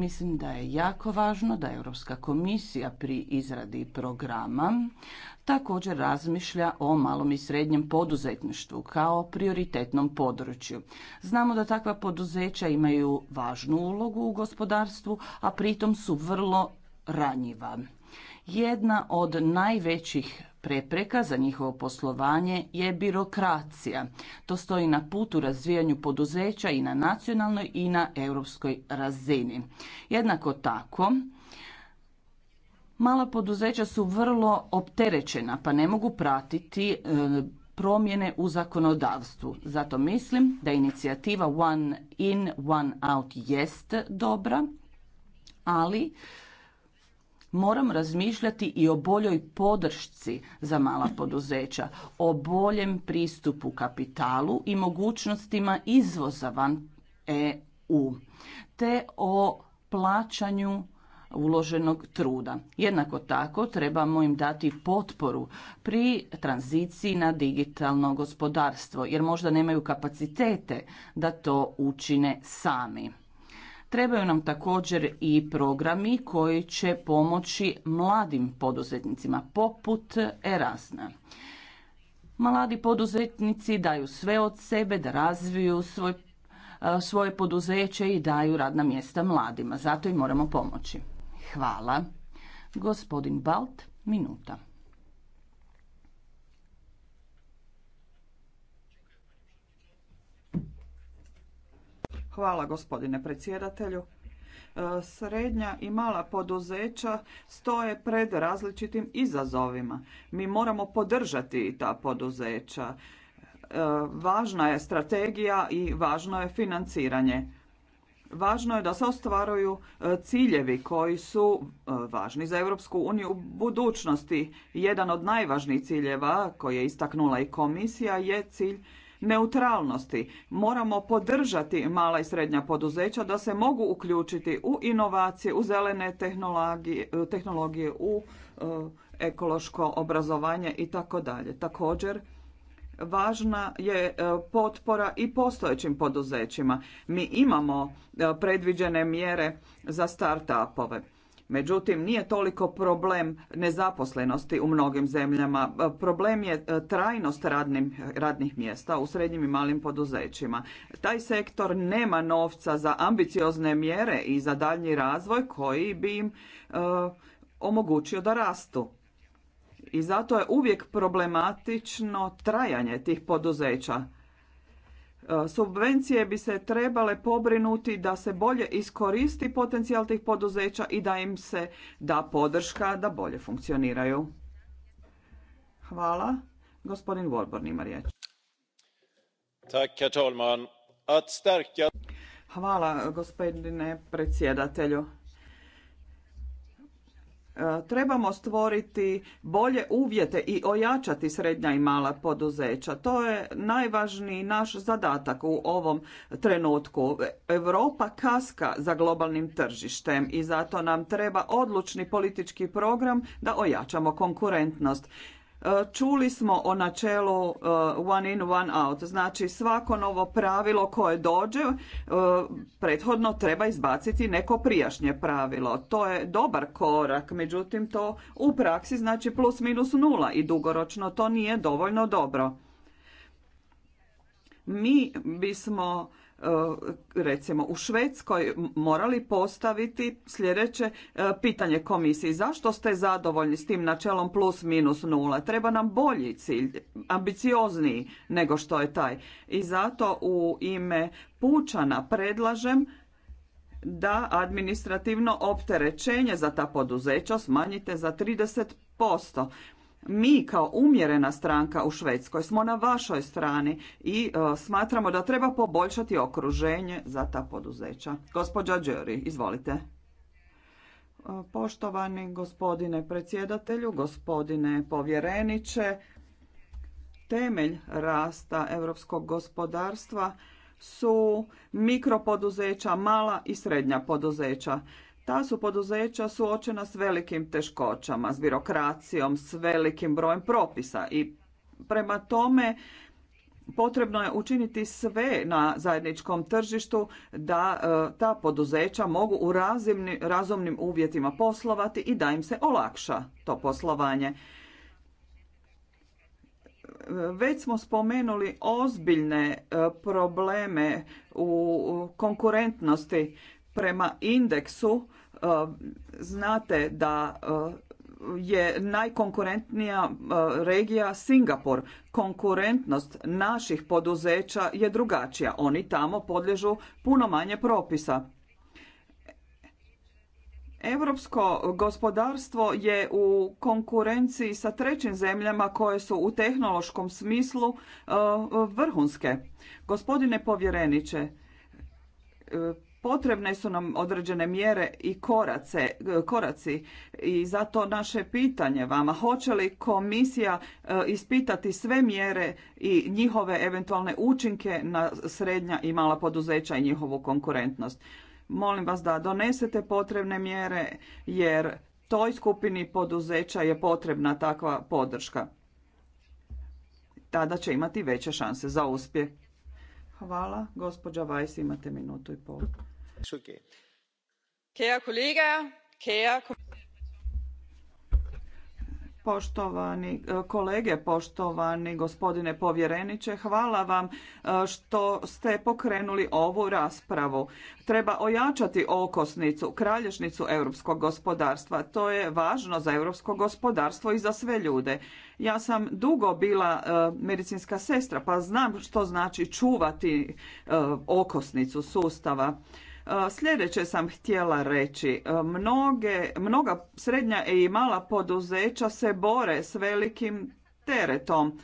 Mislim da je jako važno da Europska komisija pri izradi programa također razmišlja o malom i srednjem poduzetništvu kao prioritetnom području. Znamo da takva poduzeća imaju važnu ulogu u gospodarstvu, a pritom su vrlo ranjiva. Jedna od najvećih Prepreka za njihovo poslovanje je birokracija. To stoji na putu razvijanju poduzeća i na nacionalnoj i na europskoj razini. Jednako tako, mala poduzeća su vrlo opterećena pa ne mogu pratiti e, promjene u zakonodavstvu. Zato mislim da inicijativa One in, One out jest dobra, ali Moram razmišljati i o boljoj podršci za mala poduzeća, o boljem pristupu kapitalu i mogućnostima izvoza van EU, te o plaćanju uloženog truda. Jednako tako trebamo im dati potporu pri tranziciji na digitalno gospodarstvo jer možda nemaju kapacitete da to učine sami. Trebaju nam također i programi koji će pomoći mladim poduzetnicima, poput Erasna. Mladi poduzetnici daju sve od sebe da razviju svoj, eh, svoje poduzeće i daju radna mjesta mladima. Zato im moramo pomoći. Hvala. Gospodin Balt, minuta. Hvala gospodine predsjedatelju. E, srednja i mala poduzeća stoje pred različitim izazovima. Mi moramo podržati ta poduzeća. E, važna je strategija i važno je financiranje. Važno je da se ostvaruju e, ciljevi koji su važni za Europsku uniju u budućnosti. Jedan od najvažnijih ciljeva koji je istaknula i komisija je cilj neutralnosti. Moramo podržati mala i srednja poduzeća da se mogu uključiti u inovacije, u zelene tehnologije, u e, ekološko obrazovanje i tako dalje. Također, važna je e, potpora i postojećim poduzećima. Mi imamo e, predviđene mjere za start-upove. Međutim, nije toliko problem nezaposlenosti u mnogim zemljama. Problem je e, trajnost radnih mjesta u srednjim i malim poduzećima. Taj sektor nema novca za ambiciozne mjere i za daljnji razvoj koji bi im e, omogućio da rastu. I zato je uvijek problematično trajanje tih poduzeća E, subvencije bi se trebale pobrinuti da se bolje iskoristi potencijal tih poduzeća i da im se da podrška da bolje funkcioniraju. Hvala. Gospodin Vorborn ima riječ. Hvala gospodine predsjedatelju. E, trebamo stvoriti bolje uvjete i ojačati srednja i mala poduzeća. To je najvažniji naš zadatak u ovom trenutku. Europa kaska za globalnim tržištem i zato nam treba odlučni politički program da ojačamo konkurentnost. Čuli smo o načelu uh, one in, one out. Znači svako novo pravilo koje dođe uh, prethodno treba izbaciti neko prijašnje pravilo. To je dobar korak, međutim to u praksi znači plus minus nula i dugoročno to nije dovoljno dobro. Mi bismo E, recimo u Švedskoj morali postaviti sljedeće e, pitanje komisiji. Zašto ste zadovoljni s tim načelom plus minus nula? Treba nam bolji cilj, ambiciozniji nego što je taj. I zato u ime Pučana predlažem da administrativno opterećenje za ta poduzeća smanjite za 30% mi kao umjerena stranka u Švedskoj smo na vašoj strani i e, smatramo da treba poboljšati okruženje za ta poduzeća. Gospođa Đeri, izvolite. E, poštovani gospodine predsjedatelju, gospodine povjereniče, temelj rasta europskog gospodarstva su mikropoduzeća, mala i srednja poduzeća. Ta su poduzeća suočena s velikim teškoćama, s birokracijom, s velikim brojem propisa i prema tome potrebno je učiniti sve na zajedničkom tržištu da e, ta poduzeća mogu u razumnim uvjetima poslovati i da im se olakša to poslovanje. Već smo spomenuli ozbiljne e, probleme u konkurentnosti prema indeksu E, znate da e, je najkonkurentnija e, regija Singapur. Konkurentnost naših poduzeća je drugačija. Oni tamo podlježu puno manje propisa. Europsko gospodarstvo je u konkurenciji sa trećim zemljama koje su u tehnološkom smislu vrhunske. Gospodine povjereniče, Potrebne su nam određene mjere i korace, koraci i zato naše pitanje vama, hoće li komisija e, ispitati sve mjere i njihove eventualne učinke na srednja i mala poduzeća i njihovu konkurentnost? Molim vas da donesete potrebne mjere jer toj skupini poduzeća je potrebna takva podrška. Tada će imati veće šanse za uspjeh. Hvala. Gospođa Vajs, imate minutu i pol. Poštovani e, kolege, poštovani gospodine povjereniče, hvala vam e, što ste pokrenuli ovu raspravu. Treba ojačati okosnicu, kralježnicu europskog gospodarstva. To je važno za europsko gospodarstvo i za sve ljude. Ja sam dugo bila e, medicinska sestra, pa znam što znači čuvati okosnicu sustava. Sljedeće sam htjela reći. Mnoge, mnoga srednja i mala poduzeća se bore s velikim teretom.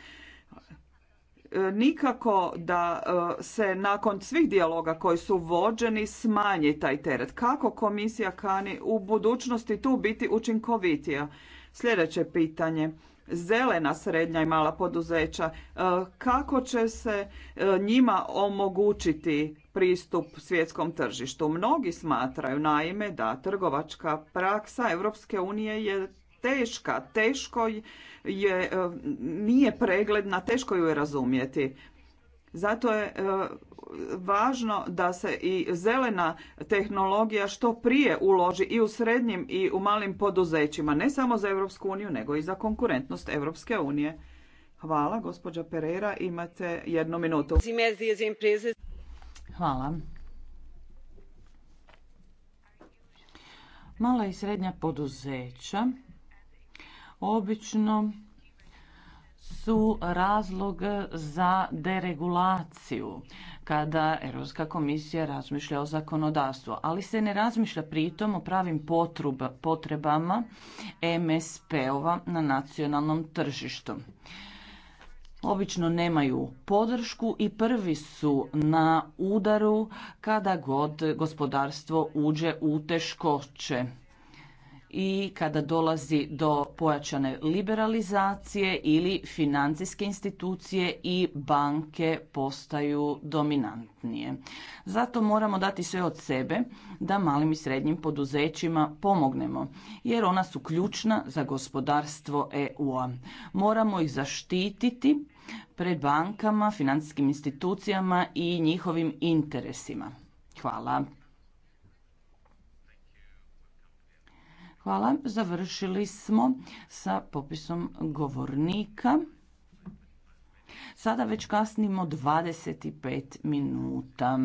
E, nikako da e, se nakon svih dijaloga koji su vođeni smanji taj teret. Kako komisija kani u budućnosti tu biti učinkovitija? Sljedeće pitanje zelena srednja i mala poduzeća, e, kako će se e, njima omogućiti pristup svjetskom tržištu? Mnogi smatraju naime da trgovačka praksa Europske unije je teška, teško je, e, nije pregledna, teško ju je razumjeti. Zato je e, važno da se i zelena tehnologija što prije uloži i u srednjim i u malim poduzećima, ne samo za Europsku uniju, nego i za konkurentnost Europske unije. Hvala, gospođa Pereira, imate jednu minutu. Hvala. Mala i srednja poduzeća obično su razlog za deregulaciju kada Europska komisija razmišlja o zakonodavstvu, ali se ne razmišlja pritom o pravim potrebama MSP-ova na nacionalnom tržištu. Obično nemaju podršku i prvi su na udaru kada god gospodarstvo uđe u teškoće i kada dolazi do pojačane liberalizacije ili financijske institucije i banke postaju dominantnije. Zato moramo dati sve od sebe da malim i srednjim poduzećima pomognemo, jer ona su ključna za gospodarstvo EU-a. Moramo ih zaštititi pred bankama, financijskim institucijama i njihovim interesima. Hvala. Hvala. Završili smo sa popisom govornika. Sada već kasnimo 25 minuta.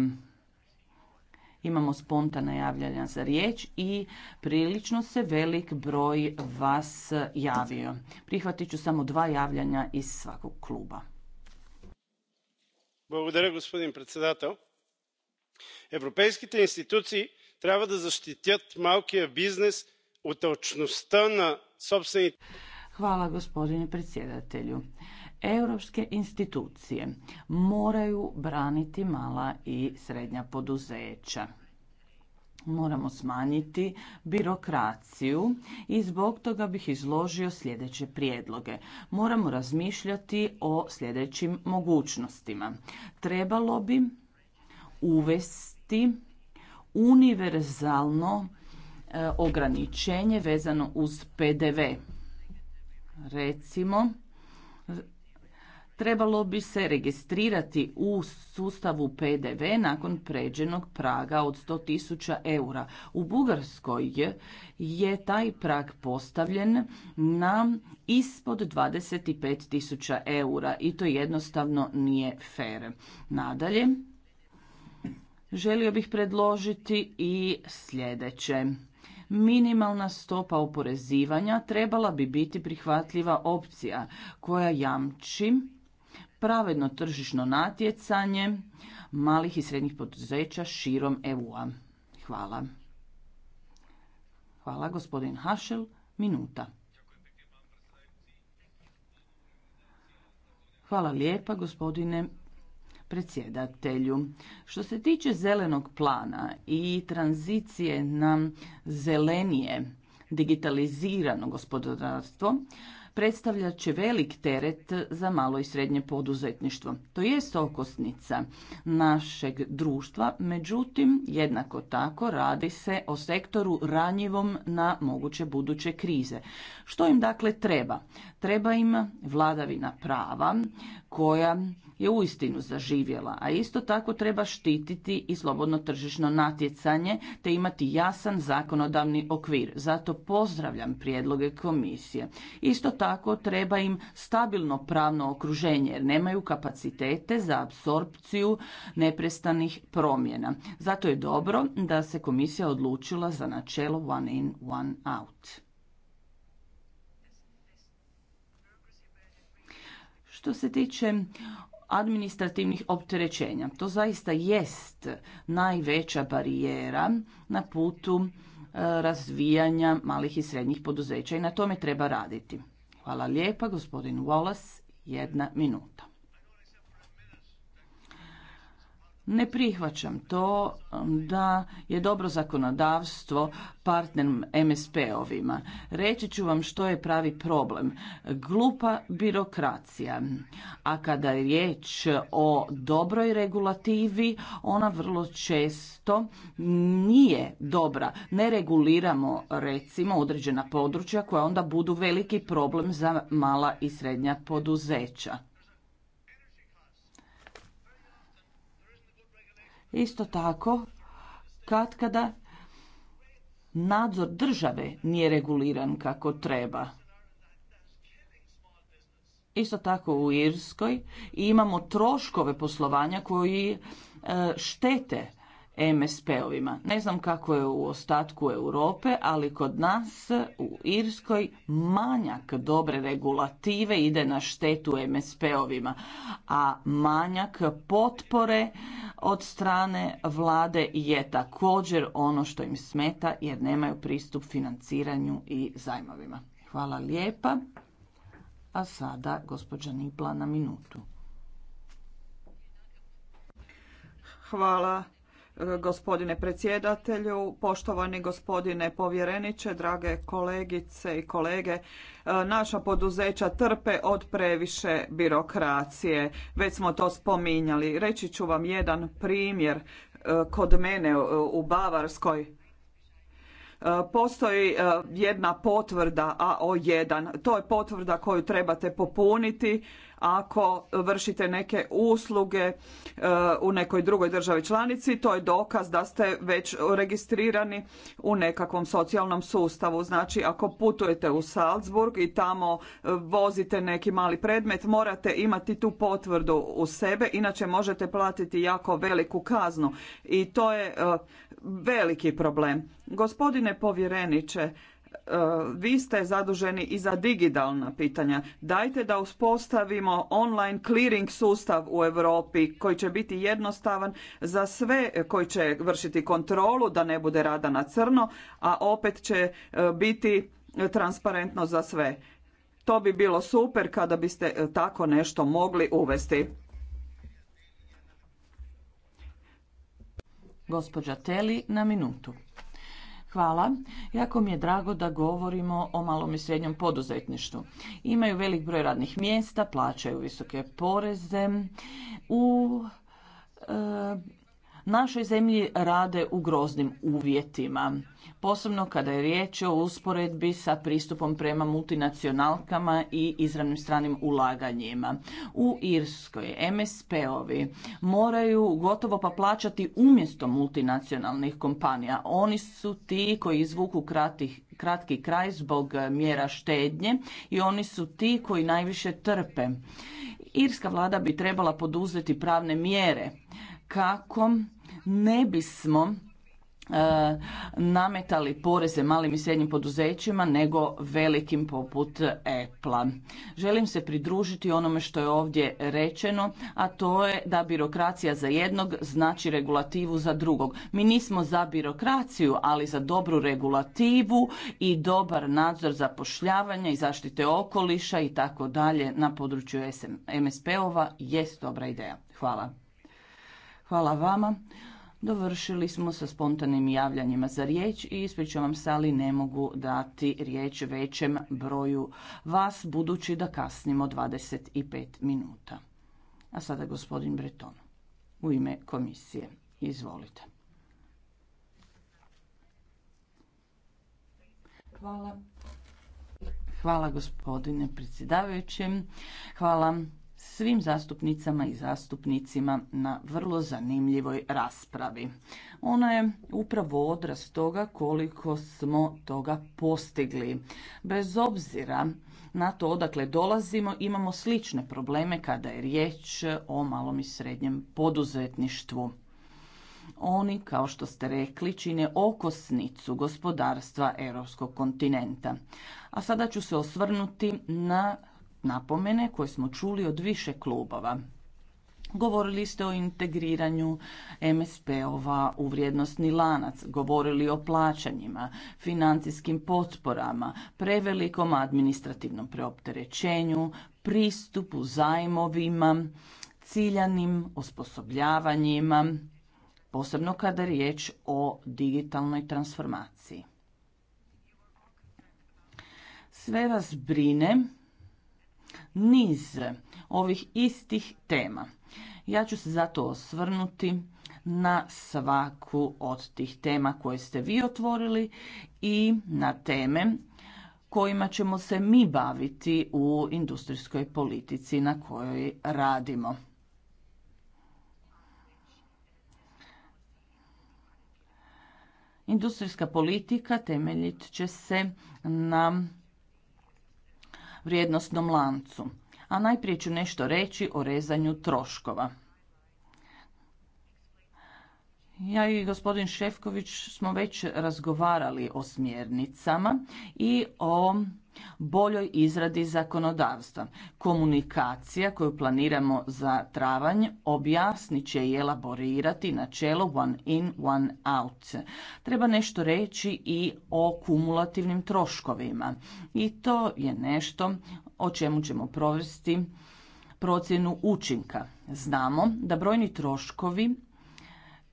Imamo spontana javljanja za riječ i prilično se velik broj vas javio. Prihvatit ću samo dva javljanja iz svakog kluba. Благодаря, gospodin председател. Европейските institucije трябва da защитят малкия бизнес – Hvala gospodine predsjedatelju. Europske institucije moraju braniti mala i srednja poduzeća. Moramo smanjiti birokraciju i zbog toga bih izložio sljedeće prijedloge. Moramo razmišljati o sljedećim mogućnostima. Trebalo bi uvesti univerzalno ograničenje vezano uz PDV. Recimo, trebalo bi se registrirati u sustavu PDV nakon pređenog praga od 100.000 eura. U Bugarskoj je taj prag postavljen na ispod 25.000 eura i to jednostavno nije fair. Nadalje, želio bih predložiti i sljedeće. Minimalna stopa oporezivanja trebala bi biti prihvatljiva opcija koja jamči pravedno tržišno natjecanje malih i srednjih poduzeća širom EU-a. Hvala. Hvala, gospodin Hašel. Minuta. Hvala lijepa, gospodine predsjedatelju. Što se tiče zelenog plana i tranzicije na zelenije digitalizirano gospodarstvo, predstavlja će velik teret za malo i srednje poduzetništvo. To je okosnica našeg društva, međutim, jednako tako radi se o sektoru ranjivom na moguće buduće krize. Što im dakle treba? Treba im vladavina prava koja je uistinu zaživjela, a isto tako treba štititi i slobodno tržišno natjecanje te imati jasan zakonodavni okvir. Zato pozdravljam prijedloge komisije. Isto tako treba im stabilno pravno okruženje jer nemaju kapacitete za apsorpciju neprestanih promjena. Zato je dobro da se komisija odlučila za načelo one in, one out. Što se tiče administrativnih opterećenja, to zaista jest najveća barijera na putu e, razvijanja malih i srednjih poduzeća i na tome treba raditi. Hvala lijepa, gospodin Wallace, jedna minuta. Ne prihvaćam to um, da je dobro zakonodavstvo partner MSP-ovima. Reći ću vam što je pravi problem. Glupa birokracija. A kada je riječ o dobroj regulativi, ona vrlo često nije dobra. Ne reguliramo recimo određena područja koja onda budu veliki problem za mala i srednja poduzeća. Isto tako, kada nadzor države nije reguliran kako treba. Isto tako u Irskoj imamo troškove poslovanja koji e, štete MSP-ovima. Ne znam kako je u ostatku Europe, ali kod nas u Irskoj manjak dobre regulative ide na štetu MSP-ovima, a manjak potpore od strane vlade je također ono što im smeta jer nemaju pristup financiranju i zajmovima. Hvala lijepa. A sada gospođa Nipla na minutu. Hvala gospodine predsjedatelju, poštovani gospodine povjereniče, drage kolegice i kolege. E, naša poduzeća trpe od previše birokracije. Već smo to spominjali. Reći ću vam jedan primjer e, kod mene e, u Bavarskoj. Postoji jedna potvrda AO1. To je potvrda koju trebate popuniti ako vršite neke usluge e, u nekoj drugoj državi članici, to je dokaz da ste već registrirani u nekakvom socijalnom sustavu. Znači, ako putujete u Salzburg i tamo e, vozite neki mali predmet, morate imati tu potvrdu u sebe, inače možete platiti jako veliku kaznu. I to je e, veliki problem. Gospodine povjereniče, E, vi ste zaduženi i za digitalna pitanja. Dajte da uspostavimo online clearing sustav u Europi koji će biti jednostavan za sve koji će vršiti kontrolu da ne bude rada na crno, a opet će e, biti transparentno za sve. To bi bilo super kada biste e, tako nešto mogli uvesti. Gospođa Teli na minutu. Hvala. Jako mi je drago da govorimo o malom i srednjom poduzetništvu. Imaju velik broj radnih mjesta, plaćaju visoke poreze. U e, našoj zemlji rade u groznim uvjetima, posebno kada je riječ o usporedbi sa pristupom prema multinacionalkama i izravnim stranim ulaganjima. U Irskoj MSP-ovi moraju gotovo pa plaćati umjesto multinacionalnih kompanija. Oni su ti koji izvuku kratki kraj zbog mjera štednje i oni su ti koji najviše trpe. Irska vlada bi trebala poduzeti pravne mjere kako ne bismo e, nametali poreze malim i srednjim poduzećima nego velikim poput Apple-a. Želim se pridružiti onome što je ovdje rečeno, a to je da birokracija za jednog znači regulativu za drugog. Mi nismo za birokraciju, ali za dobru regulativu i dobar nadzor zapošljavanja i zaštite okoliša i tako dalje na području MSP-ova jest dobra ideja. Hvala. Hvala vama. Dovršili smo sa spontanim javljanjima za riječ i ispričavam se, ali ne mogu dati riječ većem broju vas, budući da kasnimo 25 minuta. A sada gospodin Breton u ime komisije. Izvolite. Hvala. Hvala gospodine predsjedavajućem. Hvala svim zastupnicama i zastupnicima na vrlo zanimljivoj raspravi. Ona je upravo odraz toga koliko smo toga postigli. Bez obzira na to odakle dolazimo, imamo slične probleme kada je riječ o malom i srednjem poduzetništvu. Oni, kao što ste rekli, čine okosnicu gospodarstva europskog kontinenta. A sada ću se osvrnuti na napomene koje smo čuli od više klubova. Govorili ste o integriranju MSP-ova u vrijednostni lanac, govorili o plaćanjima, financijskim potporama, prevelikom administrativnom preopterećenju, pristupu zajmovima, ciljanim osposobljavanjima, posebno kada je riječ o digitalnoj transformaciji. Sve vas brine niz ovih istih tema. Ja ću se zato osvrnuti na svaku od tih tema koje ste vi otvorili i na teme kojima ćemo se mi baviti u industrijskoj politici na kojoj radimo. Industrijska politika temeljit će se na vrijednostnom lancu. A najprije ću nešto reći o rezanju troškova. Ja i gospodin Šefković smo već razgovarali o smjernicama i o boljoj izradi zakonodavstva. Komunikacija koju planiramo za travanj objasnit će i elaborirati načelo one in, one out. Treba nešto reći i o kumulativnim troškovima i to je nešto o čemu ćemo provesti procjenu učinka. Znamo da brojni troškovi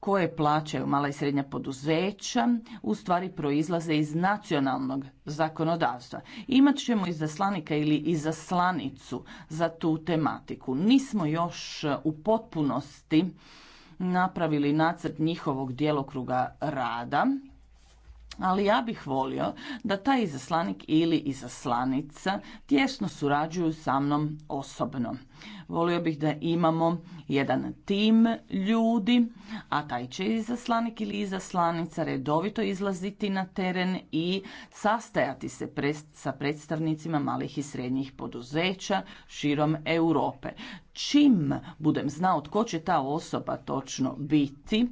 koje plaćaju mala i srednja poduzeća u stvari proizlaze iz nacionalnog zakonodavstva. Imat ćemo izaslanika ili izaslanicu za tu tematiku. Nismo još u potpunosti napravili nacrt njihovog djelokruga rada ali ja bih volio da taj izaslanik ili izaslanica tjesno surađuju sa mnom osobno. Volio bih da imamo jedan tim ljudi, a taj će izaslanik ili izaslanica redovito izlaziti na teren i sastajati se sa predstavnicima malih i srednjih poduzeća širom Europe. Čim budem znao tko će ta osoba točno biti,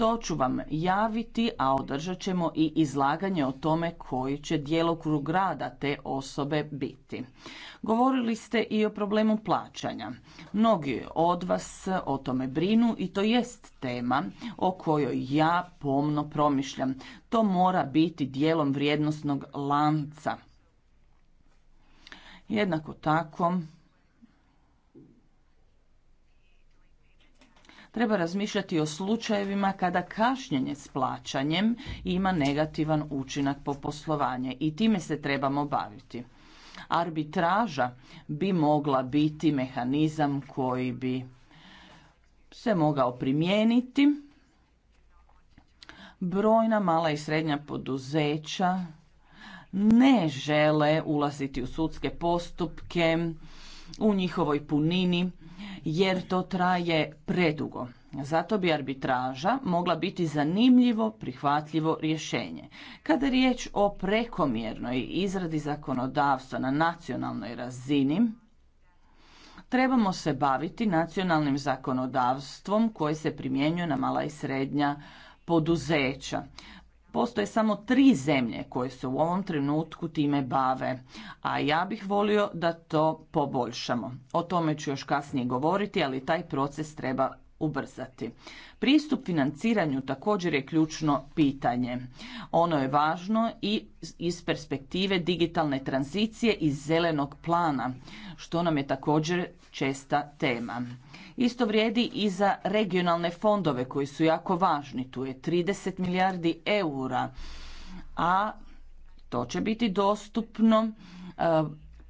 to ću vam javiti, a održat ćemo i izlaganje o tome koji će djelokrug rada te osobe biti. Govorili ste i o problemu plaćanja. Mnogi od vas o tome brinu i to jest tema o kojoj ja pomno promišljam. To mora biti dijelom vrijednosnog lanca. Jednako tako treba razmišljati o slučajevima kada kašnjenje s plaćanjem ima negativan učinak po poslovanje i time se trebamo baviti. Arbitraža bi mogla biti mehanizam koji bi se mogao primijeniti. Brojna mala i srednja poduzeća ne žele ulaziti u sudske postupke u njihovoj punini jer to traje predugo. Zato bi arbitraža mogla biti zanimljivo, prihvatljivo rješenje. Kada je riječ o prekomjernoj izradi zakonodavstva na nacionalnoj razini, trebamo se baviti nacionalnim zakonodavstvom koje se primjenjuje na mala i srednja poduzeća. Postoje samo tri zemlje koje se u ovom trenutku time bave, a ja bih volio da to poboljšamo. O tome ću još kasnije govoriti, ali taj proces treba ubrzati. Pristup financiranju također je ključno pitanje. Ono je važno i iz perspektive digitalne tranzicije i zelenog plana, što nam je također česta tema. Isto vrijedi i za regionalne fondove koji su jako važni. Tu je 30 milijardi eura, a to će biti dostupno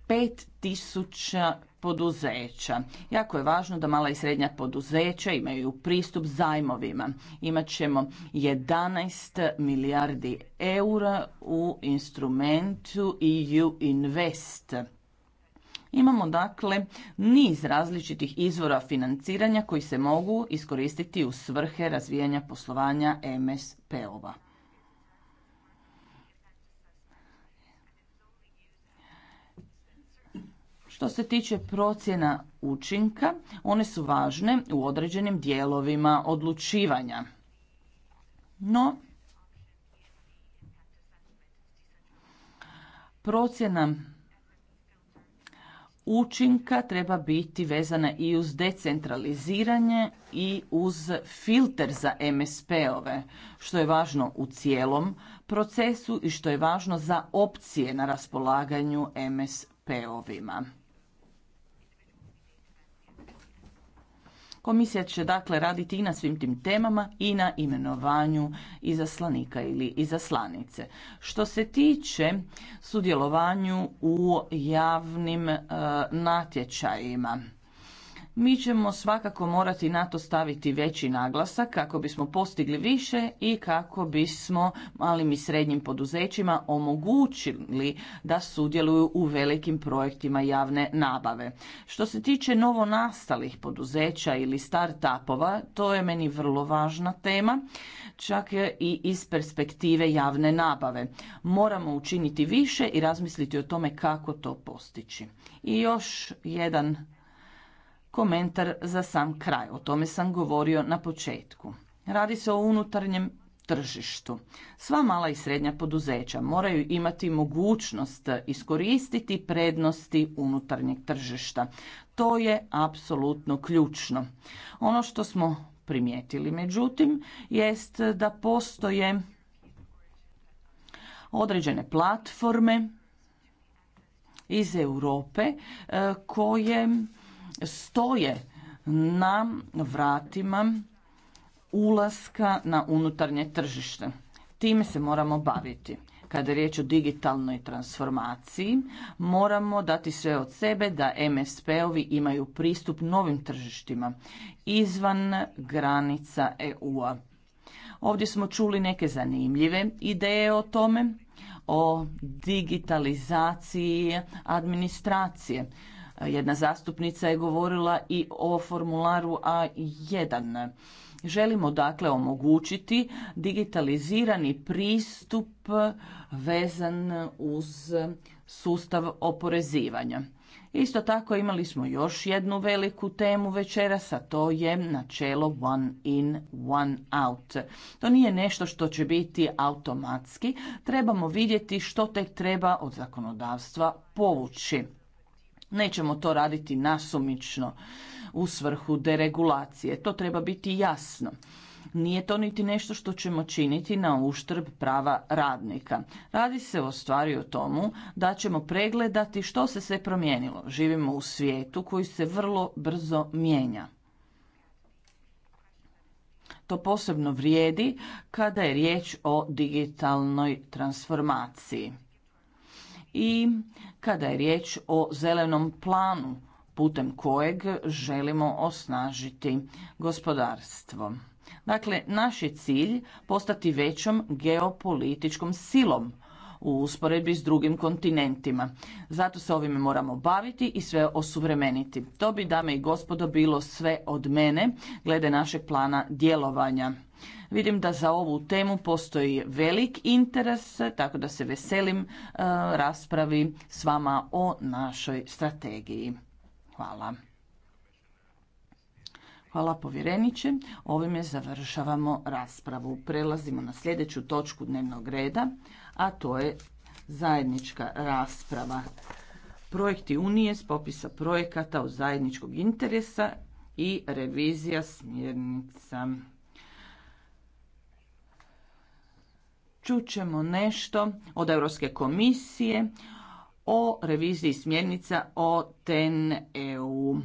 5000 e, poduzeća. Jako je važno da mala i srednja poduzeća imaju pristup zajmovima. Imaćemo 11 milijardi eura u instrumentu EU Invest Imamo dakle niz različitih izvora financiranja koji se mogu iskoristiti u svrhe razvijanja poslovanja MSP-ova. Što se tiče procjena učinka, one su važne u određenim dijelovima odlučivanja. No, procjena učinka treba biti vezana i uz decentraliziranje i uz filter za MSP-ove, što je važno u cijelom procesu i što je važno za opcije na raspolaganju MSP-ovima. Komisija će dakle raditi i na svim tim temama i na imenovanju izaslanika ili izaslanice. Što se tiče sudjelovanju u javnim eh, natječajima, mi ćemo svakako morati na to staviti veći naglasak kako bismo postigli više i kako bismo malim i srednjim poduzećima omogućili da sudjeluju u velikim projektima javne nabave. Što se tiče novonastalih poduzeća ili start-upova, to je meni vrlo važna tema, čak i iz perspektive javne nabave. Moramo učiniti više i razmisliti o tome kako to postići. I još jedan komentar za sam kraj. O tome sam govorio na početku. Radi se o unutarnjem tržištu. Sva mala i srednja poduzeća moraju imati mogućnost iskoristiti prednosti unutarnjeg tržišta. To je apsolutno ključno. Ono što smo primijetili međutim jest da postoje određene platforme iz Europe eh, koje stoje na vratima ulaska na unutarnje tržište. Time se moramo baviti. Kada je riječ o digitalnoj transformaciji, moramo dati sve od sebe da MSP-ovi imaju pristup novim tržištima izvan granica EU-a. Ovdje smo čuli neke zanimljive ideje o tome, o digitalizaciji administracije. Jedna zastupnica je govorila i o formularu A1. Želimo dakle omogućiti digitalizirani pristup vezan uz sustav oporezivanja. Isto tako imali smo još jednu veliku temu večeras, a to je načelo one in, one out. To nije nešto što će biti automatski, trebamo vidjeti što tek treba od zakonodavstva povući. Nećemo to raditi nasumično u svrhu deregulacije. To treba biti jasno. Nije to niti nešto što ćemo činiti na uštrb prava radnika. Radi se o stvari o tomu da ćemo pregledati što se sve promijenilo. Živimo u svijetu koji se vrlo brzo mijenja. To posebno vrijedi kada je riječ o digitalnoj transformaciji. I kada je riječ o zelenom planu putem kojeg želimo osnažiti gospodarstvo. Dakle, naš je cilj postati većom geopolitičkom silom u usporedbi s drugim kontinentima. Zato se ovime moramo baviti i sve osuvremeniti. To bi, dame i gospodo, bilo sve od mene glede našeg plana djelovanja. Vidim da za ovu temu postoji velik interes, tako da se veselim e, raspravi s vama o našoj strategiji. Hvala. Hvala povjereniče. Ovime završavamo raspravu. Prelazimo na sljedeću točku dnevnog reda, a to je zajednička rasprava. Projekti Unije s popisa projekata od zajedničkog interesa i revizija smjernica. čućemo nešto od Europske komisije o reviziji smjernica o TEN-EU.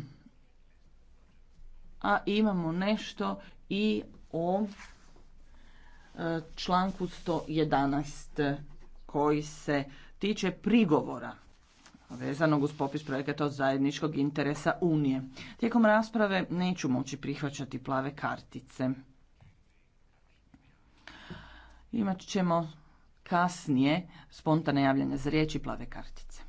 A imamo nešto i o e, članku 111 koji se tiče prigovora vezanog uz popis projekata od zajedničkog interesa Unije. Tijekom rasprave neću moći prihvaćati plave kartice. Imat ćemo kasnije spontane javljanje za riječi plave kartice.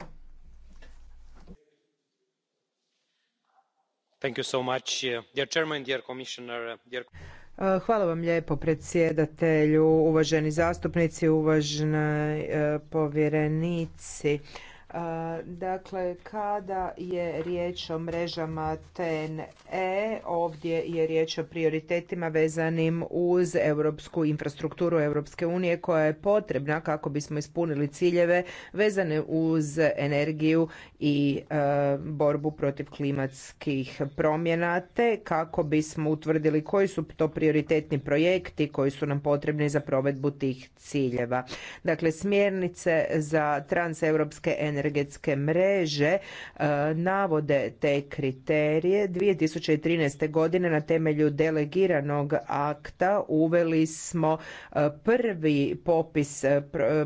Thank you so much. Dear chairman, dear e, Hvala vam lijepo predsjedatelju, uvaženi zastupnici, uvaženi e, povjerenici. Dakle, kada je riječ o mrežama TNE, ovdje je riječ o prioritetima vezanim uz europsku infrastrukturu Europske unije koja je potrebna kako bismo ispunili ciljeve vezane uz energiju i e, borbu protiv klimatskih promjena, te kako bismo utvrdili koji su to prioritetni projekti koji su nam potrebni za provedbu tih ciljeva. Dakle, smjernice za transeuropske energije energetske mreže e, navode te kriterije. 2013. godine na temelju delegiranog akta uveli smo e, prvi popis e,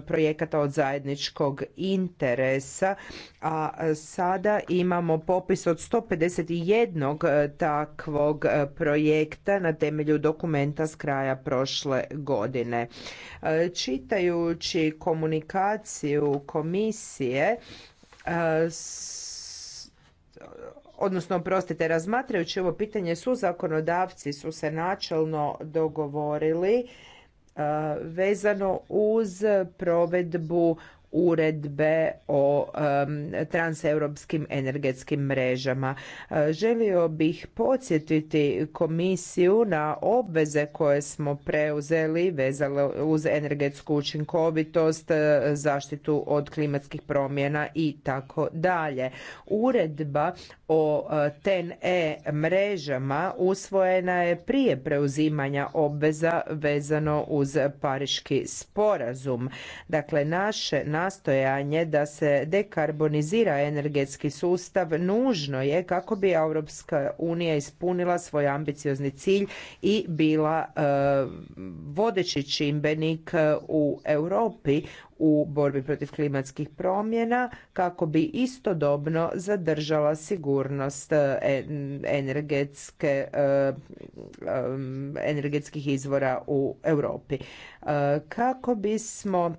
projekata od zajedničkog interesa, a sada imamo popis od 151 takvog projekta na temelju dokumenta s kraja prošle godine. Čitajući komunikaciju komisije E, odnosno prostite, razmatrajući ovo pitanje su zakonodavci su se načelno dogovorili e, vezano uz provedbu uredbe o transeuropskim energetskim mrežama. E, želio bih podsjetiti komisiju na obveze koje smo preuzeli vezalo uz energetsku učinkovitost, e, zaštitu od klimatskih promjena i tako dalje. Uredba o e, TEN-E mrežama usvojena je prije preuzimanja obveza vezano uz Pariški sporazum. Dakle, naše nastojanje da se dekarbonizira energetski sustav nužno je kako bi Europska unija ispunila svoj ambiciozni cilj i bila e, vodeći čimbenik e, u Europi u borbi protiv klimatskih promjena kako bi istodobno zadržala sigurnost e, energetske, energetskih izvora u Europi. Kako bismo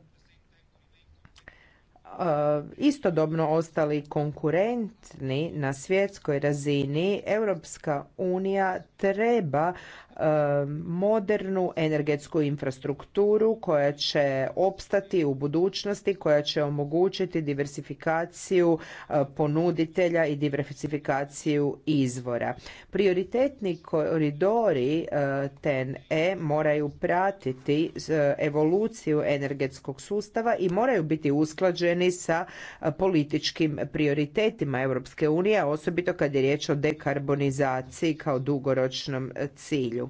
E, istodobno ostali konkurentni na svjetskoj razini, Europska unija treba Um, modernu energetsku infrastrukturu koja će opstati u budućnosti, koja će omogućiti diversifikaciju uh, ponuditelja i diversifikaciju izvora. Prioritetni koridori uh, TNE moraju pratiti uh, evoluciju energetskog sustava i moraju biti usklađeni sa političkim prioritetima Europske unije, osobito kad je riječ o dekarbonizaciji kao dugoročnom cilju.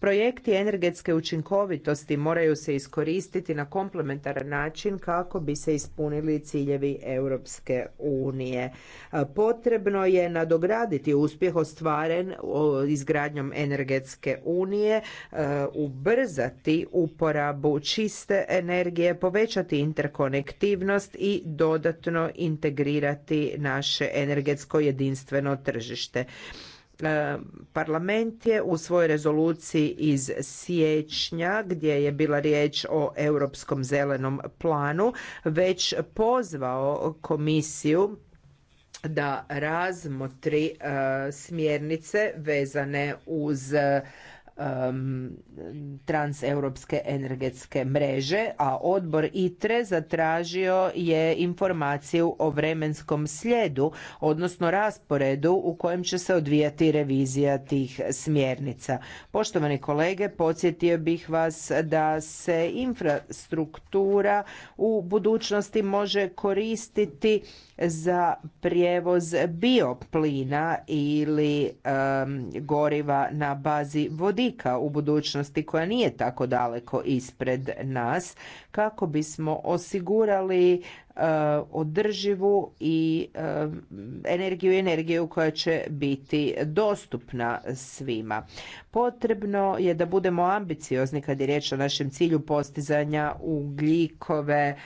Projekti energetske učinkovitosti moraju se iskoristiti na komplementaran način kako bi se ispunili ciljevi Europske unije. Potrebno je nadograditi uspjeh ostvaren izgradnjom energetske unije, e, ubrzati uporabu čiste energije, povećati interkonektivnost i dodatno integrirati naše energetsko jedinstveno tržište. E, parlament je u svojoj rezoluciji iz siječnja gdje je bila riječ o europskom zelenom planu već pozvao komisiju da razmotri e, smjernice vezane uz um, transeuropske energetske mreže, a odbor ITRE zatražio je informaciju o vremenskom slijedu, odnosno rasporedu u kojem će se odvijati revizija tih smjernica. Poštovani kolege, podsjetio bih vas da se infrastruktura u budućnosti može koristiti za prijevoz bioplina ili um, goriva na bazi vodi u budućnosti koja nije tako daleko ispred nas kako bismo osigurali e, održivu i e, energiju i energiju koja će biti dostupna svima. Potrebno je da budemo ambiciozni kad je riječ o našem cilju postizanja ugljikove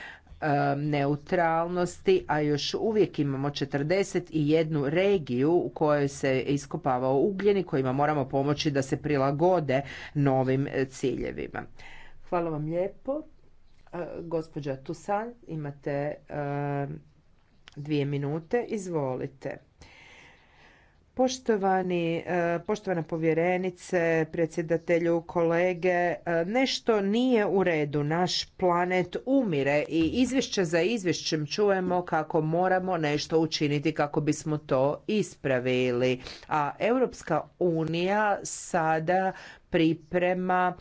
Um, neutralnosti, a još uvijek imamo 41 regiju u kojoj se iskopavao ugljen i kojima moramo pomoći da se prilagode novim eh, ciljevima. Hvala vam lijepo. Eh, gospođa Tusan, imate eh, dvije minute. Izvolite. Poštovani, e, poštovana povjerenice, predsjedatelju, kolege, e, nešto nije u redu. Naš planet umire i izvješće za izvješćem čujemo kako moramo nešto učiniti kako bismo to ispravili. A Europska unija sada priprema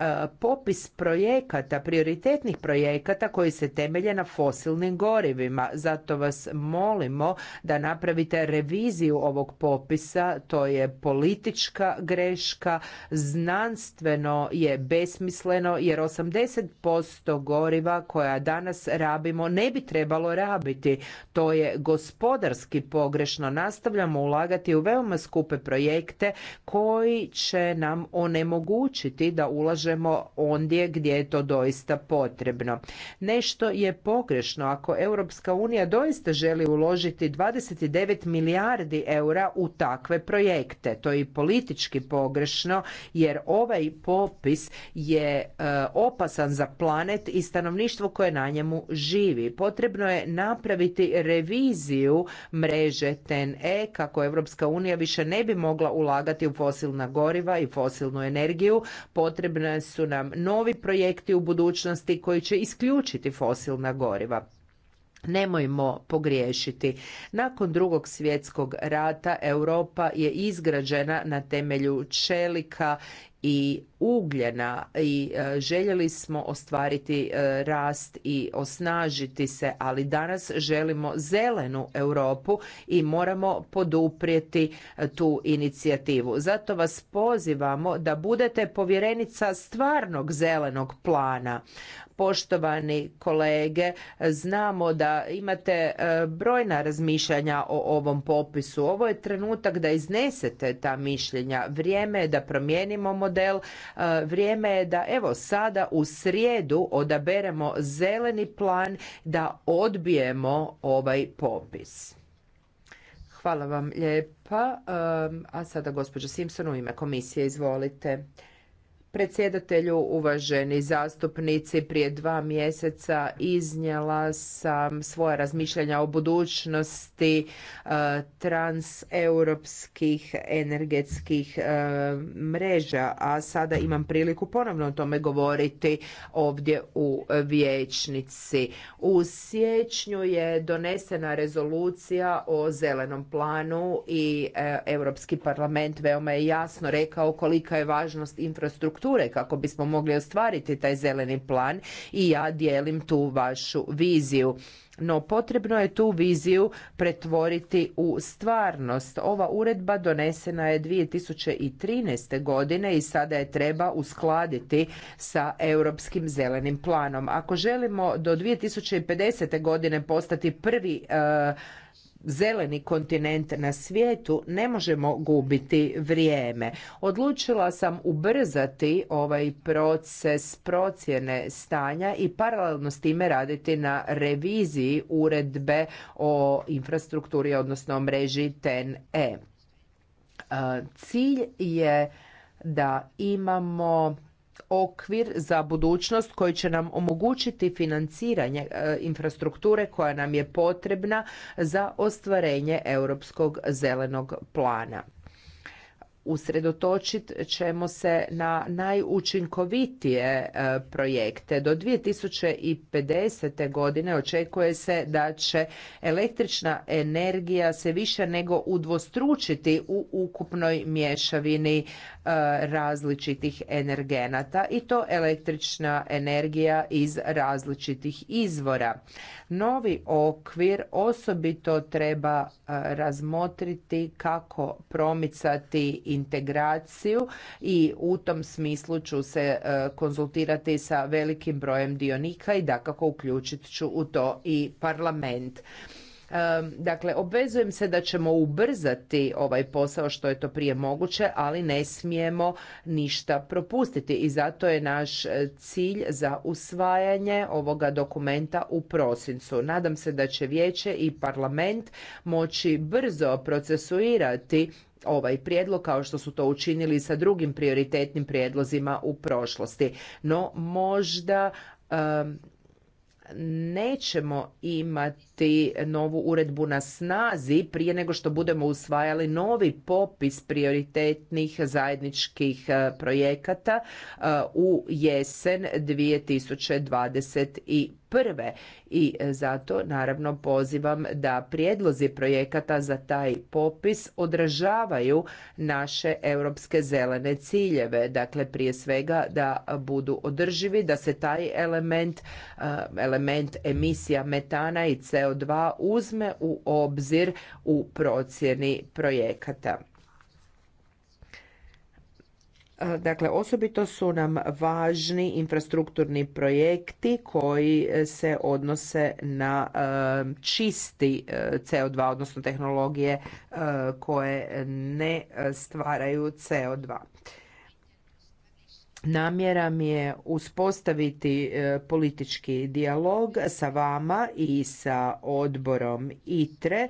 E, popis projekata, prioritetnih projekata koji se temelje na fosilnim gorivima. Zato vas molimo da napravite reviziju ovog popisa, to je politička greška, znanstveno je besmisleno jer 80% goriva koja danas rabimo ne bi trebalo rabiti. To je gospodarski pogrešno. Nastavljamo ulagati u veoma skupe projekte koji će nam onemogućiti da ulažemo pomažemo ondje gdje je to doista potrebno. Nešto je pogrešno ako Europska unija doista želi uložiti 29 milijardi eura u takve projekte. To je i politički pogrešno jer ovaj popis je e, opasan za planet i stanovništvo koje na njemu živi. Potrebno je napraviti reviziju mreže TNE kako Europska unija više ne bi mogla ulagati u fosilna goriva i fosilnu energiju. Potrebno je su nam novi projekti u budućnosti koji će isključiti fosilna goriva. Nemojmo pogriješiti. Nakon drugog svjetskog rata Europa je izgrađena na temelju čelika i ugljena i e, željeli smo ostvariti e, rast i osnažiti se, ali danas želimo zelenu Europu i moramo poduprijeti e, tu inicijativu. Zato vas pozivamo da budete povjerenica stvarnog zelenog plana. Poštovani kolege, znamo da imate brojna razmišljanja o ovom popisu. Ovo je trenutak da iznesete ta mišljenja. Vrijeme je da promijenimo model. E, vrijeme je da evo sada u srijedu odaberemo zeleni plan da odbijemo ovaj popis. Hvala vam lijepa. E, a sada gospođa Simpson u ime komisije, izvolite. Predsjedatelju, uvaženi zastupnici, prije dva mjeseca iznijela sam svoja razmišljanja o budućnosti e, transeuropskih energetskih e, mreža, a sada imam priliku ponovno o tome govoriti ovdje u vijećnici. U siječnju je donesena rezolucija o zelenom planu i e, Europski parlament veoma je jasno rekao kolika je važnost infrastrukture infrastrukture kako bismo mogli ostvariti taj zeleni plan i ja dijelim tu vašu viziju no potrebno je tu viziju pretvoriti u stvarnost. Ova uredba donesena je 2013. godine i sada je treba uskladiti sa europskim zelenim planom. Ako želimo do 2050. godine postati prvi e, zeleni kontinent na svijetu, ne možemo gubiti vrijeme. Odlučila sam ubrzati ovaj proces procjene stanja i paralelno s time raditi na reviziji uredbe o infrastrukturi, odnosno o mreži TEN-E. Cilj je da imamo okvir za budućnost koji će nam omogućiti financiranje e, infrastrukture koja nam je potrebna za ostvarenje europskog zelenog plana usredotočit ćemo se na najučinkovitije e, projekte. Do 2050. godine očekuje se da će električna energija se više nego udvostručiti u ukupnoj mješavini E, različitih energenata i to električna energija iz različitih izvora. Novi okvir osobito treba e, razmotriti kako promicati integraciju i u tom smislu ću se e, konzultirati sa velikim brojem dionika i dakako uključit ću u to i parlament. Dakle, obvezujem se da ćemo ubrzati ovaj posao što je to prije moguće, ali ne smijemo ništa propustiti i zato je naš e, cilj za usvajanje ovoga dokumenta u prosincu. Nadam se da će vijeće i parlament moći brzo procesuirati ovaj prijedlog kao što su to učinili sa drugim prioritetnim prijedlozima u prošlosti. No možda nećemo imati novu uredbu na snazi prije nego što budemo usvajali novi popis prioritetnih zajedničkih e, projekata e, u jesen 2021 prve i e, zato naravno pozivam da prijedlozi projekata za taj popis odražavaju naše europske zelene ciljeve. Dakle, prije svega da budu održivi, da se taj element, e, element emisija metana i CO2 uzme u obzir u procjeni projekata. E, dakle, osobito su nam važni infrastrukturni projekti koji e, se odnose na e, čisti CO2, odnosno tehnologije koje ne stvaraju CO2. Namjera mi je uspostaviti politički dijalog sa vama i sa odborom ITRE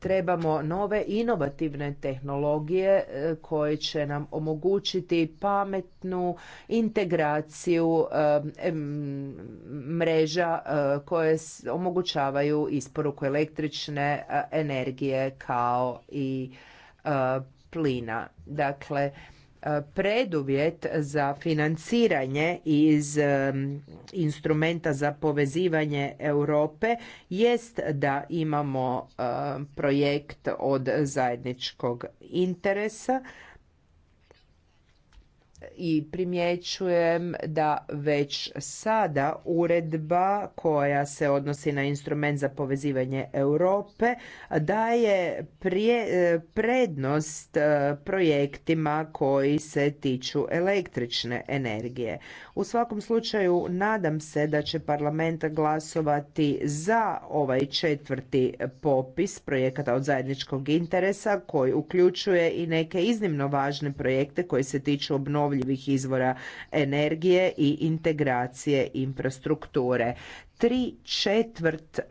trebamo nove inovativne tehnologije e, koje će nam omogućiti pametnu integraciju e, mreža e, koje omogućavaju isporuku električne energije kao i plina. Dakle, E, preduvjet za financiranje iz e, instrumenta za povezivanje Europe jest da imamo e, projekt od zajedničkog interesa i primjećujem da već sada uredba koja se odnosi na instrument za povezivanje Europe daje e, prednost e, projektima koji se tiču električne energije. U svakom slučaju nadam se da će parlament glasovati za ovaj četvrti popis projekata od zajedničkog interesa koji uključuje i neke iznimno važne projekte koji se tiču obnovljivih obnovljivih izvora energije i integracije infrastrukture. Tri četvrt e,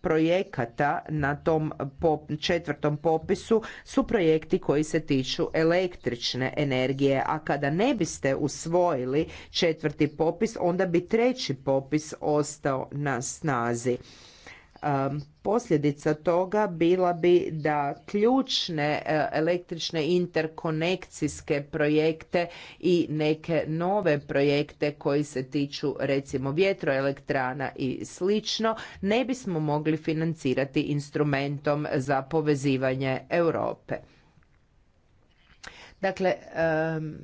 projekata na tom četvrtom popisu su projekti koji se tiču električne energije, a kada ne biste usvojili četvrti popis, onda bi treći popis ostao na snazi. Um, posljedica toga bila bi da ključne e, električne interkonekcijske projekte i neke nove projekte koji se tiču recimo vjetroelektrana i slično ne bismo mogli financirati instrumentom za povezivanje Europe. Dakle, um,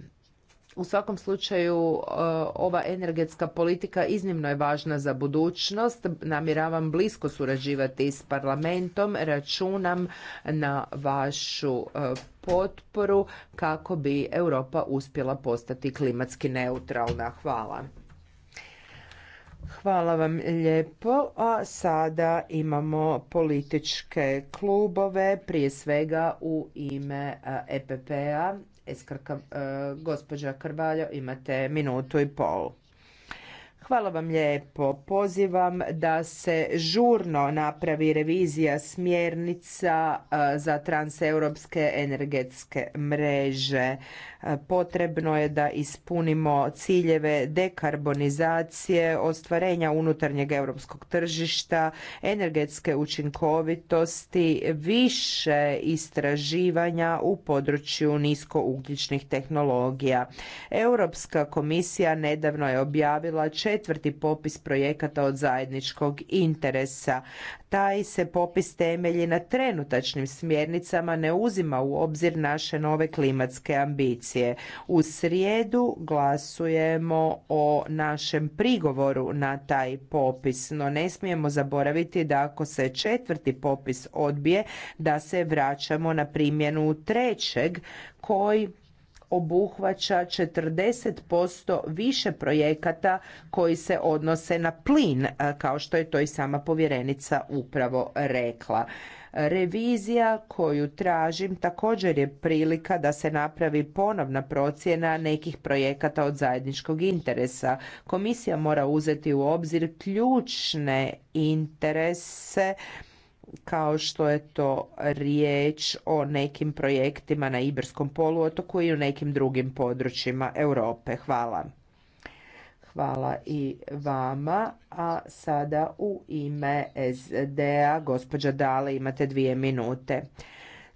u svakom slučaju e, ova energetska politika iznimno je važna za budućnost. Namjeravam blisko surađivati s parlamentom. Računam na vašu e, potporu kako bi Europa uspjela postati klimatski neutralna. Hvala. Hvala vam lijepo. A sada imamo političke klubove, prije svega u ime EPP-a e iskrka. E, gospođa krvaljo imate minutu i pol. Hvala vam lijepo. Pozivam da se žurno napravi revizija smjernica e, za transeuropske energetske mreže potrebno je da ispunimo ciljeve dekarbonizacije, ostvarenja unutarnjeg europskog tržišta, energetske učinkovitosti, više istraživanja u području niskougljičnih tehnologija. Europska komisija nedavno je objavila četvrti popis projekata od zajedničkog interesa. Taj se popis temelji na trenutačnim smjernicama, ne uzima u obzir naše nove klimatske ambicije. U srijedu glasujemo o našem prigovoru na taj popis, no ne smijemo zaboraviti da ako se četvrti popis odbije, da se vraćamo na primjenu trećeg koji obuhvaća 40% više projekata koji se odnose na plin, kao što je to i sama povjerenica upravo rekla. Revizija koju tražim također je prilika da se napravi ponovna procjena nekih projekata od zajedničkog interesa. Komisija mora uzeti u obzir ključne interese kao što je to riječ o nekim projektima na Iberskom poluotoku i u nekim drugim područjima Europe. Hvala. Hvala i vama. A sada u ime SD-a, gospođa Dale, imate dvije minute.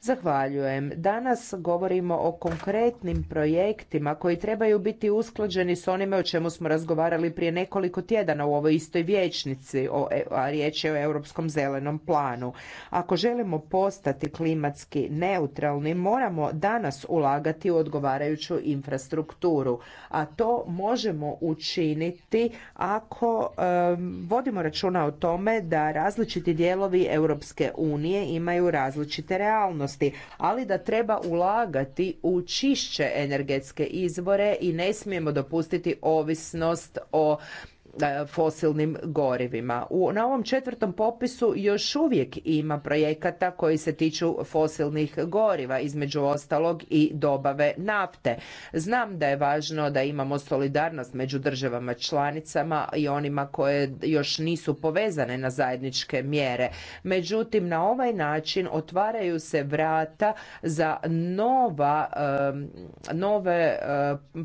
Zahvaljujem. Danas govorimo o konkretnim projektima koji trebaju biti usklađeni s onime o čemu smo razgovarali prije nekoliko tjedana u ovoj istoj vijećnici, a riječ je o Europskom zelenom planu. Ako želimo postati klimatski neutralni, moramo danas ulagati u odgovarajuću infrastrukturu, a to možemo učiniti ako vodimo računa o tome da različiti dijelovi Europske unije imaju različite realnosti ali da treba ulagati u čišće energetske izvore i ne smijemo dopustiti ovisnost o E, fosilnim gorivima. U, na ovom četvrtom popisu još uvijek ima projekata koji se tiču fosilnih goriva, između ostalog i dobave nafte. Znam da je važno da imamo solidarnost među državama članicama i onima koje još nisu povezane na zajedničke mjere. Međutim, na ovaj način otvaraju se vrata za nova, e, nove e,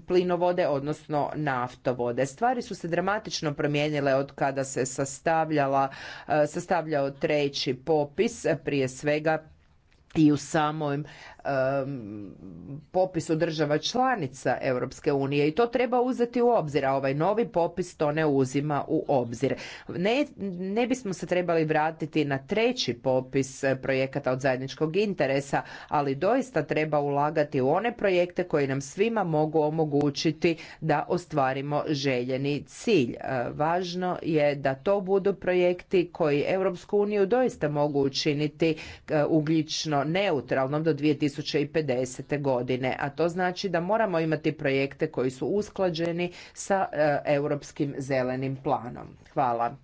plinovode, odnosno naftovode. Stvari su se dramatično drastično promijenile od kada se sastavljala, eh, sastavljao treći popis, eh, prije svega i u samom popisu država članica Europske unije i to treba uzeti u obzir, a ovaj novi popis to ne uzima u obzir. Ne, ne bismo se trebali vratiti na treći popis eh, projekata od zajedničkog interesa, ali doista treba ulagati u one projekte koji nam svima mogu omogućiti da ostvarimo željeni cilj. Eh, važno je da to budu projekti koji Europsku uniju doista mogu učiniti eh, ugljično neutralnom do 2000 2050. godine, a to znači da moramo imati projekte koji su usklađeni sa e, europskim zelenim planom. Hvala.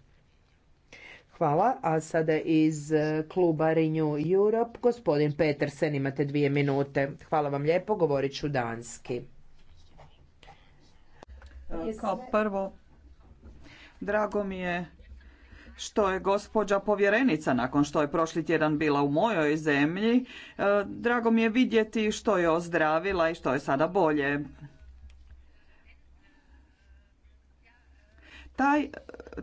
Hvala, a sada iz e, kluba Renew Europe, gospodin Petersen, imate dvije minute. Hvala vam lijepo, govorit ću danski. Kao prvo, drago mi je što je gospođa povjerenica nakon što je prošli tjedan bila u mojoj zemlji. E, drago mi je vidjeti što je ozdravila i što je sada bolje. Taj,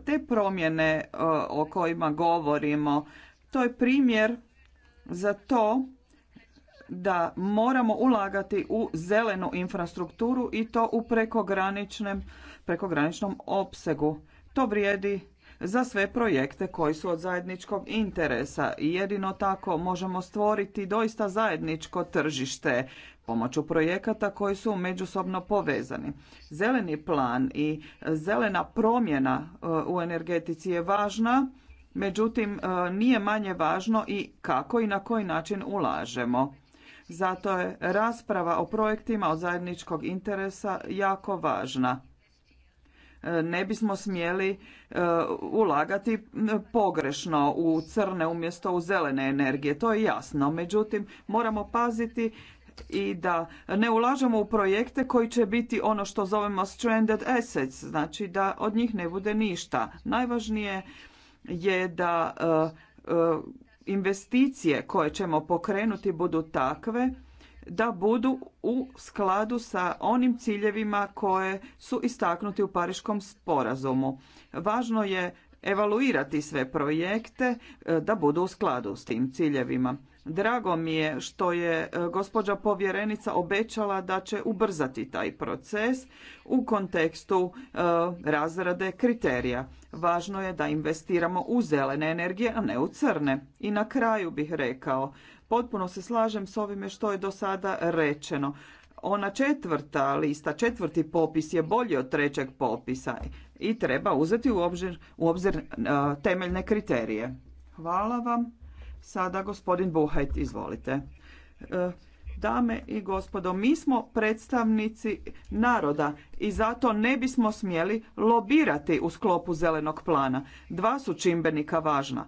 te promjene e, o kojima govorimo, to je primjer za to da moramo ulagati u zelenu infrastrukturu i to u prekograničnom opsegu. To vrijedi za sve projekte koji su od zajedničkog interesa. i Jedino tako možemo stvoriti doista zajedničko tržište pomoću projekata koji su međusobno povezani. Zeleni plan i zelena promjena e, u energetici je važna, međutim e, nije manje važno i kako i na koji način ulažemo. Zato je rasprava o projektima od zajedničkog interesa jako važna ne bismo smjeli e, ulagati pogrešno u crne umjesto u zelene energije. To je jasno. Međutim, moramo paziti i da ne ulažemo u projekte koji će biti ono što zovemo stranded assets, znači da od njih ne bude ništa. Najvažnije je da e, e, investicije koje ćemo pokrenuti budu takve da budu u skladu sa onim ciljevima koje su istaknuti u Pariškom sporazumu. Važno je evaluirati sve projekte e, da budu u skladu s tim ciljevima. Drago mi je što je e, gospođa povjerenica obećala da će ubrzati taj proces u kontekstu e, razrade kriterija. Važno je da investiramo u zelene energije, a ne u crne. I na kraju bih rekao Potpuno se slažem s ovime što je do sada rečeno. Ona četvrta lista, četvrti popis je bolji od trećeg popisa i treba uzeti u obzir, u obzir e, temeljne kriterije. Hvala vam. Sada gospodin Buhajt, izvolite. E, dame i gospodo, mi smo predstavnici naroda i zato ne bismo smjeli lobirati u sklopu zelenog plana. Dva su čimbenika važna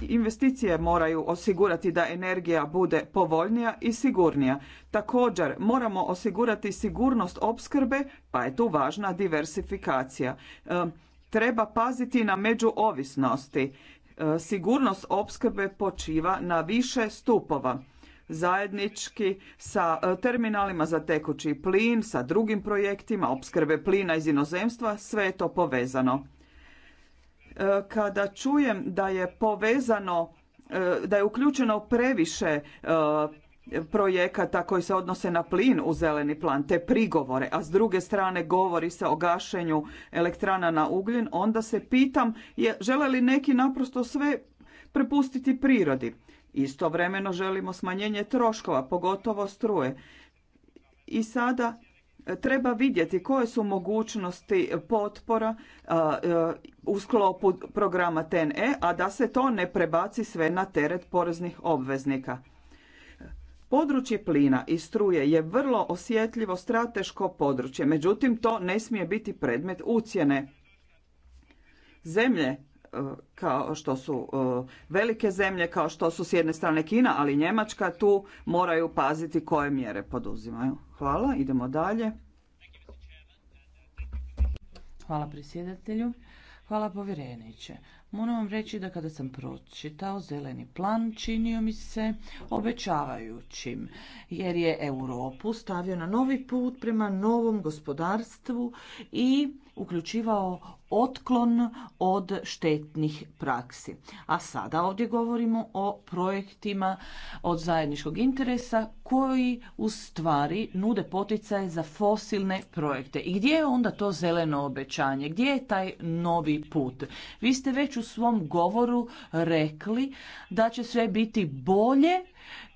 investicije moraju osigurati da energija bude povoljnija i sigurnija. Također moramo osigurati sigurnost opskrbe, pa je tu važna diversifikacija. E, treba paziti na međuovisnosti. E, sigurnost opskrbe počiva na više stupova zajednički sa e, terminalima za tekući plin, sa drugim projektima opskrbe plina iz inozemstva, sve je to povezano. Kada čujem da je povezano, eh, da je uključeno previše eh, projekata koji se odnose na plin u zeleni plan, te prigovore, a s druge strane govori se o gašenju elektrana na ugljen, onda se pitam je, žele li neki naprosto sve prepustiti prirodi. Istovremeno želimo smanjenje troškova, pogotovo struje. I sada treba vidjeti koje su mogućnosti potpora e, u sklopu programa TNE, a da se to ne prebaci sve na teret poreznih obveznika. Područje plina i struje je vrlo osjetljivo strateško područje, međutim to ne smije biti predmet ucjene. Zemlje kao što su e, velike zemlje, kao što su s jedne strane Kina, ali Njemačka tu moraju paziti koje mjere poduzimaju. Hvala, idemo dalje. Hvala predsjedatelju. Hvala povjereniče. Moram vam reći da kada sam pročitao zeleni plan činio mi se obećavajućim jer je Europu stavio na novi put prema novom gospodarstvu i uključivao otklon od štetnih praksi. A sada ovdje govorimo o projektima od zajedničkog interesa koji u stvari nude poticaje za fosilne projekte. I gdje je onda to zeleno obećanje? Gdje je taj novi put? Vi ste već u svom govoru rekli da će sve biti bolje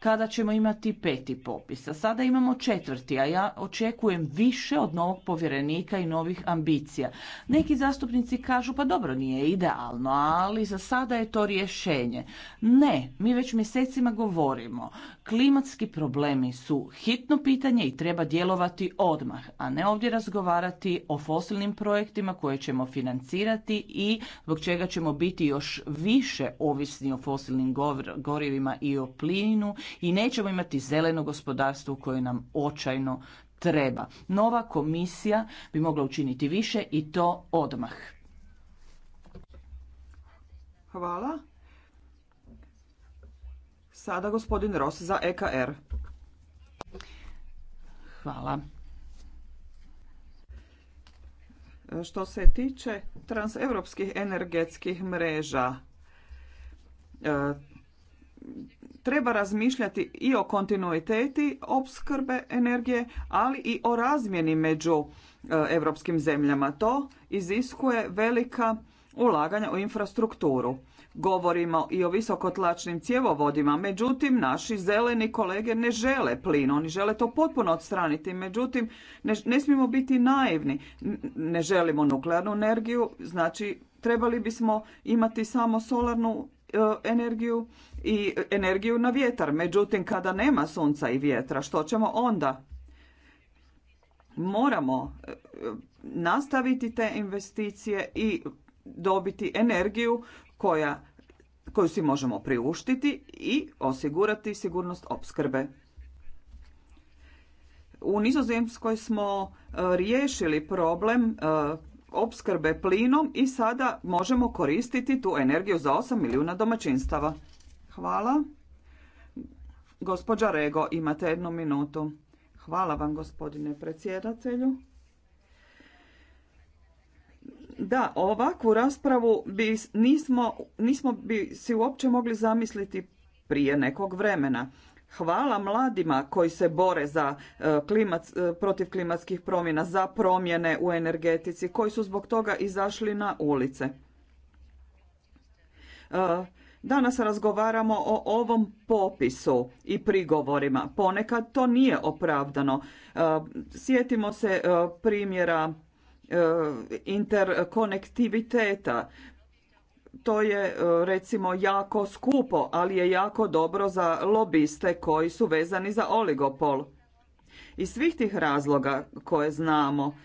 kada ćemo imati peti popis. A sada imamo četvrti, a ja očekujem više od novog povjerenika i novih ambicija. Neki zastupnici kažu pa dobro nije idealno, ali za sada je to rješenje. Ne, mi već mjesecima govorimo Klimatski problemi su hitno pitanje i treba djelovati odmah, a ne ovdje razgovarati o fosilnim projektima koje ćemo financirati i zbog čega ćemo biti još više ovisni o fosilnim gorivima i o plinu i nećemo imati zeleno gospodarstvo koje nam očajno treba. Nova komisija bi mogla učiniti više i to odmah. Hvala. Sada gospodin Ros za EKR. Hvala. Što se tiče transeuropskih energetskih mreža, e, treba razmišljati i o kontinuiteti opskrbe energije, ali i o razmjeni među e, evropskim zemljama. To iziskuje velika ulaganja u infrastrukturu. Govorimo i o visokotlačnim cjevovodima, međutim naši zeleni kolege ne žele plin, oni žele to potpuno odstraniti, međutim ne, ne smijemo biti naivni, ne želimo nuklearnu energiju, znači trebali bismo imati samo solarnu e, energiju i energiju na vjetar, međutim kada nema sunca i vjetra što ćemo onda? Moramo e, e, nastaviti te investicije i dobiti energiju koja, koju si možemo priuštiti i osigurati sigurnost opskrbe. U Nizozemskoj smo e, riješili problem e, opskrbe plinom i sada možemo koristiti tu energiju za 8 milijuna domaćinstava. Hvala. Gospođa Rego, imate jednu minutu. Hvala vam gospodine predsjedatelju. Da, ovakvu raspravu bi, nismo, nismo bi si uopće mogli zamisliti prije nekog vremena. Hvala mladima koji se bore za e, e, protiv klimatskih promjena, za promjene u energetici, koji su zbog toga izašli na ulice. E, danas razgovaramo o ovom popisu i prigovorima. Ponekad to nije opravdano. Sjetimo se primjera interkonektiviteta. To je e, recimo jako skupo, ali je jako dobro za lobiste koji su vezani za oligopol. Iz svih tih razloga koje znamo,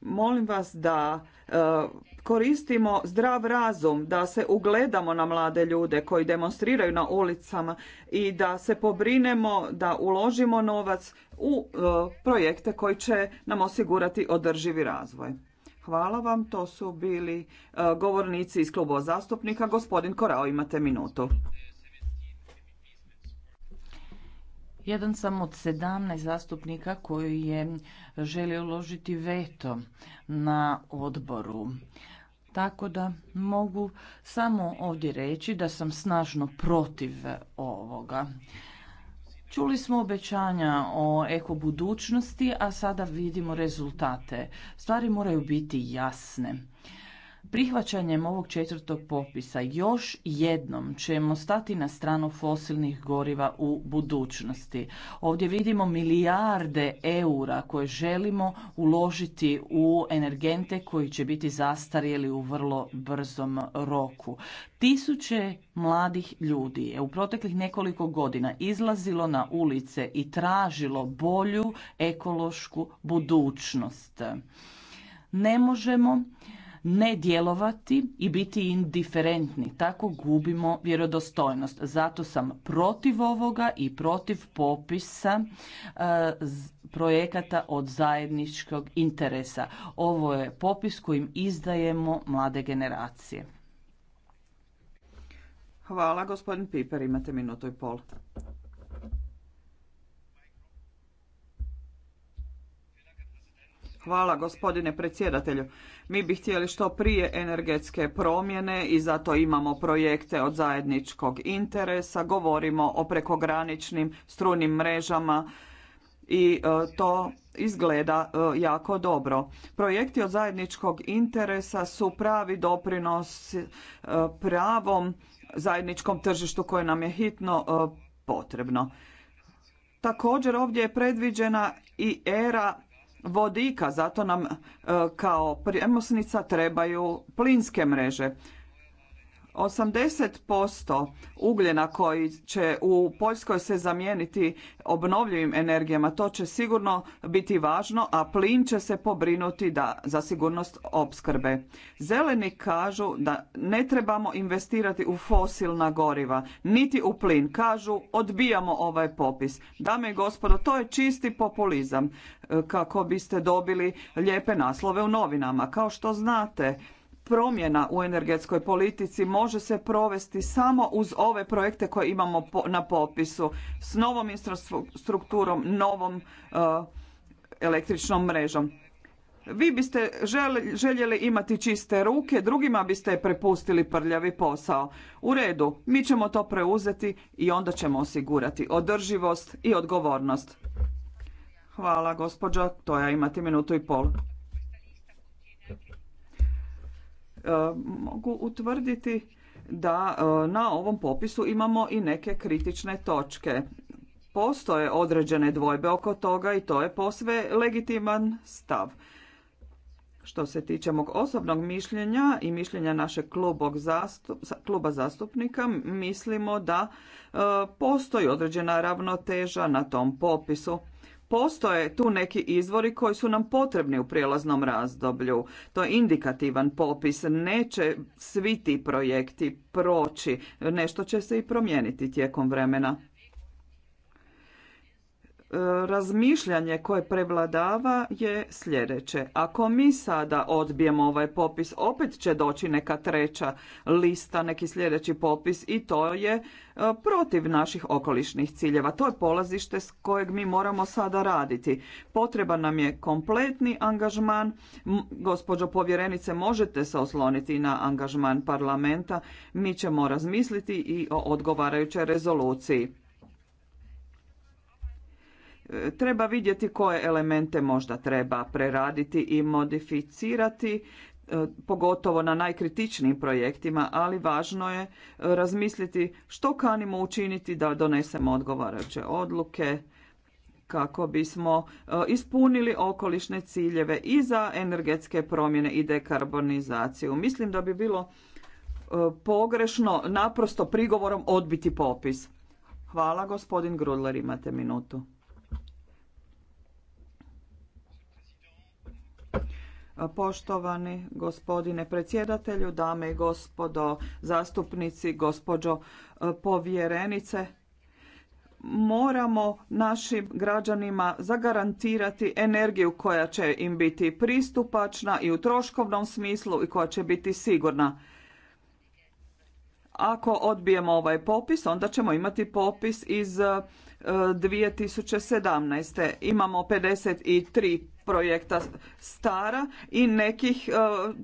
molim vas da E, koristimo zdrav razum, da se ugledamo na mlade ljude koji demonstriraju na ulicama i da se pobrinemo da uložimo novac u e, projekte koji će nam osigurati održivi razvoj. Hvala vam, to su bili e, govornici iz klubova zastupnika. Gospodin Korao, imate minutu. jedan sam od 17 zastupnika koji je želio uložiti veto na odboru. Tako da mogu samo ovdje reći da sam snažno protiv ovoga. Čuli smo obećanja o eko budućnosti, a sada vidimo rezultate. Stvari moraju biti jasne. Prihvaćanjem ovog četvrtog popisa još jednom ćemo stati na stranu fosilnih goriva u budućnosti. Ovdje vidimo milijarde eura koje želimo uložiti u energente koji će biti zastarjeli u vrlo brzom roku. Tisuće mladih ljudi je u proteklih nekoliko godina izlazilo na ulice i tražilo bolju ekološku budućnost. Ne možemo ne djelovati i biti indiferentni. Tako gubimo vjerodostojnost. Zato sam protiv ovoga i protiv popisa e, projekata od zajedničkog interesa. Ovo je popis kojim izdajemo mlade generacije. Hvala, gospodin Piper, imate minuto i pol. Hvala gospodine predsjedatelju. Mi bi htjeli što prije energetske promjene i zato imamo projekte od zajedničkog interesa. Govorimo o prekograničnim strunim mrežama i e, to izgleda e, jako dobro. Projekti od zajedničkog interesa su pravi doprinos e, pravom zajedničkom tržištu koje nam je hitno potrebno. Također ovdje je predviđena i era vodika, zato nam e, kao premosnica trebaju plinske mreže. 80% ugljena koji će u Poljskoj se zamijeniti obnovljivim energijama, to će sigurno biti važno, a plin će se pobrinuti da, za sigurnost opskrbe. Zeleni kažu da ne trebamo investirati u fosilna goriva, niti u plin. Kažu odbijamo ovaj popis. Dame i gospodo, to je čisti populizam e, kako biste dobili lijepe naslove u novinama. Kao što znate, promjena u energetskoj politici može se provesti samo uz ove projekte koje imamo na popisu s novom infrastrukturom, novom e, električnom mrežom. Vi biste željeli imati čiste ruke, drugima biste prepustili prljavi posao. U redu, mi ćemo to preuzeti i onda ćemo osigurati održivost i odgovornost. Hvala gospođo, to ja imate minutu i pol. E, mogu utvrditi da e, na ovom popisu imamo i neke kritične točke. Postoje određene dvojbe oko toga i to je posve legitiman stav. Što se tiče mog osobnog mišljenja i mišljenja našeg kluba zastupnika, mislimo da e, postoji određena ravnoteža na tom popisu. Postoje tu neki izvori koji su nam potrebni u prijelaznom razdoblju. To je indikativan popis. Neće svi ti projekti proći. Nešto će se i promijeniti tijekom vremena razmišljanje koje prevladava je sljedeće. Ako mi sada odbijemo ovaj popis, opet će doći neka treća lista, neki sljedeći popis i to je e, protiv naših okolišnih ciljeva. To je polazište s kojeg mi moramo sada raditi. Potreban nam je kompletni angažman. Gospođo povjerenice, možete se osloniti na angažman parlamenta. Mi ćemo razmisliti i o odgovarajućoj rezoluciji. Treba vidjeti koje elemente možda treba preraditi i modificirati, e, pogotovo na najkritičnijim projektima, ali važno je e, razmisliti što kanimo učiniti da donesemo odgovarajuće odluke kako bismo e, ispunili okolišne ciljeve i za energetske promjene i dekarbonizaciju. Mislim da bi bilo pogrešno naprosto prigovorom odbiti popis. Hvala, gospodin Grudler, imate minutu. Poštovani gospodine predsjedatelju, dame i gospodo zastupnici, gospođo e, povjerenice, moramo našim građanima zagarantirati energiju koja će im biti pristupačna i u troškovnom smislu i koja će biti sigurna. Ako odbijemo ovaj popis, onda ćemo imati popis iz 2017. Imamo 53 projekta stara i nekih e,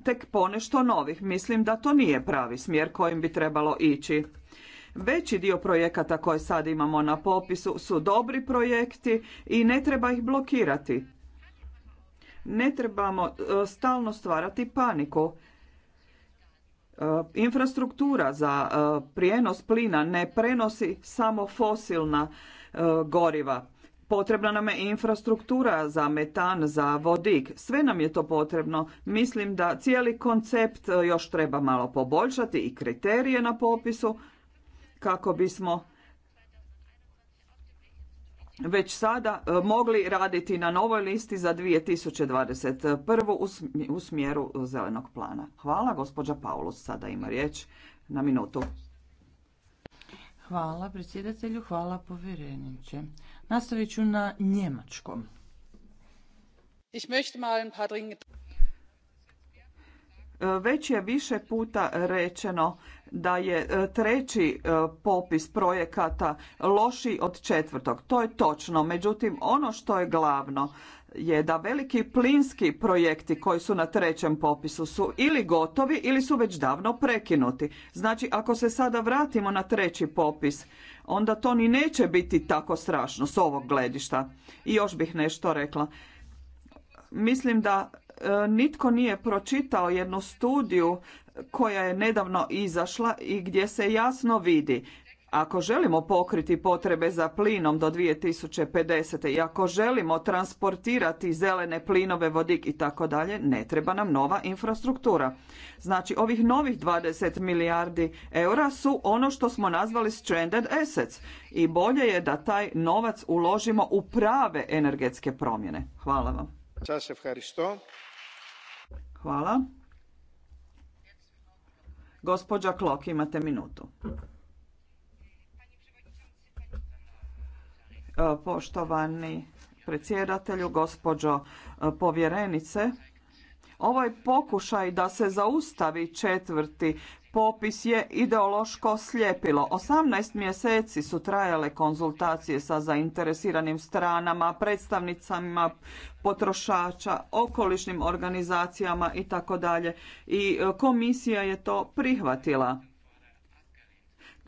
tek ponešto novih. Mislim da to nije pravi smjer kojim bi trebalo ići. Veći dio projekata koje sad imamo na popisu su dobri projekti i ne treba ih blokirati. Ne trebamo e, stalno stvarati paniku. E, infrastruktura za prijenos plina ne prenosi samo fosilna E, goriva. Potrebna nam je infrastruktura za metan, za vodik. Sve nam je to potrebno. Mislim da cijeli koncept e, još treba malo poboljšati i kriterije na popisu kako bismo već sada e, mogli raditi na novoj listi za 2021. u smjeru zelenog plana. Hvala, gospođa Paulus sada ima riječ na minutu. Hvala predsjedatelju, hvala povjereniče. Nastavit ću na njemačkom. Ich möchte mal ein paar e, Već je više puta rečeno da je e, treći e, popis projekata loši od četvrtog. To je točno. Međutim, ono što je glavno je da veliki plinski projekti koji su na trećem popisu su ili gotovi ili su već davno prekinuti. Znači ako se sada vratimo na treći popis onda to ni neće biti tako strašno s ovog gledišta. I još bih nešto rekla. Mislim da e, nitko nije pročitao jednu studiju koja je nedavno izašla i gdje se jasno vidi ako želimo pokriti potrebe za plinom do 2050. i ako želimo transportirati zelene plinove, vodik i tako dalje, ne treba nam nova infrastruktura. Znači, ovih novih 20 milijardi eura su ono što smo nazvali stranded assets i bolje je da taj novac uložimo u prave energetske promjene. Hvala vam. Hvala. Gospođa Klok, imate minutu. poštovani predsjedatelju, gospođo e, povjerenice. Ovaj pokušaj da se zaustavi četvrti popis je ideološko sljepilo. 18 mjeseci su trajale konzultacije sa zainteresiranim stranama, predstavnicama potrošača, okolišnim organizacijama i tako dalje. I e, komisija je to prihvatila.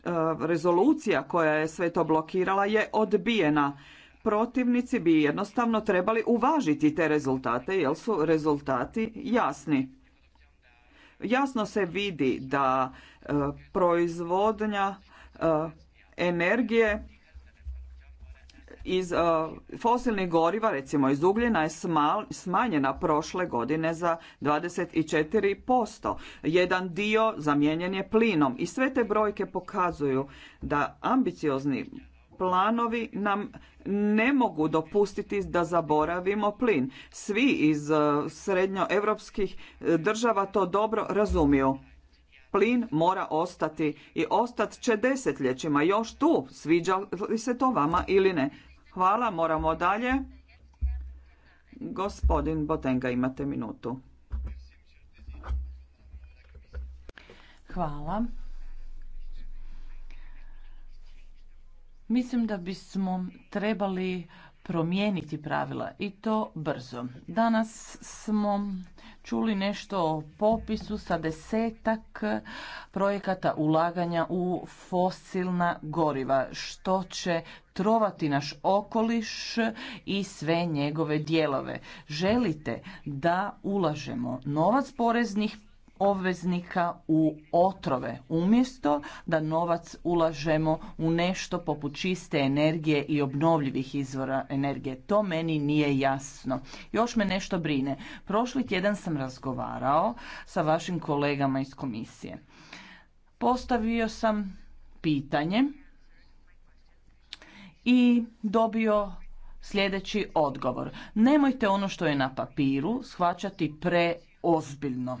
E, rezolucija koja je sve to blokirala je odbijena. Protivnici bi jednostavno trebali uvažiti te rezultate jer su rezultati jasni. Jasno se vidi da e, proizvodnja e, energije iz e, fosilnih goriva, recimo iz ugljena, je smanjena prošle godine za 24%. Jedan dio zamijenjen je plinom i sve te brojke pokazuju da ambiciozni planovi nam ne mogu dopustiti da zaboravimo plin. Svi iz e, srednjoevropskih e, država to dobro razumiju. Plin mora ostati i ostat će desetljećima još tu, sviđa li se to vama ili ne. Hvala, moramo dalje. Gospodin Botenga, imate minutu. Hvala. Mislim da bismo trebali promijeniti pravila i to brzo. Danas smo čuli nešto o popisu sa desetak projekata ulaganja u fosilna goriva, što će trovati naš okoliš i sve njegove dijelove. Želite da ulažemo novac poreznih obveznika u otrove umjesto da novac ulažemo u nešto poput čiste energije i obnovljivih izvora energije. To meni nije jasno. Još me nešto brine. Prošli tjedan sam razgovarao sa vašim kolegama iz komisije. Postavio sam pitanje i dobio sljedeći odgovor. Nemojte ono što je na papiru shvaćati preozbiljno.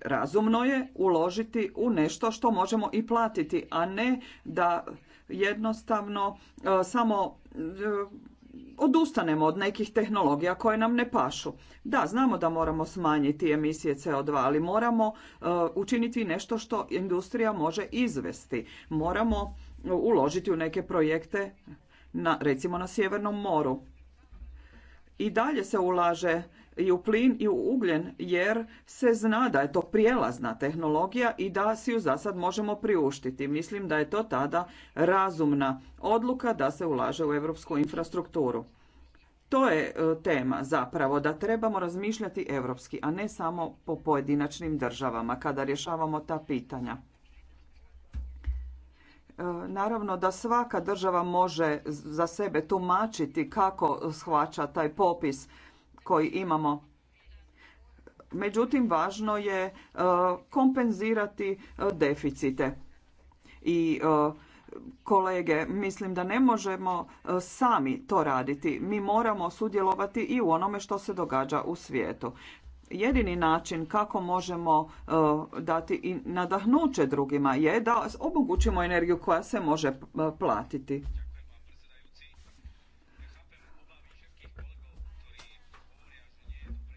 razumno je uložiti u nešto što možemo i platiti, a ne da jednostavno e, samo e, odustanemo od nekih tehnologija koje nam ne pašu. Da, znamo da moramo smanjiti emisije CO2, ali moramo e, učiniti nešto što industrija može izvesti. Moramo uložiti u neke projekte na recimo na sjevernom moru. I dalje se ulaže i u plin i u ugljen jer se zna da je to prijelazna tehnologija i da si ju za sad možemo priuštiti. Mislim da je to tada razumna odluka da se ulaže u europsku infrastrukturu. To je e, tema zapravo da trebamo razmišljati europski, a ne samo po pojedinačnim državama kada rješavamo ta pitanja. E, naravno da svaka država može za sebe tumačiti kako shvaća taj popis koji imamo. Međutim, važno je e, kompenzirati e, deficite. I e, kolege, mislim da ne možemo sami to raditi. Mi moramo sudjelovati i u onome što se događa u svijetu. Jedini način kako možemo dati i nadahnuće drugima je da omogućimo energiju koja se može platiti.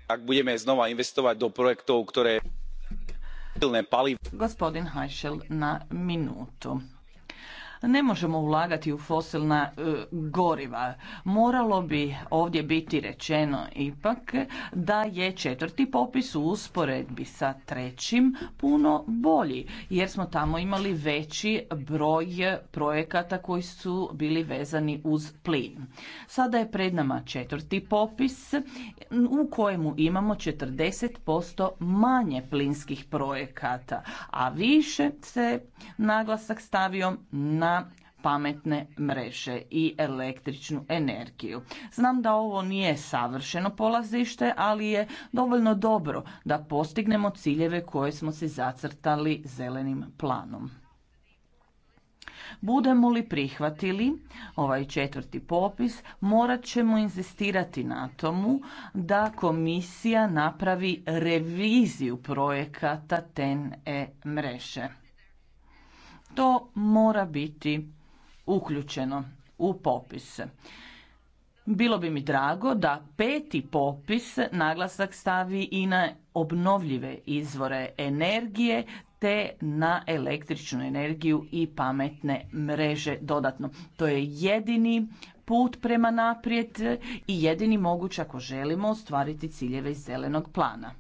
ak budeme znova investovať do projektov, ktoré... Gospodin Hajšel na minutu. Ne možemo ulagati u fosilna e, goriva. Moralo bi ovdje biti rečeno ipak da je četvrti popis u usporedbi sa trećim puno bolji jer smo tamo imali veći broj projekata koji su bili vezani uz plin. Sada je pred nama četvrti popis u kojemu imamo 40% manje plinskih projekata, a više se naglasak stavio na na pametne mreže i električnu energiju. Znam da ovo nije savršeno polazište, ali je dovoljno dobro da postignemo ciljeve koje smo si zacrtali zelenim planom. Budemo li prihvatili ovaj četvrti popis, morat ćemo inzistirati na tomu da komisija napravi reviziju projekata TEN-E mreže. To mora biti uključeno u popis. Bilo bi mi drago da peti popis naglasak stavi i na obnovljive izvore energije te na električnu energiju i pametne mreže dodatno. To je jedini put prema naprijed i jedini moguć ako želimo ostvariti ciljeve iz zelenog plana.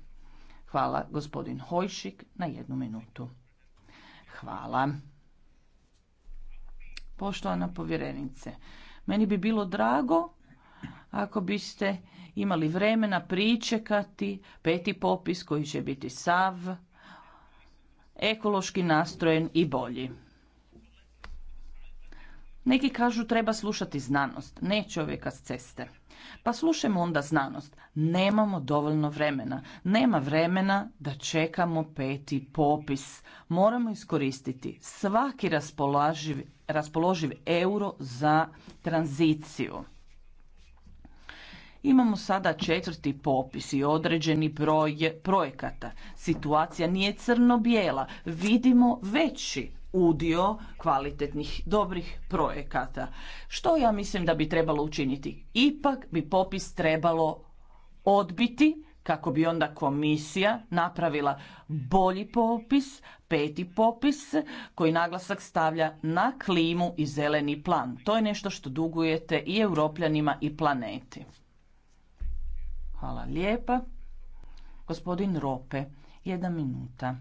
Hvala gospodin Hojšik na jednu minutu. Hvala. Poštovana povjerenice, meni bi bilo drago ako biste imali vremena pričekati peti popis koji će biti sav, ekološki nastrojen i bolji. Neki kažu treba slušati znanost, ne čovjeka s ceste. Pa slušajmo onda znanost. Nemamo dovoljno vremena. Nema vremena da čekamo peti popis. Moramo iskoristiti svaki raspoloživ, raspoloživ euro za tranziciju. Imamo sada četvrti popis i određeni broj projekata. Situacija nije crno-bijela. Vidimo veći udio kvalitetnih, dobrih projekata. Što ja mislim da bi trebalo učiniti? Ipak bi popis trebalo odbiti kako bi onda komisija napravila bolji popis, peti popis koji naglasak stavlja na klimu i zeleni plan. To je nešto što dugujete i europljanima i planeti. Hvala lijepa. Gospodin Rope, jedna minuta.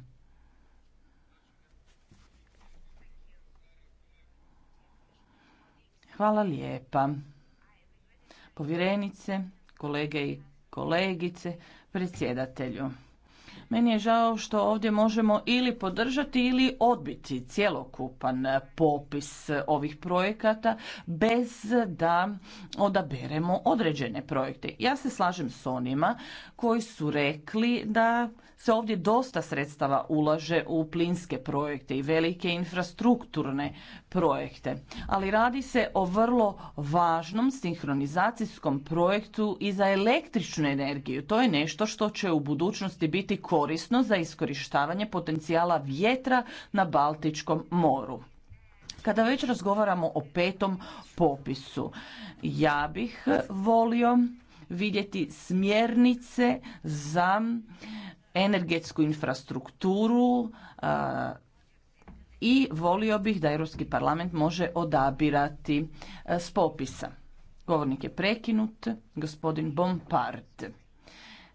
Hvala lijepa. Povjerenice, kolege i kolegice, predsjedatelju. Meni je žao što ovdje možemo ili podržati ili odbiti cjelokupan popis ovih projekata bez da odaberemo određene projekte. Ja se slažem s onima koji su rekli da se ovdje dosta sredstava ulaže u plinske projekte i velike infrastrukturne projekte. Ali radi se o vrlo važnom sinhronizacijskom projektu i za električnu energiju. To je nešto što će u budućnosti biti korisno za iskorištavanje potencijala vjetra na Baltičkom moru. Kada već razgovaramo o petom popisu, ja bih volio vidjeti smjernice za energetsku infrastrukturu i volio bih da Europski parlament može odabirati s popisa. Govornik je prekinut, gospodin Bompard.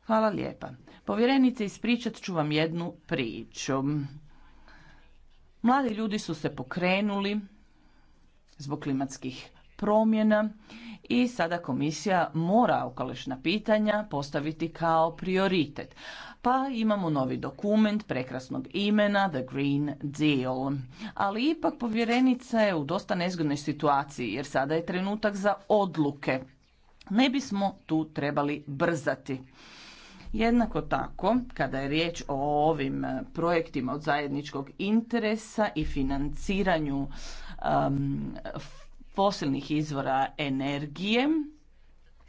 Hvala lijepa. Povjerenice, ispričat ću vam jednu priču. Mladi ljudi su se pokrenuli zbog klimatskih promjena i sada komisija mora okolišna pitanja postaviti kao prioritet. Pa imamo novi dokument prekrasnog imena, The Green Deal. Ali ipak povjerenica je u dosta nezgodnoj situaciji jer sada je trenutak za odluke. Ne bismo tu trebali brzati. Jednako tako, kada je riječ o ovim eh, projektima od zajedničkog interesa i financiranju um, fosilnih izvora energije,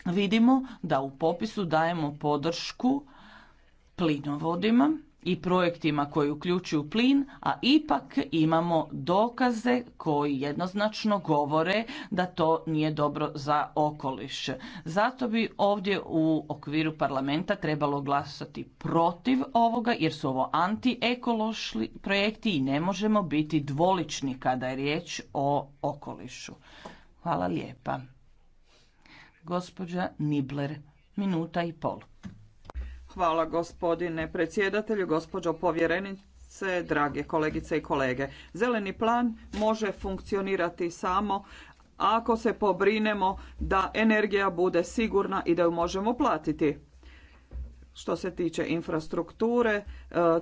vidimo da u popisu dajemo podršku plinovodima i projektima koji uključuju plin, a ipak imamo dokaze koji jednoznačno govore da to nije dobro za okoliš. Zato bi ovdje u okviru parlamenta trebalo glasati protiv ovoga jer su ovo antiekološki projekti i ne možemo biti dvolični kada je riječ o okolišu. Hvala lijepa. Gospođa Nibler, minuta i pol. Hvala gospodine predsjedatelju, gospođo povjerenice, drage kolegice i kolege. Zeleni plan može funkcionirati samo ako se pobrinemo da energija bude sigurna i da ju možemo platiti. Što se tiče infrastrukture, e,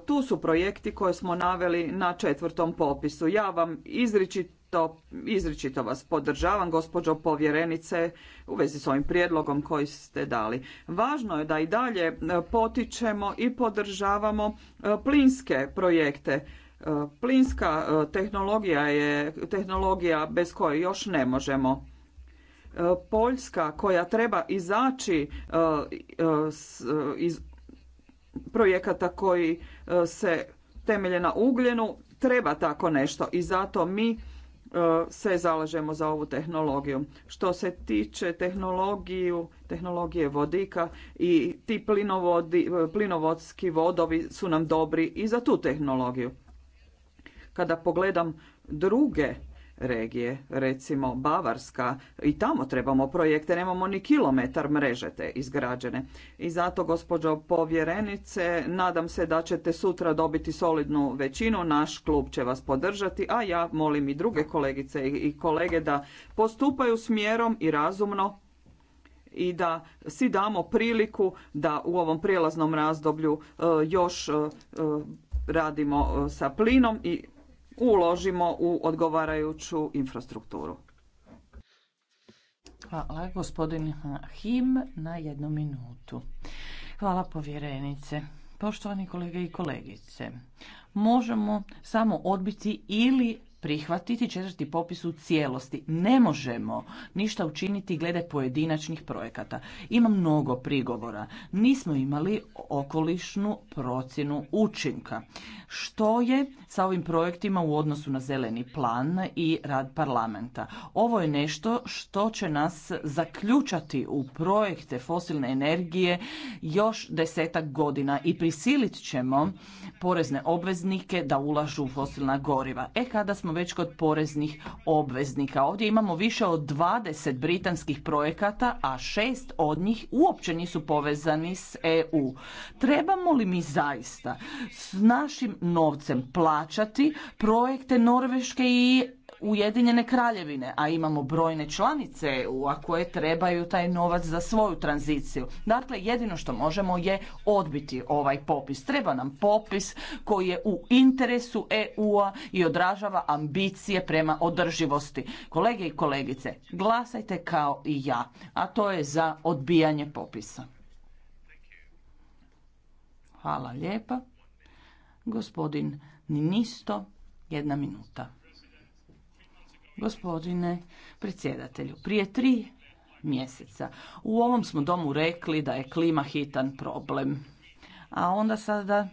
tu su projekti koje smo naveli na četvrtom popisu. Ja vam izričito to izričito vas podržavam, gospođo povjerenice, u vezi s ovim prijedlogom koji ste dali. Važno je da i dalje e, potičemo i podržavamo e, plinske projekte. E, plinska tehnologija je tehnologija bez koje još ne možemo. Poljska koja treba izaći iz projekata koji se temelje na ugljenu, treba tako nešto i zato mi se zalažemo za ovu tehnologiju. Što se tiče tehnologiju, tehnologije vodika i ti plinovodski vodovi su nam dobri i za tu tehnologiju. Kada pogledam druge regije, recimo Bavarska, i tamo trebamo projekte, nemamo ni kilometar mreže te izgrađene. I zato, gospođo povjerenice, nadam se da ćete sutra dobiti solidnu većinu, naš klub će vas podržati, a ja molim i druge kolegice i kolege da postupaju smjerom i razumno i da si damo priliku da u ovom prijelaznom razdoblju e, još e, e, radimo sa plinom i uložimo u odgovarajuću infrastrukturu. Hvala gospodin Him na jednu minutu. Hvala povjerenice. Poštovani kolege i kolegice, možemo samo odbiti ili prihvatiti četvrti popis u cijelosti. Ne možemo ništa učiniti glede pojedinačnih projekata. Ima mnogo prigovora. Nismo imali okolišnu procjenu učinka. Što je sa ovim projektima u odnosu na zeleni plan i rad parlamenta? Ovo je nešto što će nas zaključati u projekte fosilne energije još desetak godina i prisilit ćemo porezne obveznike da ulažu u fosilna goriva. E kada smo već kod poreznih obveznika. Ovdje imamo više od 20 britanskih projekata, a šest od njih uopće nisu povezani s EU. Trebamo li mi zaista s našim novcem plaćati projekte Norveške i Ujedinjene kraljevine, a imamo brojne članice EU-a koje trebaju taj novac za svoju tranziciju. Dakle, jedino što možemo je odbiti ovaj popis. Treba nam popis koji je u interesu EU-a i odražava ambicije prema održivosti. Kolege i kolegice, glasajte kao i ja, a to je za odbijanje popisa. Hvala lijepa. Gospodin Ninisto, jedna minuta. Gospodine predsjedatelju, prije tri mjeseca u ovom smo domu rekli da je klima hitan problem. A onda sada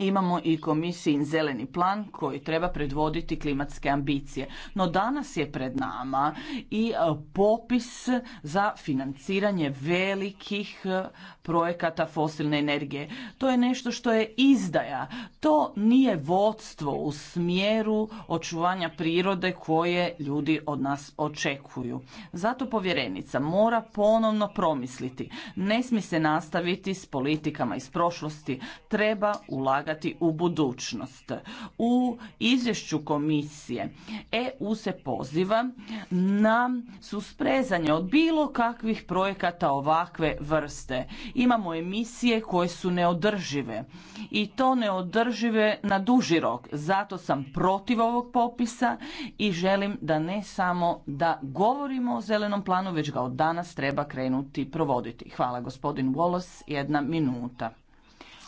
Imamo i komisijin zeleni plan koji treba predvoditi klimatske ambicije. No danas je pred nama i e, popis za financiranje velikih e, projekata fosilne energije. To je nešto što je izdaja. To nije vodstvo u smjeru očuvanja prirode koje ljudi od nas očekuju. Zato povjerenica mora ponovno promisliti. Ne smije se nastaviti s politikama iz prošlosti. Treba ulagati u budućnost. U izvješću komisije EU se poziva na susprezanje od bilo kakvih projekata ovakve vrste. Imamo emisije koje su neodržive i to neodržive na duži rok. Zato sam protiv ovog popisa i želim da ne samo da govorimo o zelenom planu, već ga od danas treba krenuti provoditi. Hvala gospodin Wallace, jedna minuta.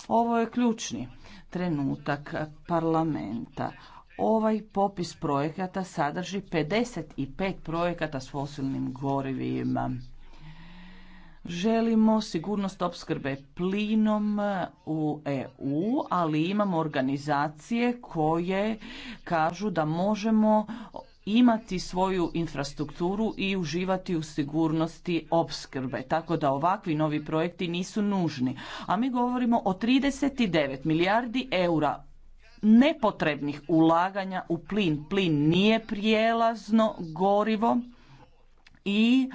Ovo je ključni trenutak parlamenta. Ovaj popis projekata sadrži 55 projekata s fosilnim gorivima. Želimo sigurnost opskrbe plinom u EU, ali imamo organizacije koje kažu da možemo imati svoju infrastrukturu i uživati u sigurnosti opskrbe, tako da ovakvi novi projekti nisu nužni. A mi govorimo o 39 milijardi eura nepotrebnih ulaganja u plin. Plin nije prijelazno gorivo i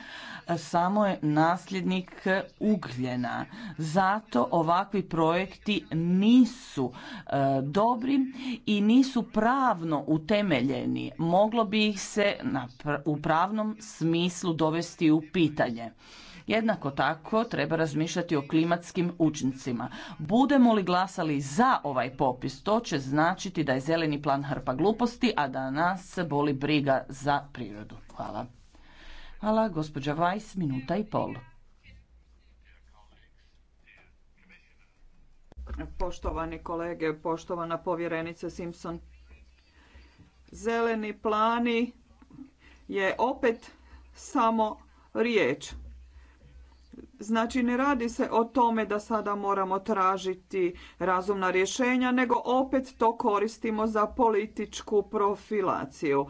e, samo je nasljednik ugljena. Zato ovakvi projekti nisu e, dobri i nisu pravno utemeljeni. Moglo bi ih se na, u pravnom smislu dovesti u pitanje. Jednako tako treba razmišljati o klimatskim učincima. Budemo li glasali za ovaj popis, to će značiti da je zeleni plan hrpa gluposti, a da nas boli briga za prirodu. Hvala. Hvala, gospođa Vajs, minuta i pol. Poštovani kolege, poštovana povjerenice Simpson. Zeleni plani je opet samo riječ. Znači ne radi se o tome da sada moramo tražiti razumna rješenja, nego opet to koristimo za političku profilaciju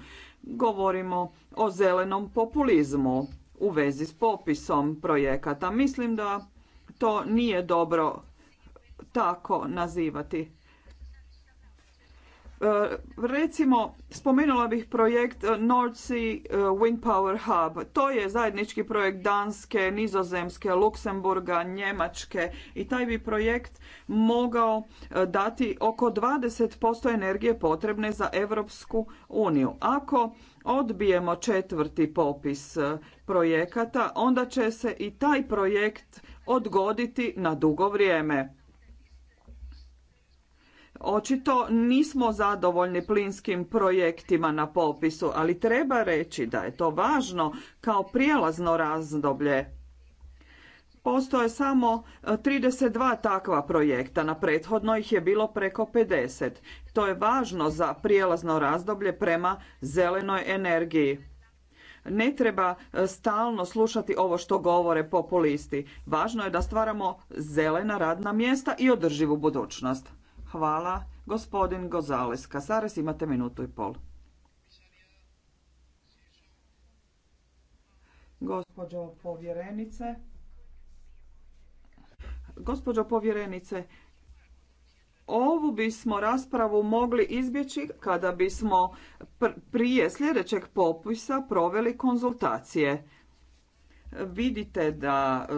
govorimo o zelenom populizmu u vezi s popisom projekata. Mislim da to nije dobro tako nazivati. Eh, recimo, spomenula bih projekt eh, North Sea eh, Wind Power Hub. To je zajednički projekt Danske, Nizozemske, Luksemburga, Njemačke i taj bi projekt mogao dati oko 20% energije potrebne za Europsku uniju. Ako odbijemo četvrti popis projekata, onda će se i taj projekt odgoditi na dugo vrijeme. Očito nismo zadovoljni plinskim projektima na popisu, ali treba reći da je to važno kao prijelazno razdoblje. Postoje samo 32 e, takva projekta, na prethodno ih je bilo preko 50. To je važno za prijelazno razdoblje prema zelenoj energiji. Ne treba e, stalno slušati ovo što govore populisti. Važno je da stvaramo zelena radna mjesta i održivu budućnost. Hvala. Gospodin Gozales Kasares, imate minutu i pol. Gospođo povjerenice, gospođo povjerenice, ovu bismo raspravu mogli izbjeći kada bismo prije sljedećeg popisa proveli konzultacije vidite da e,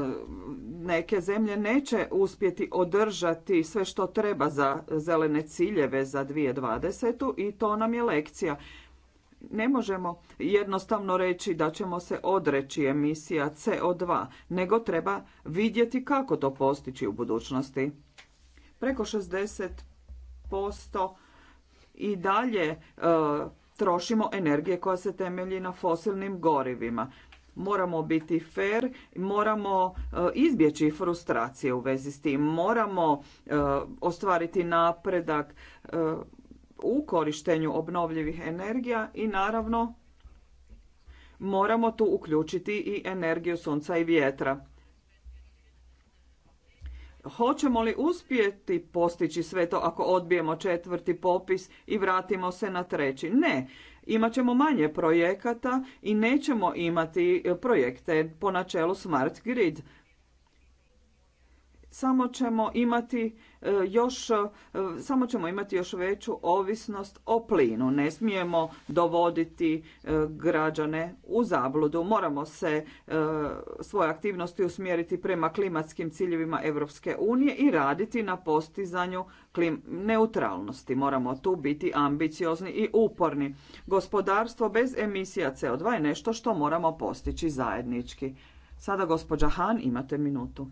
neke zemlje neće uspjeti održati sve što treba za zelene ciljeve za 2020. i to nam je lekcija. Ne možemo jednostavno reći da ćemo se odreći emisija CO2, nego treba vidjeti kako to postići u budućnosti. Preko 60% i dalje e, trošimo energije koja se temelji na fosilnim gorivima. Moramo biti fair, moramo e, izbjeći frustracije u vezi s tim, moramo e, ostvariti napredak e, u korištenju obnovljivih energija i naravno moramo tu uključiti i energiju sunca i vjetra. Hoćemo li uspjeti postići sve to ako odbijemo četvrti popis i vratimo se na treći? Ne imat ćemo manje projekata i nećemo imati e, projekte po načelu Smart Grid. Samo ćemo imati E, još, e, samo ćemo imati još veću ovisnost o plinu. Ne smijemo dovoditi e, građane u zabludu. Moramo se svoje aktivnosti usmjeriti prema klimatskim ciljevima Europske unije i raditi na postizanju neutralnosti. Moramo tu biti ambiciozni i uporni. Gospodarstvo bez emisija CO2 je nešto što moramo postići zajednički. Sada gospođa Han, imate minutu.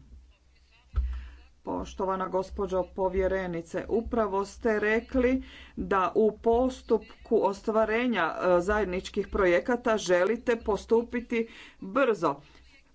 Poštovana gospođo povjerenice, upravo ste rekli da u postupku ostvarenja e, zajedničkih projekata želite postupiti brzo.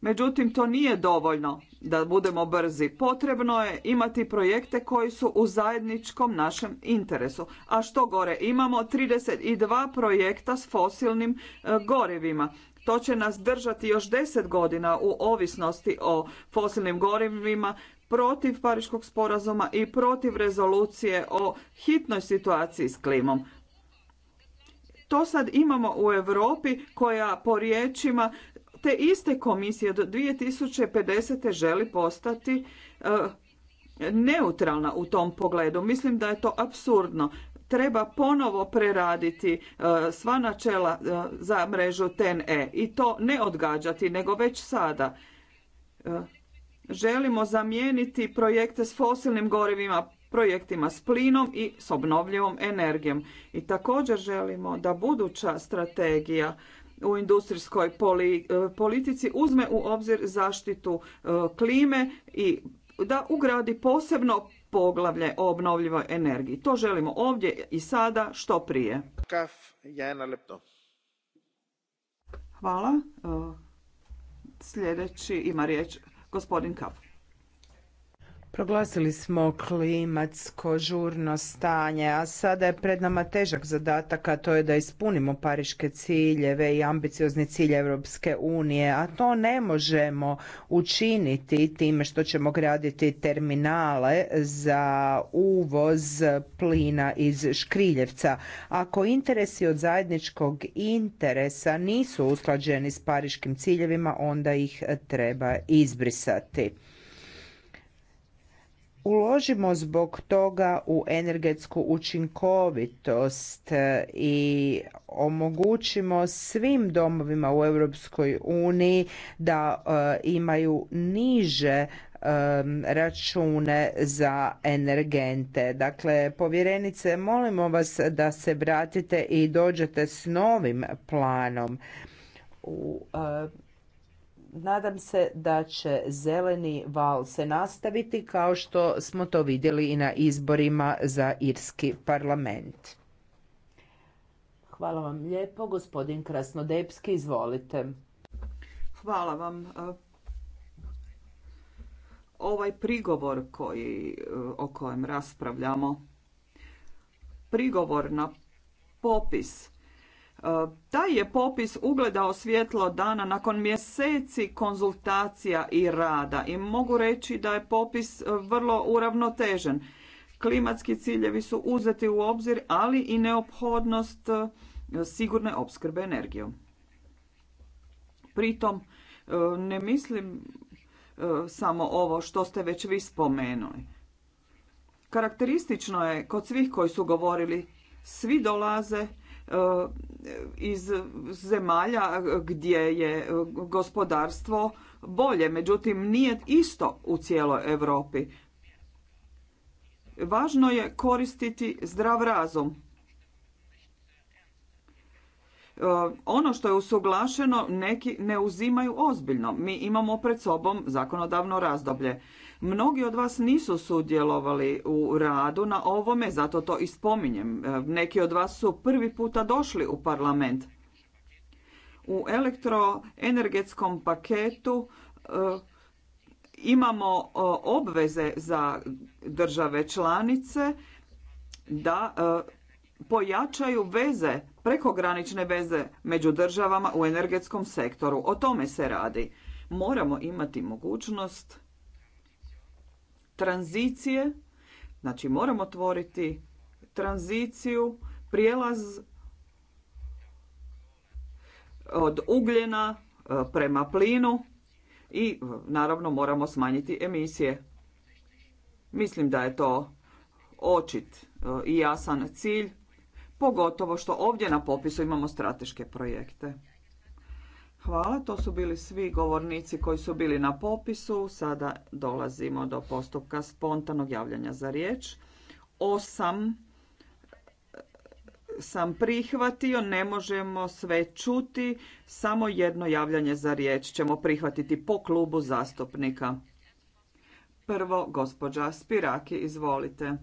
Međutim, to nije dovoljno da budemo brzi. Potrebno je imati projekte koji su u zajedničkom našem interesu. A što gore, imamo 32 projekta s fosilnim e, gorivima. To će nas držati još 10 godina u ovisnosti o fosilnim gorivima protiv Pariškog sporazuma i protiv rezolucije o hitnoj situaciji s klimom. To sad imamo u Europi koja po riječima te iste komisije do 2050. želi postati e, neutralna u tom pogledu. Mislim da je to apsurdno. Treba ponovo preraditi e, sva načela e, za mrežu TEN-E i to ne odgađati, nego već sada Želimo zamijeniti projekte s fosilnim gorivima projektima s plinom i s obnovljivom energijom. I također želimo da buduća strategija u industrijskoj e, politici uzme u obzir zaštitu e, klime i da ugradi posebno poglavlje o obnovljivoj energiji. To želimo ovdje i sada što prije. Hvala. E, sljedeći ima riječ Gospodin Kav. Proglasili smo klimatsko žurno stanje, a sada je pred nama težak zadatak, a to je da ispunimo pariške ciljeve i ambiciozni cilje Europske unije, a to ne možemo učiniti time što ćemo graditi terminale za uvoz plina iz Škriljevca. Ako interesi od zajedničkog interesa nisu usklađeni s pariškim ciljevima, onda ih treba izbrisati uložimo zbog toga u energetsku učinkovitost i omogućimo svim domovima u Europskoj uniji da e, imaju niže e, račune za energente. Dakle, povjerenice, molimo vas da se vratite i dođete s novim planom u e, nadam se da će zeleni val se nastaviti kao što smo to vidjeli i na izborima za irski parlament. Hvala vam lijepo. Gospodin Krasnodepski, izvolite. Hvala vam. Ovaj prigovor koji, o kojem raspravljamo, prigovor na popis taj je popis ugledao svjetlo dana nakon mjeseci konzultacija i rada i mogu reći da je popis e, vrlo uravnotežen. Klimatski ciljevi su uzeti u obzir, ali i neophodnost e, sigurne opskrbe energijom. Pritom e, ne mislim samo ovo što ste već vi spomenuli. Karakteristično je kod svih koji su govorili, svi dolaze E, iz zemalja gdje je gospodarstvo bolje, međutim nije isto u cijeloj Europi. Važno je koristiti zdrav razum. E, ono što je usuglašeno neki ne uzimaju ozbiljno. Mi imamo pred sobom zakonodavno razdoblje. Mnogi od vas nisu sudjelovali u radu na ovome, zato to i spominjem. E, neki od vas su prvi puta došli u parlament. U elektroenergetskom paketu e, imamo e, obveze za države članice da pojačaju veze, prekogranične veze među državama u energetskom sektoru. O tome se radi. Moramo imati mogućnost tranzicije, znači moramo otvoriti tranziciju, prijelaz e, od ugljena e, prema plinu i naravno moramo smanjiti emisije. Mislim da je to očit e, i jasan cilj, pogotovo što ovdje na popisu imamo strateške projekte. Hvala, to su bili svi govornici koji su bili na popisu. Sada dolazimo do postupka spontanog javljanja za riječ. Osam eh, sam prihvatio, ne možemo sve čuti, samo jedno javljanje za riječ ćemo prihvatiti po klubu zastupnika. Prvo, gospođa Spiraki, izvolite.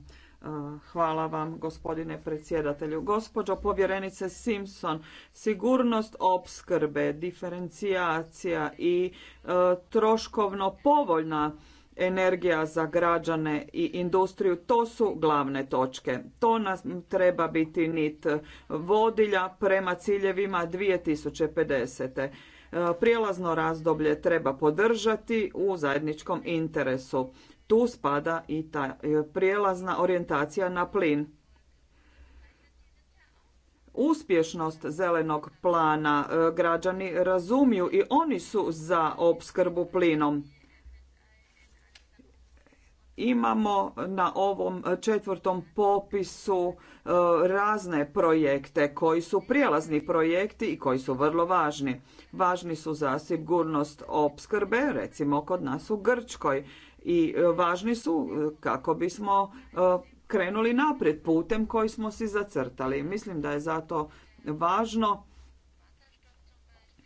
Hvala vam, gospodine predsjedatelju. Gospođo povjerenice Simpson, sigurnost opskrbe, diferencijacija i e, troškovno povoljna energija za građane i industriju, to su glavne točke. To nas treba biti nit vodilja prema ciljevima 2050. E, prijelazno razdoblje treba podržati u zajedničkom interesu tu spada i ta e, prijelazna orijentacija na plin. Uspješnost zelenog plana e, građani razumiju i oni su za opskrbu plinom. Imamo na ovom četvrtom popisu e, razne projekte koji su prijelazni projekti i koji su vrlo važni. Važni su za sigurnost opskrbe, recimo kod nas u Grčkoj i e, važni su e, kako bismo e, krenuli naprijed putem koji smo si zacrtali. Mislim da je zato važno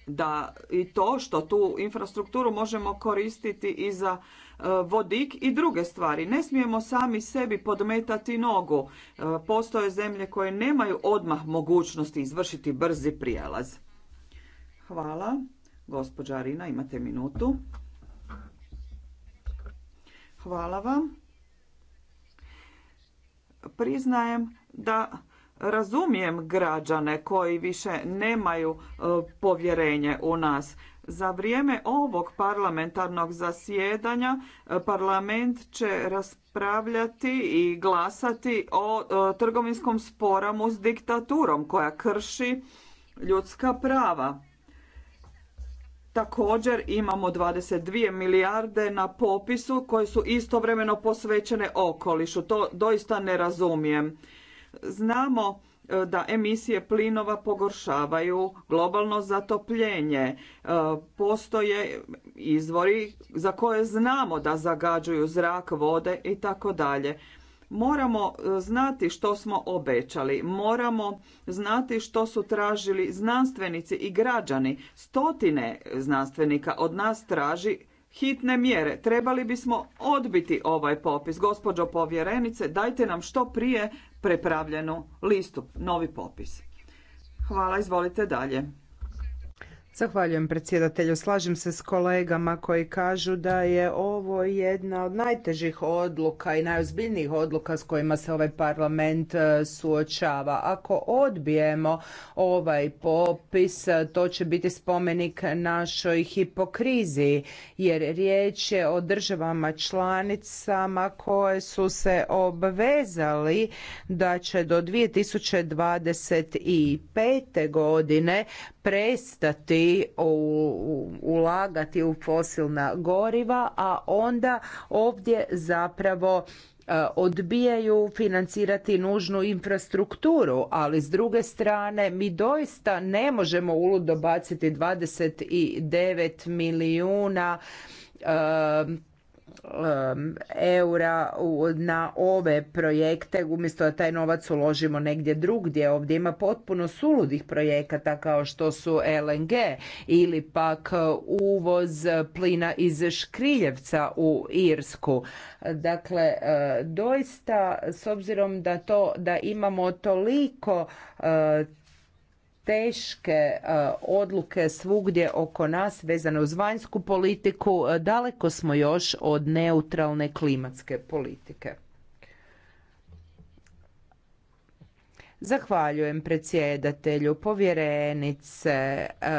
da i to što tu infrastrukturu možemo koristiti i za vodik i druge stvari. Ne smijemo sami sebi podmetati nogu. Postoje zemlje koje nemaju odmah mogućnosti izvršiti brzi prijelaz. Hvala. Gospođa Arina, imate minutu. Hvala vam. Priznajem da razumijem građane koji više nemaju e, povjerenje u nas. Za vrijeme ovog parlamentarnog zasjedanja e, parlament će raspravljati i glasati o e, trgovinskom sporamu s diktaturom koja krši ljudska prava. Također imamo 22 milijarde na popisu koje su istovremeno posvećene okolišu. To doista ne razumijem. Znamo e, da emisije plinova pogoršavaju globalno zatopljenje. E, postoje izvori za koje znamo da zagađuju zrak, vode i tako dalje. Moramo e, znati što smo obećali, moramo znati što su tražili znanstvenici i građani. Stotine znanstvenika od nas traži hitne mjere. Trebali bismo odbiti ovaj popis. Gospođo povjerenice, dajte nam što prije prepravljenu listu, novi popis. Hvala, izvolite dalje. Zahvaljujem predsjedatelju. Slažem se s kolegama koji kažu da je ovo jedna od najtežih odluka i najozbiljnijih odluka s kojima se ovaj parlament e, suočava. Ako odbijemo ovaj popis, e, to će biti spomenik našoj hipokrizi. jer riječ je o državama članicama koje su se obvezali da će do 2025. godine prestati ulagati u fosilna goriva, a onda ovdje zapravo e, odbijaju financirati nužnu infrastrukturu, ali s druge strane mi doista ne možemo uludo baciti 29 milijuna e, Um, eura na ove projekte umjesto da taj novac uložimo negdje drugdje. Ovdje ima potpuno suludih projekata kao što su LNG ili pak uvoz plina iz Škriljevca u Irsku. Dakle, uh, doista s obzirom da to da imamo toliko uh, teške e, odluke svugdje oko nas vezane uz vanjsku politiku, e, daleko smo još od neutralne klimatske politike. Zahvaljujem predsjedatelju, povjerenice, e,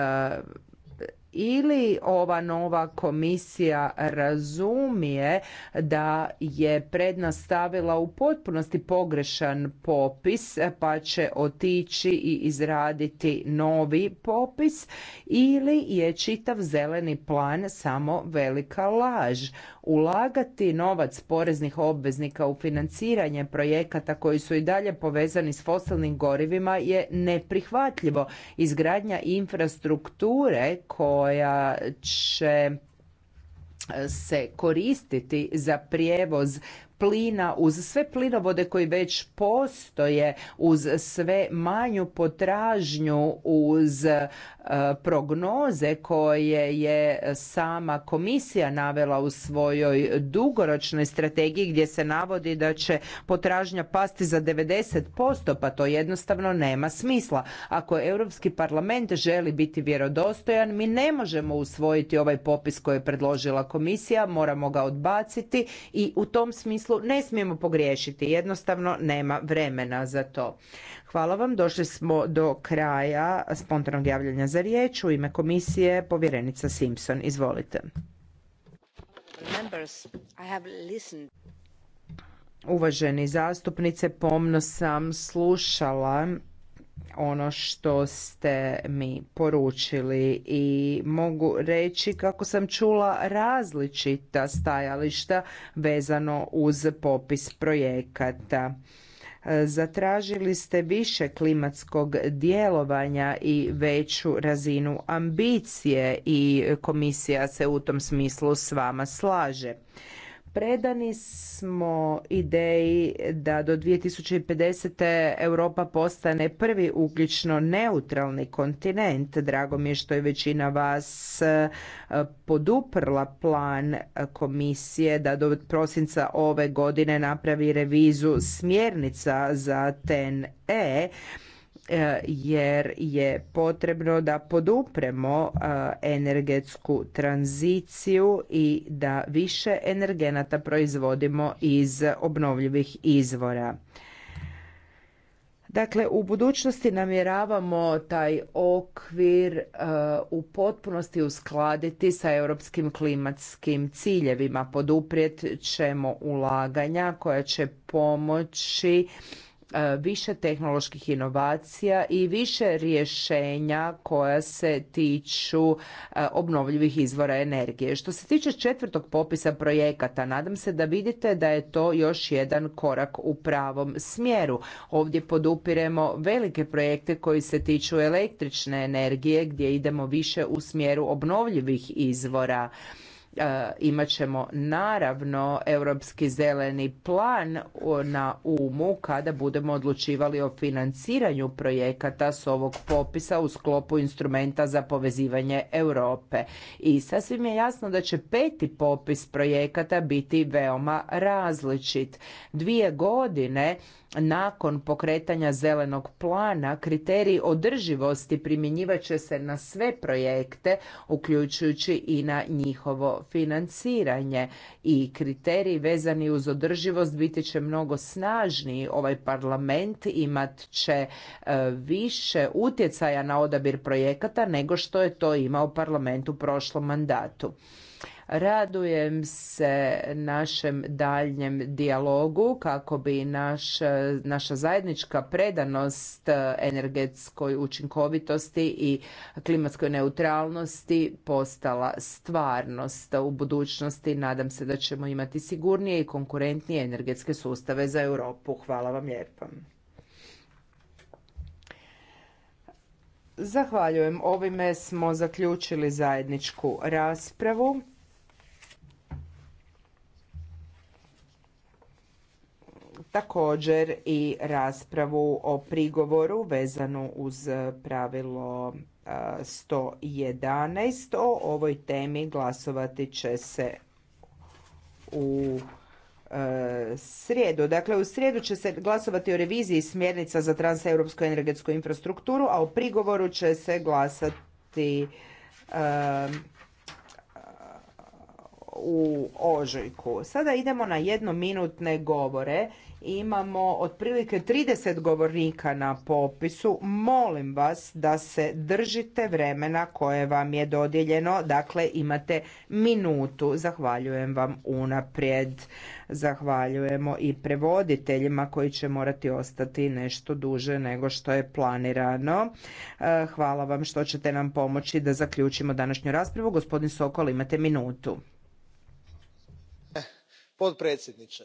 ili ova nova komisija razumije da je prednastavila u potpunosti pogrešan popis pa će otići i izraditi novi popis ili je čitav zeleni plan samo velika laž. Ulagati novac poreznih obveznika u financiranje projekata koji su i dalje povezani s fosilnim gorivima je neprihvatljivo. Izgradnja infrastrukture koja koja će se koristiti za prijevoz plina, uz sve plinovode koji već postoje, uz sve manju potražnju, uz e, prognoze koje je sama komisija navela u svojoj dugoročnoj strategiji gdje se navodi da će potražnja pasti za 90%, pa to jednostavno nema smisla. Ako Europski parlament želi biti vjerodostojan, mi ne možemo usvojiti ovaj popis koji je predložila komisija, moramo ga odbaciti i u tom smislu ne smijemo pogriješiti, jednostavno nema vremena za to. Hvala vam, došli smo do kraja spontanog javljanja za riječ. U ime komisije povjerenica Simpson, izvolite. Uvaženi zastupnice, pomno sam slušala ono što ste mi poručili i mogu reći kako sam čula različita stajališta vezano uz popis projekata. Zatražili ste više klimatskog djelovanja i veću razinu ambicije i komisija se u tom smislu s vama slaže. Predani smo ideji da do 2050. Europa postane prvi uključno neutralni kontinent. Drago mi je što je većina vas eh, poduprla plan komisije da do prosinca ove godine napravi revizu smjernica za TEN-E E, jer je potrebno da podupremo e, energetsku tranziciju i da više energenata proizvodimo iz obnovljivih izvora. Dakle, u budućnosti namjeravamo taj okvir e, u potpunosti uskladiti sa europskim klimatskim ciljevima. Poduprijet ćemo ulaganja koja će pomoći E, više tehnoloških inovacija i više rješenja koja se tiču e, obnovljivih izvora energije. Što se tiče četvrtog popisa projekata, nadam se da vidite da je to još jedan korak u pravom smjeru. Ovdje podupiremo velike projekte koji se tiču električne energije gdje idemo više u smjeru obnovljivih izvora E, imat ćemo naravno europski zeleni plan na umu kada budemo odlučivali o financiranju projekata s ovog popisa u sklopu instrumenta za povezivanje Europe. I sasvim je jasno da će peti popis projekata biti veoma različit. Dvije godine nakon pokretanja zelenog plana kriteriji održivosti primjenjivat će se na sve projekte uključujući i na njihovo financiranje i kriteriji vezani uz održivost biti će mnogo snažniji ovaj parlament imat će e, više utjecaja na odabir projekata nego što je to imao parlament u prošlom mandatu Radujem se našem daljnjem dijalogu kako bi naša zajednička predanost energetskoj učinkovitosti i klimatskoj neutralnosti postala stvarnost u budućnosti. Nadam se da ćemo imati sigurnije i konkurentnije energetske sustave za Europu. Hvala vam lijepa. Zahvaljujem. Ovime smo zaključili zajedničku raspravu. također i raspravu o prigovoru vezanu uz pravilo 111. O ovoj temi glasovati će se u srijedu. Dakle, u srijedu će se glasovati o reviziji smjernica za transeuropsku energetsku infrastrukturu, a o prigovoru će se glasati u ožujku. Sada idemo na jednominutne govore. Imamo otprilike 30 govornika na popisu. Molim vas da se držite vremena koje vam je dodijeljeno. Dakle, imate minutu. Zahvaljujem vam unaprijed. Zahvaljujemo i prevoditeljima koji će morati ostati nešto duže nego što je planirano. E, hvala vam što ćete nam pomoći da zaključimo današnju raspravu. Gospodin Sokol, imate minutu eh, potpredsjedniče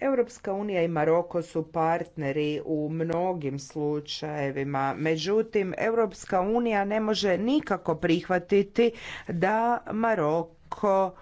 Europska unija i Maroko su partneri u mnogim slučajevima. Međutim, Europska unija ne može nikako prihvatiti da Maroko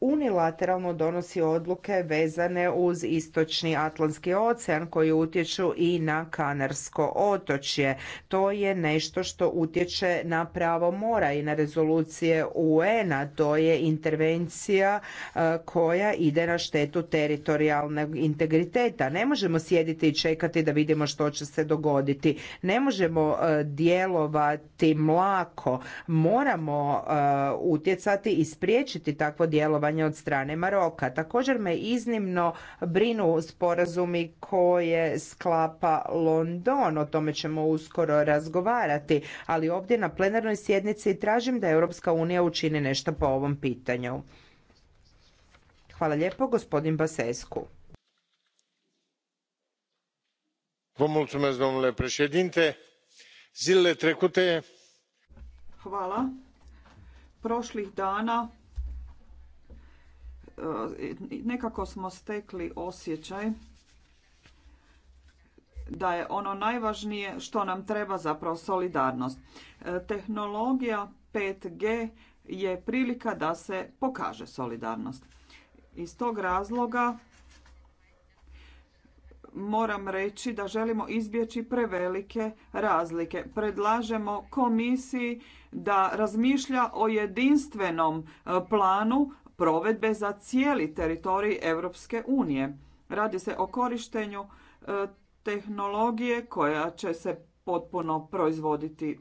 unilateralno donosi odluke vezane uz istočni Atlantski ocean koji utječu i na Kanarsko otočje. To je nešto što utječe na pravo mora i na rezolucije UN-a. To je intervencija e, koja ide na štetu teritorijalnog integriteta. Ne možemo sjediti i čekati da vidimo što će se dogoditi. Ne možemo e, djelovati mlako. Moramo e, utjecati i spriječiti takvo djelovanje djelovanje od strane Maroka. Također me iznimno brinu sporazumi koje sklapa London, o tome ćemo uskoro razgovarati, ali ovdje na plenarnoj sjednici tražim da Europska unija učini nešto po ovom pitanju. Hvala lijepo, gospodin Basescu. hvala prošlih dana E, nekako smo stekli osjećaj da je ono najvažnije što nam treba zapravo solidarnost. E, tehnologija 5G je prilika da se pokaže solidarnost. Iz tog razloga moram reći da želimo izbjeći prevelike razlike. Predlažemo komisiji da razmišlja o jedinstvenom e, planu provedbe za cijeli teritorij Europske unije. Radi se o korištenju e, tehnologije koja će se potpuno proizvoditi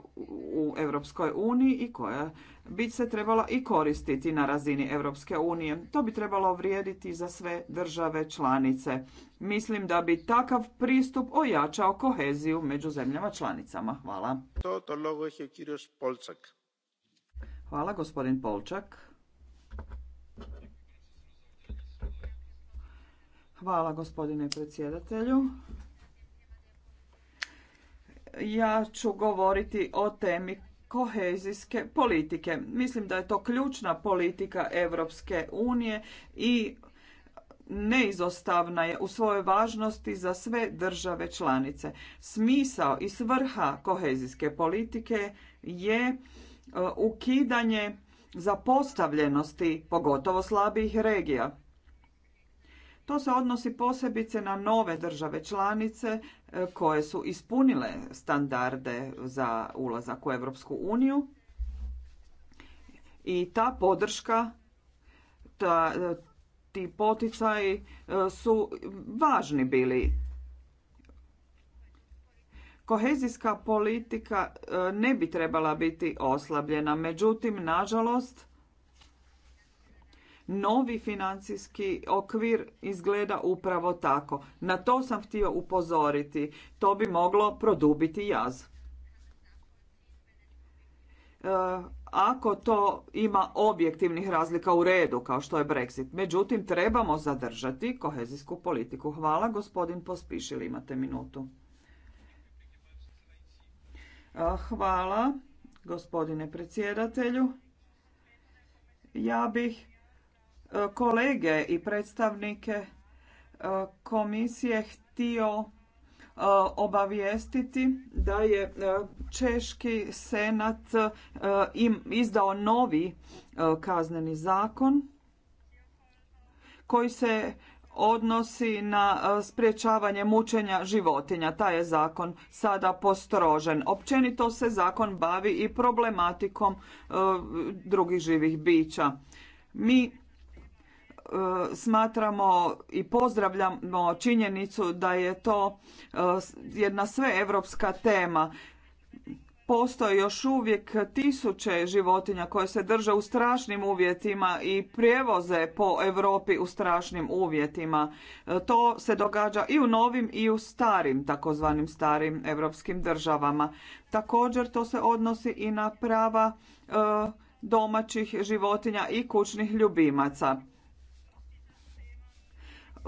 u Europskoj uniji i koja bi se trebala i koristiti na razini Europske unije. To bi trebalo vrijediti za sve države članice. Mislim da bi takav pristup ojačao koheziju među zemljama članicama. Hvala. Hvala, gospodin Polčak. Hvala gospodine predsjedatelju. Ja ću govoriti o temi kohezijske politike. Mislim da je to ključna politika Europske unije i neizostavna je u svojoj važnosti za sve države članice. Smisao i svrha kohezijske politike je e, ukidanje zapostavljenosti, pogotovo slabijih regija. To se odnosi posebice na nove države članice e, koje su ispunile standarde za ulazak u Europsku uniju i ta podrška, ta, ti poticaji e, su važni bili. Kohezijska politika e, ne bi trebala biti oslabljena, međutim, nažalost, Novi financijski okvir izgleda upravo tako. Na to sam htio upozoriti. To bi moglo produbiti jaz. E, ako to ima objektivnih razlika u redu, kao što je Brexit. Međutim, trebamo zadržati kohezijsku politiku. Hvala, gospodin Pospišil, imate minutu. E, hvala, gospodine predsjedatelju. Ja bih E, kolege i predstavnike e, komisije htio e, obavijestiti da je Češki senat im izdao novi kazneni zakon koji se odnosi na sprječavanje mučenja životinja. Taj je zakon sada postrožen. Općenito se zakon bavi i problematikom drugih živih bića. Mi E, smatramo i pozdravljamo činjenicu da je to e, jedna sveeuropska tema. Postoje još uvijek tisuće životinja koje se drže u strašnim uvjetima i prijevoze po Europi u strašnim uvjetima. E, to se događa i u novim i u starim, takozvanim starim europskim državama. Također to se odnosi i na prava domaćih životinja i kućnih ljubimaca.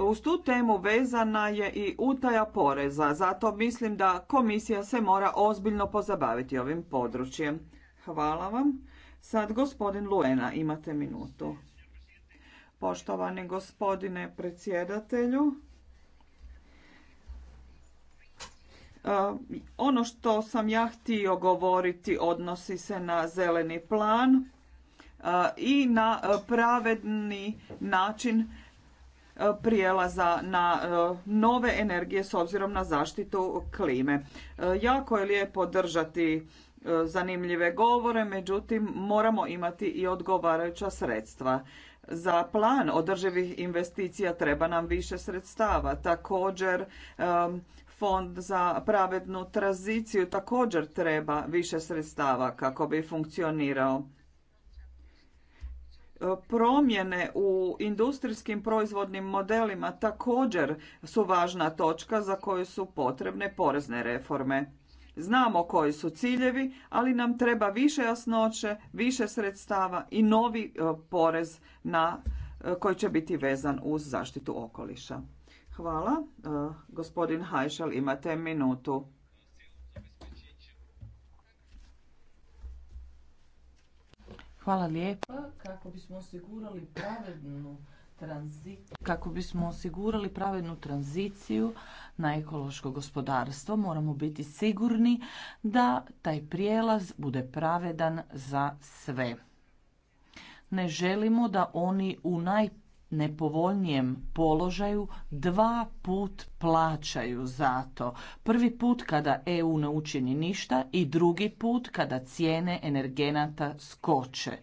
Uz tu temu vezana je i utaja poreza, zato mislim da komisija se mora ozbiljno pozabaviti ovim područjem. Hvala vam. Sad gospodin Luena, imate minutu. Poštovani gospodine predsjedatelju, e, ono što sam ja htio govoriti odnosi se na zeleni plan e, i na pravedni način prijelaza na e, nove energije s obzirom na zaštitu klime. E, jako je lijepo držati e, zanimljive govore, međutim moramo imati i odgovarajuća sredstva. Za plan održivih investicija treba nam više sredstava. Također fond za pravednu tranziciju također treba više sredstava kako bi funkcionirao. Promjene u industrijskim proizvodnim modelima također su važna točka za koju su potrebne porezne reforme. Znamo koji su ciljevi, ali nam treba više jasnoće, više sredstava i novi e, porez na, e, koji će biti vezan uz zaštitu okoliša. Hvala. E, gospodin Hajšel, imate minutu. Hvala lijepa. Pa, kako bismo osigurali pravednu kako bismo osigurali pravednu tranziciju na ekološko gospodarstvo, moramo biti sigurni da taj prijelaz bude pravedan za sve. Ne želimo da oni u naj nepovoljnijem položaju dva put plaćaju za to. Prvi put kada EU ne učini ništa i drugi put kada cijene energenata skoče.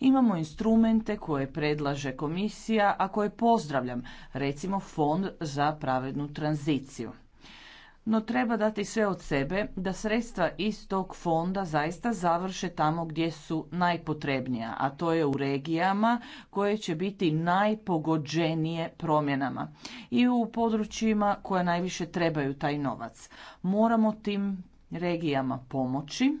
Imamo instrumente koje predlaže komisija, a koje pozdravljam, recimo fond za pravednu tranziciju no treba dati sve od sebe da sredstva iz tog fonda zaista završe tamo gdje su najpotrebnija, a to je u regijama koje će biti najpogođenije promjenama i u područjima koja najviše trebaju taj novac. Moramo tim regijama pomoći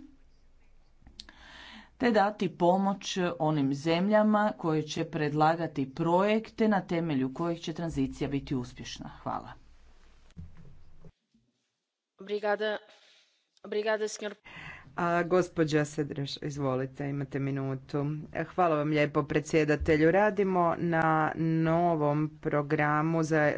te dati pomoć onim zemljama koje će predlagati projekte na temelju kojih će tranzicija biti uspješna. Hvala. Obrigada. Obrigada, senhor. A gospođa Sedreš, izvolite, imate minutu. E, hvala vam lijepo predsjedatelju. Radimo na novom programu za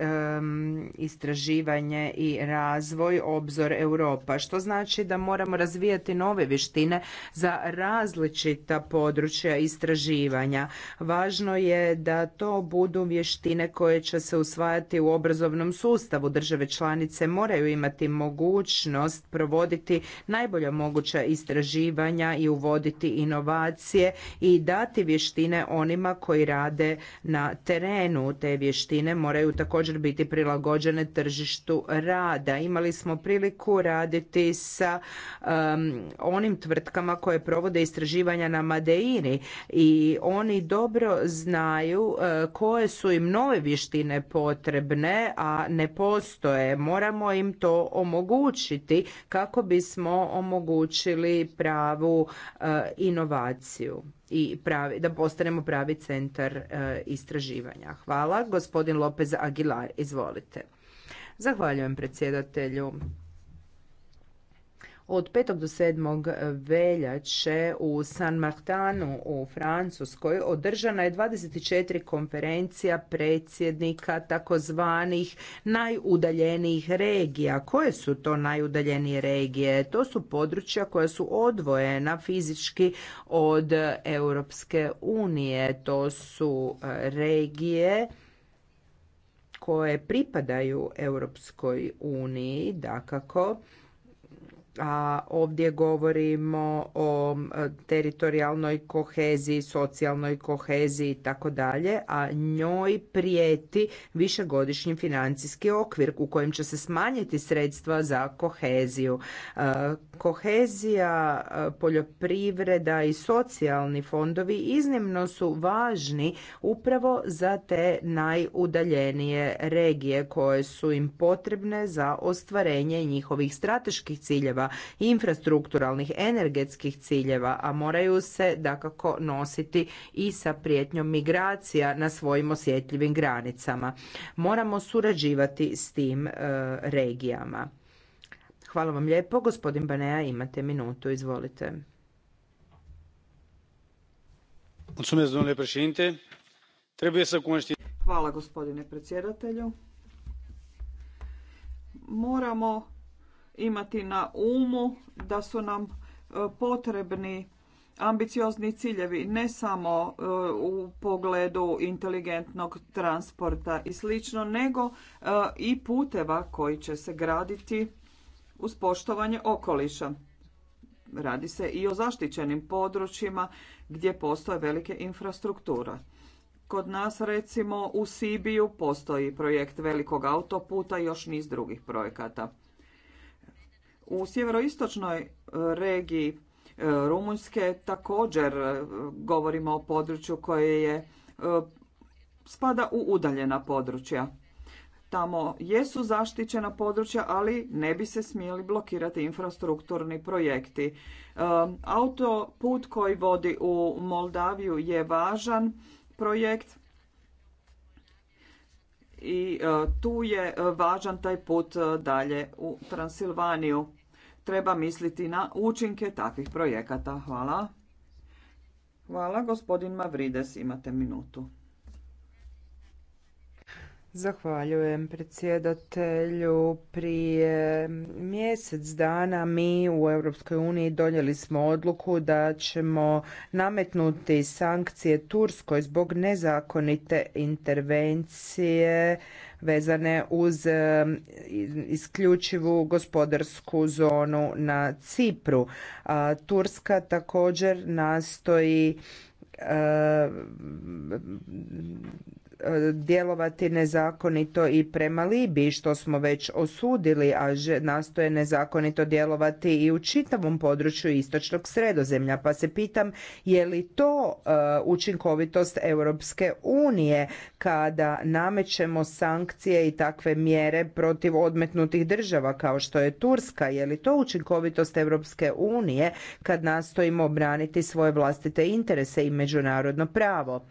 istraživanje i razvoj Obzor Europa, što znači da moramo razvijati nove vještine za različita područja istraživanja. Važno je da to budu vještine koje će se usvajati u obrazovnom sustavu. Države članice moraju imati mogućnost provoditi najbolja moguća istraživanja i uvoditi inovacije i dati vještine onima koji rade na terenu. Te vještine moraju također biti prilagođene tržištu rada. Imali smo priliku raditi sa onim tvrtkama koje provode istraživanja na Madeini i oni dobro znaju e, koje su im nove vještine potrebne, a ne postoje. Moramo im to omogućiti kako bismo omogućili pravu eh, inovaciju i pravi, da postanemo pravi centar eh, istraživanja. Hvala. Gospodin Lopez Aguilar, izvolite. Zahvaljujem predsjedatelju. Od 5. do 7. veljače u San Martanu u Francuskoj održana je 24 konferencija predsjednika takozvanih najudaljenijih regija. Koje su to najudaljenije regije? To su područja koja su odvojena fizički od Europske unije. To su e, regije koje pripadaju Europskoj uniji, dakako, a ovdje govorimo o e, teritorijalnoj koheziji, socijalnoj koheziji i tako dalje, a njoj prijeti višegodišnji financijski okvir u kojem će se smanjiti sredstva za koheziju. E, kohezija, e, poljoprivreda i socijalni fondovi iznimno su važni upravo za te najudaljenije regije koje su im potrebne za ostvarenje njihovih strateških ciljeva ciljeva, infrastrukturalnih, energetskih ciljeva, a moraju se dakako nositi i sa prijetnjom migracija na svojim osjetljivim granicama. Moramo surađivati s tim e, regijama. Hvala vam lijepo. Gospodin Banea imate minutu, izvolite. Hvala gospodine predsjedatelju. Moramo imati na umu da su nam e, potrebni ambiciozni ciljevi ne samo e, u pogledu inteligentnog transporta i slično, nego e, i puteva koji će se graditi uz poštovanje okoliša. Radi se i o zaštićenim područjima gdje postoje velike infrastruktura. Kod nas recimo u Sibiju postoji projekt velikog autoputa i još niz drugih projekata. U sjeveroistočnoj e, regiji e, Rumunjske također e, govorimo o području koje je spada u udaljena područja. Tamo jesu zaštićena područja, ali ne bi se smjeli blokirati infrastrukturni projekti. Autoput koji vodi u Moldaviju je važan projekt i tu je važan taj put dalje u Transilvaniju treba misliti na učinke takvih projekata. Hvala. Hvala, gospodin Mavrides, imate minutu. Zahvaljujem predsjedatelju. Prije mjesec dana mi u Europskoj uniji donijeli smo odluku da ćemo nametnuti sankcije Turskoj zbog nezakonite intervencije vezane uz e, isključivu gospodarsku zonu na Cipru. Turska također nastoji e, djelovati nezakonito i prema Libiji, što smo već osudili, a nastoje nezakonito djelovati i u čitavom području istočnog sredozemlja. Pa se pitam je li to e, učinkovitost Europske unije kada namećemo sankcije i takve mjere protiv odmetnutih država kao što je Turska. Je li to učinkovitost Europske unije kad nastojimo obraniti svoje vlastite interese i međunarodno pravo?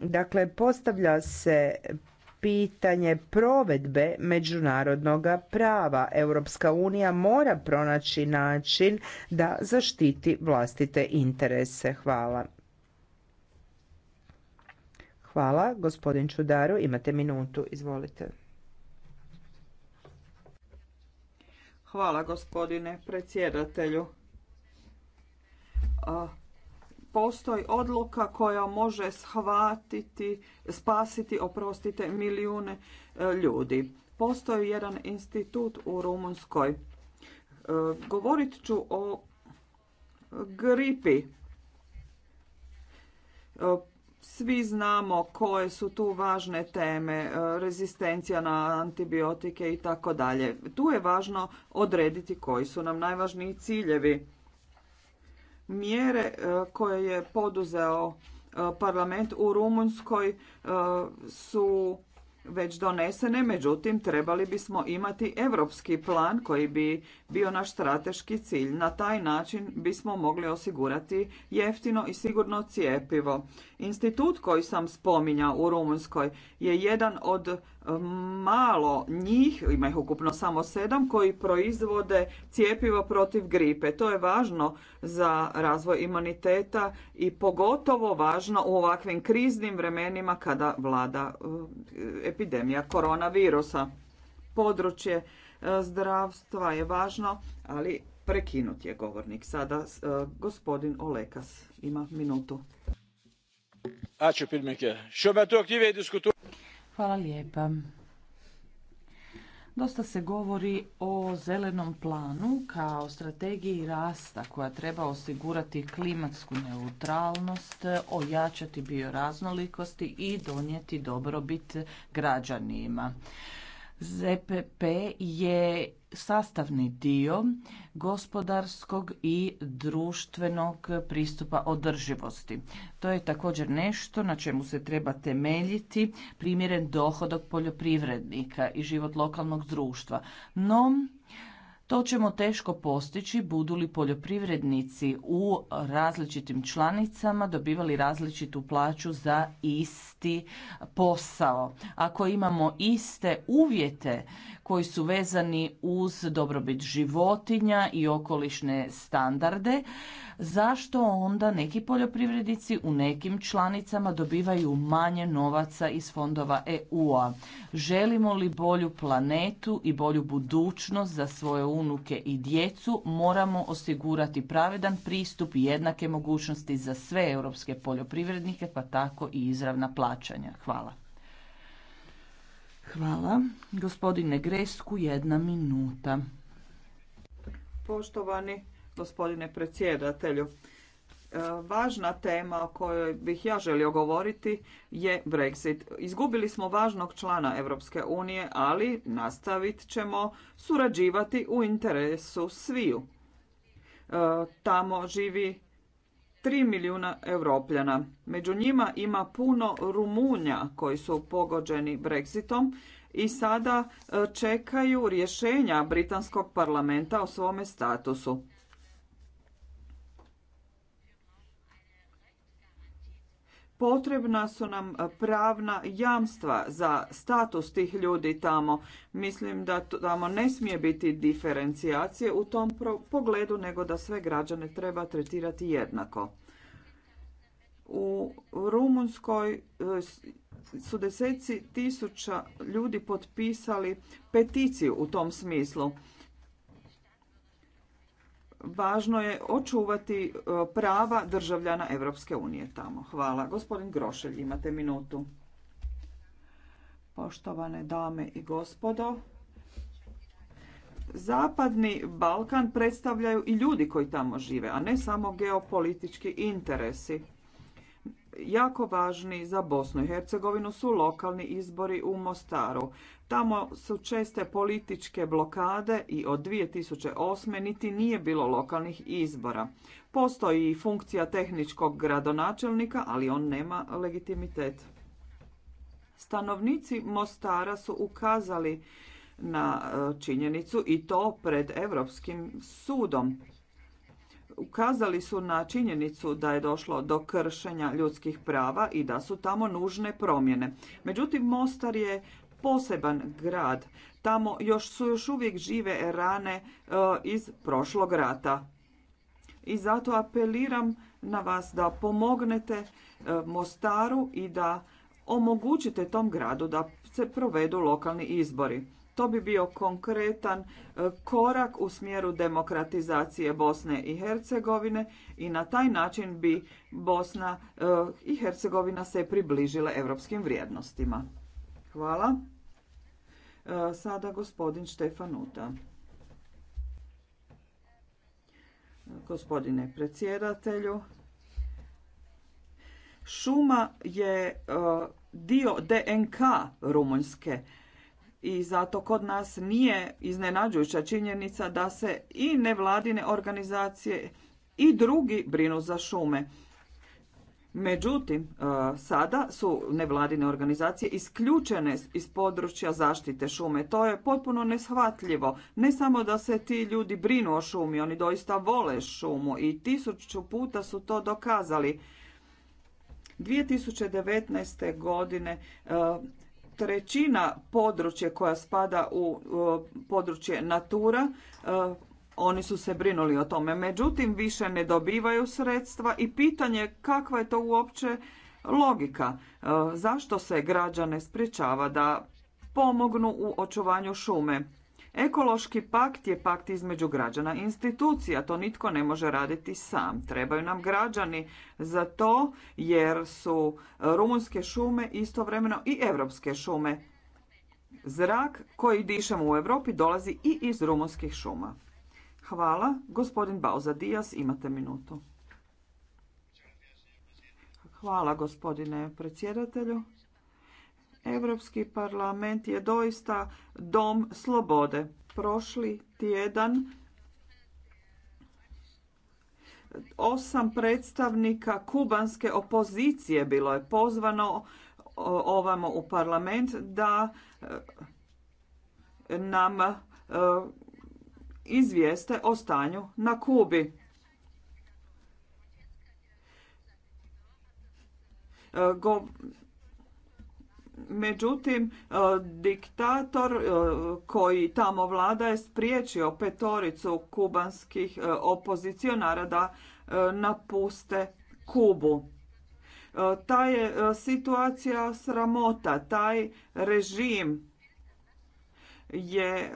Dakle, postavlja se pitanje provedbe međunarodnog prava. Europska unija mora pronaći način da zaštiti vlastite interese. Hvala. Hvala. Gospodin Čudaru, imate minutu. Izvolite. Hvala gospodine predsjedatelju postoji odluka koja može shvatiti, spasiti, oprostite, milijune e, ljudi. Postoji jedan institut u Rumunskoj. E, govorit ću o gripi. E, svi znamo koje su tu važne teme, rezistencija na antibiotike i tako dalje. Tu je važno odrediti koji su nam najvažniji ciljevi Mjere e, koje je poduzeo e, parlament u Rumunjskoj e, su već donesene, međutim trebali bismo imati europski plan koji bi bio naš strateški cilj. Na taj način bismo mogli osigurati jeftino i sigurno cijepivo. Institut koji sam spominjao u Rumunjskoj je jedan od malo njih, ima ih ukupno samo sedam, koji proizvode cjepivo protiv gripe. To je važno za razvoj imuniteta i pogotovo važno u ovakvim kriznim vremenima kada vlada eh, epidemija koronavirusa. Područje eh, zdravstva je važno, ali prekinut je govornik. Sada eh, gospodin Olekas ima minutu. Ačiū pirmininkė. Šiuo metu aktyviai Hvala lijepa. Dosta se govori o zelenom planu kao strategiji rasta koja treba osigurati klimatsku neutralnost, ojačati bioraznolikosti i donijeti dobrobit građanima. ZPP je sastavni dio gospodarskog i društvenog pristupa održivosti. To je također nešto na čemu se treba temeljiti primjeren dohodak poljoprivrednika i život lokalnog društva. No, to ćemo teško postići budu li poljoprivrednici u različitim članicama dobivali različitu plaću za isti posao. Ako imamo iste uvjete koji su vezani uz dobrobit životinja i okolišne standarde, zašto onda neki poljoprivrednici u nekim članicama dobivaju manje novaca iz fondova EU-a? Želimo li bolju planetu i bolju budućnost za svoje unuke i djecu, moramo osigurati pravedan pristup i jednake mogućnosti za sve europske poljoprivrednike, pa tako i izravna plaćanja. Hvala. Hvala. Gospodine Gresku, jedna minuta. Poštovani gospodine predsjedatelju. E, važna tema o kojoj bih ja želio govoriti je Brexit. Izgubili smo važnog člana Europske unije, ali nastavit ćemo surađivati u interesu sviju. E, tamo živi 3 milijuna europljana. Među njima ima puno Rumunja koji su pogođeni Brexitom i sada e, čekaju rješenja britanskog parlamenta o svome statusu. potrebna su nam e, pravna jamstva za status tih ljudi tamo. Mislim da tamo ne smije biti diferencijacije u tom pogledu, nego da sve građane treba tretirati jednako. U Rumunskoj e, su deseci tisuća ljudi potpisali peticiju u tom smislu važno je očuvati e, prava državljana Europske unije tamo. Hvala. Gospodin Grošelj, imate minutu. Poštovane dame i gospodo, Zapadni Balkan predstavljaju i ljudi koji tamo žive, a ne samo geopolitički interesi jako važni za Bosnu i Hercegovinu su lokalni izbori u Mostaru. Tamo su česte političke blokade i od 2008. niti nije bilo lokalnih izbora. Postoji i funkcija tehničkog gradonačelnika, ali on nema legitimitet. Stanovnici Mostara su ukazali na e, činjenicu i to pred Europskim sudom ukazali su na činjenicu da je došlo do kršenja ljudskih prava i da su tamo nužne promjene. Međutim, Mostar je poseban grad. Tamo još su još uvijek žive rane e, iz prošlog rata. I zato apeliram na vas da pomognete e, Mostaru i da omogućite tom gradu da se provedu lokalni izbori. To bi bio konkretan e, korak u smjeru demokratizacije Bosne i Hercegovine i na taj način bi Bosna e, i Hercegovina se približile europskim vrijednostima. Hvala. E, sada gospodin Uta. Gospodine predsjedatelju, šuma je dio DNK Rumunjske i zato kod nas nije iznenađujuća činjenica da se i nevladine organizacije i drugi brinu za šume. Međutim, e, sada su nevladine organizacije isključene iz područja zaštite šume. To je potpuno neshvatljivo. Ne samo da se ti ljudi brinu o šumi, oni doista vole šumu i tisuću puta su to dokazali. 2019. godine e, trećina područja koja spada u područje Natura, e, oni su se brinuli o tome. Međutim, više ne dobivaju sredstva i pitanje kakva je to uopće logika. E, zašto se građane sprječava da pomognu u očuvanju šume? Ekološki pakt je pakt između građana i institucija, to nitko ne može raditi sam. Trebaju nam građani za to jer su rumunske šume istovremeno i europske šume. Zrak koji dišemo u Europi dolazi i iz rumunskih šuma. Hvala. Gospodin Bauza Dijas, imate minutu. Hvala gospodine predsjedatelju. Europski parlament je doista dom slobode. Prošli tjedan osam predstavnika kubanske opozicije bilo je pozvano ovamo u parlament da e, nam e, izvijeste o stanju na Kubi. E, Međutim, e, diktator e, koji tamo vlada je spriječio petoricu kubanskih e, opozicionara da napuste Kubu. Ta je situacija sramota, taj režim je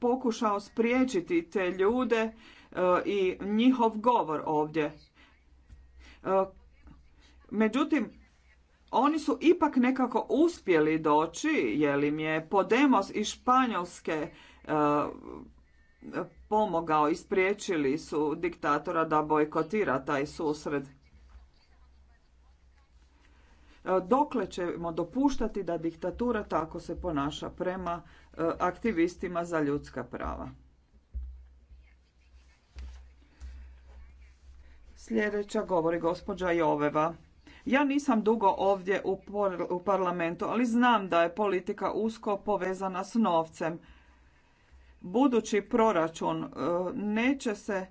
pokušao spriječiti te ljude i njihov govor ovdje. Međutim, oni su ipak nekako uspjeli doći, jer im je Podemos e, i Španjolske pomogao ispriječili su diktatora da bojkotira taj susret. E, dokle ćemo dopuštati da diktatura tako se ponaša prema e, aktivistima za ljudska prava? Sljedeća govori gospođa Joveva. Ja nisam dugo ovdje u parlamentu, ali znam da je politika usko povezana s novcem. Budući proračun e, neće se e,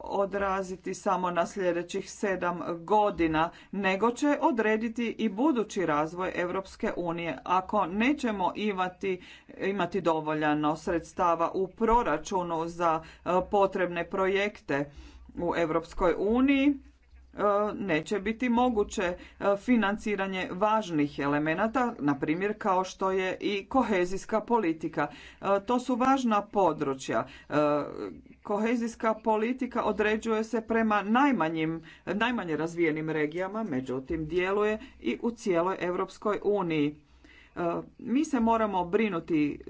odraziti samo na sljedećih sedam godina, nego će odrediti i budući razvoj Europske unije. Ako nećemo imati, imati dovoljano sredstava u proračunu za e, potrebne projekte u Europskoj uniji, E, neće biti moguće e, financiranje važnih elemenata, na primjer kao što je i kohezijska politika. E, to su važna područja. Kohezijska politika određuje se prema najmanjim, najmanje razvijenim regijama, međutim djeluje i u cijeloj Europskoj uniji. Mi se moramo brinuti,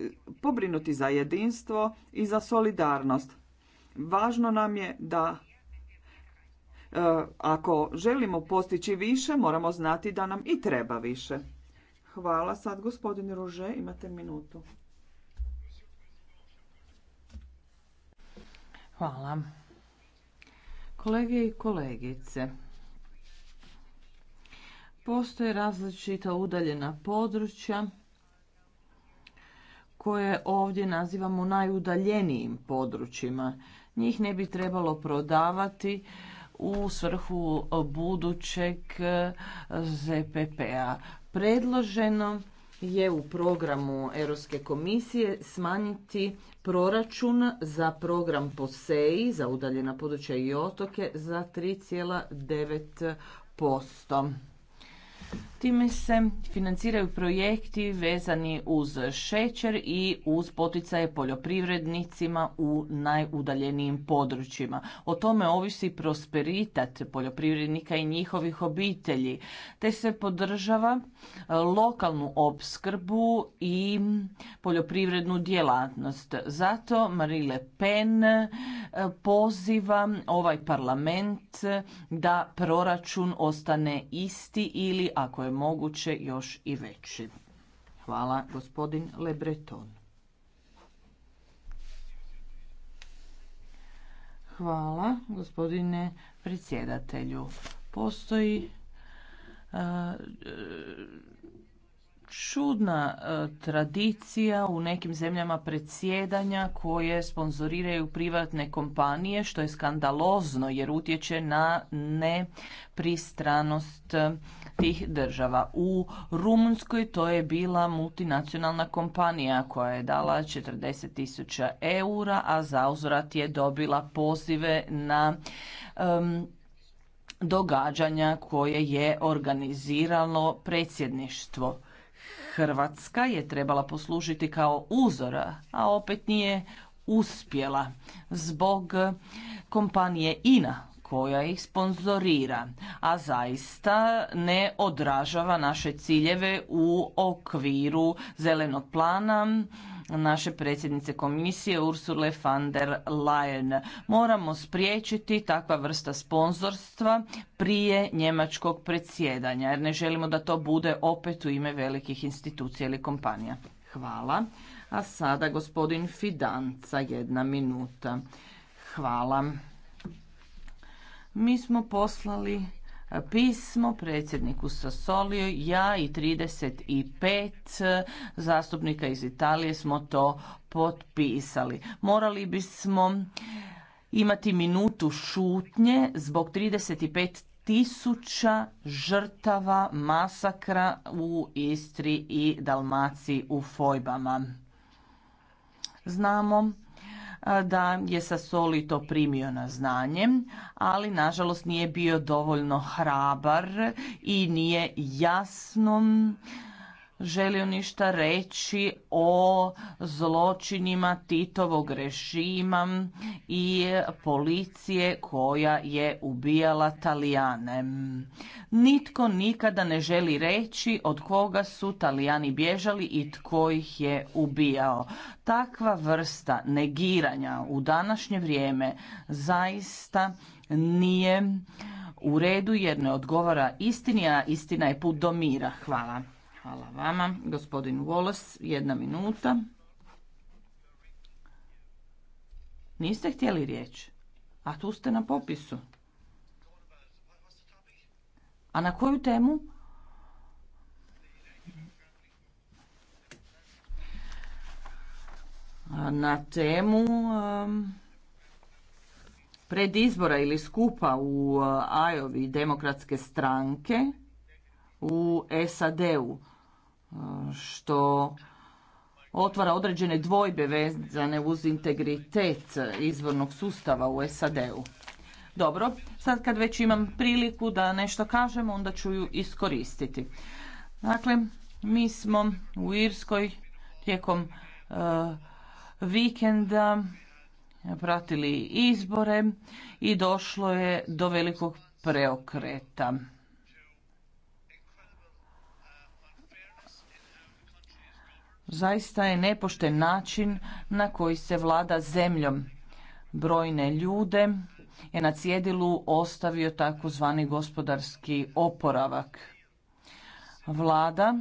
pobrinuti za jedinstvo i za solidarnost. Važno nam je da E, ako želimo postići više, moramo znati da nam i treba više. Hvala. Sad gospodin Ruže, imate minutu. Hvala. Kolege i kolegice, postoje različita udaljena područja koje ovdje nazivamo najudaljenijim područjima. Njih ne bi trebalo prodavati u svrhu budućeg eh, ZPP-a. Predloženo je u programu Europske komisije smanjiti proračun za program POSEI za udaljena područja i otoke za 3,9%. Time se financiraju projekti vezani uz šećer i uz poticaje poljoprivrednicima u najudaljenijim područjima. O tome ovisi prosperitat poljoprivrednika i njihovih obitelji, te se podržava e, lokalnu opskrbu i poljoprivrednu djelatnost. Zato Marile Pen e, poziva ovaj parlament da proračun ostane isti ili ako je moguće još i veći. Hvala, gospodin Lebreton. Hvala, gospodine predsjedatelju. Postoji e, čudna e, tradicija u nekim zemljama predsjedanja koje sponzoriraju privatne kompanije što je skandalozno jer utječe na nepristranost tih država. U Rumunskoj to je bila multinacionalna kompanija koja je dala 40.000 tisuća eura, a zauzvrat je dobila pozive na događanja koje je organiziralo predsjedništvo. Hrvatska je trebala poslužiti kao uzora, a opet nije uspjela zbog kompanije INA koja ih sponzorira, a zaista ne odražava naše ciljeve u okviru zelenog plana naše predsjednice komisije Ursule van der Leyen. Moramo spriječiti takva vrsta sponzorstva prije njemačkog predsjedanja, jer ne želimo da to bude opet u ime velikih institucija ili kompanija. Hvala. A sada gospodin Fidanca, jedna minuta. Hvala. Mi smo poslali e, pismo predsjedniku Sassoliju, ja i 35 e, zastupnika iz Italije smo to potpisali. Morali bismo imati minutu šutnje zbog 35 tisuća žrtava masakra u Istri i Dalmaciji u Fojbama. Znamo da je sa soli to primio na znanje, ali nažalost nije bio dovoljno hrabar i nije jasno želio ništa reći o zločinima Titovog režima i policije koja je ubijala Talijane. Nitko nikada ne želi reći od koga su Talijani bježali i tko ih je ubijao. Takva vrsta negiranja u današnje vrijeme zaista nije u redu jer ne odgovara istini, a istina je put do mira. Hvala. Hvala vama. Gospodin Wallace, jedna minuta. Niste htjeli riječ? A tu ste na popisu. A na koju temu? Na temu um, predizbora ili skupa u uh, Ajovi demokratske stranke u SAD-u što otvara određene dvojbe vezane uz integritet izvornog sustava u SAD-u. Dobro, sad kad već imam priliku da nešto kažem, onda ću ju iskoristiti. Dakle, mi smo u Irskoj tijekom uh, vikenda pratili izbore i došlo je do velikog preokreta. zaista je nepošten način na koji se vlada zemljom. Brojne ljude je na cjedilu ostavio takozvani gospodarski oporavak. Vlada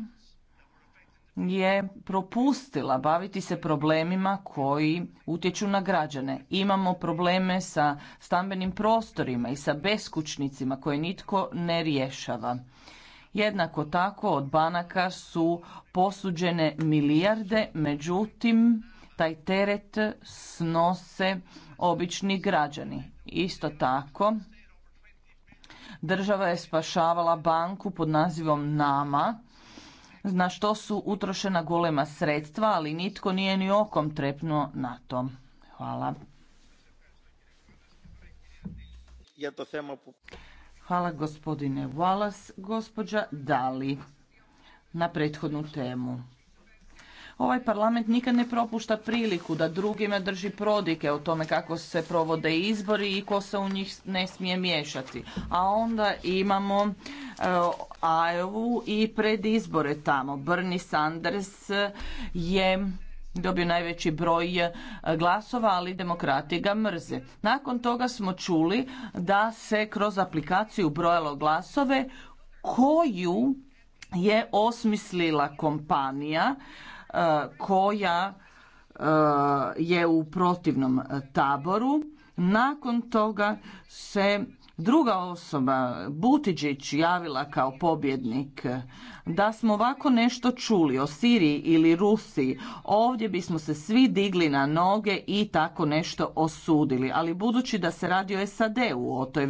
je propustila baviti se problemima koji utječu na građane. Imamo probleme sa stambenim prostorima i sa beskućnicima koje nitko ne rješava. Jednako tako od banaka su posuđene milijarde, međutim taj teret snose obični građani. Isto tako država je spašavala banku pod nazivom Nama na što su utrošena golema sredstva, ali nitko nije ni okom trepnuo na to. Hvala. Hvala gospodine Wallace. Gospođa Dali na prethodnu temu. Ovaj parlament nikad ne propušta priliku da drugima drži prodike o tome kako se provode izbori i ko se u njih ne smije miješati. A onda imamo uh, eh, Ajovu i predizbore tamo. Bernie Sanders je dobio najveći broj e, glasova, ali demokrati ga mrze. Nakon toga smo čuli da se kroz aplikaciju brojalo glasove koju je osmislila kompanija e, koja e, je u protivnom taboru. Nakon toga se druga osoba, Butiđić, javila kao pobjednik. Da smo ovako nešto čuli o Siriji ili Rusiji, ovdje bismo se svi digli na noge i tako nešto osudili. Ali budući da se radi o SAD-u, o toj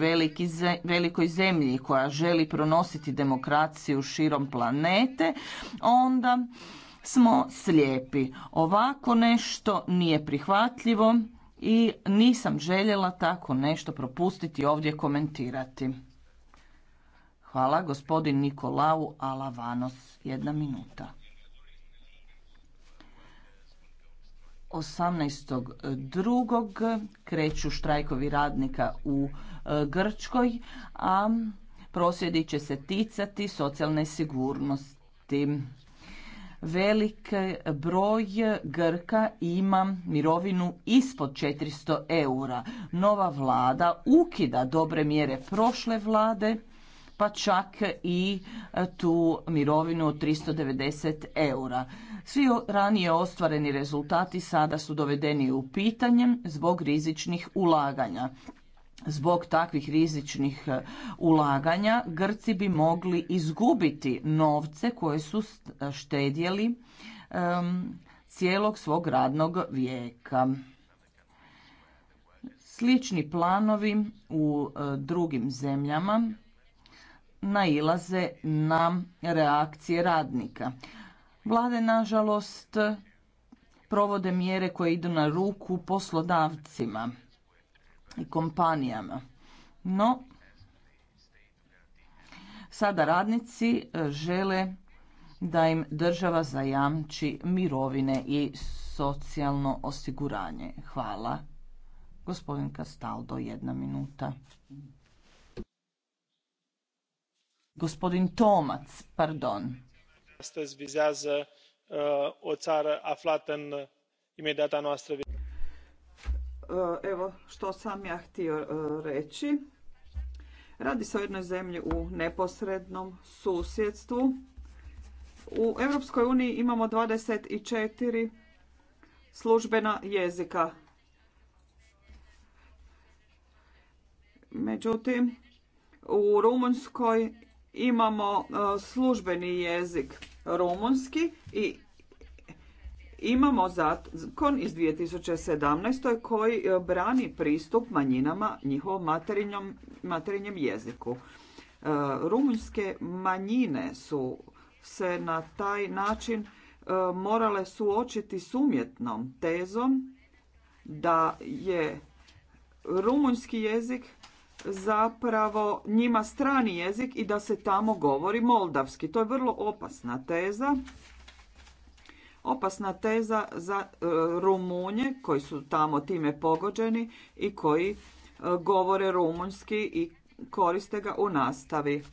velikoj zemlji koja želi pronositi demokraciju širom planete, onda smo slijepi. Ovako nešto nije prihvatljivo i nisam željela tako nešto propustiti ovdje komentirati. Hvala, gospodin Nikolau Alavanos. Jedna minuta. 18.2. kreću štrajkovi radnika u e, Grčkoj, a prosvjedi će se ticati socijalne sigurnosti velik broj Grka ima mirovinu ispod 400 eura. Nova vlada ukida dobre mjere prošle vlade pa čak i e, tu mirovinu od 390 eura. Svi ranije ostvareni rezultati sada su dovedeni u pitanje zbog rizičnih ulaganja zbog takvih rizičnih e, ulaganja Grci bi mogli izgubiti novce koje su e, štedjeli cijelog svog radnog vijeka. Slični planovi u e, drugim zemljama nailaze na reakcije radnika. Vlade, nažalost, provode mjere koje idu na ruku poslodavcima kompanijama. No, sada radnici e, žele da im država zajamči mirovine i socijalno osiguranje. Hvala. Gospodin Kastaldo, jedna minuta. Gospodin Tomac, pardon. Astăzi vizează e, o țară aflată în imediata noastră E, evo što sam ja htio e, reći. Radi se o jednoj zemlji u neposrednom susjedstvu. U Europskoj uniji imamo 24 službena jezika. Međutim, u Rumunjskoj imamo e, službeni jezik rumunski i Imamo zakon iz 2017. koji e, brani pristup manjinama njihovom materinjem jeziku. E, rumunjske manjine su se na taj način e, morale suočiti s umjetnom tezom da je rumunjski jezik zapravo njima strani jezik i da se tamo govori moldavski. To je vrlo opasna teza opasna teza za e, Rumunje koji su tamo time pogođeni i koji e, govore rumunjski i koriste ga u nastavi.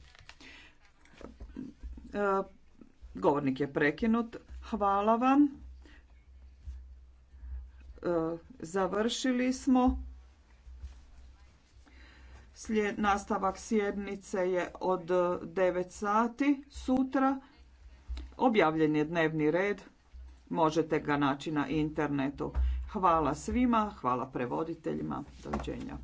E, govornik je prekinut. Hvala vam. Završili smo. nastavak sjednice je od 9 sati sutra. Objavljen je dnevni red. Možete ga naći na internetu. Hvala svima, hvala prevoditeljima. Doviđenja.